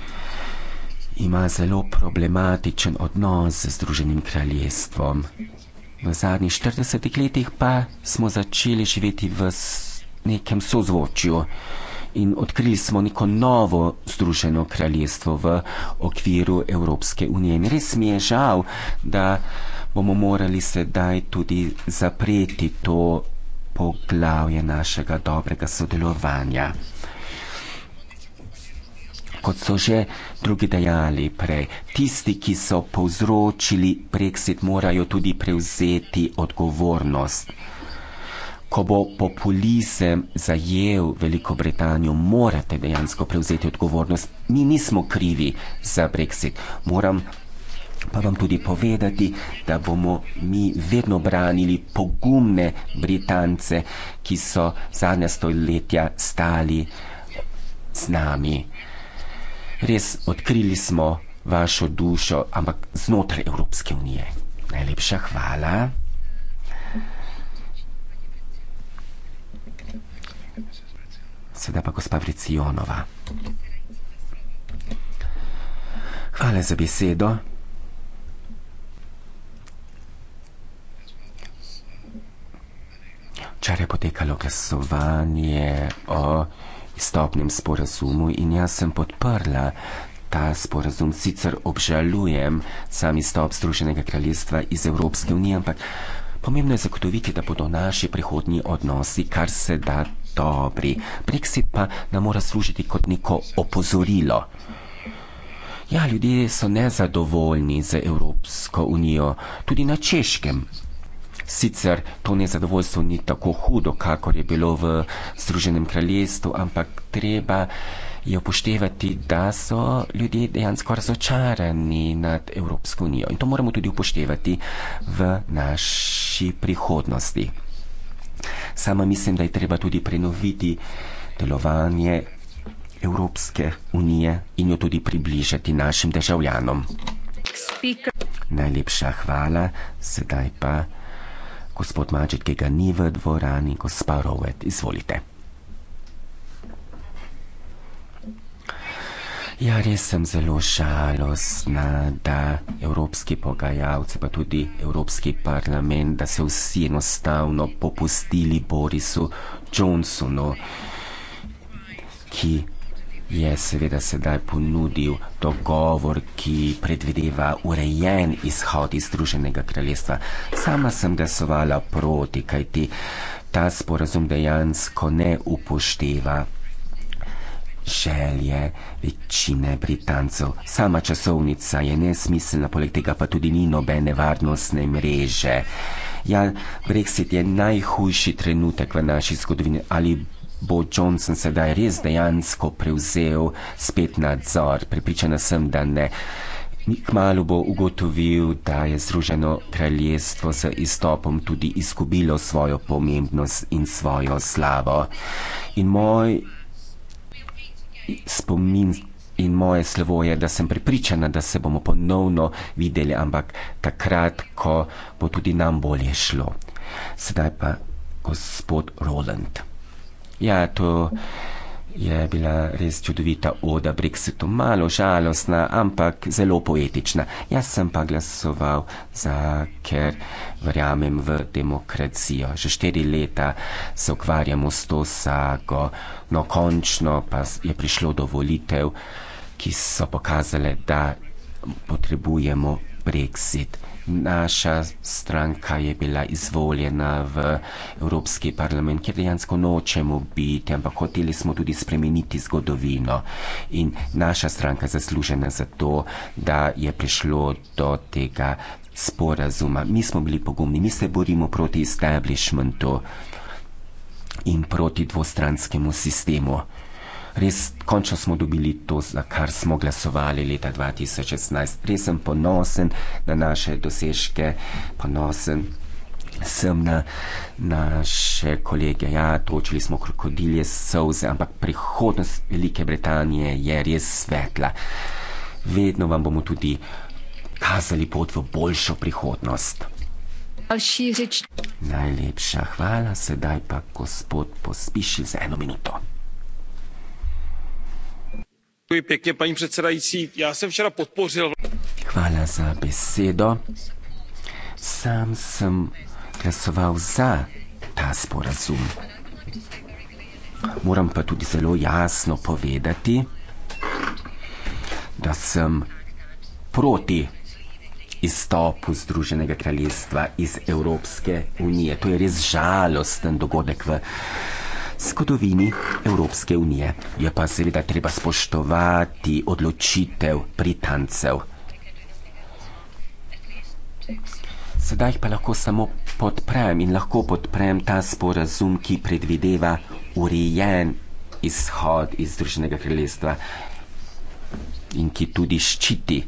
ima zelo problematičen odnos z Združenim kraljestvom. V zadnjih 40 letih pa smo začeli živeti v nekem sozvočju in odkrili smo neko novo Združeno kraljestvo v okviru Evropske unije. In res mi je žal, da bomo morali sedaj tudi zapreti to poglavje našega dobrega sodelovanja. Kot so že drugi dejali prej, tisti, ki so povzročili Brexit, morajo tudi prevzeti odgovornost. Ko bo populizem zajel Veliko Britanijo, morate dejansko prevzeti odgovornost. Mi nismo krivi za Brexit. Moram pa vam tudi povedati, da bomo mi vedno branili pogumne Britance, ki so zadnja stoletja stali z nami. Res odkrili smo vašo dušo, ampak znotraj Evropske unije. Najlepša hvala. Sedaj pa gospa Vricijonova. Hvala za besedo. če je potekalo glasovanje o stopnem sporazumu in jaz sem podprla ta sporazum. Sicer obžalujem sami stop Združenega kraljestva iz Evropske unije, ampak pomembno je zagotoviti, da bodo naši prihodnji odnosi kar se da dobri. Brexit pa nam mora služiti kot neko opozorilo. Ja, ljudje so nezadovoljni z Evropsko unijo, tudi na češkem. Sicer to nezadovoljstvo ni tako hudo, kakor je bilo v Združenem kraljestvu, ampak treba je upoštevati, da so ljudje dejansko razočarani nad Evropsko unijo in to moramo tudi upoštevati v naši prihodnosti. Sama mislim, da je treba tudi prenoviti delovanje Evropske unije in jo tudi približati našim državljanom. Speaker. Najlepša hvala, sedaj pa. Gospod Maček, ki ga ni v dvorani, gospod Rovet, izvolite. Ja, res sem zelo žalostna, da evropski pogajalci, pa tudi evropski parlament, da so vsi enostavno popustili Borisu Johnsonu, ki je seveda sedaj ponudil dogovor, ki predvideva urejen izhod iz Združenega kraljestva. Sama sem glasovala proti, kajti ta sporazum dejansko ne upošteva želje večine Britancev. Sama časovnica je nesmiselna, poleg tega pa tudi ni nobene varnostne mreže. Ja, Brexit je najhujši trenutek v naši zgodovini ali bo Johnson sedaj res dejansko prevzel spet nadzor. Pripričana sem, da ne. Nik malo bo ugotovil, da je Združeno kraljestvo z izstopom tudi izgubilo svojo pomembnost in svojo slavo. In moj spomin in moje slovo je, da sem pripričana, da se bomo ponovno videli, ampak takrat, ko bo tudi nam bolje šlo. Sedaj pa gospod Roland. Ja, to je bila res čudovita oda Brexitu. Malo žalostna, ampak zelo poetična. Jaz sem pa glasoval za, ker verjamem v demokracijo. Že štiri leta se ukvarjamo s to sago, no končno pa je prišlo do volitev, ki so pokazale, da potrebujemo Brexit naša stranka je bila izvoljena v Evropski parlament, kjer dejansko nočemo biti, ampak hoteli smo tudi spremeniti zgodovino. In naša stranka je zaslužena za to, da je prišlo do tega sporazuma. Mi smo bili pogumni, mi se borimo proti establishmentu in proti dvostranskemu sistemu res končno smo dobili to, za kar smo glasovali leta 2016. Res sem ponosen na naše dosežke, ponosen sem na naše kolege. Ja, točili smo krokodilje solze, ampak prihodnost Velike Britanije je res svetla. Vedno vam bomo tudi kazali pot v boljšo prihodnost. Najlepša hvala, sedaj pa gospod pospiši za eno minuto paní předsedající já jsem včera podpořil. Hvala za besedo. Sam sem glasoval za ta sporazum. Moram pa tudi zelo jasno povedati, da sem proti izstopu Združenega kraljestva iz Evropske unije. To je res žalosten dogodek v zgodovini Evropske unije. Je pa seveda treba spoštovati odločitev Britancev. Sedaj pa lahko samo podprem in lahko podprem ta sporazum, ki predvideva urejen izhod iz Združenega kraljestva in ki tudi ščiti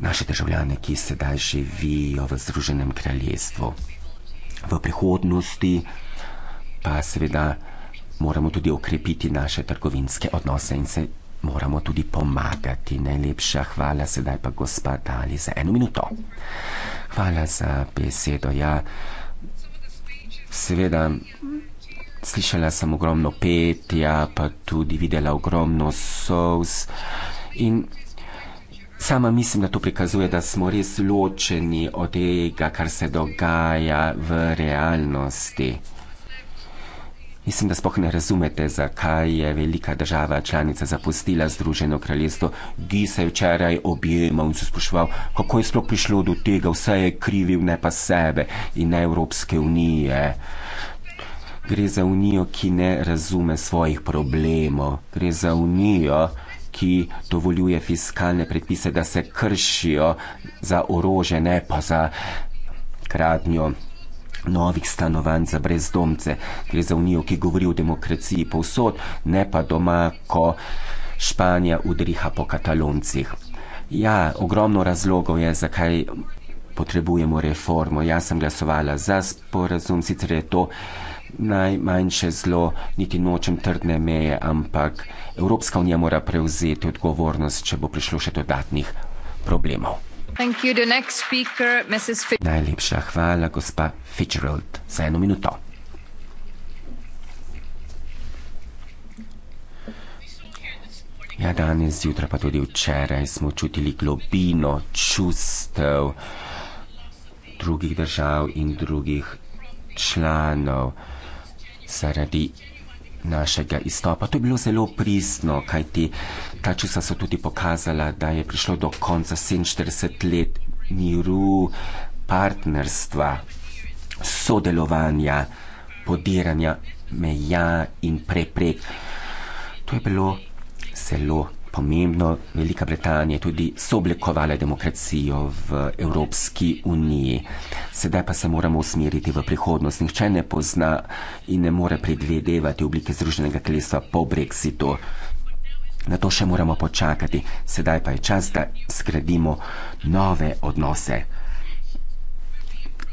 naše državljane, ki sedaj živijo v Združenem kraljestvu. V prihodnosti pa seveda moramo tudi okrepiti naše trgovinske odnose in se moramo tudi pomagati. Najlepša hvala, sedaj pa gospa Dali za eno minuto. Hvala za besedo. Ja, seveda, slišala sem ogromno petja, pa tudi videla ogromno solz in sama mislim, da to prikazuje, da smo res ločeni od tega, kar se dogaja v realnosti. Mislim, da spohne razumete, zakaj je velika država članica zapustila Združeno kraljestvo. Gi se je včeraj objemal in se spraševal, kako je sploh prišlo do tega, vse je krivil ne pa sebe in ne Evropske unije. Gre za unijo, ki ne razume svojih problemov. Gre za unijo, ki dovoljuje fiskalne predpise, da se kršijo za orože, ne pa za gradnjo novih stanovanj za brezdomce. Gre za unijo, ki govori o demokraciji povsod, ne pa doma, ko Španija udriha po kataloncih. Ja, ogromno razlogov je, zakaj potrebujemo reformo. Jaz sem glasovala za sporazum, sicer je to najmanjše zlo, niti nočem trdne meje, ampak Evropska unija mora prevzeti odgovornost, če bo prišlo še dodatnih problemov. Najlepša hvala, gospa Fitzgerald, za eno minuto. Ja, danes zjutraj, pa tudi včeraj, smo čutili globino čustev drugih držav in drugih članov zaradi našega izstopa. To je bilo zelo pristno, kajti ta čisa so tudi pokazala, da je prišlo do konca 47 let miru, partnerstva, sodelovanja, podiranja meja in preprek. To je bilo zelo pristno pomembno, Velika Britanija je tudi sooblikovala demokracijo v Evropski uniji. Sedaj pa se moramo usmeriti v prihodnost. Nihče ne pozna in ne more predvidevati oblike Združenega kraljestva po Brexitu. Na to še moramo počakati. Sedaj pa je čas, da zgradimo nove odnose.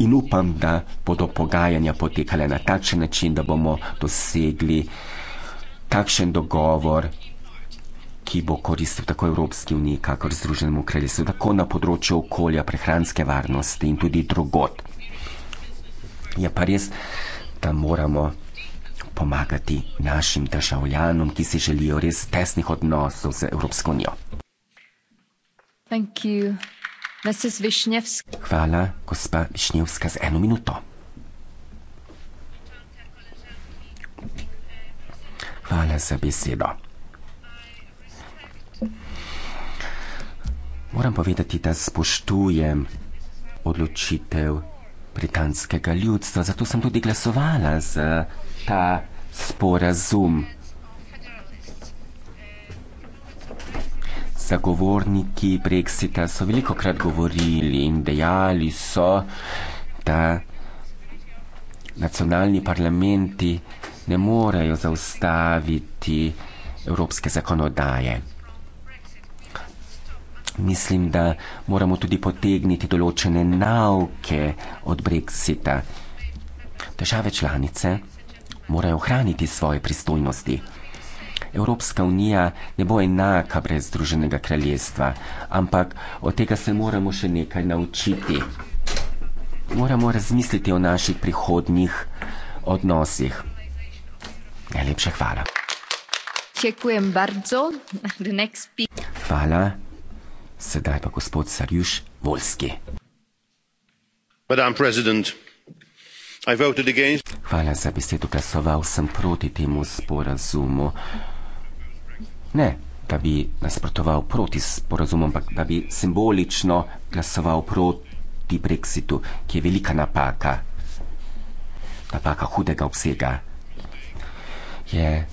In upam, da bodo pogajanja potekale na takšen način, da bomo dosegli takšen dogovor, ki bo koristil tako Evropski uniji, kakor Združenemu kraljestvu, tako na področju okolja, prehranske varnosti in tudi drugot. Je pa res, da moramo pomagati našim državljanom, ki si želijo res tesnih odnosov z Evropsko unijo. Hvala, gospa Višnjevska, z eno minuto. Hvala za besedo. Moram povedati, da spoštujem odločitev britanskega ljudstva, zato sem tudi glasovala za ta sporazum. Zagovorniki Brexita so veliko krat govorili in dejali so, da nacionalni parlamenti ne morejo zaustaviti evropske zakonodaje mislim, da moramo tudi potegniti določene nauke od Brexita. Države članice morajo ohraniti svoje pristojnosti. Evropska unija ne bo enaka brez Združenega kraljestva, ampak od tega se moramo še nekaj naučiti. Moramo razmisliti o naših prihodnjih odnosih. Najlepša hvala. Hvala. Sedaj pa gospod Sarjuš Volski. Madam President, I voted against. Hvala za besedo. Glasoval sem proti temu sporazumu. Ne, da bi nasprotoval proti sporazumu, ampak da bi simbolično glasoval proti Brexitu, ki je velika napaka. Napaka hudega obsega. Je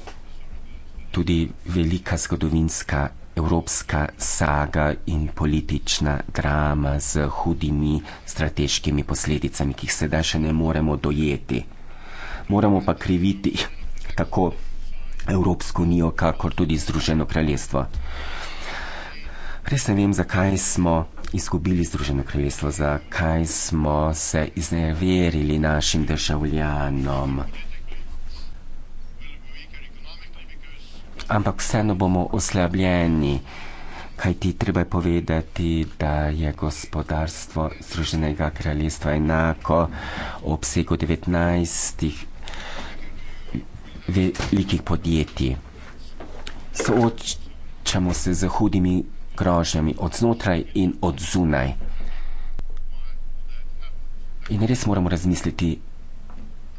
tudi velika zgodovinska evropska saga in politična drama z hudimi strateškimi posledicami, ki jih sedaj še ne moremo dojeti. Moramo pa kriviti tako Evropsko unijo, kakor tudi Združeno kraljestvo. Res ne vem, zakaj smo izgubili Združeno kraljestvo, zakaj smo se izneverili našim državljanom. ampak vseeno bomo oslabljeni. Kaj ti treba povedati, da je gospodarstvo Združenega kraljestva enako v obsegu 19 velikih podjetij? Soočamo se z hudimi grožnjami od znotraj in od zunaj. In res moramo razmisliti,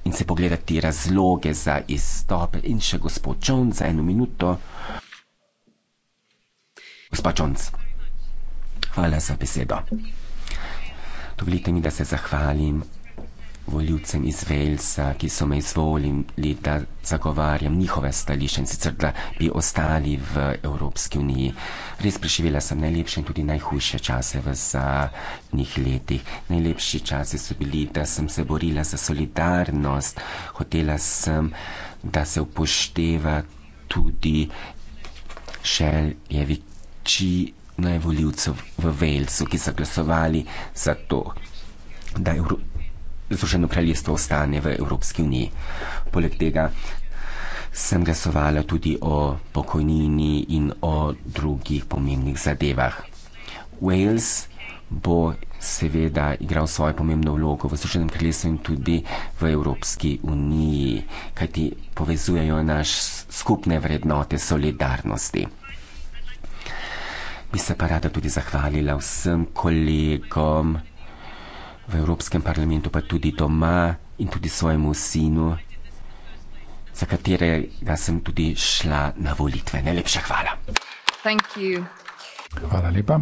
in se pogledati razloge za izstop. In še gospod Čovn za eno minuto. Gospod Čovn, hvala za besedo. Dovolite mi, da se zahvalim voljivcem iz Velsa, ki so me izvolili, da zagovarjam njihove stališče in sicer, da bi ostali v Evropski uniji. Res preživela sem najlepše in tudi najhujše čase v zadnjih letih. Najlepši časi so bili, da sem se borila za solidarnost, hotela sem, da se upošteva tudi šeljevi či najvoljivcev v Velsu, ki so glasovali za to, da Evropa Združeno kraljestvo ostane v Evropski uniji. Poleg tega sem glasovala tudi o pokojnini in o drugih pomembnih zadevah. Wales bo seveda igral svojo pomembno vlogo v Združenem kraljestvu in tudi v Evropski uniji, kajti povezujejo naš skupne vrednote solidarnosti. Bi se pa rada tudi zahvalila vsem kolegom, v Evropskem parlamentu, pa tudi doma in tudi svojemu sinu, za katerega sem tudi šla na volitve. Najlepša hvala. Hvala lepa.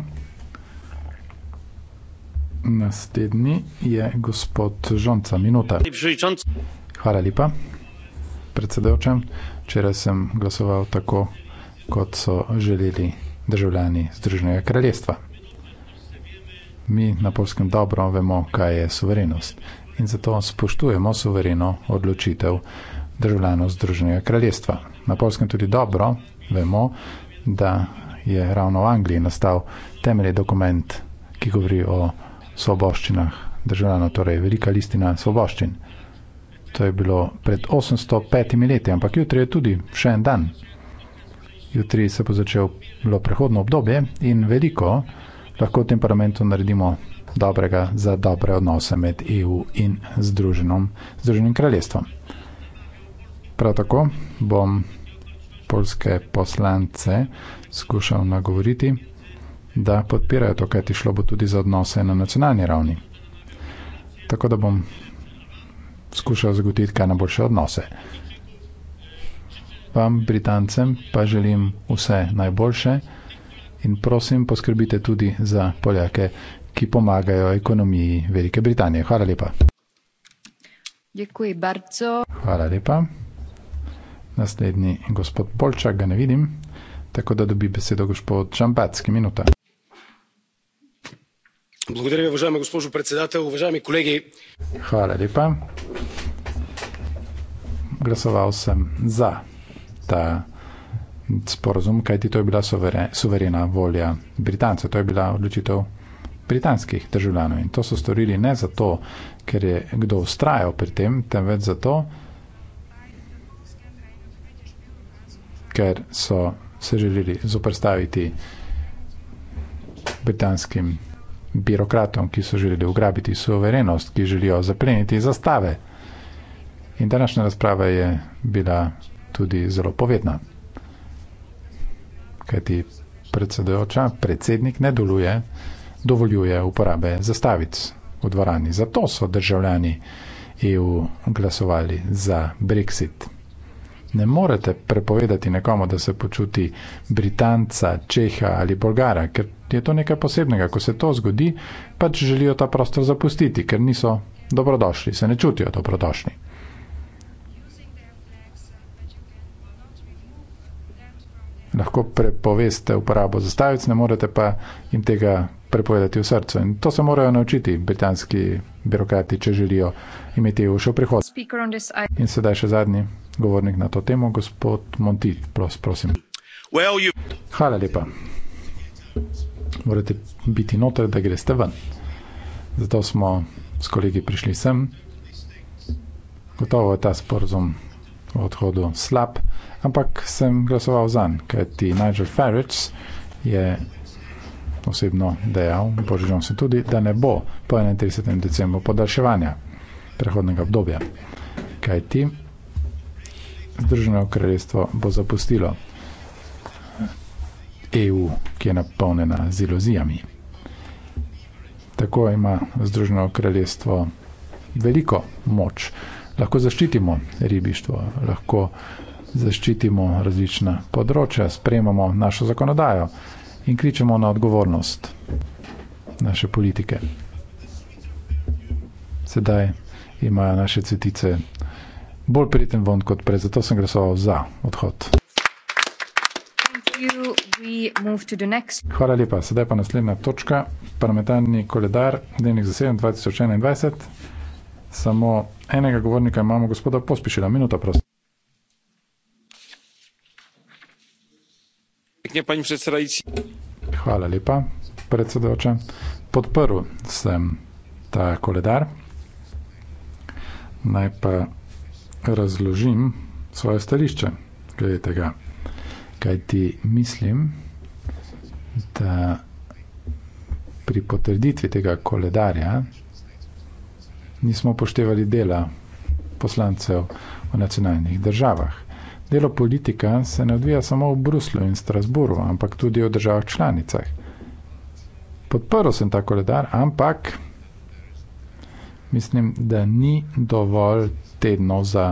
Naslednji je gospod Žonca, minuta. Hvala lepa, predsedujoča. Včeraj sem glasoval tako, kot so želeli državljani Združenega kraljestva mi na polskem dobro vemo, kaj je suverenost. In zato spoštujemo suvereno odločitev državljanov Združenega kraljestva. Na polskem tudi dobro vemo, da je ravno v Angliji nastal temeljni dokument, ki govori o svoboščinah državljanov, torej velika listina svoboščin. To je bilo pred 805 leti, ampak jutri je tudi še en dan. Jutri se bo začelo prehodno obdobje in veliko lahko v tem parlamentu naredimo dobrega za dobre odnose med EU in Združenom, Združenim kraljestvom. Prav tako bom polske poslance skušal nagovoriti, da podpirajo to, kaj ti šlo bo tudi za odnose na nacionalni ravni. Tako da bom skušal zagotoviti kaj najboljše odnose. Vam, Britancem, pa želim vse najboljše in prosim, poskrbite tudi za Poljake, ki pomagajo ekonomiji Velike Britanije. Hvala lepa. Děkuji bardzo. Hvala lepa. Naslednji gospod Polčak, ga ne vidim, tako da dobi besedo gospod Čambacki, minuta. Благодаря ви, уважаема госпожо председател, уважаеми колеги. Хваля липа. Гласовал съм за тази sporozum, kajti to je bila suverena volja Britancev, to je bila odločitev britanskih državljanov. In to so storili ne zato, ker je kdo ustrajal pri tem, temveč zato, ker so se želeli zoprstaviti britanskim birokratom, ki so želeli ugrabiti suverenost, ki želijo zapleniti zastave. In današnja razprava je bila tudi zelo povedna kajti predsedujoča, predsednik ne doluje, dovoljuje uporabe zastavic v dvorani. Zato so državljani EU glasovali za Brexit. Ne morete prepovedati nekomu, da se počuti Britanca, Čeha ali Bolgara, ker je to nekaj posebnega. Ko se to zgodi, pač želijo ta prostor zapustiti, ker niso dobrodošli, se ne čutijo dobrodošli. lahko prepoveste uporabo zastavic, ne morete pa jim tega prepovedati v srcu. In to se morajo naučiti britanski birokrati, če želijo imeti EU še v prihodnosti. In sedaj še zadnji govornik na to temo, gospod Monti, prosim. Hvala lepa. Morate biti noter, da greste ven. Zato smo s kolegi prišli sem. Gotovo je ta sporozum v odhodu slab ampak sem glasoval za njega, kajti Nigel Farage je osebno dejal, božičom se tudi, da ne bo po 31. decembru podaljševanja prehodnega obdobja, kajti Združeno kraljestvo bo zapustilo EU, ki je napolnjena z iluzijami. Tako ima Združeno kraljestvo veliko moč. Lahko zaščitimo ribištvo, lahko zaščitimo različna področja, sprejmamo našo zakonodajo in kričemo na odgovornost naše politike. Sedaj imajo naše cvetice bolj prijeten von kot prej, zato sem glasoval za odhod. Hvala lepa. Sedaj pa naslednja točka. Parlamentarni koledar, dnevnik za 7, 2021. Samo enega govornika imamo, gospoda Pospišila. Minuta, prosim. paní předsedající. Hvala lepa, predsedoča. Podprl sem ta koledar. Naj pa razložim svoje stališče glede tega, kaj ti mislim, da pri potrditvi tega koledarja nismo upoštevali dela poslancev v nacionalnih državah. Delo politika se ne odvija samo v Bruslu in Strasburu, ampak tudi v državah članicah. Podprl sem ta koledar, ampak mislim, da ni dovolj tedno za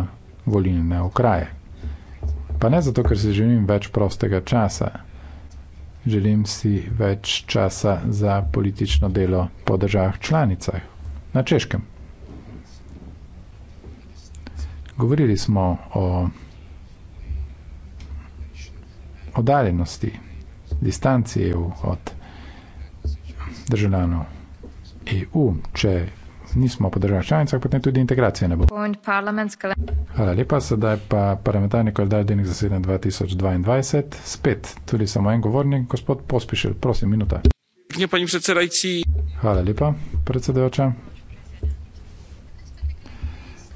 volilne okraje. Pa ne zato, ker si želim več prostega časa. Želim si več časa za politično delo po državah članicah, na češkem. Govorili smo o odaljenosti, distancije EU od državljanov EU, če nismo po državah članicah, potem tudi integracije ne bo. Hvala lepa, sedaj pa parlamentarni koledar delnih zasedanj 2022. Spet tudi samo en govornik, gospod Pospišil, prosim, minuta. Ja, Hvala lepa, predsedujoča.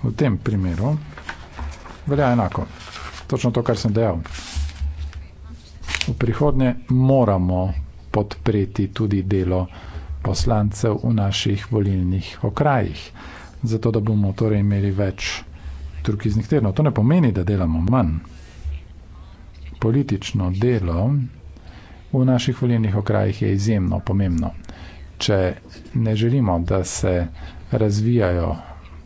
V tem primeru velja enako. Točno to, kar sem dejal v prihodnje moramo podpreti tudi delo poslancev v naših volilnih okrajih, zato da bomo torej imeli več turkiznih tednov. To ne pomeni, da delamo manj. Politično delo v naših volilnih okrajih je izjemno pomembno. Če ne želimo, da se razvijajo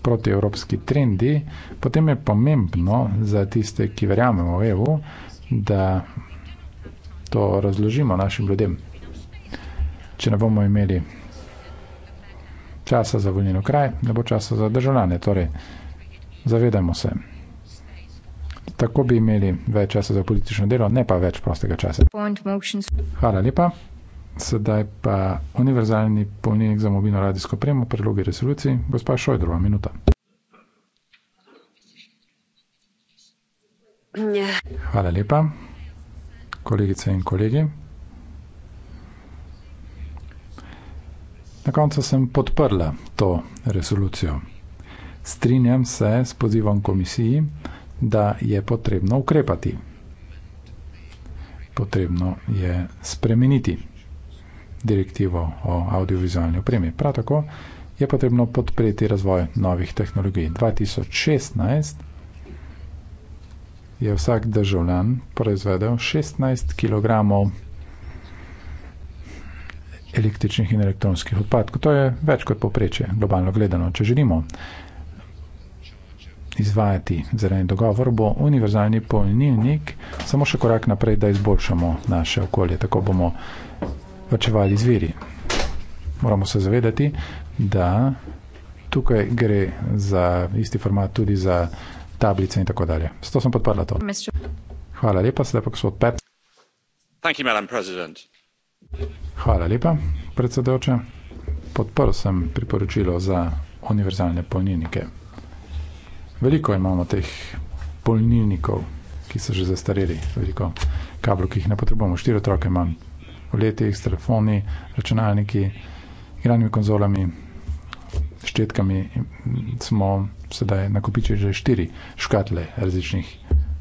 protievropski trendi, potem je pomembno za tiste, ki verjamemo v EU, da to razložimo našim ljudem. Če ne bomo imeli časa za voljeno kraj, ne bo časa za državljane. Torej, zavedamo se. Tako bi imeli več časa za politično delo, ne pa več prostega časa. Hvala lepa. Sedaj pa univerzalni polnilnik za mobilno radijsko premo, predlogi resoluciji. Gospa Šojdrova, minuta. Ja. Hvala lepa kolegice in kolegi. Na koncu sem podprla to resolucijo. Strinjam se s pozivom komisiji, da je potrebno ukrepati. Potrebno je spremeniti direktivo o audiovizualni opremi. Prav tako je potrebno podpreti razvoj novih tehnologij. 2016 je vsak državljan proizvedel 16 kg električnih in elektronskih odpadkov. To je več kot poprečje, globalno gledano. Če želimo izvajati zeleni dogovor, bo univerzalni polnilnik samo še korak naprej, da izboljšamo naše okolje. Tako bomo vrčevali zviri. Moramo se zavedati, da tukaj gre za isti format tudi za tablice in tako dalje. Zato sem podprla to. Hvala lepa, sedaj pa gospod Pep. Hvala lepa, predsedoče. Podprl sem priporočilo za univerzalne polnilnike. Veliko imamo teh polnilnikov, ki so že zastareli, veliko kablov, ki jih ne potrebujemo. Štiri otroke imam v letih s telefoni, računalniki, igranimi konzolami, ščetkami. Smo sedaj nakopičeš že štiri škatle različnih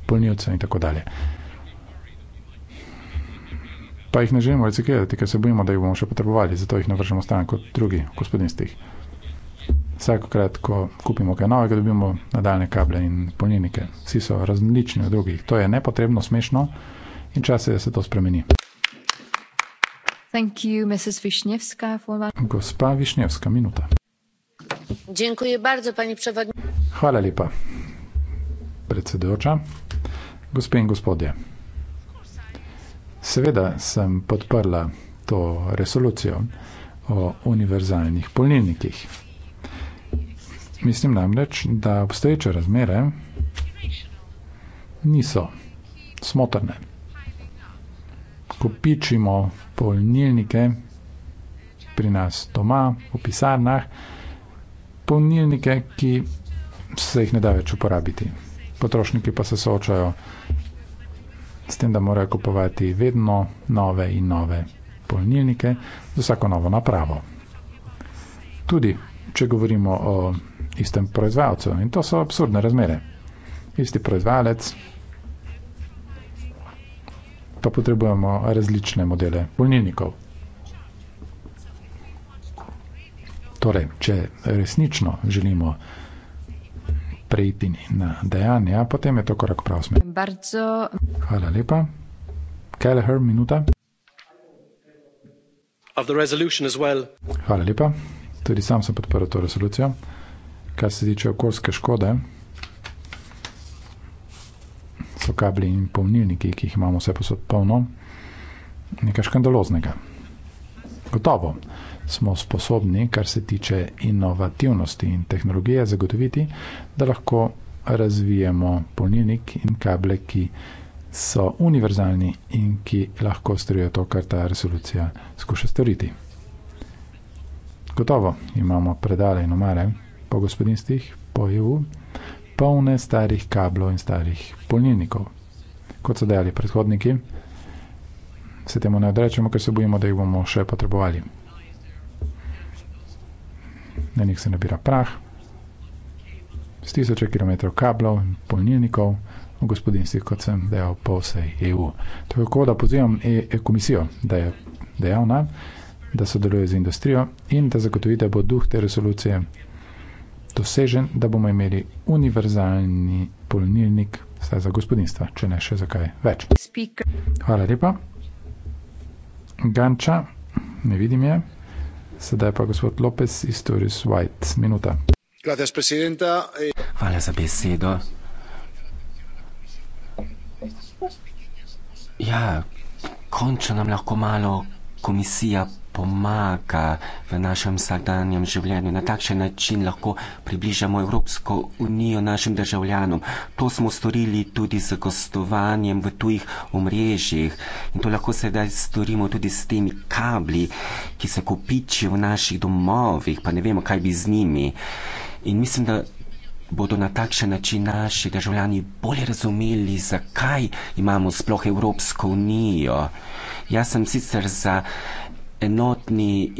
polnilcev in tako dalje. Pa jih ne želimo reciklirati, ker se bojimo, da jih bomo še potrebovali, zato jih navržemo stran kot drugi v gospodinstvih. Vsakokrat, ko kupimo kaj novega, dobimo nadaljne kable in polnilnike. Vsi so različni od drugih. To je nepotrebno, smešno in čas je, da se to spremeni. Thank you, Mrs. Višnjevska. For... Gospa Višnjevska, minuta. Hvala lepa, predsedujoča. Gospe in gospodje, seveda sem podprla to resolucijo o univerzalnih polnilnikih. Mislim namreč, da obstoječe razmere niso smotrne. Kopičimo polnilnike pri nas doma, v pisarnah, polnilnike, ki se jih ne da več uporabiti. Potrošniki pa se soočajo s tem, da morajo kupovati vedno nove in nove polnilnike za vsako novo napravo. Tudi, če govorimo o istem proizvajalcu, in to so absurdne razmere. Isti proizvajalec, pa potrebujemo različne modele polnilnikov. Torej, če resnično želimo preiti na dejanja, potem je to korak prav smer. Bardzo... Hvala lepa. Kelleher, minuta. Of the resolution as well. Hvala lepa. Tudi sam sem podporil to resolucijo. Kar se tiče okoljske škode, so kabli in polnilniki, ki jih imamo vse posod polno, nekaj škandaloznega. Gotovo smo sposobni, kar se tiče inovativnosti in tehnologije, zagotoviti, da lahko razvijemo polnilnik in kable, ki so univerzalni in ki lahko storijo to, kar ta resolucija skuša storiti. Gotovo imamo predale in omare po gospodinstvih, po EU, polne starih kablov in starih polnilnikov. Kot so dejali predhodniki, se temu ne odrečemo, ker se bojimo, da jih bomo še potrebovali na njih se nabira prah, z tisoče kilometrov kablov in polnilnikov v gospodinstvih, kot sem dejal po vsej EU. Tako da pozivam e e komisijo, da je dejavna, da sodeluje z industrijo in da zagotovi, da bo duh te resolucije dosežen, da bomo imeli univerzalni polnilnik vsaj za gospodinstva, če ne še zakaj več. Hvala lepa. Ganča, ne vidim je. Sedaj pa gospod Lopes iz Turis White. Minuta. Hvala za besedo. Ja, končno nam lahko malo komisija pomaga v našem vsakdanjem življenju. Na takšen način lahko približamo Evropsko unijo našim državljanom. To smo storili tudi z gostovanjem v tujih omrežjih in to lahko sedaj storimo tudi s temi kabli, ki se kopičijo v naših domovih, pa ne vemo, kaj bi z njimi. In mislim, da bodo na takšen način naši državljani bolje razumeli, zakaj imamo sploh Evropsko unijo. Jaz sem sicer za enotni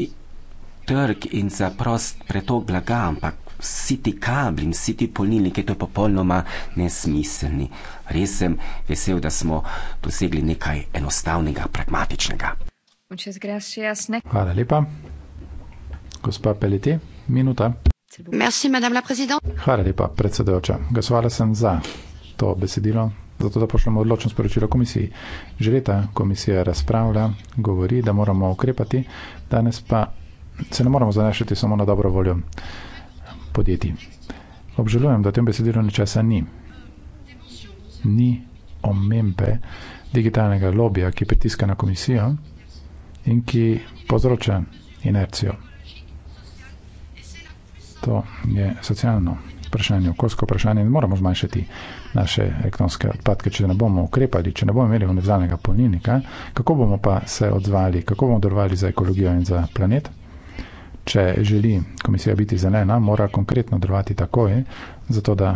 trg in za prost pretok blaga, ampak vsi ti kabli in vsi ti polnilniki, to je popolnoma nesmiselni. Res sem vesel, da smo dosegli nekaj enostavnega, pragmatičnega. Hvala lepa. Gospa Peliti, minuta. Hvala lepa, predsedujoča. Glasovala sem za to besedilo, Zato da pošljemo odločno sporočilo komisiji. Že leta komisija razpravlja, govori, da moramo ukrepati, danes pa se ne moramo zanašati samo na dobro voljo podjetij. Obžalujem, da v tem besedilu ničesa ni. Ni omembe digitalnega lobija, ki pritiska na komisijo in ki povzroča inercijo. To je socialno vprašanje, okoljsko vprašanje in moramo zmanjšati naše elektronske odpadke, če ne bomo ukrepali, če ne bomo imeli univerzalnega polnilnika, kako bomo pa se odzvali, kako bomo delovali za ekologijo in za planet? Če želi komisija biti zelena, mora konkretno delovati takoj, zato da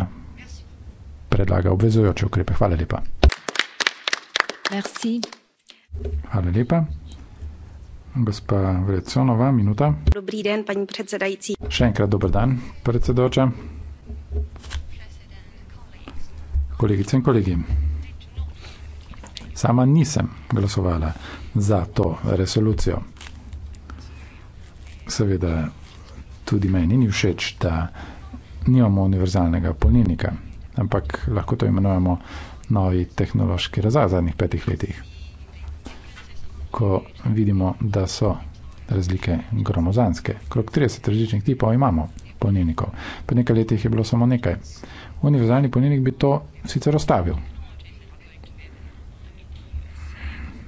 predlaga obvezujoče ukrepe. Hvala lepa. Merci. Hvala lepa. Gospa Vreconova, minuta. Dobrý den, paní predsedající. Še enkrat dober dan, predsedoča kolegice in kolegi. Sama nisem glasovala za to resolucijo. Seveda tudi meni ni všeč, da nimamo univerzalnega polnilnika, ampak lahko to imenujemo novi tehnološki razvoj v zadnjih petih letih. Ko vidimo, da so razlike gromozanske, okrog 30 različnih tipov imamo polnilnikov, pred nekaj leti jih je bilo samo nekaj univerzalni polnilnik bi to sicer ostavil.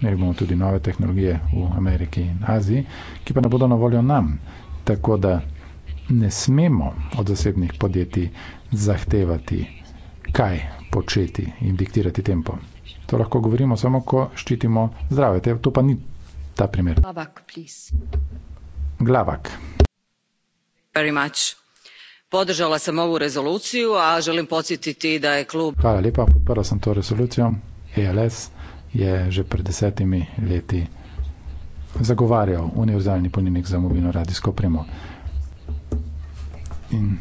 Imeli bomo tudi nove tehnologije v Ameriki in Aziji, ki pa ne bodo na voljo nam. Tako da ne smemo od zasebnih podjetij zahtevati, kaj početi in diktirati tempo. To lahko govorimo samo, ko ščitimo zdravje. To pa ni ta primer. Glavak, prosim. Glavak. Very much podrala sam ovu rezoluciju a želim podsjetiti da je klub hvala lijepa podprao sam tu rezoluciju als je že pred desetimi leti zagovarjal univerzalni punilnik za mobilno radijsko opremo in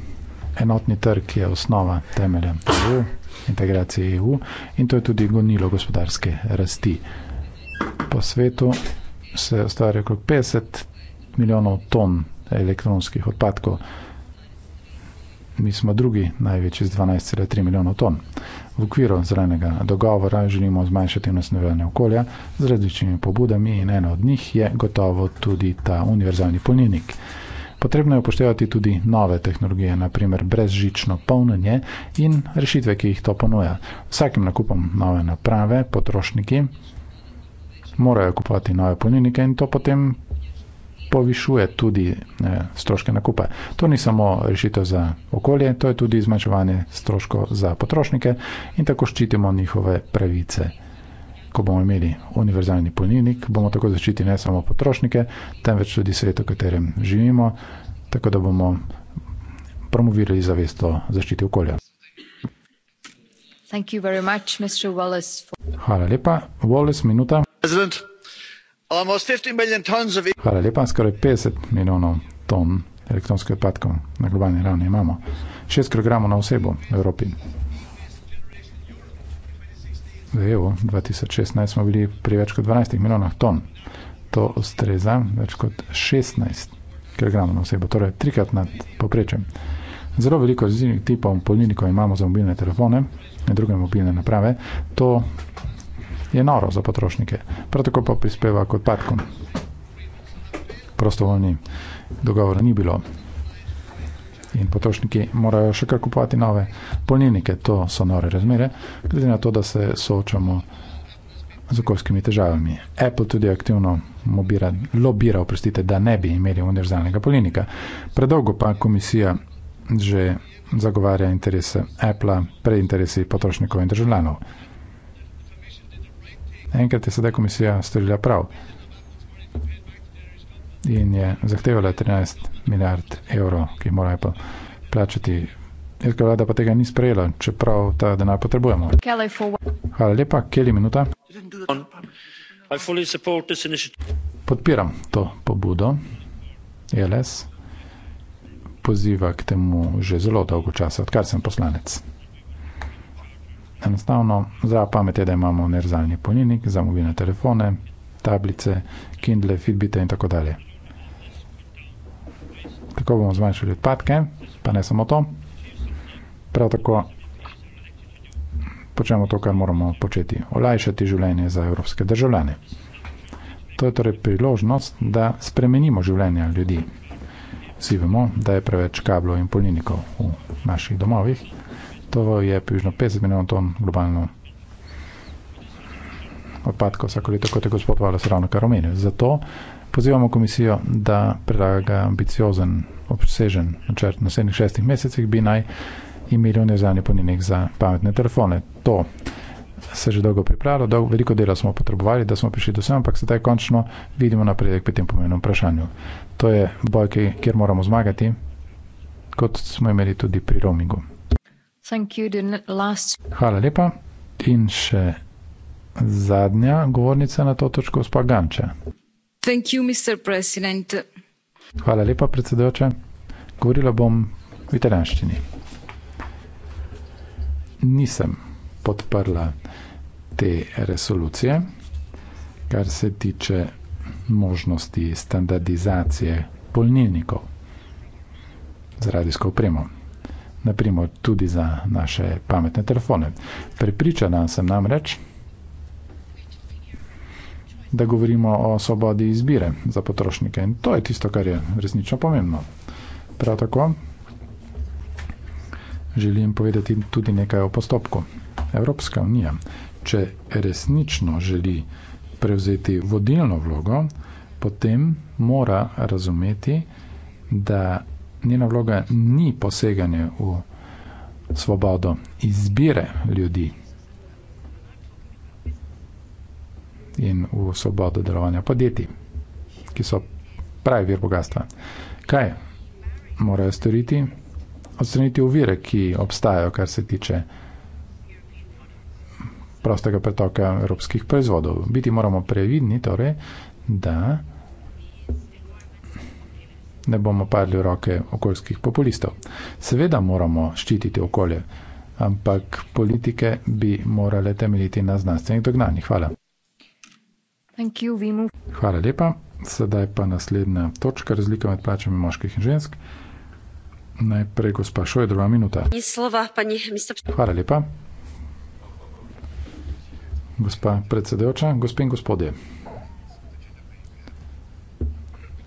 enotni trg je osnova temelja EU, integracije EU in to je tudi gonilo gospodarske rasti. Po svetu se ustvarja okrog 50 milijonov ton elektronskih odpadkov, mi smo drugi največji z 12,3 milijonov ton. V okviru zelenega dogovora želimo zmanjšati onesnaževanje okolja z različnimi pobudami in ena od njih je gotovo tudi ta univerzalni polnilnik. Potrebno je upoštevati tudi nove tehnologije, naprimer brezžično polnjenje in rešitve, ki jih to ponuja. Vsakim nakupom nove naprave potrošniki morajo kupovati nove polnilnike in to potem povišuje tudi eh, stroške nakupa. To ni samo rešitev za okolje, to je tudi zmanjševanje stroškov za potrošnike in tako ščitimo njihove pravice. Ko bomo imeli univerzalni polnilnik, bomo tako zaščitili ne samo potrošnike, temveč tudi svet, v katerem živimo, tako da bomo promovirali zavest o zaščiti okolja. Hvala lepa. Wallace, minuta. President, E- Hvala lepa, skoraj 50 milijonov ton elektronskih odpadkov na globalni ravni imamo. 6 kg na osebo v Evropi. Zdaj, evo, 2016 smo bili pri več kot 12 milijonah ton. To ustreza več kot 16 kg na osebo, torej trikrat nad poprečjem. Zelo veliko različnih tipov polnilnikov imamo za mobilne telefone in druge mobilne naprave. To je noro za potrošnike. Prav tako pa prispeva kot odpadkom. Prostovoljni dogovor ni bilo. In potrošniki morajo še kar kupovati nove polnilnike. To so nore razmere, glede na to, da se soočamo z okoljskimi težavami. Apple tudi aktivno mobira, lobira, oprostite, da ne bi imeli univerzalnega polnilnika. Predolgo pa komisija že zagovarja interese Apple, pred interesi potrošnikov in državljanov. Enkrat je sedaj komisija storila prav in je zahtevala 13 milijard evrov, ki jih mora Apple plačati. Irska vlada pa tega ni sprejela, čeprav ta denar potrebujemo. Hvala lepa, Kelly, minuta. Podpiram to pobudo. ELS poziva k temu že zelo dolgo časa, odkar sem poslanec. Enostavno, za pamet je, da imamo univerzalni polnilnik za mobilne telefone, tablice, Kindle, Fitbite in tako dalje. Tako bomo zmanjšali odpadke, pa ne samo to. Prav tako počnemo to, kar moramo početi, olajšati življenje za evropske državljane. To je torej priložnost, da spremenimo življenje ljudi. Vsi vemo, da je preveč kablov in polnilnikov v naših domovih. To je približno 50 milijonov ton globalno odpadkov vsako leto, kot je gospod Valas ravno kar omenil. Zato pozivamo komisijo, da predlaga ambiciozen, obsežen načrt. Na naslednjih šestih mesecih bi naj imeli univerzalni ponjenik za pametne telefone. To se že dolgo pripravilo, dolgo, veliko dela smo potrebovali, da smo prišli do vsem, ampak sedaj končno vidimo napredek pri tem pomenem vprašanju. To je boj, kjer moramo zmagati, kot smo imeli tudi pri roamingu. Hvala lepa. In še zadnja govornica na to točko, gospa Ganča. Hvala lepa, predsedoče. Govorila bom v italijanščini. Nisem podprla te resolucije, kar se tiče možnosti standardizacije polnilnikov z radijsko opremo naprimer tudi za naše pametne telefone. Prepričana sem namreč, da govorimo o svobodi izbire za potrošnike in to je tisto, kar je resnično pomembno. Prav tako želim povedati tudi nekaj o postopku. Evropska unija, če resnično želi prevzeti vodilno vlogo, potem mora razumeti, da njena vloga ni poseganje v svobodo izbire ljudi in v svobodo delovanja podjetij, ki so pravi vir bogatstva. Kaj morajo storiti? Odstraniti uvire, ki obstajajo, kar se tiče prostega pretoka evropskih proizvodov. Biti moramo previdni, torej, da ne bomo padli v roke okoljskih populistov. Seveda moramo ščititi okolje, ampak politike bi morale temeljiti na znanstvenih dognanjih. Hvala. Thank you, Vimu. Hvala lepa. Sedaj pa naslednja točka, razlika med plačami moških in žensk. Najprej gospa Šoj, druga minuta. Slova, pani, Hvala lepa. Gospa predsedujoča, gospe in gospodje.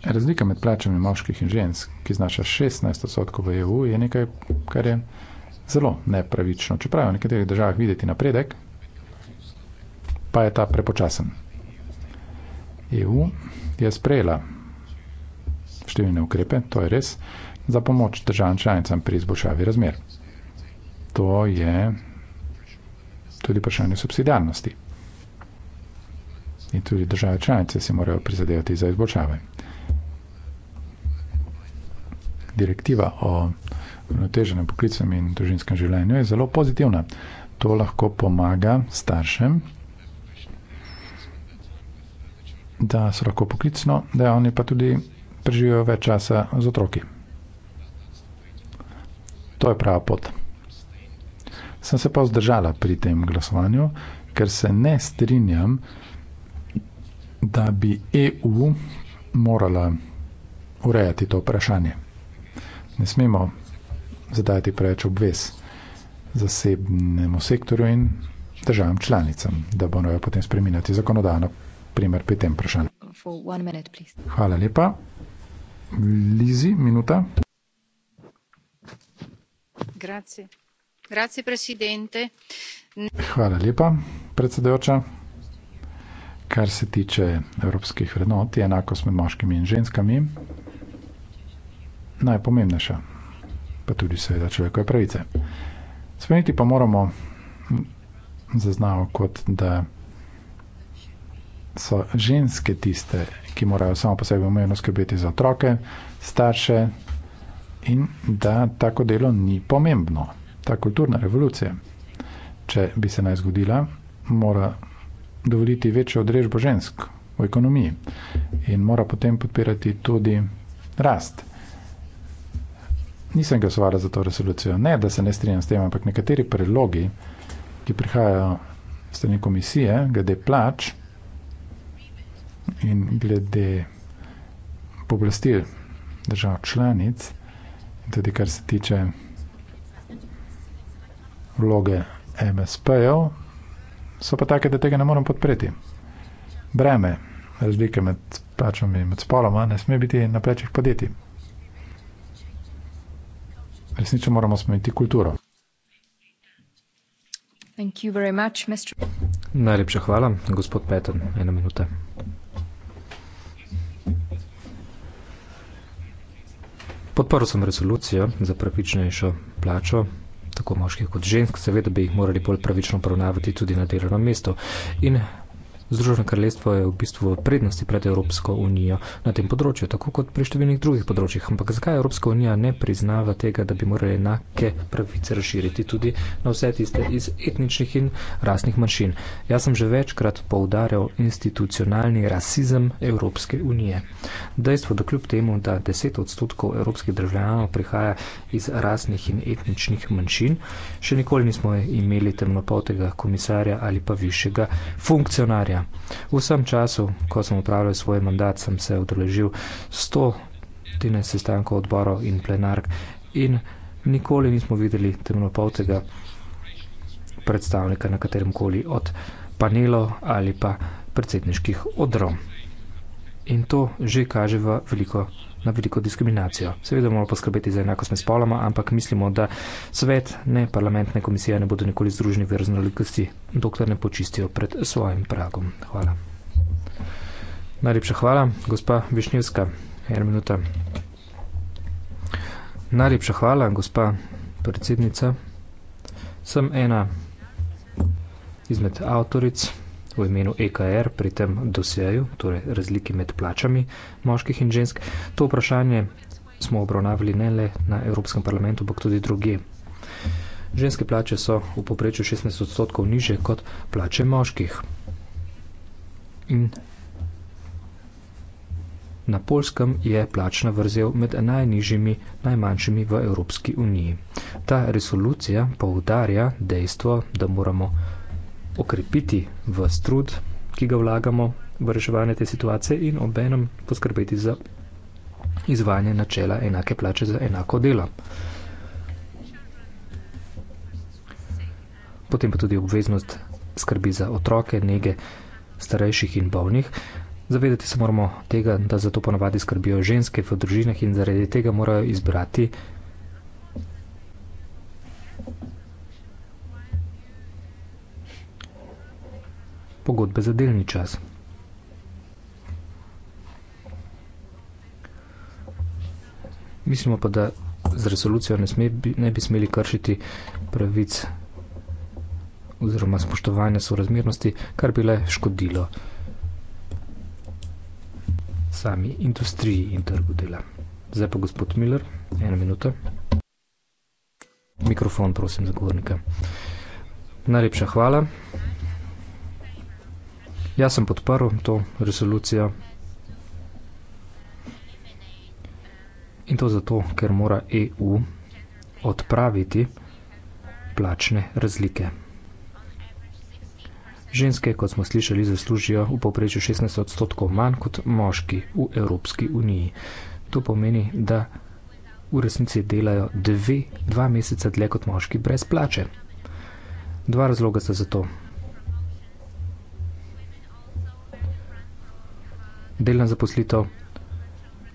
Razlika med plačami moških in žensk, ki znaša 16 odstotkov v EU, je nekaj, kar je zelo nepravično. Čeprav v nekaterih državah videti napredek, pa je ta prepočasen. EU je sprejela številne ukrepe, to je res, za pomoč državam članicam pri izboljšavi razmer. To je tudi vprašanje subsidijarnosti. In tudi države članice si morajo prizadevati za izboljšave direktiva o uravnoteženem poklicem in družinskem življenju je zelo pozitivna. To lahko pomaga staršem, da so lahko poklicno, da oni pa tudi preživijo več časa z otroki. To je prava pot. Sem se pa vzdržala pri tem glasovanju, ker se ne strinjam, da bi EU morala urejati to vprašanje ne smemo zadajati preveč obvez zasebnemu sektorju in državam članicam, da bodo jo potem spreminjati zakonodajno, primer pri tem vprašanju. Hvala lepa. Lizi, minuta. Grazie. Grazie, presidente. Hvala lepa, predsedujoča. Kar se tiče evropskih vrednot, je enakost med moškimi in ženskami najpomembnejša, pa tudi seveda človekove pravice. Spremeniti pa moramo zaznavo kot, da so ženske tiste, ki morajo samo po sebi umejeno skrbeti za otroke, starše in da tako delo ni pomembno. Ta kulturna revolucija, če bi se naj zgodila, mora dovoliti večjo odrežbo žensk v ekonomiji in mora potem podpirati tudi rast nisem glasoval za to resolucijo. Ne, da se ne strinjam s tem, ampak nekateri predlogi, ki prihajajo strani komisije, glede plač in glede poblastil držav članic, in tudi kar se tiče vloge MSP-jev, so pa take, da tega ne morem podpreti. Breme, razlike med plačami in med spoloma, ne sme biti na plečih podjetij resnično moramo spremeniti kulturo. Thank you very much, Mr. Najlepša hvala, gospod Peter, ena minuta. Podprl sem rezolucijo za pravičnejšo plačo, tako moških kot žensk, seveda bi jih morali bolj pravično obravnavati tudi na delovnem mestu. In Združeno kraljestvo je v bistvu v prednosti pred Evropsko unijo na tem področju, tako kot pri številnih drugih področjih. Ampak zakaj Evropska unija ne priznava tega, da bi morali enake pravice razširiti tudi na vse tiste iz etničnih in rasnih manjšin? Jaz sem že večkrat poudarjal institucionalni rasizem Evropske unije. Dejstvo, da kljub temu, da 10 odstotkov evropskih državljanov prihaja iz rasnih in etničnih manjšin, še nikoli nismo imeli temnopotega komisarja ali pa višjega funkcionarja. V vsem času, ko sem upravljal svoj mandat, sem se odeležil 113 sestankov odborov in plenark in nikoli nismo videli temnopoltega predstavnika na katerem koli od panelov ali pa predsedniških odrov. In to že kaže v veliko na veliko diskriminacijo. Seveda moramo poskrbeti za enakost med spoloma, ampak mislimo, da svet, ne parlamentne komisije ne bodo nikoli združeni v raznolikosti, dokler ne počistijo pred svojim pragom. Hvala. Najlepša hvala, gospa Višnjevska. En minuta. Najlepša hvala, gospa predsednica. Sem ena izmed avtoric v imenu EKR pri tem doseju, torej razliki med plačami moških in žensk. To vprašanje smo obravnavali ne le na Evropskem parlamentu, ampak tudi druge. Ženske plače so v poprečju 16 odstotkov niže kot plače moških. In na Polskem je plačna vrzel med najnižjimi, najmanjšimi v Evropski uniji. Ta resolucija poudarja dejstvo, da moramo okrepiti v strud, ki ga vlagamo v reševanje te situacije in obenem poskrbeti za izvajanje načela enake plače za enako delo. Potem pa tudi obveznost skrbi za otroke, nege starejših in bolnih. Zavedati se moramo tega, da za to ponavadi skrbijo ženske v družinah in zaradi tega morajo izbrati pogodbe za delni čas. Mislimo pa, da z resolucijo ne, sme, ne bi smeli kršiti pravic oziroma spoštovanja sorazmernosti, kar bi le škodilo sami industriji in trgu dela. Zdaj pa gospod Miller, ena minuta. Mikrofon, prosim, zagovornika. Najlepša hvala. Jaz sem podparil to resolucijo. In to zato, ker mora EU odpraviti plačne razlike. Ženske, kot smo slišali, zaslužijo v povprečju 16 odstotkov manj kot moški v Evropski uniji. To pomeni, da v resnici delajo dve, dva meseca dlje kot moški brez plače. Dva razloga sta za to. delna zaposlitev,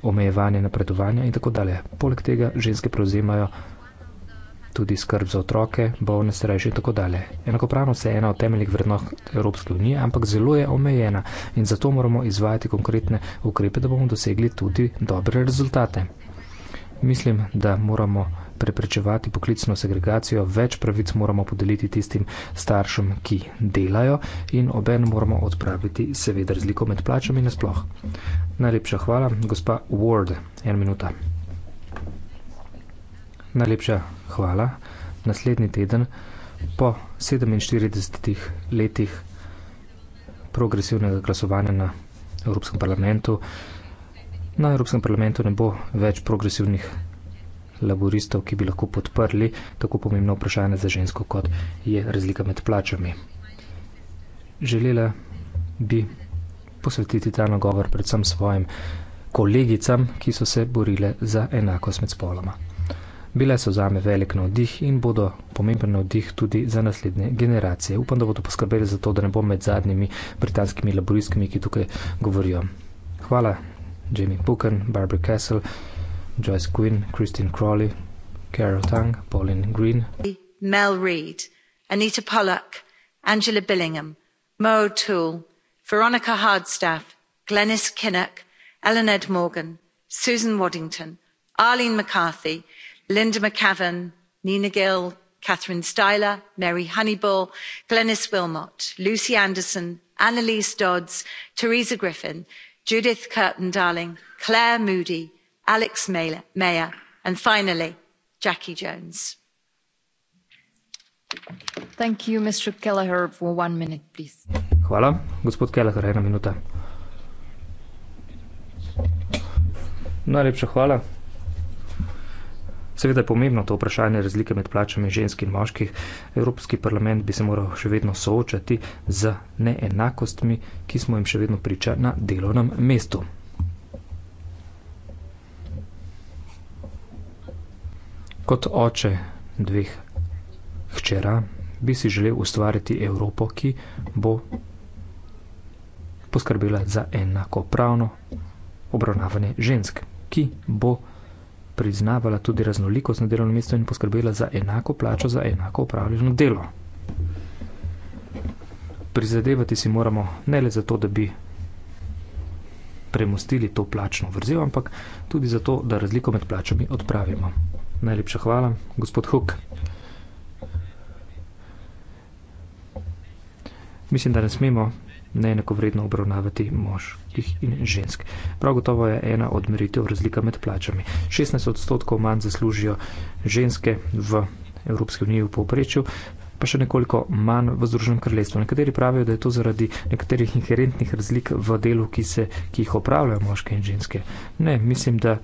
omejevanje napredovanja in tako dalje. Poleg tega ženske prevzemajo tudi skrb za otroke, bolne, starejše in tako dalje. Enakopravnost je ena od temeljnih vrednot Evropske unije, ampak zelo je omejena in zato moramo izvajati konkretne ukrepe, da bomo dosegli tudi dobre rezultate. Mislim, da moramo preprečevati poklicno segregacijo, več pravic moramo podeliti tistim staršem, ki delajo in oben moramo odpraviti seveda razliko med plačami nasploh. Najlepša hvala, gospa Ward, en minuta. Najlepša hvala, naslednji teden po 47 letih progresivnega glasovanja na Evropskem parlamentu na Evropskem parlamentu ne bo več progresivnih laboristov, ki bi lahko podprli tako pomembno vprašanje za žensko, kot je razlika med plačami. Želela bi posvetiti ta nagovor predvsem svojim kolegicam, ki so se borile za enakost med spoloma. Bile so zame velik navdih in bodo pomemben navdih tudi za naslednje generacije. Upam, da bodo poskrbeli za to, da ne bom med zadnjimi britanskimi laboristkami, ki tukaj govorijo. Hvala Jamie Pucken, Barbara Castle, Joyce Quinn, Christine Crawley, Carol Tang, Pauline Green, Mel Reed, Anita Pollock, Angela Billingham, Mo O'Toole, Veronica Hardstaff, Glenys Kinnock, Ellen Ed Morgan, Susan Waddington, Arlene McCarthy, Linda McCavan, Nina Gill, Catherine Styler, Mary Honeyball, Glenys Wilmot, Lucy Anderson, Annalise Dodds, Teresa Griffin, judith curtin darling claire moody alex mayer and finally jackie jones. gospod kelleher ena minuta. najlepša hvala. Seveda je pomembno to vprašanje razlike med plačami žensk in moških. Evropski parlament bi se moral še vedno soočati z neenakostmi, ki smo jim še vedno priča na delovnem mestu. Kot oče dveh hčera bi si želel ustvariti Evropo, ki bo poskrbela za enakopravno obravnavanje žensk, ki bo poskrbela priznavala tudi raznolikost na delovnem mestu in poskrbela za enako plačo za enako upravljeno delo. Prizadevati si moramo ne le zato, da bi premustili to plačno vrzel, ampak tudi zato, da razliko med plačami odpravimo. Najlepša hvala, gospod Huk. Mislim, da ne smemo neenakovredno obravnavati moških in žensk. Prav gotovo je ena od meritev razlika med plačami. 16 odstotkov manj zaslužijo ženske v Evropski uniji v povprečju, pa še nekoliko manj v Združenem kraljestvu. Nekateri pravijo, da je to zaradi nekaterih inherentnih razlik v delu, ki, se, ki jih opravljajo moške in ženske. Ne, mislim, da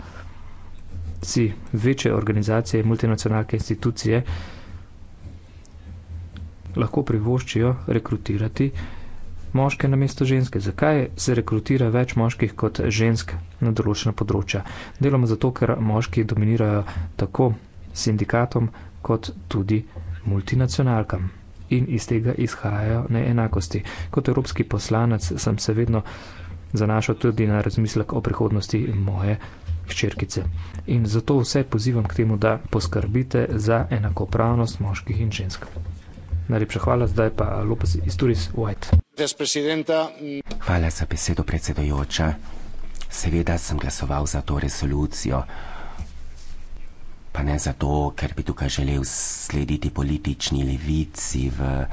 si večje organizacije in multinacionalke institucije lahko privoščijo rekrutirati moške na mesto ženske. Zakaj se rekrutira več moških kot žensk na določena področja? Deloma zato, ker moški dominirajo tako sindikatom kot tudi multinacionalkam. In iz tega izhajajo neenakosti. Kot evropski poslanec sem se vedno zanašal tudi na razmislek o prihodnosti moje hčerkice. In zato vse pozivam k temu, da poskrbite za enakopravnost moških in žensk. Hvala za besedo, predsedojoča. Seveda sem glasoval za to resolucijo, pa ne zato, ker bi tukaj želel slediti politični levici v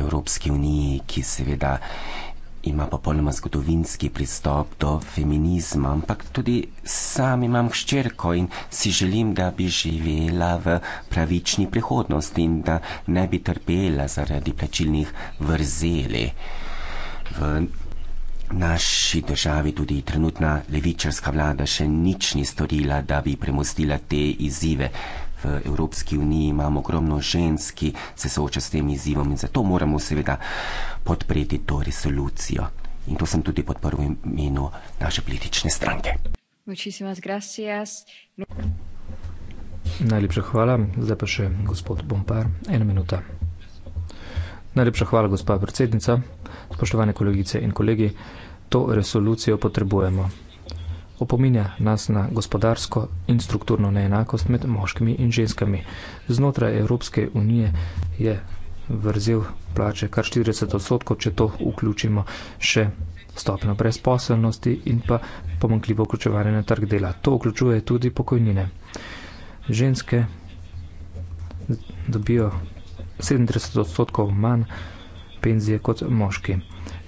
Evropski uniji, ki seveda ima popolnoma zgodovinski pristop do feminizma, ampak tudi sam imam hčerko in si želim, da bi živela v pravični prihodnosti in da ne bi trpela zaradi plačilnih vrzeli. V naši državi tudi trenutna levičarska vlada še nič ni storila, da bi premustila te izzive v Evropski uniji imamo ogromno žensk, ki se sooča s tem izzivom in zato moramo seveda podpreti to resolucijo. In to sem tudi podprl v imenu naše politične stranke. Najlepša hvala. Zdaj pa še gospod Bompar. Ena minuta. Najlepša hvala, gospa predsednica. Spoštovane kolegice in kolegi, to resolucijo potrebujemo opominja nas na gospodarsko in strukturno neenakost med moškimi in ženskami. Znotraj Evropske unije je vrzel plače kar 40 odstotkov, če to vključimo še stopno brezposelnosti in pa pomankljivo vključevanje na trg dela. To vključuje tudi pokojnine. Ženske dobijo 37 odstotkov manj penzije kot moški.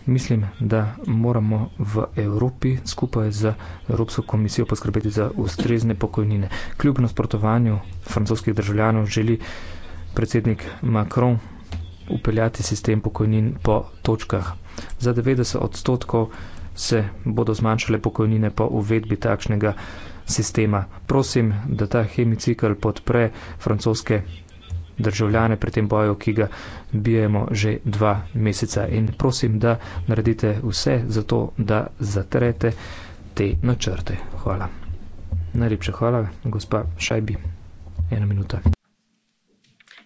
Mislim, da moramo v Evropi skupaj z Evropsko komisijo poskrbeti za ustrezne pokojnine. Kljub nasprotovanju francoskih državljanov želi predsednik Macron upeljati sistem pokojnin po točkah. Za 90 odstotkov se bodo zmanjšale pokojnine po uvedbi takšnega sistema. Prosim, da ta hemicikl podpre francoske državljane pri tem boju, ki ga bijemo že dva meseca. In prosim, da naredite vse za to, da zatrete te načrte. Hvala. Najlepša hvala, gospa Šajbi. Ena minuta.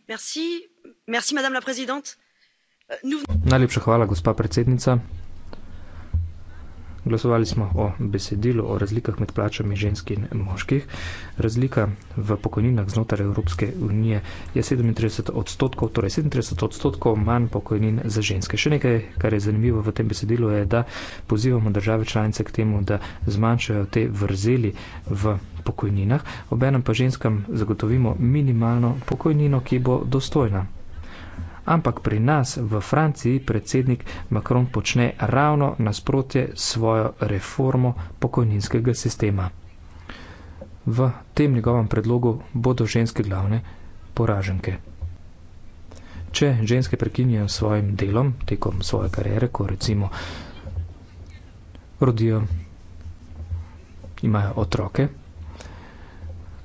Merci, merci, madame la présidente. Euh, Najlepša hvala, gospa predsednica. Glasovali smo o besedilu, o razlikah med plačami žensk in moških. Razlika v pokojninah znotraj Evropske unije je 37 odstotkov, torej 37 odstotkov manj pokojnin za ženske. Še nekaj, kar je zanimivo v tem besedilu, je, da pozivamo države članice k temu, da zmanjšajo te vrzeli v pokojninah. Obenem pa ženskam zagotovimo minimalno pokojnino, ki bo dostojna Ampak pri nas v Franciji predsednik Macron počne ravno nasprotje svojo reformo pokojninskega sistema. V tem njegovem predlogu bodo ženske glavne poraženke. Če ženske prekinjajo svojim delom tekom svoje karijere, ko recimo rodijo, imajo otroke,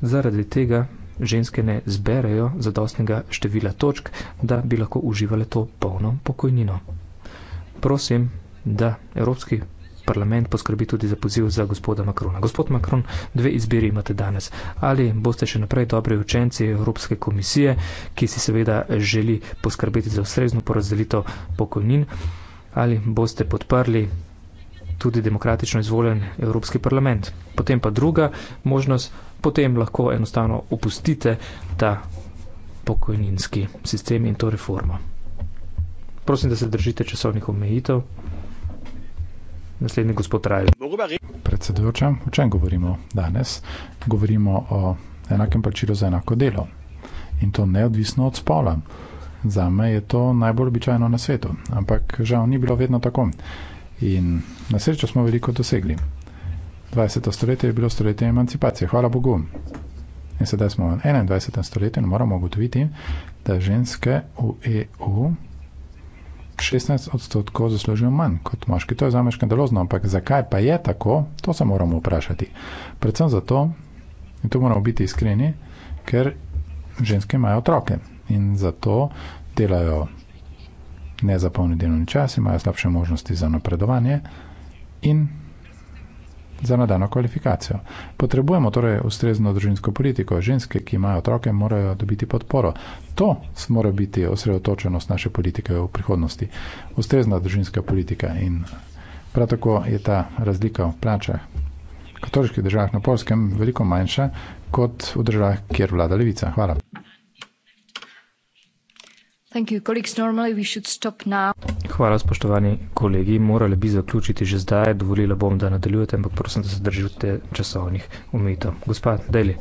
zaradi tega ženske ne zberejo zadostnega števila točk, da bi lahko uživale to polno pokojnino. Prosim, da Evropski parlament poskrbi tudi za poziv za gospoda Makrona. Gospod Makron, dve izbiri imate danes. Ali boste še naprej dobri učenci Evropske komisije, ki si seveda želi poskrbeti za ustrezno porazdelitev pokojnin, ali boste podprli tudi demokratično izvoljen Evropski parlament. Potem pa druga možnost, potem lahko enostavno opustite ta pokojninski sistem in to reformo. Prosim, da se držite časovnih omejitev. Naslednji gospod Rajl. Predsedujoča, o čem govorimo danes? Govorimo o enakem plačilu za enako delo. In to neodvisno od spola. Za me je to najbolj običajno na svetu, ampak žal ni bilo vedno tako. In na srečo smo veliko dosegli. 20. stoletje je bilo stoletje emancipacije, hvala Bogu. In sedaj smo v 21. stoletju in moramo ugotoviti, da ženske v EU 16 odstotkov zaslužijo manj kot moški. To je zame škandalozno, ampak zakaj pa je tako, to se moramo vprašati. Predvsem zato, in tu moramo biti iskreni, ker ženske imajo otroke in zato delajo nezapolnjen delovni čas, imajo slabše možnosti za napredovanje in za nadano kvalifikacijo. Potrebujemo torej ustrezno družinsko politiko. Ženske, ki imajo otroke, morajo dobiti podporo. To mora biti osredotočenost naše politike v prihodnosti. Ustrezna družinska politika in prav tako je ta razlika v plačah v katoliških državah na Polskem veliko manjša kot v državah, kjer vlada levica. Hvala. Hvala, spoštovani kolegi. Morali bi zaključiti že zdaj, dovolila bom, da nadaljujete, ampak prosim, da se držite časovnih umetov. Gospa Deli,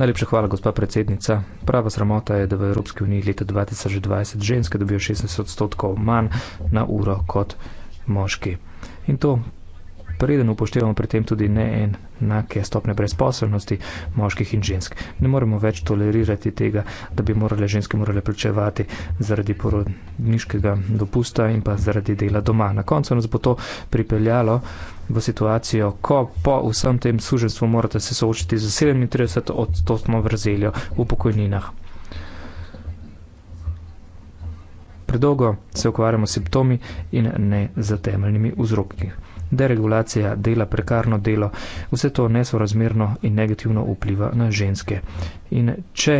najlepša hvala, gospa predsednica. Prava sramota je, da v Evropski uniji leta 2020 ženske dobijo 16 odstotkov manj na uro kot moški. In to preden upoštevamo pri tem tudi neenake stopne brezposobnosti moških in žensk. Ne moremo več tolerirati tega, da bi morale ženske morale plačevati zaradi porodniškega dopusta in pa zaradi dela doma. Na koncu nas bo to pripeljalo v situacijo, ko po vsem tem suženstvu morate se soočiti z 37 odstotkov vrzeljo v pokojninah. Predolgo se ukvarjamo s simptomi in ne z temeljnimi vzroki. Deregulacija dela, prekarno delo, vse to nesorazmerno in negativno vpliva na ženske. In če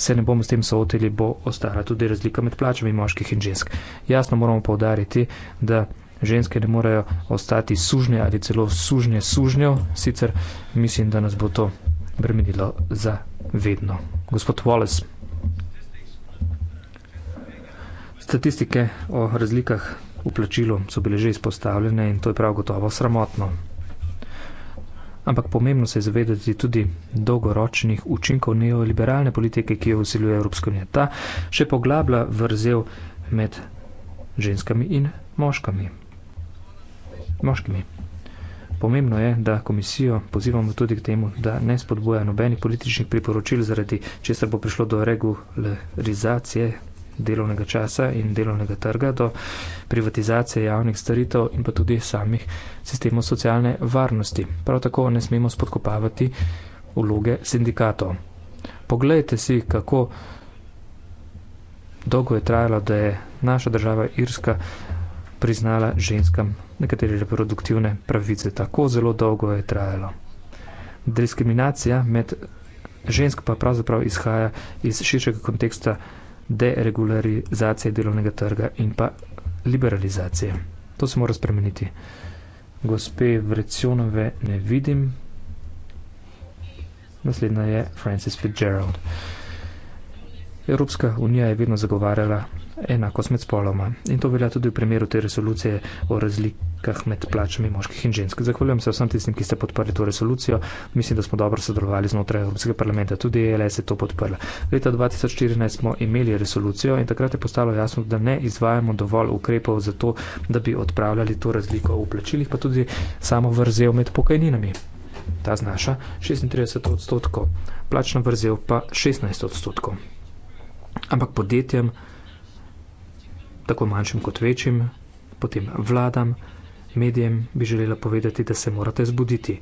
se ne bomo s tem sootili, bo ostala tudi razlika med plačami moških in žensk. Jasno moramo povdariti, da ženske ne morejo ostati sužnje ali celo sužnje sužnjo, sicer mislim, da nas bo to bremenilo za vedno. Gospod Wallace. Statistike o razlikah v plačilu so bile že izpostavljene in to je prav gotovo sramotno. Ampak pomembno se je zavedati tudi dolgoročnih učinkov neoliberalne politike, ki jo usiljuje Evropska unija. Ta še poglablja vrzel med ženskami in moškami. moškimi. Pomembno je, da komisijo pozivamo tudi k temu, da ne spodbuja nobenih političnih priporočil, zaradi česar bo prišlo do regularizacije delovnega časa in delovnega trga do privatizacije javnih staritev in pa tudi samih sistemov socialne varnosti. Prav tako ne smemo spodkopavati vloge sindikatov. Poglejte si, kako dolgo je trajalo, da je naša država Irska priznala ženskam nekatere reproduktivne pravice. Tako zelo dolgo je trajalo. Diskriminacija med žensk pa pravzaprav izhaja iz širšega konteksta deregularizacije delovnega trga in pa liberalizacije. To se mora spremeniti. Gospe Vrecionove ne vidim. Naslednja je Francis Fitzgerald. Evropska unija je vedno zagovarjala enakost med spoloma. In to velja tudi v primeru te resolucije o razlikah med plačami moških in žensk. Zahvaljujem se vsem tistim, ki ste podprli to resolucijo. Mislim, da smo dobro sodelovali znotraj Evropskega parlamenta. Tudi ELS je to podprla. Leta 2014 smo imeli resolucijo in takrat je postalo jasno, da ne izvajamo dovolj ukrepov za to, da bi odpravljali to razliko v plačilih, pa tudi samo vrzel med pokajninami. Ta znaša 36 odstotkov, plačna vrzel pa 16 odstotkov. Ampak podjetjem tako manjšim kot večjim, potem vladam, medijem bi želela povedati, da se morate zbuditi.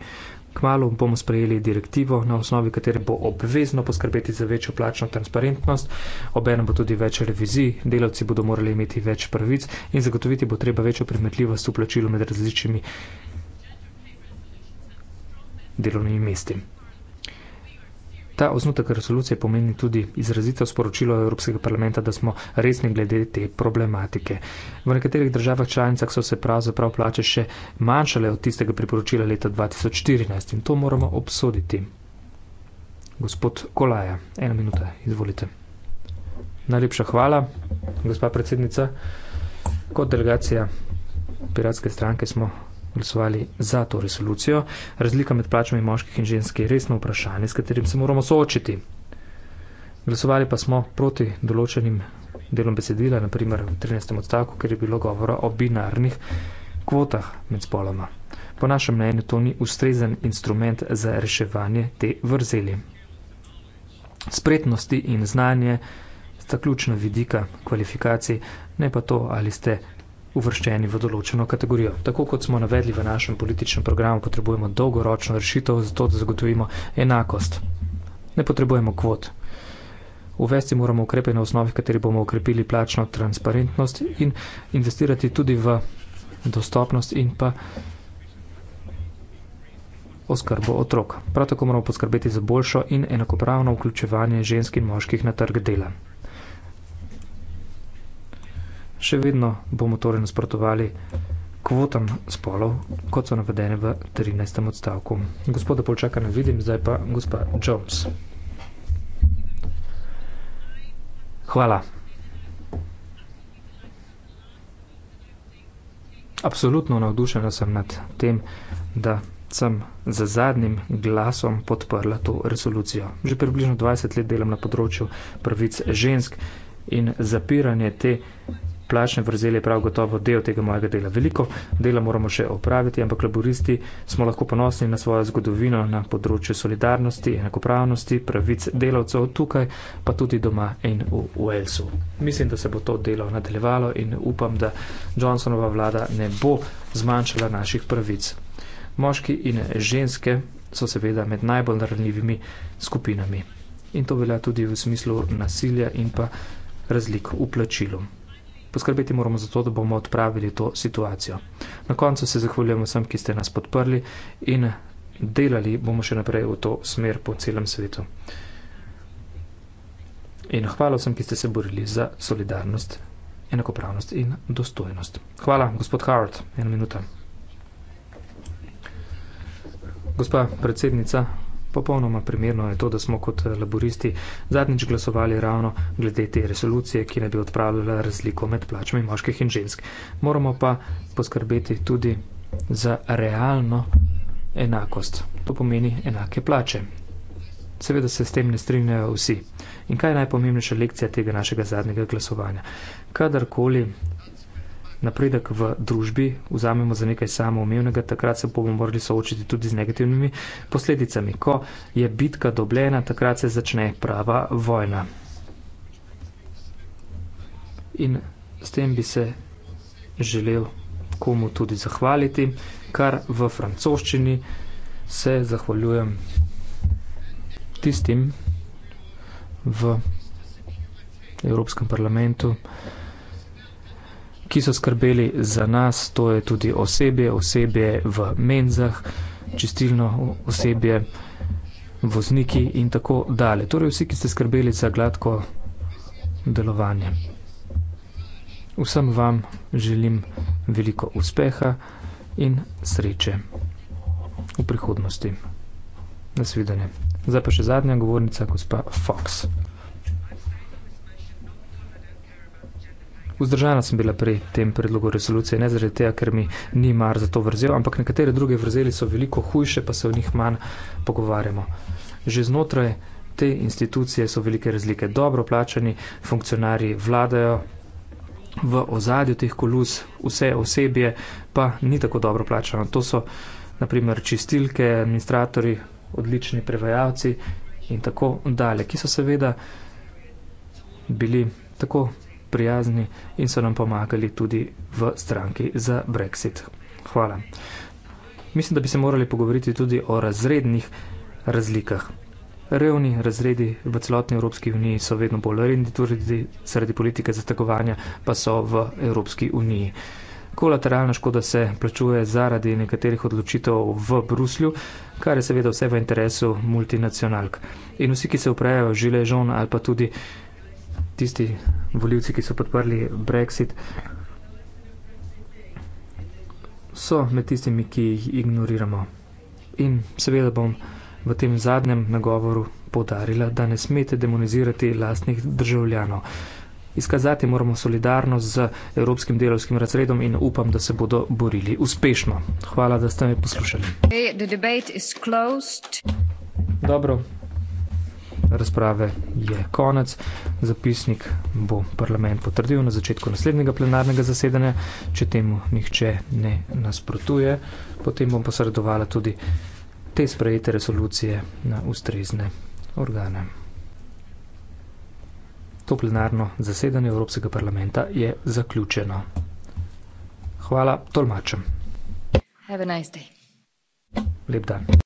Kmalo bomo sprejeli direktivo, na osnovi katere bo obvezno poskrbeti za večjo plačno transparentnost, obenem bo tudi več revizij, delavci bodo morali imeti več pravic in zagotoviti bo treba večjo primetljivost v plačilu med različnimi delovnimi mesti. Ta osnutek resolucije pomeni tudi izrazitev sporočilo Evropskega parlamenta, da smo resni glede te problematike. V nekaterih državah članicah so se pravzaprav plače še manjšale od tistega priporočila leta 2014 in to moramo obsoditi. Gospod Kolaja, ena minuta, izvolite. Najlepša hvala, gospa predsednica. Kot delegacija piratske stranke smo glasovali za to resolucijo. Razlika med plačami moških in ženskih je resno vprašanje, s katerim se moramo soočiti. Glasovali pa smo proti določenim delom besedila, naprimer v 13. odstavku, ker je bilo govora o binarnih kvotah med spoloma. Po našem mnenju to ni ustrezen instrument za reševanje te vrzeli. Spretnosti in znanje sta ključna vidika kvalifikacij, ne pa to, ali ste uvrščeni v določeno kategorijo. Tako kot smo navedli v našem političnem programu, potrebujemo dolgoročno rešitev za to, da zagotovimo enakost. Ne potrebujemo kvot. Uvesti moramo ukrepe na osnovi, kateri bomo ukrepili plačno transparentnost in investirati tudi v dostopnost in pa oskrbo otrok. Prav tako moramo poskrbeti za boljšo in enakopravno vključevanje žensk in moških na trg dela še vedno bomo torej nasprotovali kvotam spolov, kot so navedene v 13. odstavku. Gospoda Polčaka ne vidim, zdaj pa gospa Jones. Hvala. Absolutno navdušena sem nad tem, da sem za zadnjim glasom podprla to resolucijo. Že približno 20 let delam na področju pravic žensk in zapiranje te plačne vrzeli je prav gotovo del tega mojega dela. Veliko dela moramo še opraviti, ampak laboristi smo lahko ponosni na svojo zgodovino na področju solidarnosti, enakopravnosti, pravic delavcev tukaj, pa tudi doma in v Walesu. Mislim, da se bo to delo nadaljevalo in upam, da Johnsonova vlada ne bo zmanjšala naših pravic. Moški in ženske so seveda med najbolj naravnivimi skupinami. In to velja tudi v smislu nasilja in pa razlik v plačilu. Poskrbeti moramo za to, da bomo odpravili to situacijo. Na koncu se zahvaljujemo vsem, ki ste nas podprli in delali bomo še naprej v to smer po celem svetu. In hvala vsem, ki ste se borili za solidarnost, enakopravnost in dostojnost. Hvala, gospod Howard, ena minuta. Gospa predsednica, popolnoma primerno je to, da smo kot eh, laboristi zadnjič glasovali ravno glede te resolucije, ki ne bi odpravljala razliko med plačami moških in žensk. Moramo pa poskrbeti tudi za realno enakost. To pomeni enake plače. Seveda se s tem ne strinjajo vsi. In kaj je najpomembnejša lekcija tega našega zadnjega glasovanja? Kadarkoli napredek v družbi vzamemo za nekaj samoumevnega, takrat se bomo morali soočiti tudi z negativnimi posledicami. Ko je bitka dobljena, takrat se začne prava vojna. In s tem bi se želel komu tudi zahvaliti, kar v francoščini se zahvaljujem tistim v Evropskem parlamentu, ki so skrbeli za nas, to je tudi osebje, osebje v menzah, čistilno osebje, vozniki in tako dalje. Torej vsi, ki ste skrbeli za gladko delovanje. Vsem vam želim veliko uspeha in sreče v prihodnosti. Nasvidenje. Zdaj pa še zadnja govornica, gospa Fox. Vzdržana sem bila pri tem predlogu resolucije, ne zaradi tega, ker mi ni mar za to vrzel, ampak nekatere druge vrzeli so veliko hujše, pa se o njih manj pogovarjamo. Že znotraj te institucije so velike razlike. Dobro plačani funkcionarji vladajo v ozadju teh kolus, vse osebje pa ni tako dobro plačano. To so naprimer čistilke, administratori, odlični prevajalci in tako dalje, ki so seveda bili tako prijazni in so nam pomagali tudi v stranki za Brexit. Hvala. Mislim, da bi se morali pogovoriti tudi o razrednih razlikah. Revni razredi v celotni Evropski uniji so vedno bolj redni, tudi sredi politike zategovanja pa so v Evropski uniji. Kolateralna škoda se plačuje zaradi nekaterih odločitev v Bruslju, kar je seveda vse v interesu multinacionalk. In vsi, ki se uprejajo žile žon ali pa tudi tisti voljivci, ki so podprli Brexit, so med tistimi, ki jih ignoriramo. In seveda bom v tem zadnjem nagovoru podarila, da ne smete demonizirati lastnih državljanov. Izkazati moramo solidarnost z evropskim delovskim razredom in upam, da se bodo borili uspešno. Hvala, da ste me poslušali. Okay, Dobro razprave je konec. Zapisnik bo parlament potrdil na začetku naslednjega plenarnega zasedanja, če temu nihče ne nasprotuje. Potem bom posredovala tudi te sprejete resolucije na ustrezne organe. To plenarno zasedanje Evropskega parlamenta je zaključeno. Hvala, tolmačem. Have a nice day. Lep dan.